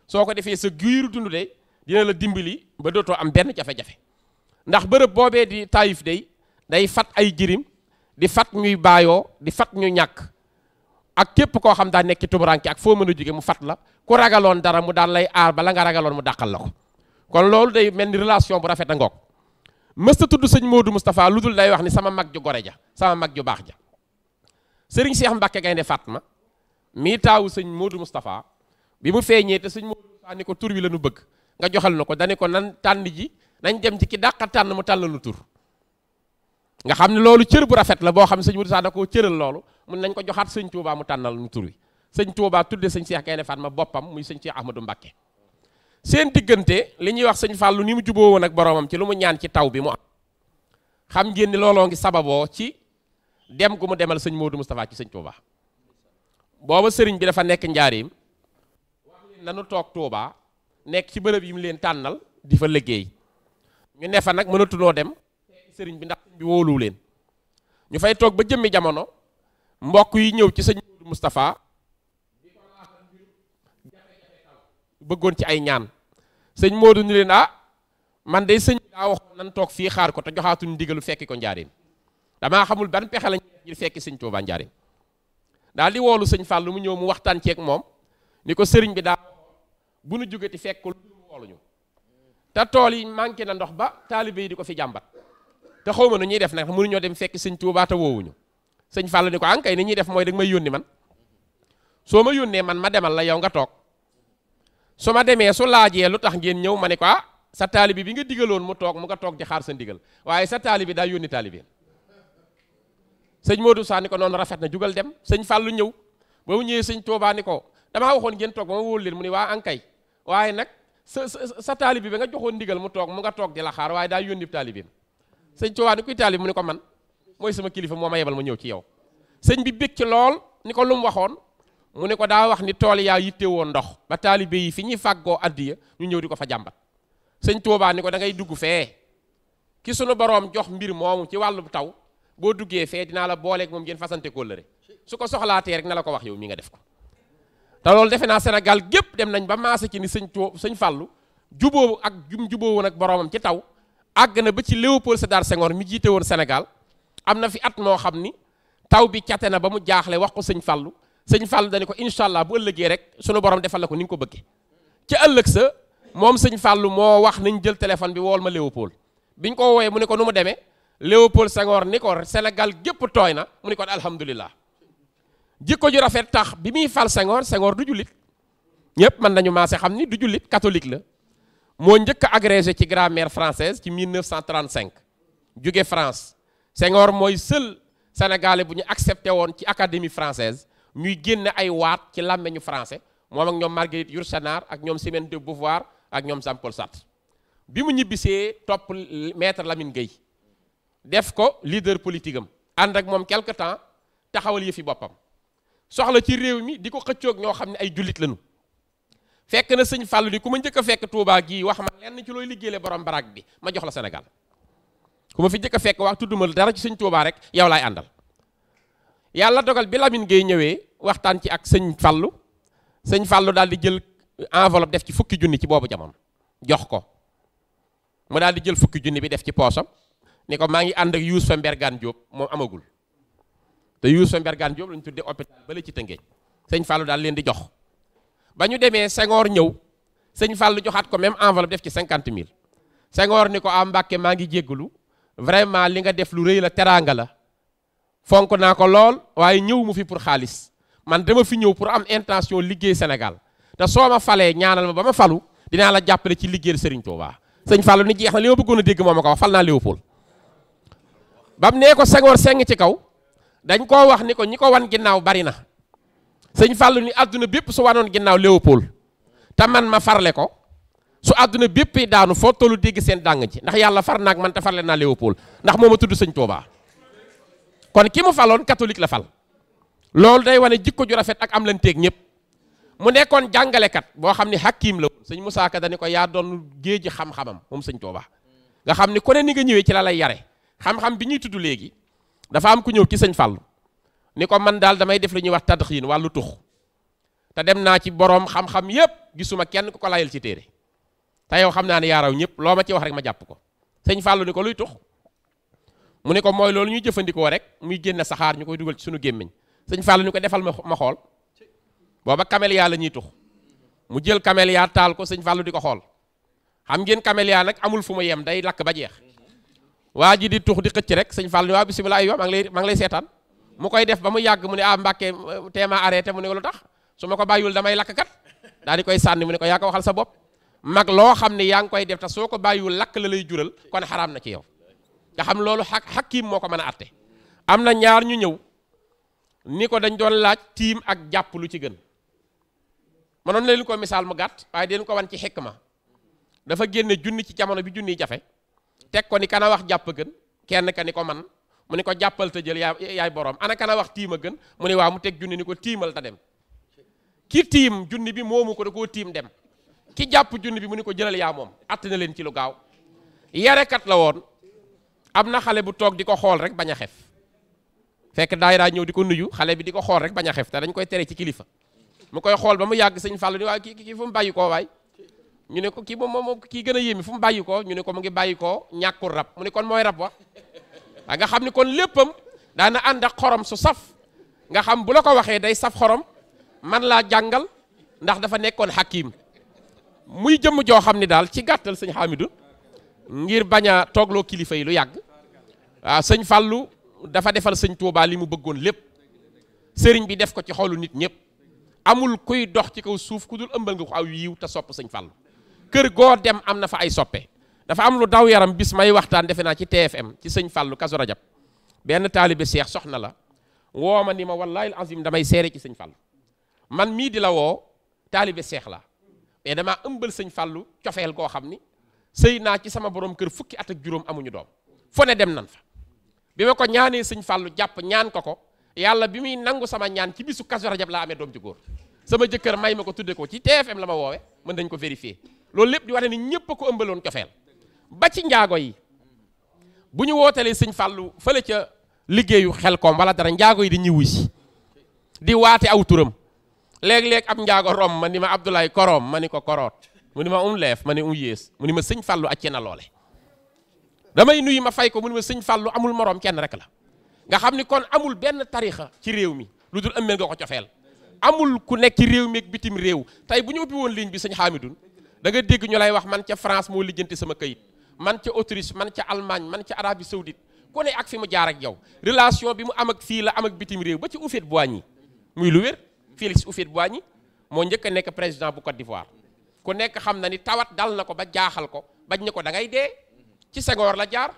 soo ko defee sa dund de dina la dimbali ba dootoo am benn jafe-jafe ndax bërëb boobee di taayif day day fat ay jirim di fat ñuy baayoo di fat ñu ñàkk ak képp koo xam daa nekk tumuranke ak foo mën a jóge mu fat la ku ragaloon dara mu daal lay aar la nga ragaloon mu dàqal la kon loolu day mel ni relation bu rafet a ngoog mësta tudd sëñ Modou Moustapha lu dul day wax ni sama mag ju gore ja sama mag ju baax ja sëriñ Cheikh mbakke Gaynde Fatma mii taawu sëñ Modou Moustapha bi mu feeñee te sëñ Modou Moustapha ko tur wi la ñu bëgg nga joxal na ko dani ko nan tànn ji nañ dem ci ki dàqa tànn mu tàllalu tur nga xam ni loolu cër bu rafet la boo xam ne sëñ Modou Moustapha koo cëral loolu mun nañ ko joxaat sëñ Touba mu tànnal nu tur wi sëñ Touba tudde sëñ Cheikh boppam muy sëñ Cheikh Ahmadou Mbacke seen diggante li ñuy wax sëñ Fallou ni mu juboo woon ak boroomam ci lu mu ñaan ci taw bi mu am xam ngéen ni looloo ngi sababoo ci dem gu mu demal sëñ Modou Moustapha ci sëñ Touba booba sëriñ bi dafa nekk njaarim nanu toog Touba nekk ci bërëb yi mu leen tànnal di fa liggéey ñu ne fa nag mënatunoo dem sëriñ bi ndax sëñ leen ñu fay toog ba jëmmi jamono mbokk yi ñëw ci sëñ Modou Moustapha bëggoon ci ay ñaan sëñ Modou ni leen ah, man de sëñ daa waxoon nan toog fii xaar ko te joxaatuñu ndigalu fekki ko njaareem damaa xamul ban pexe lañ ngir fekki sëñ Touba njaareem daal di woolu sëñ Fàllu mu ñëw mu waxtaan ceeg moom ni ko sëriñ bi daa bu nu jugati fekk lu wooluñu te tool yi manqué na ndox ba taalibe yi di ko fi jàmbat te xaw ma nu ñuy def nag mënuñoo dem fekk sëñ Touba te woowuñu sëñ Fàllu ni ko ankay ah, ni ñuy def mooy da may yónni man soo ma yónnee man ma demal la yow nga toog su ma demee su laajee lu tax ngeen ñëw ma ne ko ah sa taalibi bi nga digaloon mu toog mu nga toog di xaar sa ndigal waaye sa taalibi daa yónni taalibi sëñ Modou Sa ni ko noonu rafet na jugal dem sëñ Fallou ñëw ba ñëwee sëñ Touba ko damaa waxoon ngeen toog ba ma wóor leen mu ni waa ankay waaye nag sa sa taalibi bi nga joxoon ndigal mu toog mu nga toog di la xaar waaye daa yónni taalibi sëñ Touba ni kuy taalib mu ni ko man mooy sama kilifa moo ma yebal ma ñëw ci yow sëñ bi bég ci lool ni ko lu mu waxoon mu ne ko daa wax ni tool yaa yitte woon ndox ba taalibe yi fi ñuy fàggoo addiya ñu ñëw di ko fa jàmbat sëñ Tuubaa ni ko da ngay dugg fee ki sunu boroom jox mbir moomu ci wàllu taw boo duggee fee dinaa la booleeg moom ngeen fasante rek su ko soxlaatee rek na la ko wax yow mi nga def ko te loolu defe naa Sénégal gépp dem nañ ba maase ci ni sëñ Tuubaa sëñ Fàllu juboo ak jum juboo woon ak boroomam ci taw àgg na ba ci Léopold Sédar Senghor mi jiite woon Sénégal am na fi at moo xam ni taw bi cate na ba mu jaaxle wax ko sëñ Fàllu sëñ Fall dani ko incha allah bu ëllëgee rek sunu borom defal la ko ni nga ko bëggee ci ëllëg sa moom sëñ Fallu moo wax nañ jël téléphone bi wool ma Léopold biñ ko woowee mu ne ko nu mu demee Léopold Senghor ni ko Sénégal gépp tooy na mu ne ko alhamdulilah jikko ju rafet tax bi muy fal Senghor Senghor du jullit ñëpp mën nañu maase xam ni du jullit catholique la moo njëkk a agrégé ci grammaire française ci 1935 jóge France Senghor mooy seul sénégalais bu ñu accepté woon ci académie française ñuy génne ay wat ci làmmeñu français mom ak ñom Marguerite Yourcenar ak ñom Simone de Beauvoir ak ñom Jean-Paul Sartre bi mu ñibbisee top maître Lamine Gueye def ko leader politique am ànd ak mom quelque temps taxawal yëfi bopam soxla ci réew mi diko xëccok ño xamni ay julit lañu fekk na sëñ fallu di kuma ma fekk Touba gi wax ma lenn ci looy liggéeyale borom barak bi ma jox la Sénégal kuma fi njëkk fekk wax tuduma dara ci sëñ Touba rek yow lay àndal yàlla dogal bi Lamine Gueye ñëwee waxtaan ci ak sëñ Fallou sëñ Fallou daal di jël enveloppe def ci fukki junni ci boobu jamono jox ko mu daal di jël fukki junni bi def ci poosam ni ko maa ngi ànd ak Youssoufa Mbergane Diop moom amagul te Youssoufa Mbergane Diop lañ tuddee hôpital bale ci Tëngéej sëñ Fallou daal leen di jox ba ñu demee Senghor ñëw sëñ Fallou joxaat ko même enveloppe def ci cinquante mille Senghor ni ko am ah, Mbàkke maa ngi jéggalu vraiment li nga def lu rëy la teraanga la fonk na ko lol waye ñëw mu fi pour khalis man dama fi ñew pour am intention liggéey senegal da soma ma ñaanal ma ba ma falu dina la jappalé ci liggéeyal Serigne Touba serigne fallu ni jeexna na li ma a dégg momako wax fal niko, Léopold ba ko seng ci kaw dañ ko wax ni ko ñiko wan ginnaw bari na serigne fallu ni aduna bëpp su wanon ginnaw Léopold ta man ma farlé ko su àdduna bépp daanu fo tolu dégg seen dang ci ndax yalla far man ta farle na Léopold ndax moma tuddu serigne Touba kon ki mu faloon catholique la fal loolu day wane jikko ju rafet ak am leen teeg ñëpp mu nekkoon jàngalekat boo xam ne hakim la woon sëñ Moussa Ka dañu ko yaa doon géeji xam-xamam moom sëñ Touba nga xam ni ku ne ni nga ñëwee ci la lay yare xam-xam bi ñuy tudd léegi dafa am ku ñëw ci sëñ Fallou ni ko man daal damay def lu ñuy wax tadxiin wàllu tux te dem naa ci boroom xam-xam yépp gisuma kenn ku ko layal ci téere te yow xam naa ne yaa raw ñëpp loo ma ci wax rek ma jàpp ko sëñ Fallou ni ko luy tux mu ne ko mooy loolu ñuy jëfandikoo rek muy génne saxaar ñu koy dugal ci suñu gémmiñ sëñ Fall ñu ko defal ma xool booba camélia la ñuy tux mu jël camélia taal ko sëñ Fall di ko xool xam ngeen camélia nag amul fu mu yem day lakk ba jeex waa jii di tux di xëcc rek sëñ Fall ni waa bisimilah aywa maa ngi lay maa ngi lay seetaan mu koy def ba mu yàgg mu ne ah Mbàkke téema arrêté mu ne ko lu tax su ma ko bàyyiwul damay lakk kat daal di koy sànni mu ne ko yaa ko waxal sa bopp mag loo xam ne ngi koy def te soo ko bàyyiwul lakk la lay jural kon xaraam na ci yow nga xam loolu xak xakiim moo ko mën a atte am na ñaar ñu ñëw ni ko dañ doon laaj tiim ak jàpp lu ci gën mënoon leen ko misaal mu gàtt waaye deen ko wan ci ma dafa génne junni ci jamono bi junniy jafe teg ko ni kana wax jàpp gën kenn ka ni ko man mu ni ko jàppal te jël yaay yaay boroom ana kana wax tiim a gën mu ni waaw mu teg junni ni ko tiimal ta dem ki tiim junni bi moomu ko da koo tiim dem ki jàpp junni bi mu ni ko jëlal yaa moom att leen ci lu gaaw yarekat la woon amna xalé bu tok di ko rek baña xef fekk daayira ñew di nuyu xalé bi diko ko rek baña xef te dañ koy téré ci kilifa mu koy xol ba mu yag señ fallu ni wa ki ki fu mu bàyyi ñu ne ko ki mo mo ki gëna fu mu ñu ne ko mu ngi bayiko ñaakul rap mu ne kon moy rap wa nga xamni kon léppam daana and ak xorom su saf nga xam bu la ko waxe day saf xorom man la jangal ndax dafa nekkon hakim muy jëm jo xamni ni ci gattal señ Hamidou ngir bañ a toogloo kilifa yi lu yàgg waaw ah, sëñ fallu dafa defal sëñ Touba li mu bëggoon lépp sëriñ bi def ko ci xolu nit ñëpp amul kuy dox ci kaw suuf ku dul ëmbal nga ko aw yiw te sopp sëñ Fallou kër goo dem am na fa ay soppe dafa am lu daw yaram bis may waxtaan defe naa ci TFM ci sëñ Fallou Kazu Rajab benn taalibe seex soxna la woo ma ni ma wallaahi azim damay seere ci sëñ Fallou man mii di la woo taalibe seex la mais damaa ëmbal sëñ Fallou cofeel goo xam ni sëy naa ci sama borom kër fukki at ak juróom amuñu doom fone dem nan fa bi ma ko ñaanee sëñ fàllu jàpp ñaan ko ko yàlla bi muy nangu sama ñaan ci bisu kasu rajab laa amee doom ci góor sama jëkkër may ma ko tudde ko ci TFM la ma woowe mën dañ ko vérifier loolu lépp di wax ne ñépp ko ëmbaloon cofeel ba ci njaago yi bu ñu wootalee sëñ fàllu fële ca liggéeyu xel koom wala dara njaago yi di ñëwu di waate aw turam léeg-léeg ab njaago rom ma ni ma Abdoulaye Koroom ma ni ko koroot mu ni ma um leef ma ne um yées mu ni ma sëñ fàllu acce na loole damay nuyu ma fay ko mu ma sëñ fàllu amul moroom kenn rek la nga xam ni kon amul benn tarixa ci réew mi lu dul ëmmeel nga ko cofeel amul ku nekk ci réew mi ak bitim réew tey bu ñu ubbi woon ligne bi sëñ xaamidun da nga dégg ñu lay wax man ca France moo lijjanti sama kayit man ca Autriche man ca almaañ man ca Arabie Saoudite ku ne ak fi mu jaar ak yow relation bi mu am ak fii la am ak bitim réew ba ci Houphouët-Boigny muy lu wér Félix Houphouët-Boigny moo njëkk nekk président bu Côte d'Ivoire ku nekk xam na ni tawat dal na ko ba jaaxal ko bañ ne ko da ngay dee ci Senghor la jaar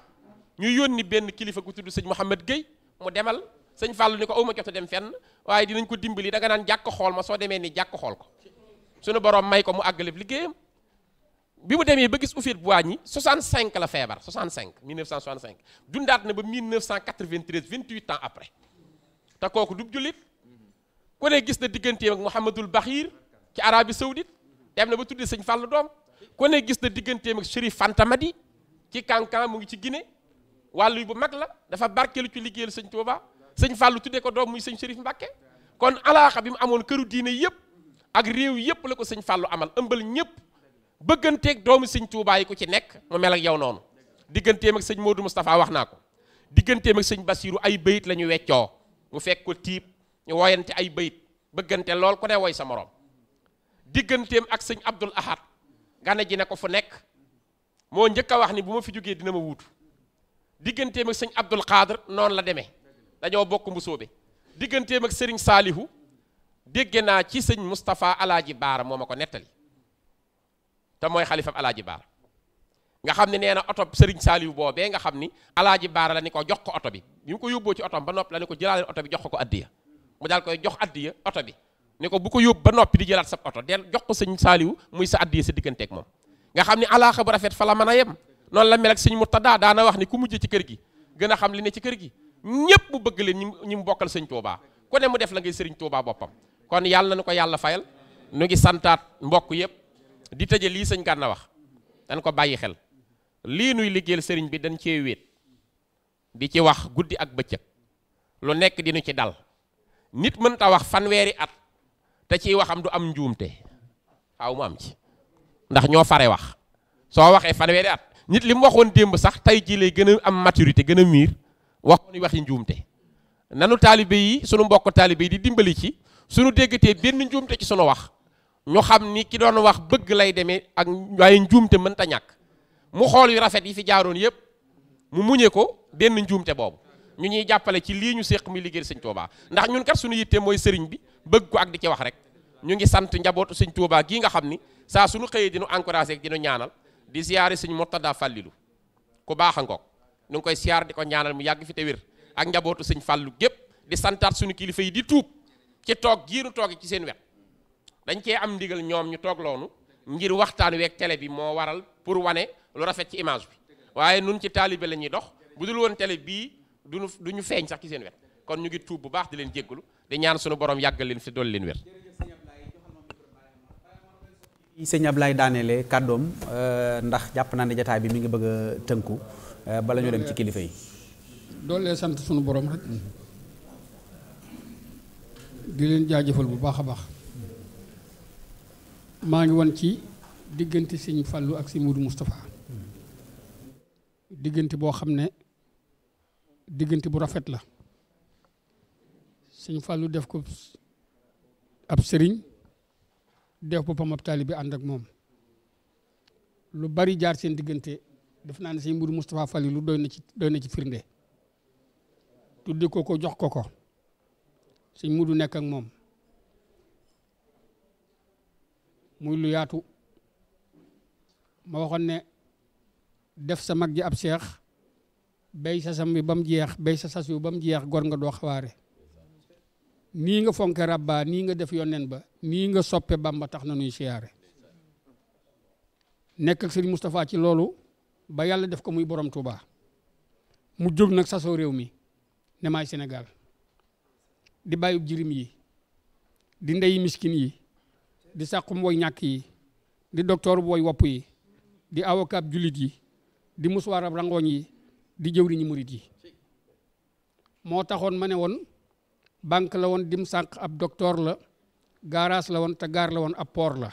ñu yónni benn kilifa gu tudd sëñ Mouhamed Gueye mu demal sëñ Fallou ni ko awma jot a dem fenn waaye dinañ ko dimbali danga naan jàkk xool ma soo demee nii jàkk xool ko sunu borom may ko mu àggale liggéeyam bi mu demee ba gis bu Houphouët Boigny 65 la feebar 65 1965 dundaat na ba 1993 28 ans après te kooku du jullit ku ne gis na digganteem ak Mouhamadul Bakhir ci Arabie Saoudite dem na ba tuddee sëñ Fallou doom ku ne gis na digganteem ak Chérif Fanta Madi ci kankan mu ngi ci Guinée wàllu bu mag la dafa barkeelu ci liggéeyal sëñ Touba sëñ Fallou tuddee ko doom muy sëñ Chérif Mbacké kon alaaxa bi mu amoon këru diine yëpp ak réew yëpp la ko sëñ Fallou amal ëmbal ñëpp bëgganteeg doomu sëñ Touba ku ci nekk mu mel ak yow noonu digganteem ak sëñ Modou Moustapha wax naa ko digganteem ak sëñ Bassirou ay bayit la ñu weccoo mu fekk ko tiib ñu woyante ay bayit bëggante lool ku ne woy sa moroom digganteem ak sëñ Abdul Ahad gane ji ne ko fu nekk moo njëkk a wax ni bu ma fi jógee dina ma wutu digganteem ak sëñ Abdul Xaadir noonu la demee dañoo bokk bi digganteem ak sëriñ Saalihu dégge naa ci sëñ mustafaa Alaaji Baara moo ma ko nettali te mooy xalifam Alaaji Baara nga xam ne nee na oto sëriñ Saalihu boobee nga xam ni Alaaji Baara la ni ko jox ko oto bi bi mu ko yóbboo ci oto ba nopp la ni ko jëlaaleen oto bi jox ko ko addiya mu daal koy jox addiya oto bi ne ko bu ko yob ba nopi di jelat sa auto del jox ko señ saliw muy sa addi sa ak mom nga xamni ala khabar rafet fala mana yem non la mel ak señ murtada na wax ni ku mujjé ci kër gi gëna xam li ne ci kër gi ñepp mu bëgg leen ñi mu bokkal sëñ Touba ku ne mu def la ngay señ Touba bopam kon yalla nako yalla fayal nu ngi santat mbokk yépp di tëje lii sëñ Gana wax dañ ko bayyi xel li nuy liggéel señ bi dañ ci wéet di ci wax guddi ak beccëk lu nekk dinu ci dal nit ta wax fanwéri at te ciy waxam du am njuumte xaaw mu am ci ndax ñoo fare wax soo waxee fanweeri at nit li mu waxoon démb sax tey jii lay gën a am maturité gën a miir wax ko waxoon waxi njuumte nanu taalibe yi sunu mbokk taalibe yi di dimbali ci sunu déggatee benn njuumte ci sunu wax ñu xam ni ki doon wax bëgg lay demee ak waaye njuumte mënta ñàkk mu xool yu rafet yi fi jaaroon yépp mu muñe ko benn njuumte boobu ñu ñuy jàppale ci lii ñu séq muy liggéey sëñ Touba ndax ñun kat suñu yitte mooy sëriñ bi bëgg ko ak di ci wax rek ñu ngi sant njabootu sëñ Touba gii nga xam ni saa suñu xëyee dinu encouragé ak dinu ñaanal di siyaare sëñ Murtada Fàllilu ku baax a ngoog nu koy siyaar di ko ñaanal mu yàgg fi te wér ak njabootu sëñ Fàllu gépp di santaat suñu kilifa yi di tuub ci toog giiru toog ci seen wet dañ cee am ndigal ñoom ñu toog loonu ngir waxtaan week télé bi moo waral pour wane lu rafet ci image bi waaye nun ci taalibe la ñuy dox duñu du ñu feeñ sax ci seen wet kon ñu ngi tuub bu baax di leen jéggalu di ñaan suñu borom yàggal leen fi dool leen wér sëñ lay daaneele kàddoom euh, ndax jàpp naa ne jataay bi mu ngi bëgg tënku euh, bala ñu dem ci kilifa yi doole sant suñu boroom di leen jaajëfal bu baax a baax maa ngi woon ci diggante sëñ Fallou ak sëñ Modou Moustapha diggante boo xam ne diggante bu rafet la sëñ lu def ko ab sëriñ def boppam ab taalibe ànd ak moom lu bari jaar seen diggante def naa ne sëñ Mbour Moustapha Fallou lu doy na ci doy na firnde tuddi ko ko jox ko ko sëñ Mudu nekk ak moom muy lu yaatu ma waxoon ne def sa mag ji ab seex bay sasam bi ba mu jeex bay sa sas ba mu jeex gor nga doo xawaare nii nga fonke rabba nii nga def yonen ba nii nga soppe bamba tax na nuy siyaare nekk ak sëriñ ci loolu ba yàlla def ko muy borom Touba mu jóg nag sasoo réew mi ne maay Sénégal di bàyyub jirim yi di ndeyi miskin yi di sàqum woy ñàkk yi di docteur bu woy wopp yi di avocat jullit yi di musuwaarab rangooñ yi di jëw jëwriñu murit yi moo taxoon ma ne woon banque la woon dim sànq ab docteur la gaaraas la woon te gaar la woon ab poor la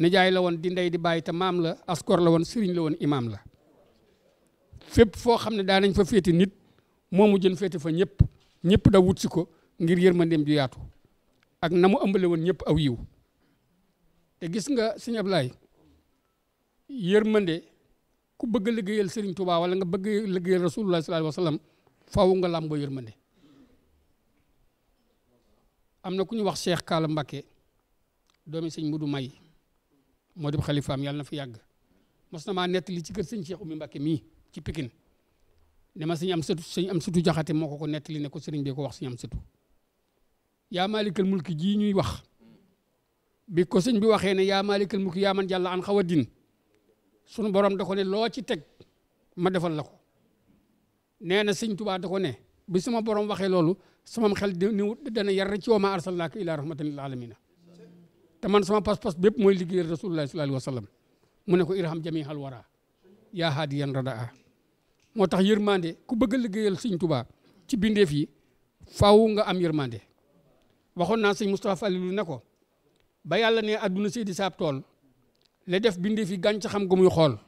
nijaay la woon di ndey di bàyyi te maam la askor la woon sëriñ la woon imaam la fépp foo xam ne daanañ fa féete nit moo mu jën féete fa ñëpp ñëpp da wut si ko ngir yërmandeem ju yaatu ak na mu ëmbale woon ñëpp aw yiw te gis nga sëñ Ablaay yërmande ku bëgg a liggéeyal Serigne wala nga bëgg a liggéeyal Rasulullah sallallahu alayhi wa sallam faaw nga làmboo yërmande am na ku ñu wax Cheikh Kaala Mbakke doomi sëñ Mudu May moo di xalifaam yàlla na fi yàgg mos na maa nettali ci kër sëñ Cheikh Oumy Mbakke mii ci pikin ne ma sëñ am sëtu sëñ am sëtu jaxate moo ko ko nettali ne ko sëriñ bee ko wax sëñ am sëtu yaa maalikal mulki jii ñuy wax bi ko sëñ bi waxee ne yaa maalikal mulki yaa man jàlla an xaw a din sunu borom dakone loo ci teg ma defal la ko nee na sëñ Tuubaa da ko ne bi sama borom waxee loolu sama xel ni dana yar ci wa ma arsalnaaka ilaa rahmatan lil aalamiina te man sama pas-pas bépp mooy liggéeyal rasulullahi sallallahu alayhi wa sallam mu ne ko irham jamihal wara yaa haadiyan radaa moo tax yërmande ku bëgg a liggéeyal sëñ tubaa ci bindeef yi faw nga am yërmande waxoon naa sëñ Moustapha Falilou ne ko ba yàlla ne adduna seydi saab tool la def bindee fi xam gu muy xool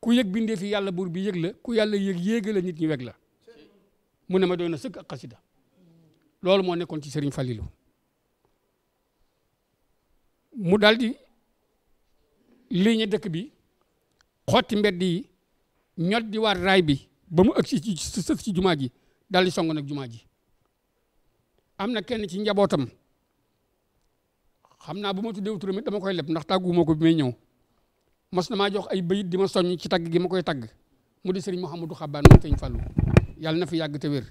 ku yëg bindee fi yàlla buur bi yëg la ku yàlla yëg yéega la nit ñi weg la mu ne ma doy na sëkk ak xasida loolu moo nekkoon ci Serigne Fallilou mu daldi di dëkk bi xotti mbedd yi ñot di waar raay bi ba mu ëgg ci sës ci jumaa ji daal di song nag jumaa ji am na kenn ci njabootam xam naa bu ma tuddee turam it koy leb ndax tàggu ko bi may ñëw mas na maa jox ay bayit di ma soññ ci tagg gi ma koy tagg mu di mu Mouhamadou Xabaan moom sëñ Fallou yàlla na fi yàgg te wér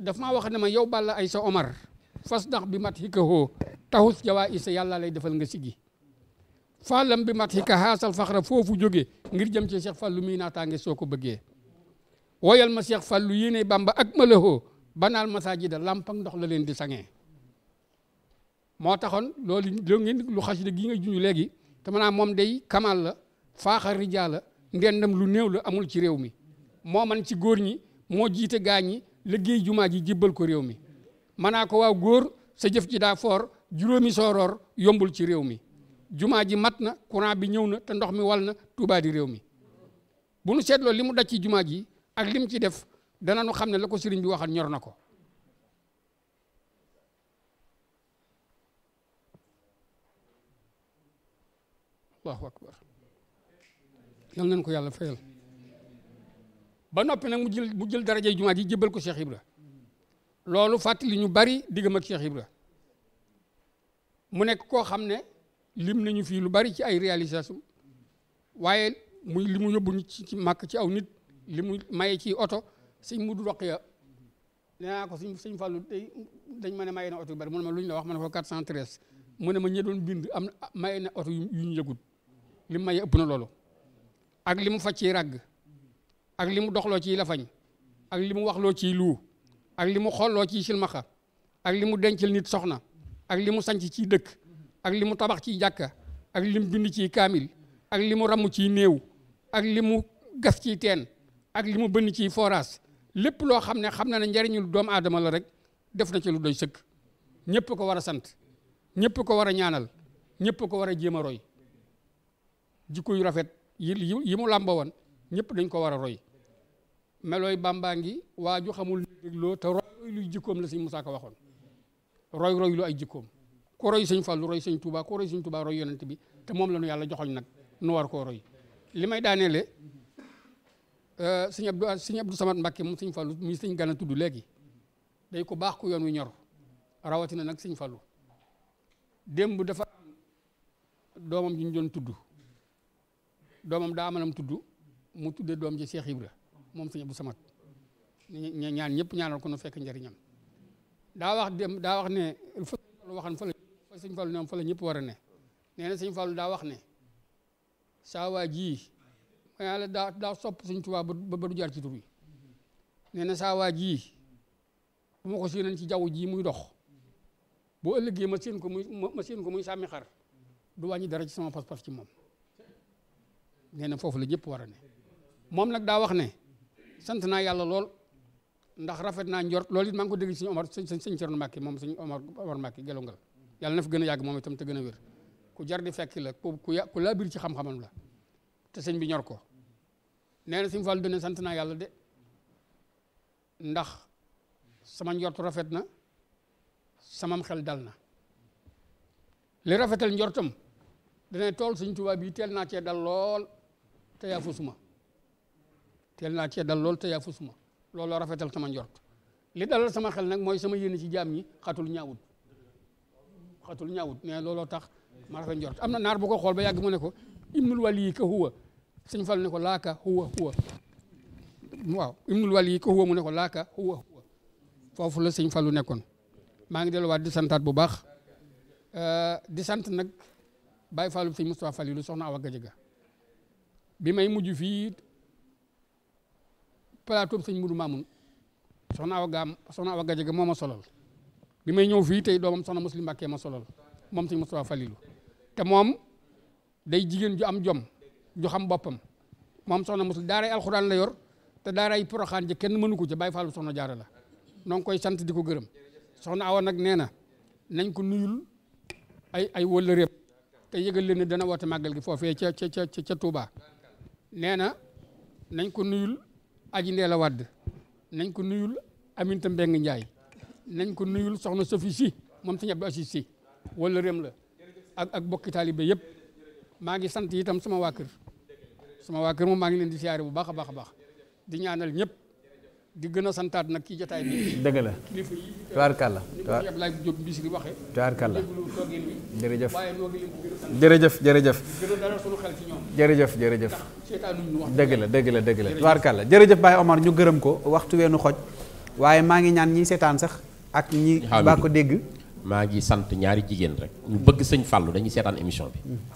daf maa wax ne ma yow Balla Aysa Omar fas ndax bi mat hikka hoo taxus jawaa isa yàlla lay defal nga sigi faalam bi mat hikka haasal faxra foofu jóge ngir jëm ci Cheikh Fallou mii naataange soo ko bëggee woyal ma Cheikh Fallou yéene Bamba ak ma la hoo banaal masaajida làmpak ndox la leen di sangee moo taxoon loolu loo ngeen lu xasida gi nga juñu léegi te maanaam moom dey kamal la faaxar rijaa la ndendam lu néew la amul ci réew mi moo man ci góor ñi moo jiite gaa ñi liggéey jumaa ji jibbal ko réew mi manaa ko waaw góor sa jëf ji daa foor juróomi sooroor yombul ci réew mi jumaa ji mat na courant bi ñëw na te ndox mi wal na Tuubaa di réew mi bu nu seetloo li mu daj ci jumaa ji ak lim ci def dana nu xam ne la ko sëriñ bi waxal ñor na ko allahu akbar yal nañ ko yàlla fayal ba noppi nag mu jël mu jël daraja jumaa ji jébbal ko seex Ibra loolu fàttali ñu bari diggam ak Cheikh Ibra mu nekk koo xam ne lim nañu fii lu bari ci ay réalisation waaye muy mu yóbbu ci ci màkk ci aw nit li mu maye ci oto sëñ mu du doq ya nee naa ko sëñ sëñ Fallou dañ ma ne maye na oto yu bari mu ne ma lu ñu la wax ma ne ko 413 mu ne ma ñi doon bind am maye na oto yu ñu yëgut li mu maye ëpp na loolu ak li mu faj ci ràgg ak li mu doxloo ci lafañ ak li mu waxloo ci luu ak li mu xolloo ciy silmaxa ak li mu dencal nit soxna ak li mu sanc ci dëkk ak li mu tabax ci jàkka ak li mu bind ci kaamil ak li mu ramm ciy néew ak li mu gas ci teen ak li mu bënn ci forage lépp loo xam ne xam na ne njariñul doomu aadama la rek def na ci lu doy sëkk ñëpp ko war a sant ñëpp ko war a ñaanal ñëpp ko war a jéem a roy jikko yu rafet yi yi mu làmboo woon ñëpp dañ ko war a roy melooy bàmbaa ngi waa ju xamul ni dégloo te roy luy jikkoom la sëñ Musaa waxoon roy roy lu ay jikkoom ku roy sëñ falu roy sëñ Tuubaa ku roy sëñ Tuubaa bi te moom yàlla joxoñ nag nu war koo roy li may daaneele euh, sëñ Abdou sëñ Abdou Samad mu moom sëñ Fallu mi sëñ Gana tudd léegi day ko baax ko yoon wi ñor rawatina nag sëñ Fallu démb dafa doomam ji ñu doon tudd domam da manam tudd mu tudde dom ji Cheikh Ibra mom seigne Abdou Samad ñaan ñepp ñaanal ko no fekk ndariñam da wax dem da wax ne fa sëñ waxan fa la seigne Fallu ne fa la ñepp wara ne neena seigne Fallu da wax ne sa waji ji da da daa sopp ba ba du jaar ci tur wi nee na bu mako seen ci jawu ji muy dox bo ëllëgé ma seen ko muy ma seen ko muy sàmmi xar du wañi dara ci sama pas-pas ci mom nee na foofu la ñëpp war a ne moom nag daa wax ne sant naa yàlla lool ndax rafet naa njort lool it maa ngi ko dégg sëñ Omar sëñ sëñ Cerno Mbàkke moom sëñ Omar Omar Mbàkke gelu ngal yàlla na fi gën a yàgg moom itam te gën a wér ku jar di fekk la ku ku laa biir ci xam-xamam la te sëñ bi ñor ko nee na sëñ Fallu dina sant naa sama njort rafet na samam xel dal na li rafetal njortam dana tool sëñ Tuubaa bi teel naa cee dal lool te yaa fusuma teel naa cee dal lool te yaa fusuma looloo rafetal sama njort li dalal sama xel nag mooy sama yéene ci jaam ñi xatul ñaawut xatul ñaawut mais looloo tax ma rafet njort am na naar bu ko xool ba yàgg mu ne ko ibnul wali yi ka huwa sëñ fal ne ko laaka huwa yi ka huwa mu ne ko laaka huwa foofu la sëñ falu nekkoon maa ngi delluwaat di santaat bu baax di sant nag bàyyi fallu sëñ Moustapha Falilu soxna Awa Gajaga bi may mujj fii plateau sëñ Mudu Maamun soxna Awa Gaam soxna Awa Gajaga moo ma solal bi may ñëw fii tey doomam soxna Muslim Mbàkke ma solal moom sëñ Mustafa Falilu te moom day jigéen ju am jom ju xam boppam moom soxna Muslim daaray alxuraan la yor te daaray poroxaan ji kenn mënu ko ca Baay Faalu soxna jaara la noo koy sant di ko gërëm soxna Awa nag nee na nañ ko nuyul ay ay wëllëreem te yëgal leen ne dana woote màggal gi foofee ca ca ca ca tuubaa nee na nañ ko nuyul aji Ndéla Wade nañ ko nuyul Aminata Mbengue Ndiaye nañ ko nuyul soxna Sophie moom sëñ Abdou Aziz si wala rem la ak ak bokki taalibe yëpp maa ngi sant itam sama waa kër sama waa kër moom maa ngi leen di siyaare bu baax a baax a baax di ñaanal ñëpp di gën a santaat nag ci jotaay bi. dëgg la kilifa yi. tubaarkàlla Ablaye jërëjëf jërëjëf jërëjëf. jërëjëf jërëjëf. dëgg la dëgg la dëgg la tubaarkàlla jërëjëf Baye Omar ñu gërëm ko waxtu weenu xoj waaye maa ngi ñaan ñi seetaan sax ak ñi baa ko dégg maa ngi sant ñaari jigéen rek ñu bëgg sëñ Fallou dañuy seetaan émission bi mm.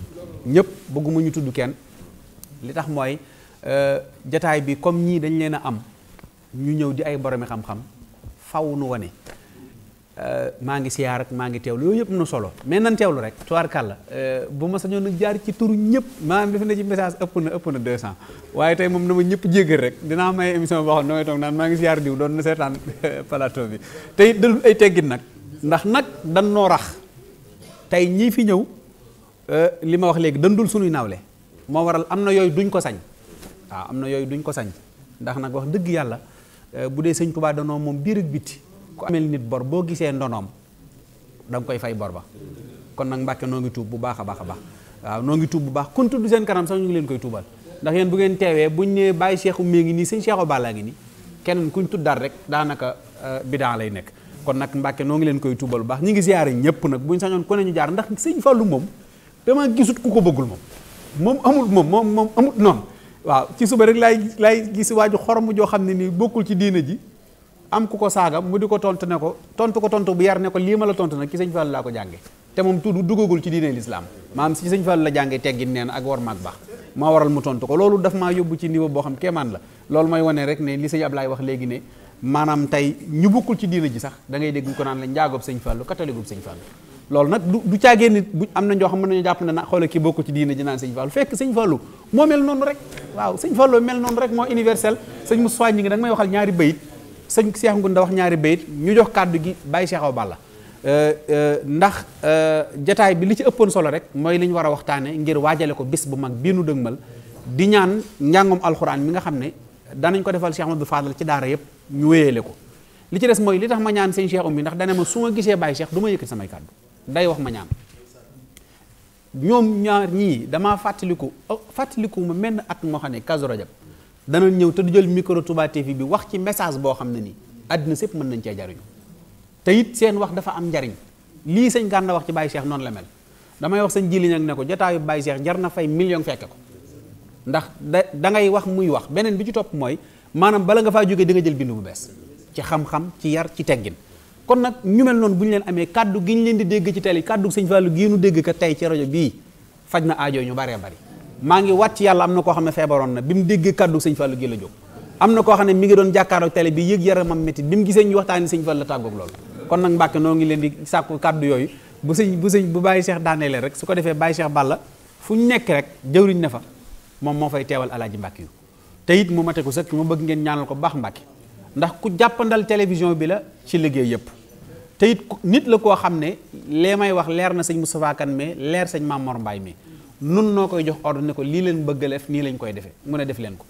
ñëpp bëgguma ñu tudd kenn li tax mooy euh, jataay bi comme ñii dañ leen a am ñu ñëw di ay boromi xam-xam faw nu wane euh, maa ngi siyaar ak maa ngi teewlu yooyu yëpp nu solo mais nan teewlu rek tubaarkàlla euh, bu ma sañoon nag jaar ci turu ñëpp maanaam defe na ci message ëpp na ëpp na 200 waaye tey moom na ma ñëpp jéggal rek dinaa may émission boo xam ne damay toog maa ngi siyaar diw doon na seetaan [laughs] plateau bi tey dalul ay teggin nag ndax nag dan noo tey ñii fi ñëw Euh, li ma wax léegi dëndul suñuy naawle moo waral am na yooyu duñ ko sañ waaw am na yooyu duñ ko sañ ndax nag wax dëgg yàlla euh, bu dee sëñ Tuubaa danoo moom biir ak biti ku amel nit bor boo gisee ndonoom da koy fay bor ba kon nag Mbàkke noo ngi tuub bu baax a baax a noo ngi tuub bu baax kon tudd seen kanam sax ñu ngi leen koy tuubal ndax yéen bu ngeen teewee buñ nee bàyyi Seexu mee ngi nii sëñ Seexu Balla ngi nii keneen kuñ tuddaat rek daanaka euh, bidaa lay nekk kon nag Mbàkke noo ngi leen koy tuubal bu ngi ziyaare ñëpp nag buñ sañoon ku ne ñu jaar ndax sëñ Fallu moom te ma gisut ku ko bëggul moom moom amul moom moom moom amut noonu waaw ci suba rek laay laay gis waaju xorom joo xam ne nii bokkul ci diina ji am ku ko saaga mu di ko tontu ne ko tontu ko tontu bu yar ko lii ma la tontu nag ci sëñ Fall laa ko jànge te moom tudd duggagul ci diine lislaam maam ci sëñ Fall la jànge teggin neen ak war maag baax maa waral mu tontu ko loolu daf maa yóbbu ci niveau boo xam kéemaan la loolu mooy wone rek ne li sëñ Ablaye wax léegi ne maanaam tey ñu bokkul ci diina ji sax da ngay dégg ko naan la njaagob sëñ Fall kataligub sëñ Fall loolu nag du du caagee nit bu am na ñoo xam mën nañu jàpp ne na xoolal ki bokk ci diine ji naan sëñ fekk sëñ Fallou moo mel noonu rek waaw mel noonu rek moo universel sëñ mu ngi da nga may waxal ñaari bayit sëñ Cheikh Ngunda wax ñaari bayit ñu jox kàddu gi bàyyi Cheikh Awa Balla euh, euh, ndax euh, jataay bi li ci ëppoon solo rek mooy li ñu war a waxtaane ngir waajale ko bis bu mag bii nu dëgmal di ñaan njàngum alxuraan mi nga xam ne danañ ko defal Cheikh Amadou Fadal ci daara yëpp ñu wéyeele ko li ci des mooy li tax ma ñaan sëñ Cheikh um bi ndax dana ma su ma gisee bàyyi Cheikh du ma yëkkati samay kàddu day wax ma ñaan ñoom ñaar ñii damaa fàttaliku oh, fàttaliku ma menn at moo xam ne Kazu Rajab dana ñëw te du jël micro Touba TV bi wax ci message boo xam ne nii àddina sépp mën nañ cee jariñu te it seen wax dafa am njariñ lii sëñ Gànna wax ci Baye Cheikh noonu la mel damay wax sëñ jili nag ne ko jotaayu Baye Cheikh jar na fay million fekke ko ndax da da ngay wax muy wax beneen bi ci topp mooy maanaam bala nga faa jógee di nga jël bindu bu bees ci xam ci yar ci teggin kon nag ñu mel noonu bu leen amee kàddu gi leen di dégg ci télé kàddu sëñ Fallou gii dégg ka tey ci rajo bii faj na aajo ñu baree bari maa ngi wàcc yàlla am na koo xam ne feebaroon na bi mu déggee kàddu sëñ Fallou gi la jóg na koo xam ne mi ngi doon jàkkaaroo télé bi yëg yaramam métti bi mu gisee ñu waxtaani sëñ Fallou la tàggoog loolu kon nag Mbàkke noo ngi leen di sàkku kàddu yooyu bu sëñ bu sëñ bu Baye Cheikh daanee leen rek su ko defee Baye seex Balla fu ñu nekk rek jëwriñ ne fa moom moo fay teewal alaaji Mbàkke yu te it mu mate ko sëkk mu bëgg ngeen ñaanal ko baax Mbàkke ndax ku jàppandal télévision bi la ci liggéey yëpp te it nit la koo xam ne lee may wax leer na sëñ Moustapha Kane mais leer sëñ Mamor Mbaye mi nun noo koy jox ordre ne ko lii leen bëgg a def nii lañ koy defee mun a def leen ko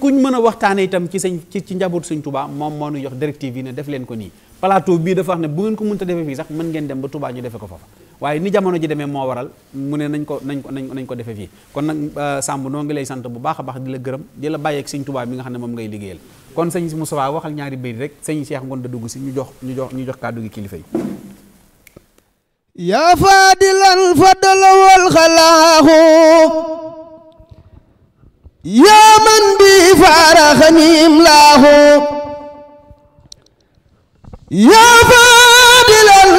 ku mën a waxtaane itam ci sëñ ci ci njaboot sëñ Touba moom moo ñu jox directive yi ne def leen ko nii plateau bii dafa wax ne bu ngeen ko mënta defee fii sax mën ngeen dem ba Touba ñu defee ko foofa waaye ni jamono ji deme moo waral mu ne nañ ko nañ ko nañ ko fii kon nag euh, Samb noo ngi lay sant bu baax a baax di la gërëm di la bàyyeeg sëñ tubaa bi nga xam ne moom ngay liggéeyal kon sëñ si Moustapha wax ak ñaari béy rek sëñ Cheikh Ngonda dugg si ñu jox ñu jox ñu yaa faadilan fadala wal xalaaxu yaa man bi faara xaniim laaxu yaa faadilan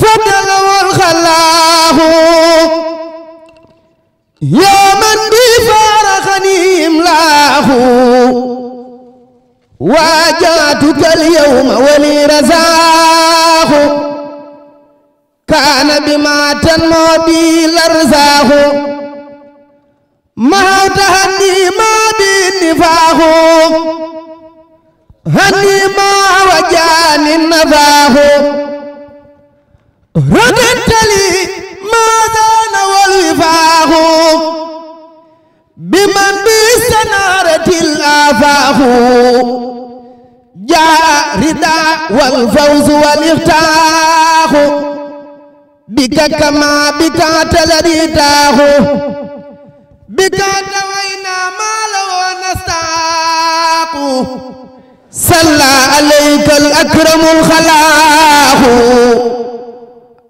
fadala wal xalaaxu yaa man bi faara xaniim وجاتك اليوم ولي رزاه كان بما تنمو بي لرزاه ما تهني ما بي نفاه هني ما وجاني نفاه رددت لي شفاه جاء رداء والفوز والاختاح بك كما بك تلريتاه بك دوينا ما لو نستاق صلى عليك الأكرم الخلاق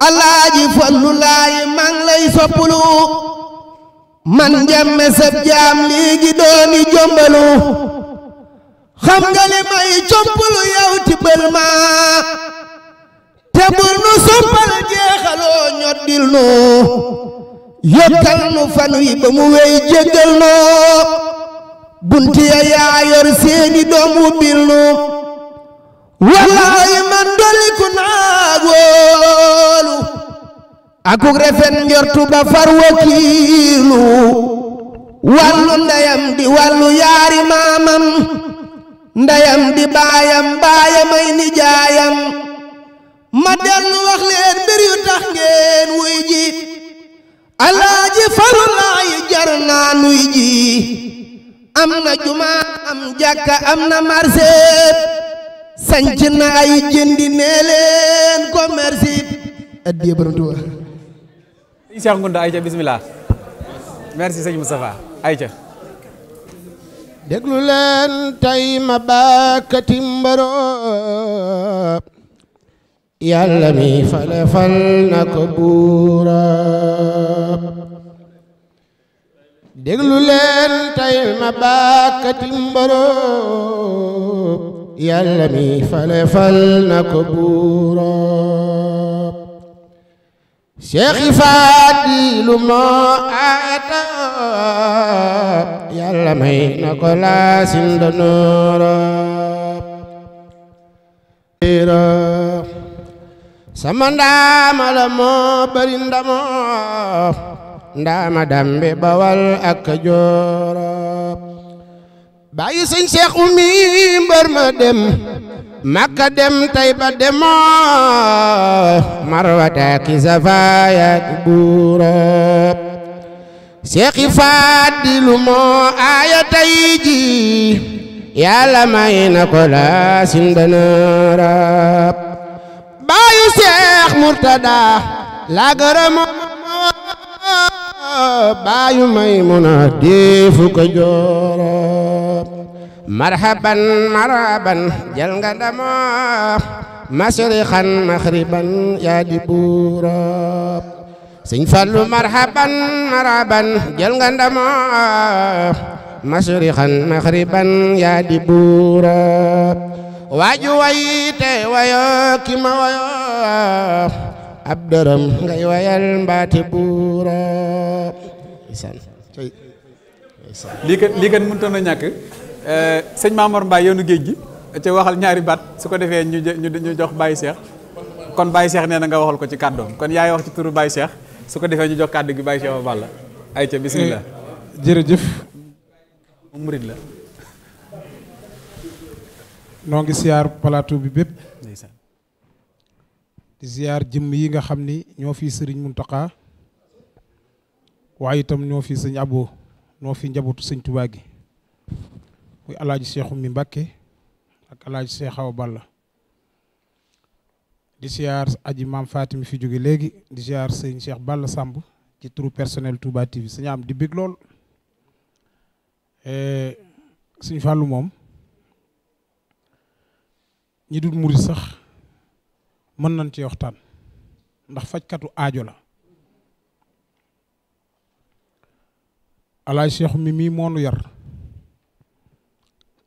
الله جفل الله من ليس بلوه man njàmme sab jaam léegi dooni jombalu xam nga may complu yow tibbal ma te bul nu soppal jeexaloo ñoddil nu yokkal nu fan wi mu wey jéggal nu bunti ya seeni doom wubbil nu wallaahi man doliku naagoo Aku refen njortu tuba far kilu walu di walu yari mamam ndayam di bayam bayam ini jayam dellu wax len mbir yu tax ngeen wuyji alaji farla falu laay jar am juma am jaka amna marché ay jindi commerce borom Cheikh Ngounda ayca bismillah merci sëñ Moustapha ayca Deglu len tey ma baakati mbaroo yàlla mi falefal na ko buura déglu leen tey ma baakati mbaroo yàlla mi falefal na Cheikh Fadilu moo aata yàlla may na ko laa sindanoora sama ndaama la moo bari ndamo ndaama dambe bawal ak jooro bàyyi sëñ Cheikh Oumy mbër ma dem makka dem tay ba demoo marwata ki safaaya ki buuroob seexi faadilu moo aaya tay ji yàlla may na ko laa sindanaarab baayu seex murtada laa gërëmoo baayu may muna deefu ko jooroob marhaban marhaban jël nga ndamoo masrixan maxriban yaa di buuroob sëñ Fallu marhaban marhaban jël nga ndamoo masrixan maxriban yaa di buuroob waaju wayte wayoo ki ma wayoo ab dërëm ngay wayal mbaati buuroob lii kat lii kat na ñàkk Eh, seigne mamour Mbaye yoonu géej gi ci waxal ñaari bat suko defé ñu ñu ñu jox Baye Cheikh kon Baye Cheikh nee nga waxal ko ci kàddoom kon yaay wax ci turu Baye Cheikh suko defé ñu jox kàddu gi Baye Cheikh Awa Balla ayca bisimilah. Eh, jërëjëf. moom murid la. no ngi ziar plateau bi bépp. di ziar jëm yi nga xamni ño fi serigne muntaka waye tam ño fi serigne abou ñoo fi njabootu serigne touba gi. muy alaaji seexu mi mbakke ak alaaji seexaw Balla di siyaar aji maam Fatim fi léegi di siyaar sëñ Cheikh Balla Samb ci turu personnel Touba TV sañu am di bég lool eh, suñ fàllu moom ñi dul murit sax mën nañ ci waxtaan ndax fajkatu aajo la alaaj Cheikh mi mii moonu yar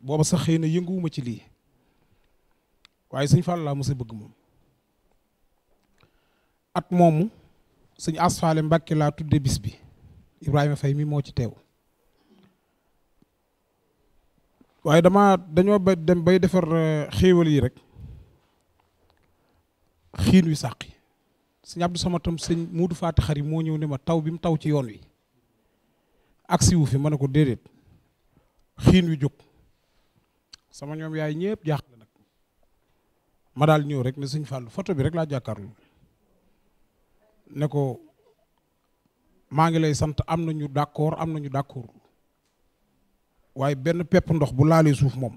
booba sax xëy na yënguwuma ci lii waaye sëñ Fall laa mos bëgg moom at moomu sëñ asfaale Mbàkke laa tudde bis bi Ibrahima Faye mi moo ci teew waaye dama dañoo ba dem bay defar xéewal yi rek xiin wi sàq yi sëñ Abdou sama tam sëñ Muudu Faati xar yi moo ñëw ne ma taw bi mu taw ci yoon wi agsi wu fi ma ne ko déedéet xiin wi jóg sama ñoom yaay ñëpp jaaxle nag ma daal ñëw rek ne sëñ Fallou photo bi rek laa jàkkaarloo ne ko maa ngi lay sant am nañu dàqoor am na ñu d'accord waaye benn pepp ndox bu laalee suuf moom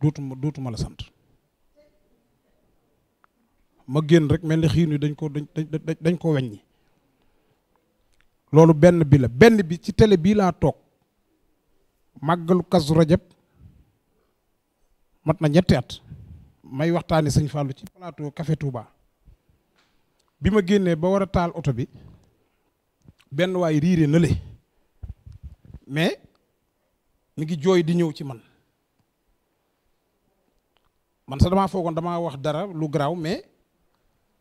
dootuma dootuma la sant ma génn rek mel ni xiin dañ ko dañ dañ ko weññi loolu benn bi la benn bi ci télé bii laa toog màggalu kasu rajab mat na ñetti at may waxtaane sëñ Fallou ci plateau Café Touba bi ma génnee ba war a taal oto bi benn waay riire na le mais mi ngi jooy di ñëw ci man man sax damaa foogoon damaa wax dara lu garaaw mais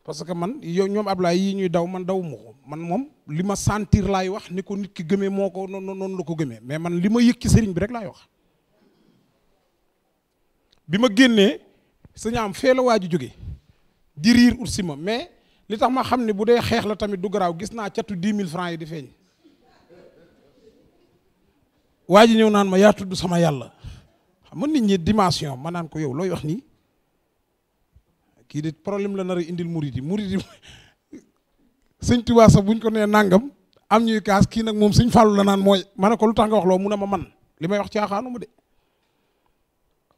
parce que man yow ñoom laa yii ñuy daw man daw ma man moom li ma sentir laay wax ni ko nit ki gëmee moo ko noonu noonu la ko gëmee mais man li ma yëg ci sëriñ bi rek laay wax bi ma génnee sëñ am fee la waa ji jóge di riir ut si ma mais li tax ma xam ne bu dee xeex la tamit du garaaw gis naa catu dix mille francs yi di feeñ waa ji ñëw naan ma yaa tudd sama yàlla xam nga nit ñi dimension ma naan ko yow looy wax nii kii de problème la na a indil murid yi murid yi [laughs] sëñ Tuubaa sax buñ ko nee nangam am ñuy kaas kii nag moom suñ Fàllu la naan mooy ma ne ko lu tax nga wax loo mun a ma man li may wax caaxaanu ma de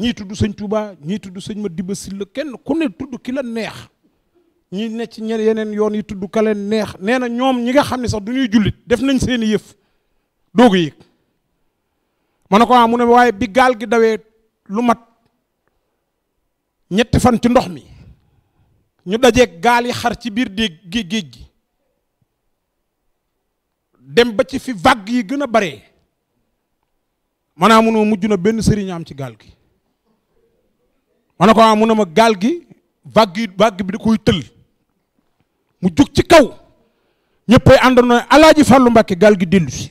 ñii tudd sëñ Touba ñii tudd sëñ Madiba Sylla kenn ku ne tudd ki la neex ñi ne ci ñeneen yeneen yoon yi tudd ka neex nee na ñoom ñi nga xam ne sax du ñuy jullit def nañ seen i yëf doog yëg ma ko ah mu ne waaye bi gaal gi dawee lu mat ñetti fan ci ndox mi ñu dajeeg gaal yi xar ci biir dégg géej gi dem ba ci fi vague yi gën a bare maanaam ah, mu mujj na benn sëriñaam ci gaal gi. ma ne ko ah mu ne ma gaal gi vague yi bi di koy tël mu jug ci kaw ñëppay na alaaji Fàllu mbakki gaal gi dellu si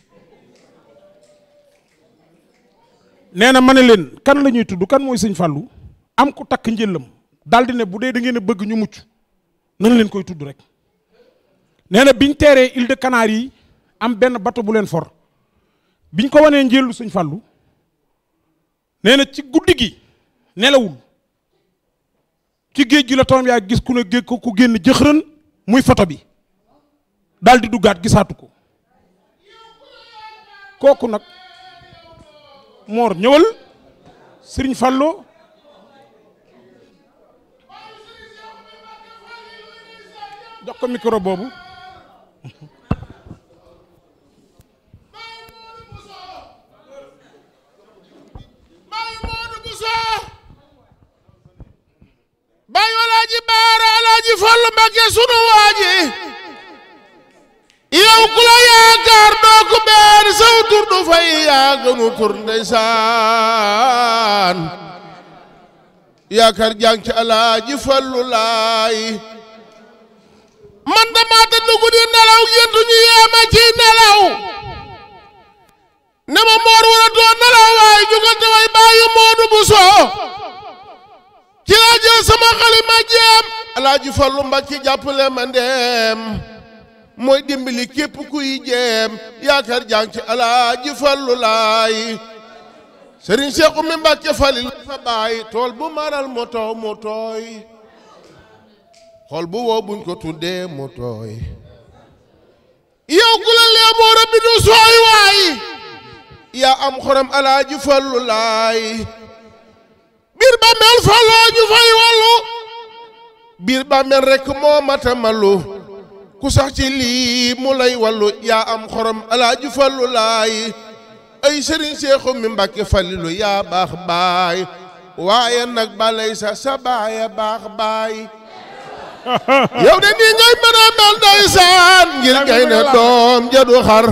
nee na ma ne leen kan la ñuy tudd kan mooy sëñ Fàllu am ku takk njëllam daal di ne bu dee da ngeen a bëgg ñu mucc nan leen koy tudd rek nee na biñ teeree île kanaar yi am benn bato bu leen for biñ ko wanee njëllu sëñ Fàllu nee na ci guddi gi nelawul ci géej gi la toom yaa gis ku ne géej ko ku génn jëxërën muy foto bi daldi di duggaat gisaatu ko kooku nag moor ñëwal sëriñ Fallou jox ko micro boobu bay walaaji baara alaaji Fallu Mbakke sunu waaji yow ku la yaakaar doo ko benn du fay yaa gënu tur yaakaar jàng alaaji Fallu laay man dama tëdd guddi nelaw yentu ñu yeema ci nelaw ne ma moor waratoo nelaw waaye jugal te way bàyyi moodu bu soo ci laa jël sama xalima jeem alaaji Fallu Mbàkke jàppale ma ndeem mooy dimbali képp kuy jeem yaakaar jàng ci alaaji Fallu laay sëriñ Seexu mi Mbàkke Falil fa bàyyi tool bu maral moo taw moo bu wow buñ ko tuddee moo tooy yow ku la lee moo rabbi du sooy yaa am xorom alaaji Fallu laay biir bàmmeel solo ñu fay wàllu biir bàmmeel rekk moo mata malu ku sax ci lii mu lay wàllu yaa am xorom alaaju fallu laay ay sëriñ seexu mi mbàkke falilu yaa baax baay waaye nag balay sa sa baax baay [laughs] yow de nii ngay mel ndeysaan ngir gay ne doom jadu xar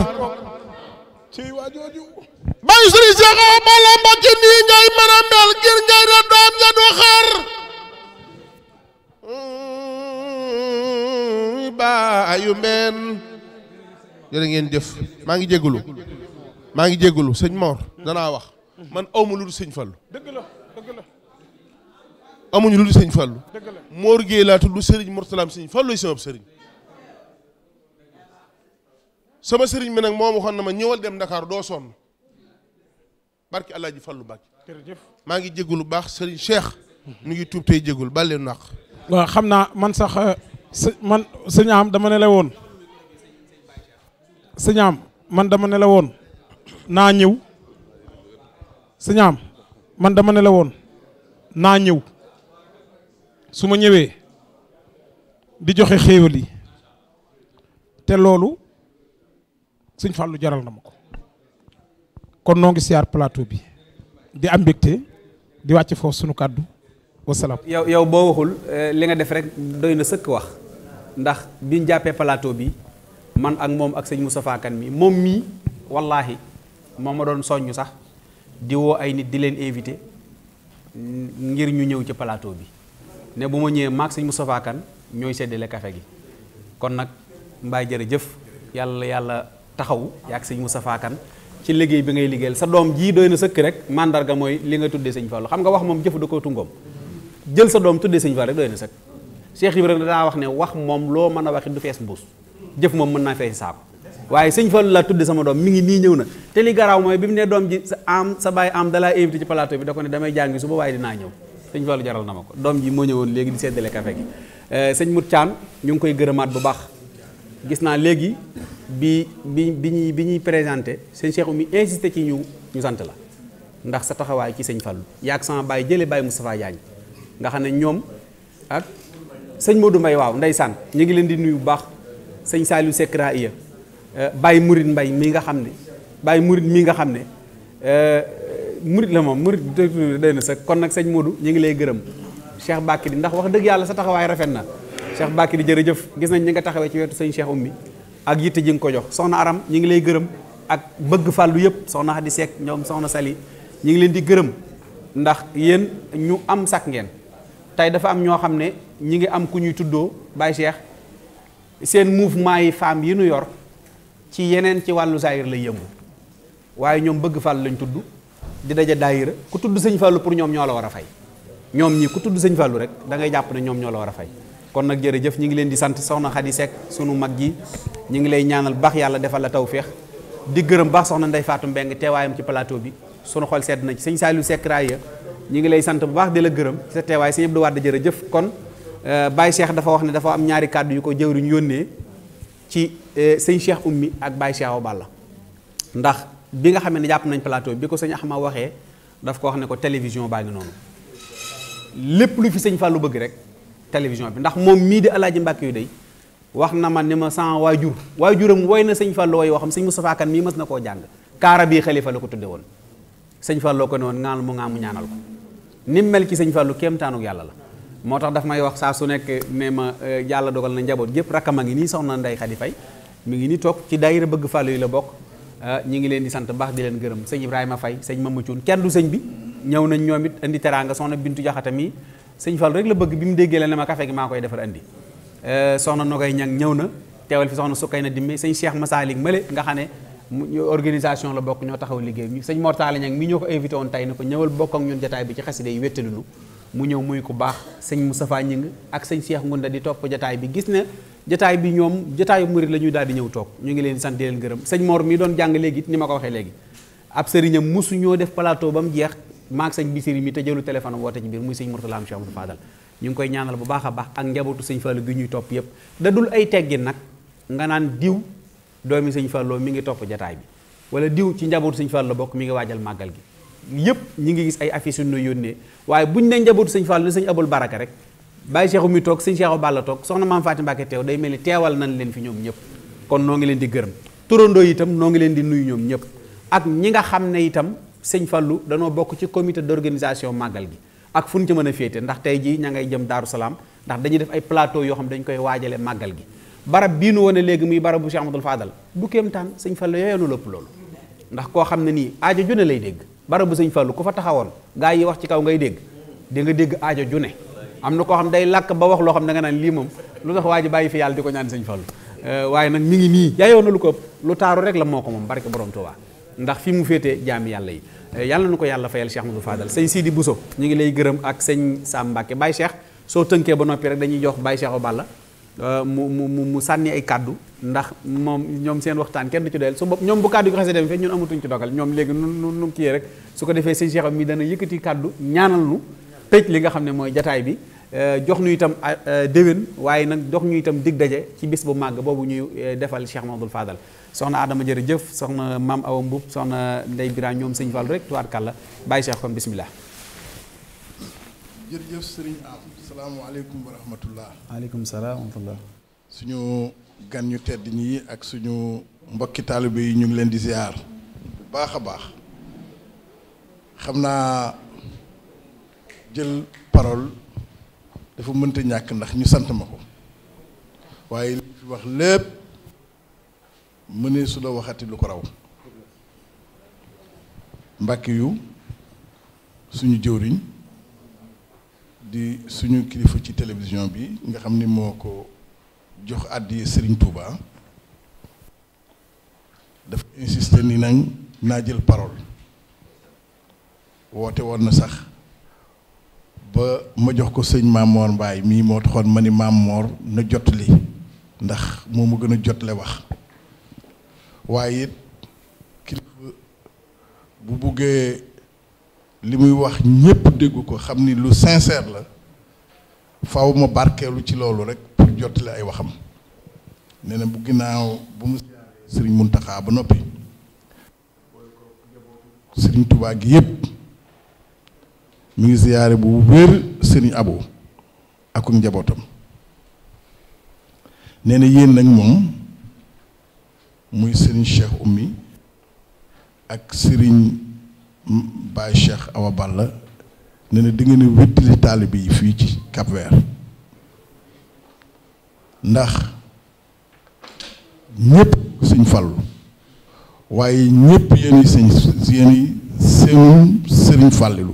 bay suri Seex Balla Mbàkke nii ngay mën a mel ngir ngay da doom ja du xar baayu mbeen ngeen jëf maa ngi jégalu maa ngi jégalu sëñ Mor danaa wax man awma lu dul sëñ Fallu dëgg la dëgg la amuñu lu dul sëñ Fallu Mor Gueye laa tudd sëriñ Murtalaam sëñ Fallu sama sëriñ sama sëriñ bi nag moom na ma ñëwal dem Dakar doo sonn barki El Hadj Fallou Mbacke. jërëjëf maa ngi jégalu baax Serigne Cheikh. ñu ngi tuub tey jégalu baal leen naq. waaw xam naa man sax euh, man sëñ am dama ne la woon sëñ man dama ne la woon naa ñëw sëñ man dama ne la woon naa ñëw su ma ñëwee di joxe xéewal yi te loolu sëñ falu jaral na ma ko. kon noo ngi siyaar plateau bi di am mbégte di wàcc foofu sunu kàddu wasalaam. yow yow boo waxul eh, li nga def rek doy na sëkk wax ndax biñ jàppee palaato bi man ak moom ak sëñ Moustapha Kane mi moom mii wallaahi moom ma doon soññ sax di woo ay nit di leen invité ngir ñu ñëw ci palaato bi ne bu ma ñëwee maag sëñ Moustapha ñooy séddale kafe gi kon nag mbaay jërëjëf yàlla yàlla taxaw yaa sëñ Moustapha Kane ci liggéey bi ngay liggéeyal sa doom jii doy na sëkk rek mandarga mooy li nga tudde sëñ Fallou xam nga wax moom jëfu da koo tungoom jël sa doom tuddee sëñ Fallou rek doy na sëkk Cheikh Ibrahima wax ne wax moom loo mën a waxit du fees mbuus jëf moom mën naa fees saako waaye sëñ Fallou laa tuddee sama doom mi ngi nii ñëw na te li garaaw mooy bi mu ne doom ji sa am sa baay am dalaa invité ci plateau bi da ko ne damay jàngi suba waaye dinaa ñëw sëñ Fallou jaral na ma ko doom ji moo ñëwoon léegi di seddale café gi eh, sëñ Moutiane ñu ngi koy gërëmaat bu baax gis naa léegi bi bi bi ñuy bi ñuy présenté sëñ Cheikh Oumy insisté ci ñu sant la ndax sa taxawaay ci sëñ Fallou yaag sama baay jële baay Moustapha Diagne nga xam ne ñoom ak sëñ Modou mbay waaw ndeysaan ñu ngi leen di nuyu bu baax sëñ Saliou Seck Raia euh, bàyyi Mouride mbay mii nga xam ne bàyyi Mouride mii nga xam ne euh, Mouride la moom Mouride day na sa kon nag sëñ Modou ñu ngi lay gërëm Cheikh Bakary ndax wax dëgg yàlla sa taxawaay rafet na. Cheikh Mbacke di jërëjëf gis nañ ñi nga taxawé ci wétu sëñ Cheikh Oumy ak yitté ji ko jox soxna Aram ñi ngi lay gëreum ak bëgg fallu yépp soxna hadi sek ñom soxna Sali ñi ngi leen di gëreum ndax yeen ñu am sak ngeen tay dafa am ño xamné ñi ngi am ku ñuy tuddo bay Cheikh seen mouvement yi fam yi ñu yor ci yenen ci walu zahir la yëmu waye ñom bëgg fallu lañ tuddu di dajé daayira ku tuddu sëñ fallu pour ñom ñoo la wara fay ñom ñi ku tuddu fallu rek da ngay nyom né ñom ñoo la wara fay kon nag jërëjëf ñi ngi leen di sant soxna Khady Seck sunu mag gi ñi ngi lay ñaanal bax yalla defal la tawfiq di gërëm bax soxna Ndeye Fatou Mbeng teewaayam ci plateau bi sunu xol sedd na ci seigne salou sek raaya ñi ngi lay sant bu baax di la gërëm ci sa teewaay Abdou Wade jërëjëf kon euh, Baye Cheikh dafa wax ne dafa am ñaari kaddu yu ko ñu yonne ci euh, seigne Cheikh ummi ak Baye Cheikh oballa ndax bi nga xamee ne jàpp nañ plateau bi ko seigne Axma waxee daf ko wax ne ko télévision baangi non lepp lu fi seigne fallu bëgg rek télévision bi ndax moom mii di alaaji Mbàkke yu day wax na ma ni ma sama waajur waajuram woy na sëñ Fallou woy woo xam sëñ Moustapha Kane mii mës na koo jàng kaara bii xalifa la ko tudde woon sëñ Fallou ko ne woon ŋaal mu ŋaa mu ñaanal ko ni mel ci sëñ Fallou kéemtaanuk yàlla la moo tax daf may wax saa su nekk ne ma eh, yàlla dogal na njaboot gépp rakkam a ngi nii soxna Ndey Xadi Fay mi ngi ni toog ci daayira bëgg Fallou yi la bokk eh, ñi ngi leen di sant baax di leen gërëm sëñ Ibrahima Fay sëñ Mamadou Thioune kenn du sëñ bi ñëw nañ ñoom it indi teraanga soxna Bintu Jaxate mi sëñ Fall rek la bëgg bi mu déggee la ne ma café gi maa koy defar andi eh, soxna Nogay ñan ñëw na teewal fi soxna sukkay na dimme sëñ Cheikh Massalik Male nga xam ne mu organisation la bokk ñoo taxaw liggéey bi sëñ Mortale mi ñoo ko invité woon tey ne ko ñëwal bokk ak ñun jataay bi ci xaside yi wettalinu mu ñëw muy ku baax sëñ Moustapha Ñing ak sëñ Cheikh Ngunda di topp jataay bi gis ne jataay bi ñoom jataayu murit la ñuy daal di ñëw toog ñu ngi leen sant gërëm sëñ Mor mi doon jàng léegi ni ma ko waxee léegi ab sëriñam musu def plateau ba mu jeex maag sëñ bisiri mi te jëlu téléphone am woote ci biir muy sëñ Mourtala am Cheikh Amadou Fadal ñu ngi koy ñaanal bu baax a baax ak njabootu sëñ Fallou gi ñuy topp yépp da dul ay teggin nag nga naan diw doomi sëñ Fallou mi ngi topp jataay bi wala diw ci njabootu sëñ la bokk mi ngi waajal màggal gi yépp ñi ngi gis ay affiches yu ñu yónnee waaye buñ ne njabootu sañ Fallou ne sëñ Abul Baraka rek bàyyi Cheikh mi toog sëñ Cheikh Balla toog soxna maam Faati Mbàkke teew mel ni teewal nañ leen fi ñoom ñëpp kon noo ngi leen di gërëm turandoo itam noo ngi leen di nuyu ñoom ñëpp ak ñi nga xam ne itam sëñ fallu danoo bokk ci comité d'organisation màggal gi ak fu ñu ci mën a féete ndax tey jii ña ngay jëm Daaru Salaam ndax dañuy def ay plateau yoo xam dañ koy waajale màggal gi barab bii nu wane léegi muy barab bu Cheikh Amadou Fadal du kéemtaan sëñ Fallou yooyu nu lëpp loolu ndax koo xam ne nii aajo june lay dégg barab bu sëñ fallu ku fa taxawoon gaa yi wax ci kaw ngay dégg di nga dégg aajo june na koo xam day làkk ba wax loo xam da nga naan lii moom lu tax waa ji fi yàlla di ko ñaan sëñ Fallou euh, waaye nag mi ngi nii yaayoon na lu ko lu taaru rek la moo ko moom ko borom Tuubaa ndax fi mu féete jaami yàlla yi yàlla nu ko yàlla fayal Cheikh Modou Fadal sëñ Sidi Bousso ñu ngi lay gërëm ak sëñ Sam Mbacke Baye Cheikh soo tënkee ba noppi rek dañuy jox Baye Cheikh Oballa euh, mu mu mu sànni ay kàddu ndax moom ñoom seen waxtaan kenn ci doyal su ñoom bu kàddu yi xasee dem fee ñun amatuñ ci dogal ñoom léegi nu nu kii rek su ko defee sëñ Cheikh mi dana yëkkati kàddu ñaanal nu tëj li nga xam ne mooy jataay bi euh, jox ñu itam euh, déwén waaye nag jox itam dig daje ci bis bu màgg boobu ñuy defal Cheikh Mamadou Fadal soxna Adama jërëjëf soxna maam Awa Mbuub soxna Ndey Bira ñoom sëñ fal rek tubaarkàlla bàyyi Cheikh kon bisimilah. jërëjëf sëriñ am salaamualeykum wa rahmatullah. waaleykum salaam suñu gan ñu tedd ñi ak suñu mbokki taalibe yi ñu leen di ziar. bu baax a baax. xam naa jël parole dafa mënta ñàkk ndax ñu sant ma ko waaye fi wax lépp. mënee su la waxati lu ko raw mbàkki yu suñu jëwriñ di suñu kilifa ci télévision bi nga xam ni moo ko jox àddi Sëriñ Tuuba dafa insister ni nag naa jël parole woote woon na sax ba ma jox ko sëñ Mamor Mbaay mii moo taxoon ma ni Mamor na jot li ndax moo ma gën a jotle wax waaye it kilifa bu buggee li muy wax ñépp déggu ko xam ni lu sincère la faw ma barkeelu ci loolu rek pour jottali ay waxam nee na bu ginnaaw bu mu siyaaree sëriñ Muntaxa ba noppi sëriñ Tubaa gi yépp mu ngi siyaare bu wér sëriñ Abo ak njabootam neena yéen nag moom muy Serigne Cheikh Oumy ak sëriñ Baye Cheikh Awa Balla ne na di ngeen a yi fii ci Cap Vert ndax ñëpp Sëñ Fallu waaye ñëpp yéen i sëñ yéen Sëriñ Fàllilu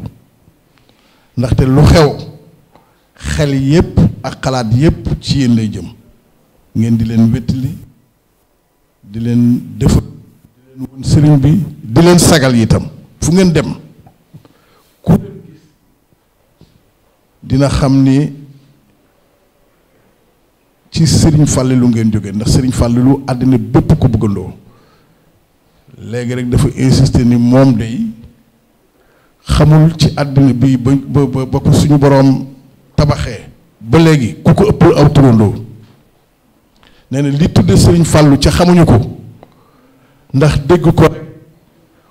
ndaxte lu xew xel yëpp ak xalaat yépp ci yéen lay jëm ngeen di leen wéttali di leen defut di leen won sëriñ bi di leen sagal itam fu ngeen dem ku dina xam ni ci sëriñ fàllilu ngeen jóge ndax sëriñ fàllilu àddina bépp ko bëggandoo léegi rek dafa insister ni moom day xamul ci àddina bi ba ba ba suñu boroom tabaxee ba léegi ku ko ëpp aw turandoo nee na li tudde sëriñ fàllu ca xamuñu ko ndax dégg ko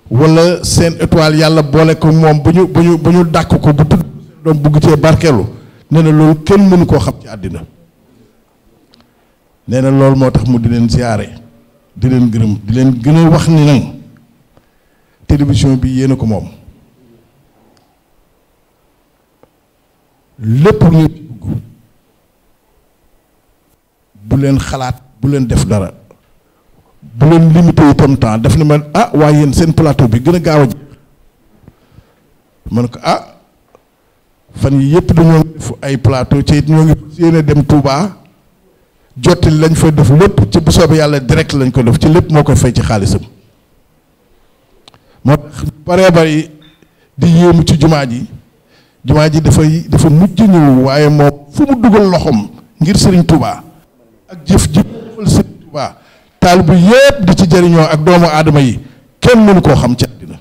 wala seen étoile yàlla boole ko moom ba ñu ba ñu ba ñu dàkk ko bu tudd doom bugg cee barkeelu nee na loolu kenn mënu koo xam ci àddina nee na loolu moo tax mu di leen siyaare di leen gërëm di leen gën wax ni nag télévision bi yéen ko moom lépp ñu bugg bu leen xalaat bu leen def dara bu leen limité itam temps def na ma ah waaye yéen seen plateau bi gën a gaaw a jeex ma ko ah fan yi yëpp dañoo def ay plateau ci it ñoo ngi yéene dem Touba jottali lañ fa def lépp ci bu yàlla direct lañ ko def ci lépp moo koy fay ci xaalisam moo tax baree bari di yéemu ci jumaa ji jumaa ji dafay dafa mujj ñëw waaye moom fu mu dugal loxoom ngir Serigne Touba. ak jëf ji ful Sëriñ Tuubaa taalibe yépp di ci jëriño ak doomu adama yi kenn mënu ko xam ci adina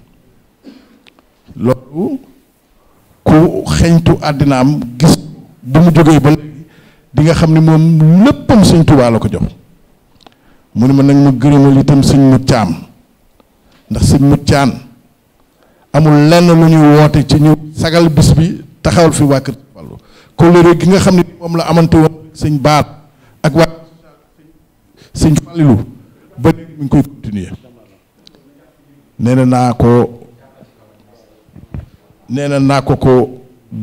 lolu ku xëñtu adinaam gis bu mu joggé ba léegi di nga xamni mom leppam léppam touba Tuubaa la ko jox mu ne ma nag ma li tam Sëriñ mu tiam ndax Sëriñ mu Caam amul lenn lu ñuy woote ci ñu sagal bis bi taxawul fi waa kër wàllu kóllëre gi nga xamni mom la amante won sëñ baat ak waa sëñ Fallilou ba mu ngi koy continuer nee na naa ko nee na naa ko ko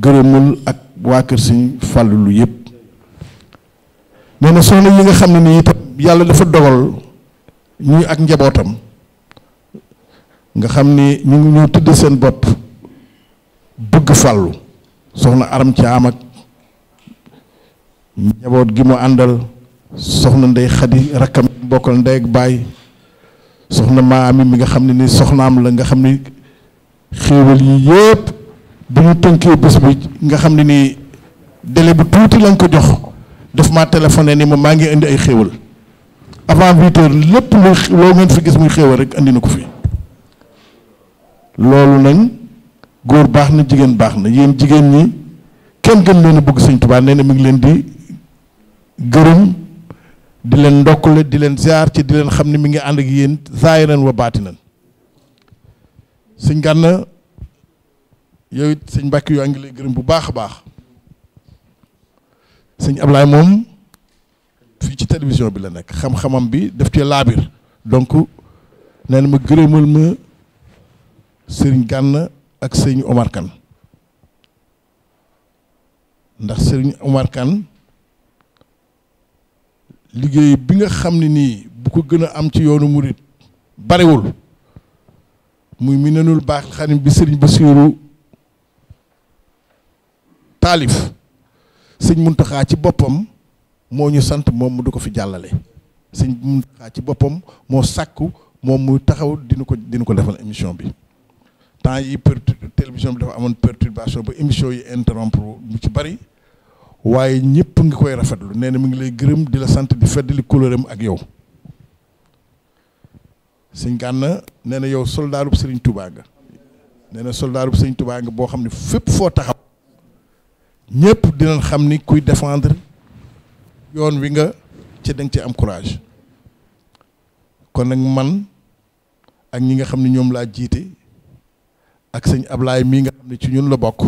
gërëmul ak waa kër sëñ Fallilou yëpp nee na soxna yi nga xam ne nii itam yàlla dafa dogal ñuy ak njabootam nga xam ni ñu ngi ñoo tudd seen bot bëgg fàllu soxna aram caam ak njaboot gi mu àndal soxna ndey xadi rakkam bokkal ndey ak baay soxna maami mi nga xam ne ni soxnaam la nga xam ni xéewal yi yépp bu ñu tënkee bés bi nga xam ne nii dele bu tuuti lañ ko jox daf maa téléphoné ni ma maa ngi indi ay xéewal avant huit heures lépp lu loo ngeen fi gis muy xéewal rek indi na ko fi loolu nañ góor baax na jigéen baax na yéen jigéen ñi kenn gën leen a bëgg Sëñ Tuubaa nee na mi ngi leen di gërëm di leen ndokkale di leen ziar ci di leen xam ne mi ngi ànd ak yéen zaahiran wa baatinan sëñ Gana yow it sëñ Mbàkke yoo a ngi lay gërëm bu baax a baax sëñ Ablaay moom fii ci télévision bi la nekk xam-xamam bi def ci laabir donc nee na ma gërëmal ma sëriñ Gana ak sëriñ Omar Kane ndax sëriñ Omar Kane liggéey bi nga xam ne nii bu ko gën a am ci yoonu murit bariwul muy baax Baaxil bi sëriñ Basiiru taalif sëñ xaa ci boppam moo ñu sant moom mu du ko fi jàllale sëñ Muntaxaa ci boppam moo sàkku moom muy taxaw dina ko dina ko defal émission bi temps yi per télévision bi dafa amoon perturbation ba émission yi interrompre mu ci bari waaye ñëpp ngi koy rafetlu nee na mu ngi lay gërëm di la sant di feddali kóllëreem ak yow sëñ Gana nee na yow soldaarub Serigne Touba nga nee na soldaarub Serigne Touba nga boo xam ne fépp foo taxaw ñëpp dina xam ni kuy defendre yoon wi nga ci danga ci am courage kon nag man ak ñi nga xam ne ñoom laa jiite ak sëñ laay mii nga xam ne ci ñun la bokk.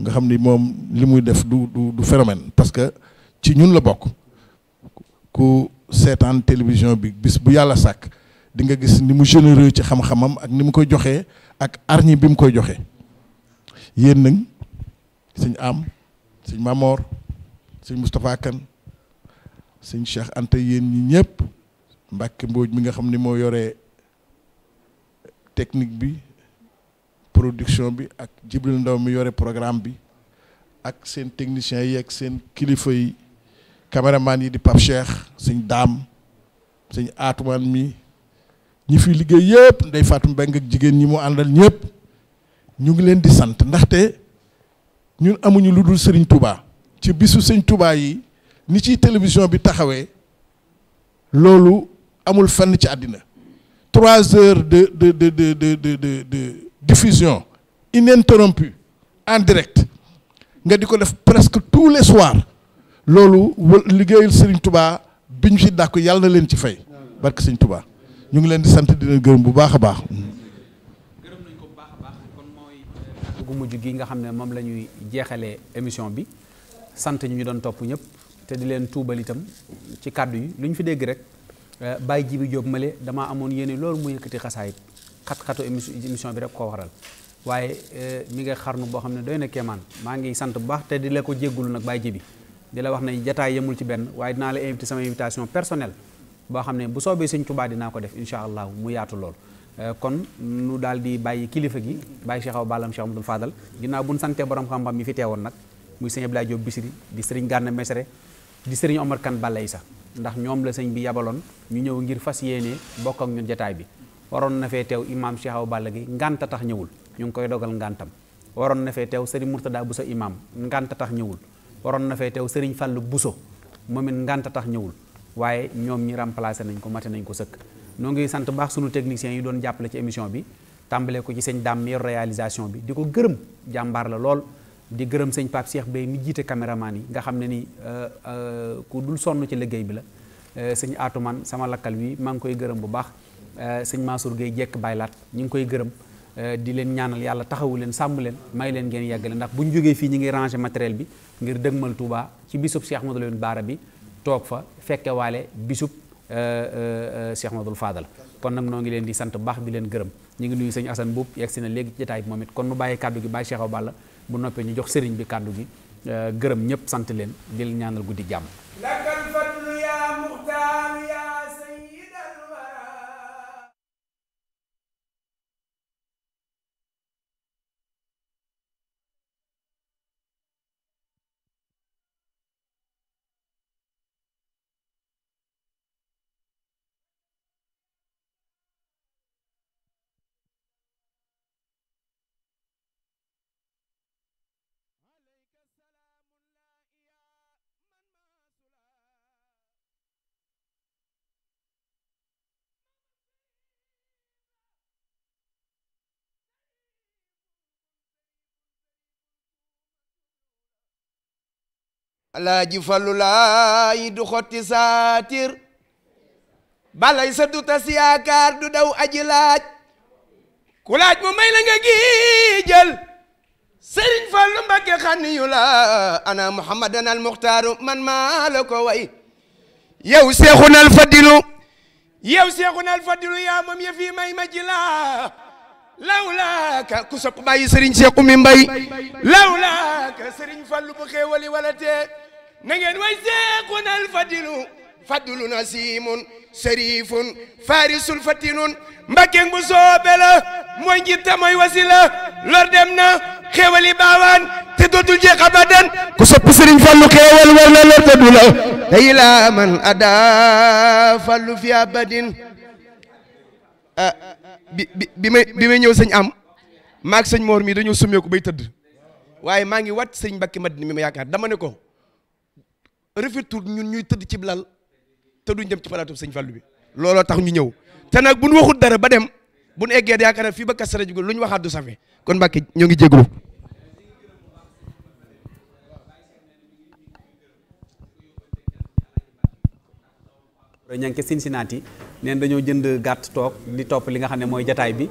nga xam ni moom li muy def du du du phénomène parce que ci ñun la bokk ku seetaan télévision bi bis bu yàlla sàkk di nga gis ni mu généreux ci xam-xamam ak ni mu koy joxee ak arñi bi mu koy joxe yéen nag sëñ am sëñ Mamor sëñ Moustapha Kane sëñ Cheikh Anta yéen ñi ñëpp Mbàkke Mbooj mi nga xam ni moo yore technique bi production bi ak Jibril Ndaw mi yore programme bi ak seen techniciens yi ak seen kilifa yi caméraman yi di Pape Cheikh sëñ Daam sëñ Atumaan mi ñi fi liggéey yëpp Ndeye Fatou Mbengue ak jigéen ñi mu àndal ñëpp ñu ngi leen di sant ndaxte ñun amuñu lu dul sëriñ Touba. ci bisu sëñ Touba yi ni ci télévision bi taxawee loolu amul fenn ci àddina trois heures de de de de. diffusion ininterrompue en direct nga diko def presque tous les soirs loolu liggéeyul Serigne Touba biñ ñu fi dàkk yàlla na leen ci fay barke Serigne Touba ñu ngi leen di sant di leen gërëm bu baax a baax. gërëm nañ ko bu baax a baax kon mooy euh, bu gu mujj gi nga xam ne moom la ñuy jeexalee émission bi sant ñu ñu doon topp ñëpp te di leen tuubal itam ci kàddu yi lu ñu fi dégg rek euh, Baye Djibi bi jóob male damaa amoon yéene loolu mu yëkkati xasaayit xat-xatu émission bi rek koo waral waaye eh, mi nga xarnu boo xam ne doy na keemaan maa ngi sant bu baax te di la ko jéggulu nag bàyyi ji bi di la wax ne jataay yemul ci benn waaye dinaa la invité sama invitation personnelle boo xam ne bu soobee Sëñ Tuubaa dinaa ko def incha allah mu yaatu lool. Eh, kon nu daal di bàyyi kilifa gi bàyyi Cheikh Awa Baalam Cheikh Amadou Fadal ginnaaw bu nu santee borom xam-xam yi fi teewoon nag muy sëñ Abdoulaye Diop Bichri di sëriñ Gana Messere di sëriñ Omar Kane Balay sax ndax ñoom la sëñ bi yabaloon ñu ñëw ngir fas yéene bokk ak ñun jataay bi. waroon na fee teew imaam Cheikh Awa Balla gi ngànta tax ñëwul ñu ngi koy dogal ngantam waroon na fee teew sëriñ bu sa imaam ngànta tax ñëwul waroon na fee teew sëriñ Fallou Bousso moom it ngànta tax ñëwul waaye ñoom ñi remplacé nañ ko mate nañ ko sëkk noo ngi sant baax sunu techniciens yi doon jàppale ci émission bi tàmbale ko ci sëñ Dame yor réalisation bi di ko gërëm jàmbaar la lool di gërëm sëñ Pape Cheikh Bey mi jiite caméraman yi nga xam ne ni euh, euh, ku dul sonn ci liggéey bi la euh, sëñ Atoumane sama lakkal wi maa ngi koy gërëm bu baax Eh, sëñ Mansour Gueye jekk laat ñu ngi koy gërëm eh, di leen ñaanal yàlla taxawu leen sàmm leen may leen ngeen yeggale ndax bu ñu jógee fii ñu ngi rangé matériel bi ngir dëgmal Touba ci bisub Cheikh Ahmadou Lamine Baara bi toog fa fekke waale bisub eh, Cheikh Ahmadou Fadal kon nag noo ngi leen di bu baax di leen gërëm ñu ngi nuyu sëñ Assane Mboup yegg si léegi ci jotaay bi moom it kon nu bàyyi kàddu gi bàyyi Cheikh Awa bu noppee ñu jox sëriñ bi kàddu gi gërëm ñëpp sant leen di leen ñaanal guddi jàmm alaaji fallu laay du xotti saatir balay sa du tas du daw aji laaj ku laaj mu may la nga gii jël sëriñ fallu mbakke xanni yu la ana muhammadan al man maa la ko way yow seexunal fadilu yow seexunal fadilu yaa moom ya fii may ma laa lawlaaka ku sopp bàyyi sëriñ Seexu mi mbay lawlaaka sëriñ Fallu bu xéewali wala tee na ngeen way seexun al fadilu fadilu nasimun sharifun farisul fatinun mbakke bu soobe mooy njiit mooy wasila lor dem na xéewali baawaan te dootul jeex abadan ku sopp sëriñ Fallu xéewal war la lor te du la man ada fallu fi abadin ah, bi bi bi may bi may ñëw sëñ am maak sëñ moor mii dañoo sumeeku bay tëdd waaye maa ngi wat sëñ Mbàkke Madina mi ma yaakaar dama ne ko rafetul ñun ñuy tëdd ci lal te duñ dem ci palaatu sëñ Fallu bi looloo tax ñu ñëw te nag bu ñu waxul dara ba dem bu ñu eggee yaakaar ne fii ba Kazu Rajab lu ñu waxaat du safe kon Mbàkke ñoo ngi jégalu. ña ngi Cincinnati neen dañoo jënd gàtt toog di topp li nga xam ne mooy jataay bi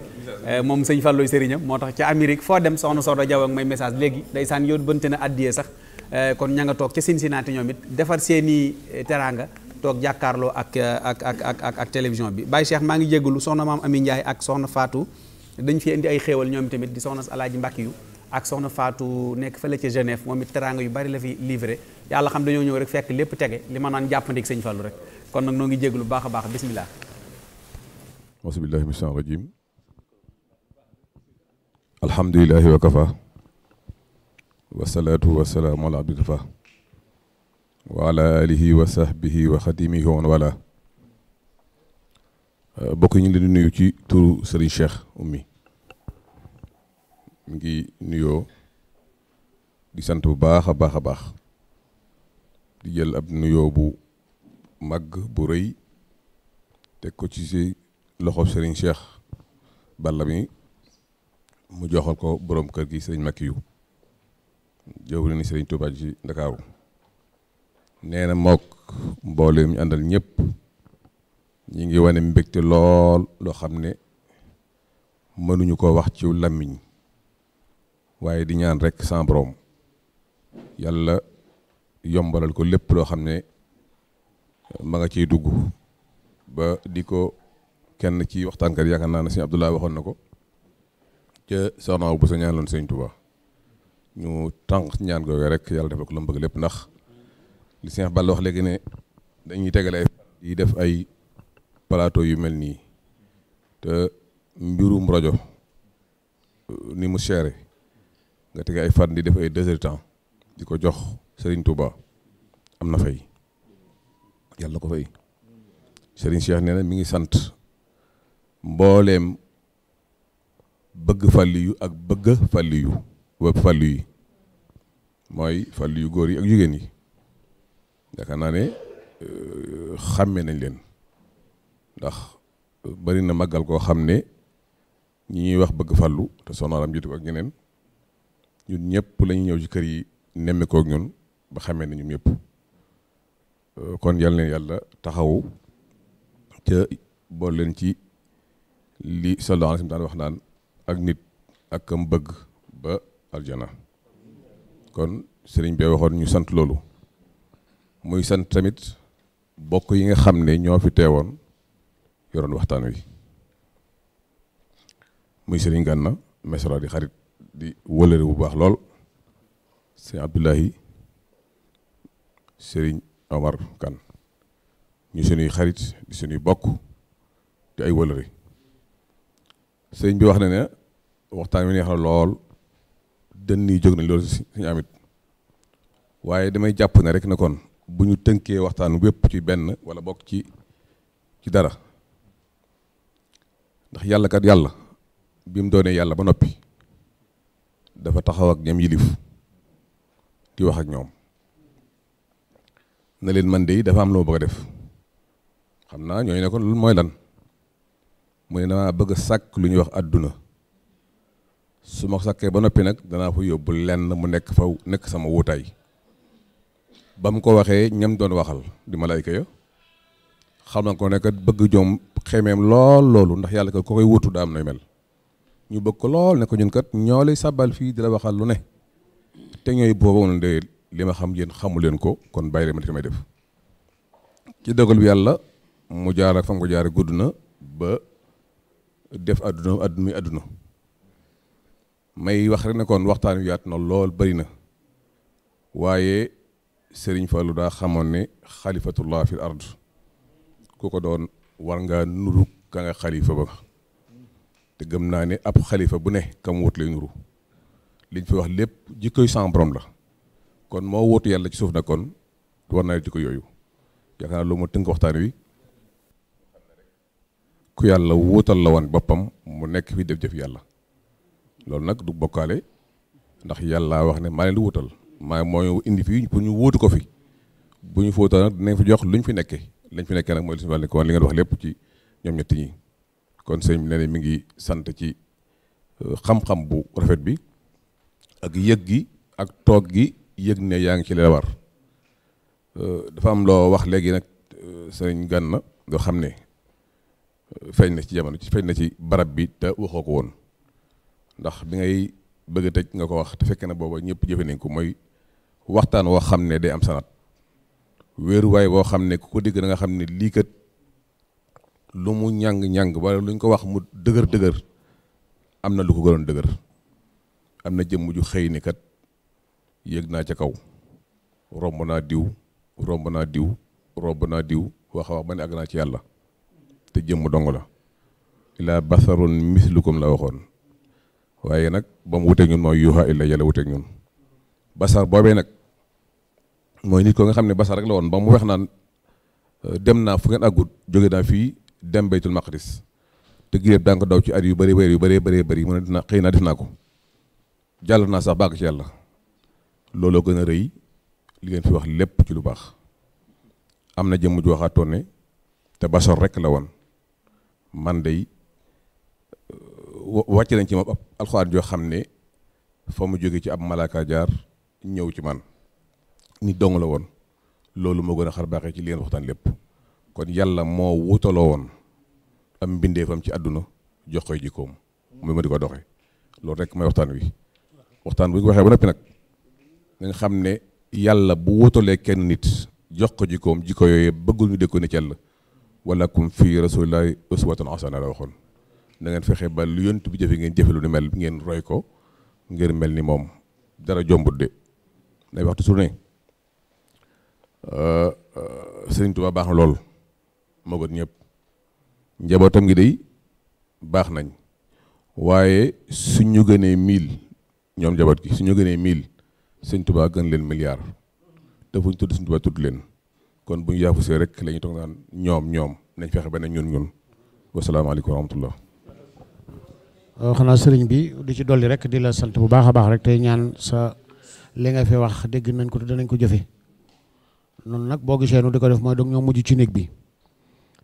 eh, moom sëñ Fallou sëriñam moo tax ca Amérique foo dem soxna Soda Jaw ak may message léegi ndeysaan yóbbante na addiyee sax eh, kon ña nga toog ca Cincinnati ñoom it defar seeni eh, teraanga toog jàkkaarloo ak ak ak ak ak télévision bi Baye Cheikh maa ngi jégalu soxna maam Ami Ndiaye ak soxna Fatou dañ fi indi ay xewal ñoom tamit di soxna Alaaji Mbàkki yu ak soxna faatu nekk fële ca Genève moom it teraanga yu bari la fi livré yàlla xam dañoo ñëw rek fekk lépp tege li ma naan jàppandik sëñ Fallou rek kon nag noo ngi jéglu baax a baax bismillah bismillahi min rajim alhamdulilahi wa kafa wasalaatu wasalaamu ala abdil kafa wa ala alihi wa sahbihi wa xadimihi wa wala bokk ñu leen di nuyu ci turu Serigne Cheikh ummi mi ngi nuyoo di sant bu baax a baax a baax di jël ab nuyoo bu màgg bu rëy teg ko ci si loxo sëriñ Cheikh Balla mi mu joxal ko boroom kër gi sëriñ Makiyu jëwri ni sëriñ Touba ci Ndakaaru nee mook mbooleem ñu àndal ñëpp ñi ngi wane mbégte lool loo xam ne mënuñu ko wax ci làmmiñ waaye di ñaan rekk sans borom yàlla yombalal ko lépp loo xam ne ma nga ciy dugg ba di ko kenn ci waxtaankat yaakaar naa ne sëñ Abdoulaye waxoon na ko ca soxna bu sa ñaanoon sëñ Touba ñu tànq ñaan googu rek yàlla defal ko la mu lépp ndax li sëñ Balla wax léegi ne dañuy tegale ay def ay plateau yu mel nii te mbirum rajo euh, ni mu chéré nga tege ay fan di def ay deux heures temps di ko jox Serigne Touba am na fay yàlla ko fay Serigne Cheikh nee na mi ngi sant mbooleem bëgg fàlliyu ak bëgg fàlliyu web fàllu mooy fàllu yu góor yi ak jigéen yi yaakaar naa ne euh, xàmmee nañ leen ndax bari na màggal koo xam ne ñi ñuy wax bëgg fàllu te soxnaaram jiitu ko ak ñeneen ñun ñëpp la ñëw ci kër yi nemmeekoo ak ñun ba xamee nañu ñun ñëpp. Euh, kon yal na yàlla taxawu ca bool ci li sallallahu alayhi sim tan daan wax naan ak nit ak kam bëgg ba aljana kon sering bi waxoon ñu sant loolu muy sant tamit bokk yi nga xam ne ñoo fi teewoon yoroon waxtaan wi muy sëriñ na Mesra di xarit di wëlëre bu baax lool sëriñ Abdullahi sering Omar Kane ñu suñuy xarit di suñuy bokk di ay wëlëri sëñ bi wax na ne waxtaan wi neex na lool dënn yi jóg nañ loolu suñu amit waaye damay jàpp ne rek na kon bu ñu tënkee waxtaan bépp ci benn wala bokk ci ci dara ndax yàllakat yàlla bi mu doonee yàlla ba noppi dafa taxaw ak ñam yilif di wax ak ñoom na leen man de dafa am loo bëgg a def xam naa ñooñu ne ko loolu mooy lan mu damaa bëgg a lu ñuy wax àdduna su ma sàkkee ba noppi nag danaa fa yóbbu lenn mu nekk fa nekk sama wuutaay ba mu ko waxee ñam doon waxal di malayka ya xam na ko ne kat bëgg joom xemeem lool loolu ndax yàlla ko koy wutu daa am nay mel ñu bëgg ko lool ne ko ñun kat ñoo lay fii di la waxal lu ne te ñooy boobu noonu de li ma xam yéen xamu leen ko kon bàyyi leen ma may def ci dogal yàlla mu jaar ak fa mu na ba def àdduna may wax rek nekkoon kon waxtaan wi yaat na lool bari na waaye Serigne Fallou daa xamoon ne xalifatullah fil ard ku ko doon war ngaa nuru ka nga xalifa ba te gëm naa ni ab xalifa bu ne kam wut nuru liñ fi wax lépp jikkoy san la kon moo wóotu yàlla ci suuf nag kon war naa jikko yooyu yaakaar naa lu ma tënk waxtaan wi ku yàlla wuutal la woon boppam mu nekk fi def jëf yàlla loolu nag du bokkaale ndax yàlla wax ne maa leen di wuutal maa mooy indi fii pour ñu wuutu ko fi bu ñu fóotal nag dinañ fi jox luñ fi nekkee lañ fi nekkee nag mooy li suñu wàll ko li ngeen wax lépp ci ñoom ñett ñi kon sëñ bi mi ngi sant ci euh, xam-xam bu rafet bi ak yëg gi ak toog gi yëg ne yaa ngi ci la war euh, dafa am loo wax léegi nag euh, sëñ Gana nga xam ne euh, feeñ na ci jamono ci feeñ na ci barab bi te waxoo ko woon ndax bi ngay bëgg a nga ko wax te fekk na booba ñëpp jëfe nañ ko mooy waxtaan woo xam ne day am sanat wéeruwaay woo xam ne ku ko dégg da nga xam ne lii kat lu mu ñàng-ñàng wala luñ ko wax mu dëgër dëgër am na lu ko gënoon dëgër am na jëmm ju xëy ni kat yéeg naa ca kaw romb naa diw romb naa diw romb naa diw wax ba ne ag naa ci yàlla te jëmm dong la ilaa basarun mislukum la waxoon waaye nag ba mu wuteeg ñun mooy yuuxa illa yàlla wuteeg ñun basar boobee nag mooy nit ko nga xam ne basar rek la woon ba mu wex naan euh, dem naa fu ngeen àggut jóge naa fii dem baytul maqdis te giréeb daan daw ci at yu bëree bëri yu bëree bëree bëri mu ne dina xëy naa def naa ko jàll naa sax bàgg ci yàlla looloo gën a rëy li ngeen fi wax lépp ci lu baax am na jëmm ju waxaatoon ne te basol rek la woon man day euh, wàcc nañ ci moom ab alxuraan joo xam ne fa mu jóge ci ab malaaka jaar ñëw ci man ni dong la woon loolu moo gën a xar baaxee ci li ngeen waxtaan lépp kon yàlla moo wutaloo woon am fam ci àdduna jox koy jikkoom muy ma di ko doxe loolu rek mooy waxtaan wi waxtaan bu ñu waxee ba noppi nag nañ xam ne yàlla bu wóotalee kenn nit jox ko jikkoom jikko yooyu bëggul ñu dëkku ne cell wala kum fii rasulillahi uswatun hasana la waxoon na ngeen fexe ba lu yonent bi jëfe ngeen jëfe lu ni mel ngeen roy ko ngir mel ni moom dara jombut de day waxtu su ne Sëriñ Tuubaa baax na lool mabat ñëpp njabootam ngi day baax nañ waaye suñu gënee miil ñoom njaboot gi suñu gënee miil sëñ tubaa gën leen milliard te fu ñu tudd sëñ tubaa tudd leen kon bu ñu yaafusee rek la ñu toog ñoom ñoom nañ fexe ba ne ñun ñun wasalaamaaleykum wa rahmatullah euh, xanaa sëriñ bi di ci dolli rek di la sant bu baax a baax rek tey ñaan sa li fi wax dégg nañ ko te danañ ko jëfe noonu nag boo gisee nu di ko def mooy donc ñoo mujj ci néeg bi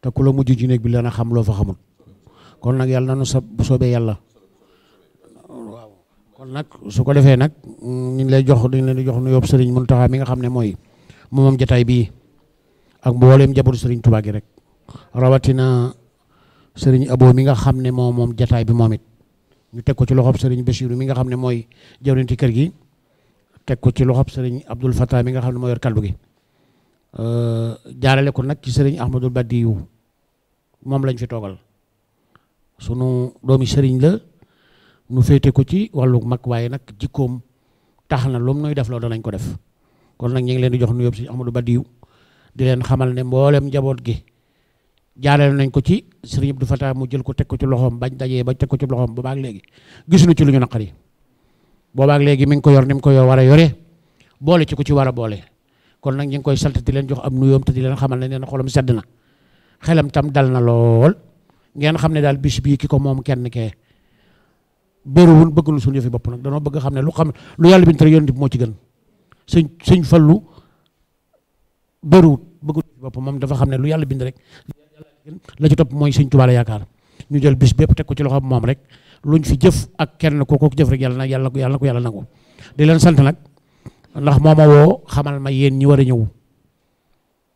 te ku la mujj ci néeg bi dana xam loo fa xamul kon nag yàlla na nu sa bu soobee yàlla kon nag su ko defee nag ñu ngi lay jox dañ leen di jox nuyoo sëriñ Mountakha mi nga xam ne mooy moom jataay bii ak mbooleem jabaru sëriñ Touba rek rawatina sëriñ Abo mi nga xam ne moo moom jataay bi moom it ñu teg ko ci loxob sëriñ Bassirou mi nga xam ne mooy jawrinti kër gi teg ko ci loxob sëriñ Abdoul Fattah mi nga xam ne moo yor kaddu äh, ko nag ci sëriñ Ahmadou Badiou moom lañ fi toogal sunu doomi sëriñ la nu féete ko ci wàllu mag waaye nag jikkoom tax na lum nuy def loo danañ ko def kon nag ñu ngi leen di jox nuyoo Sëriñ Ahmadou Badiou di leen xamal ne mboolem njaboot gi jaareel nañ ko ci Sëriñ Abdou Fatah mu jël ko teg ci loxoom bañ dajee ba teg ko ci loxoom boobaag léegi gisuñu ci lu ñu naqari boobaag léegi mi ngi ko yor ni ko yor war yore boole ci ku ci war a boole kon nag ñu koy sant di leen jox am nuyoom te di leen xamal ne neen xolam sedd na xelam tam dal na lool ngeen xam ne daal bis bii ki ko moom kenn kee bëriwul bëggul suñu fi bopp nag danoo bëgg xam ne lu xam lu yàlla bind te yonent bi moo ci gën sëñ sëñ fallu bëriwul bëggul suñu bopp moom dafa xam ne lu yàlla bind rek la ci topp mooy sëñ Tuubaa la yaakaar ñu jël bis bépp teg ko ci loxo moom rek luñ fi jëf ak kenn ko ko jëf rek yàlla na yàlla yàlla ko yàlla nangu di leen sant nag ndax moo ma xamal ma yéen ñi war a ñëw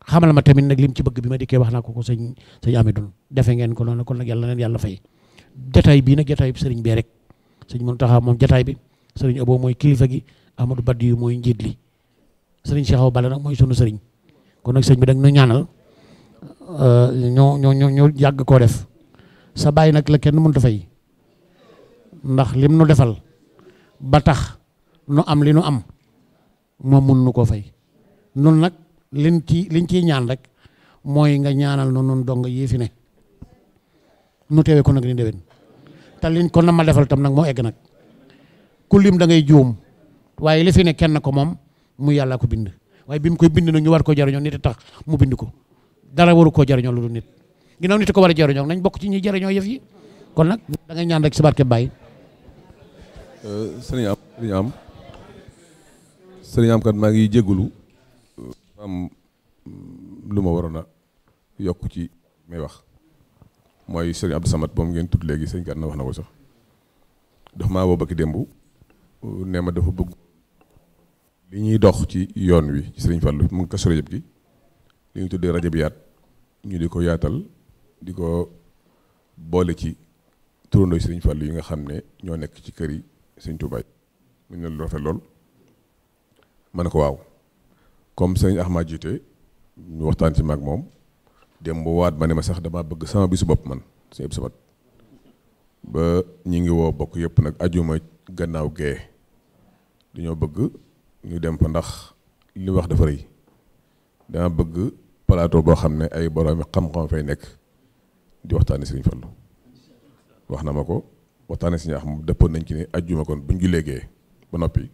xamal ma tamit nag lim ci bëgg bi ma dikkee wax naa ko ko sëñ sëñ Amidou defe ngeen ko noonu kon nag yàlla na leen yàlla fay jataay bii nag jataay bi sëriñ bee rek sëñ sëriñ Muntaxa moom jataay bi sëriñ Abo mooy kilifa gi Ahmadou Badiou mooy njiit li sëriñ Cheikh bale nag mooy sunu sëriñ kon nag sëñ bi dañ ñu euh, ñoo ñoo ñoo yàgg koo def sa bàyyi nag la kenn mënut a ndax lim nu defal ba tax nu am li nu am moom mun nu koo fay nun nag liñ ci liñ ciy ñaan rek mooy nga ñaanal nu nun dong yii fi ne nu teewee ko nag ni déwén te liñ kon na ma defal tam nag moo egg nag ku lim da ngay juum waaye li fi ne kenn ko moom mu yàllaa ko bind waaye bi mu koy bind nag ñu war ko jariñoo nit tax mu bind ko dara waru koo jariñoo lu du nit ginnaaw nit ko war a jariñoo nañ bokk ci ñi jariñoo yëf kon nag da ñaan rek si barke Baye. Euh, sëriñ am sëriñ maa ngi jégalu euh, am lu ma waroon yokk ci may wax. mooy sëriñ Abdou Samad moom ngeen tudd léegi sëñ Gana wax na ko sax dafa maa woo bëgg démb nee ma dafa bëgg li ñuy dox ci yoon wi ci sëriñ Fallou mu ngi kasu rajab gi li ñuy tuddee rajab yaat ñu di ko yaatal di ko boole ci turandoo sëriñ Fallou yi nga xam ne ñoo nekk ci kër yi sëriñ Touba mu ne lu rafet lool ma ne ko waaw comme sëriñ Ahmad jiite ñu waxtaan ci maag moom dem bo wat ma ma sax dama bëgg sama bisu bop man sëñ Abdou Samad ba ñi ngi wo bokk yëpp nak aljuma gannaaw ge dañu bëgg ñu dem fa ndax li wax dafa reuy dama bëgg plateau bo xamné ay borom xam-xam fay nek di waxtaane serigne Fallu waxna mako ma serigne waxtaane depp nañ ci ni aljuma kon buñu jullee gee ba noppi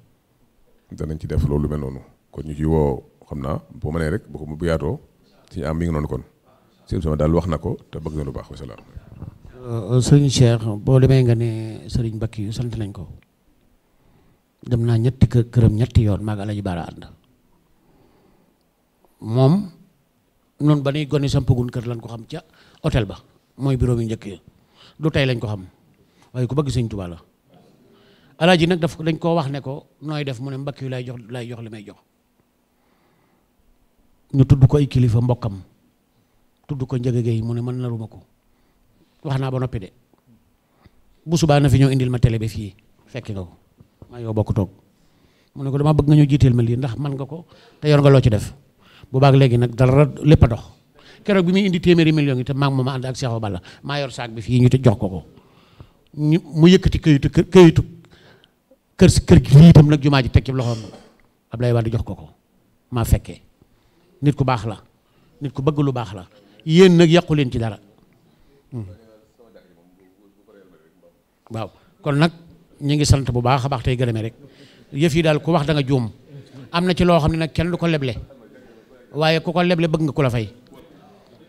danañ ci def lolu mel nonu kon ñu ci wo xamna bu ma nee rek bu ko mu bu yaato ci Am mi ngi non kon sëñ sama dal wax nako te bëgg na lu baax wa salaam. Euh, sëñ Cheikh bo demé nga né sëriñ bakki yu sant nañ ko dem na ñett ke kërëm ñett yoon mag alaji Baara ànd moom noonu ba goni gone sampagun kër lan ko xam ci hôtel ba moy bureau bi ñëk ya du tay lañ ko xam waaye ku bëgg sëñ touba la alaji nak daf dañ ko wax ne ko noy def mu ne mbakki lay jox lay jox limay jox ñu tuddu ko ay kilifa mbokam tuddu ko Ndiaga gay mu ne man naruma ko wax naa ba noppi de bu suba na fi ñëw indil ma télé bi fii fekk nga ko ma yow bokk toog mu ne ko dama bëgg nga ñëw ma lii ndax man nga ko te yor nga loo ci def bu baag léegi nag dara lépp a dox keroog bi muy indi téeméeri million yi te maag mooma ànd ak Cheikh Balla ma yor saak bi fii ñu te jox ko ko ñu mu yëkkati këyitu këyitu kër kër gi lii tam nag jumaa ji teg ci loxoom jox ko ko ma fekkee nit ku baax la nit ku bëgg lu baax la yéen nag yàqu leen ci dara hmm. waaw kon nag ñu ngi sant bu baax a baax tey gërëme rek yëf yi daal ku wax da nga juum am na ci loo xam ne nag kenn du ko leble waaye ku ko leble bëgg nga ku la fay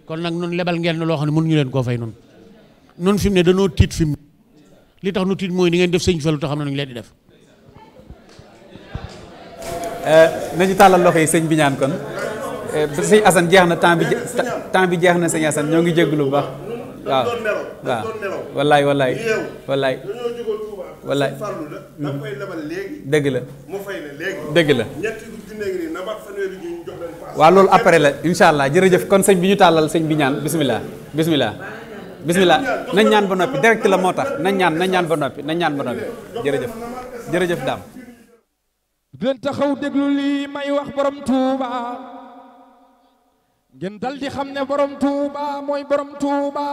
kon nag nun lebal ngeen loo xam ne ñu leen koo fay nun nun fi mu ne danoo tiit fi mu li tax nu tiit mooy ni ngeen def sëñ Fallu te xam ne ñu leen di def eh, nañu tàllal loxo yi sëñ bi ñaan kon Eh, sëñ Assane jeex na temps bi temps bi jeex na sëñ Assane ñoo ngi jéglu bu baax waaw waaw wallaay wallaay wallaay wallaay dëgg la dëgg la waaw loolu après la incha allah jërëjëf kon sëñ bi ñu tàllal sëñ bi ñaan bisimilah bisimilah bisimilah nañ ñaan ba noppi direct la moo tax nañ ñaan nañ ñaan ba noppi nañ ñaan ba noppi jërëjëf jërëjëf daam. di taxaw déglu lii may wax borom Touba. ngeen dal di xam ne borom Touba mooy borom Touba.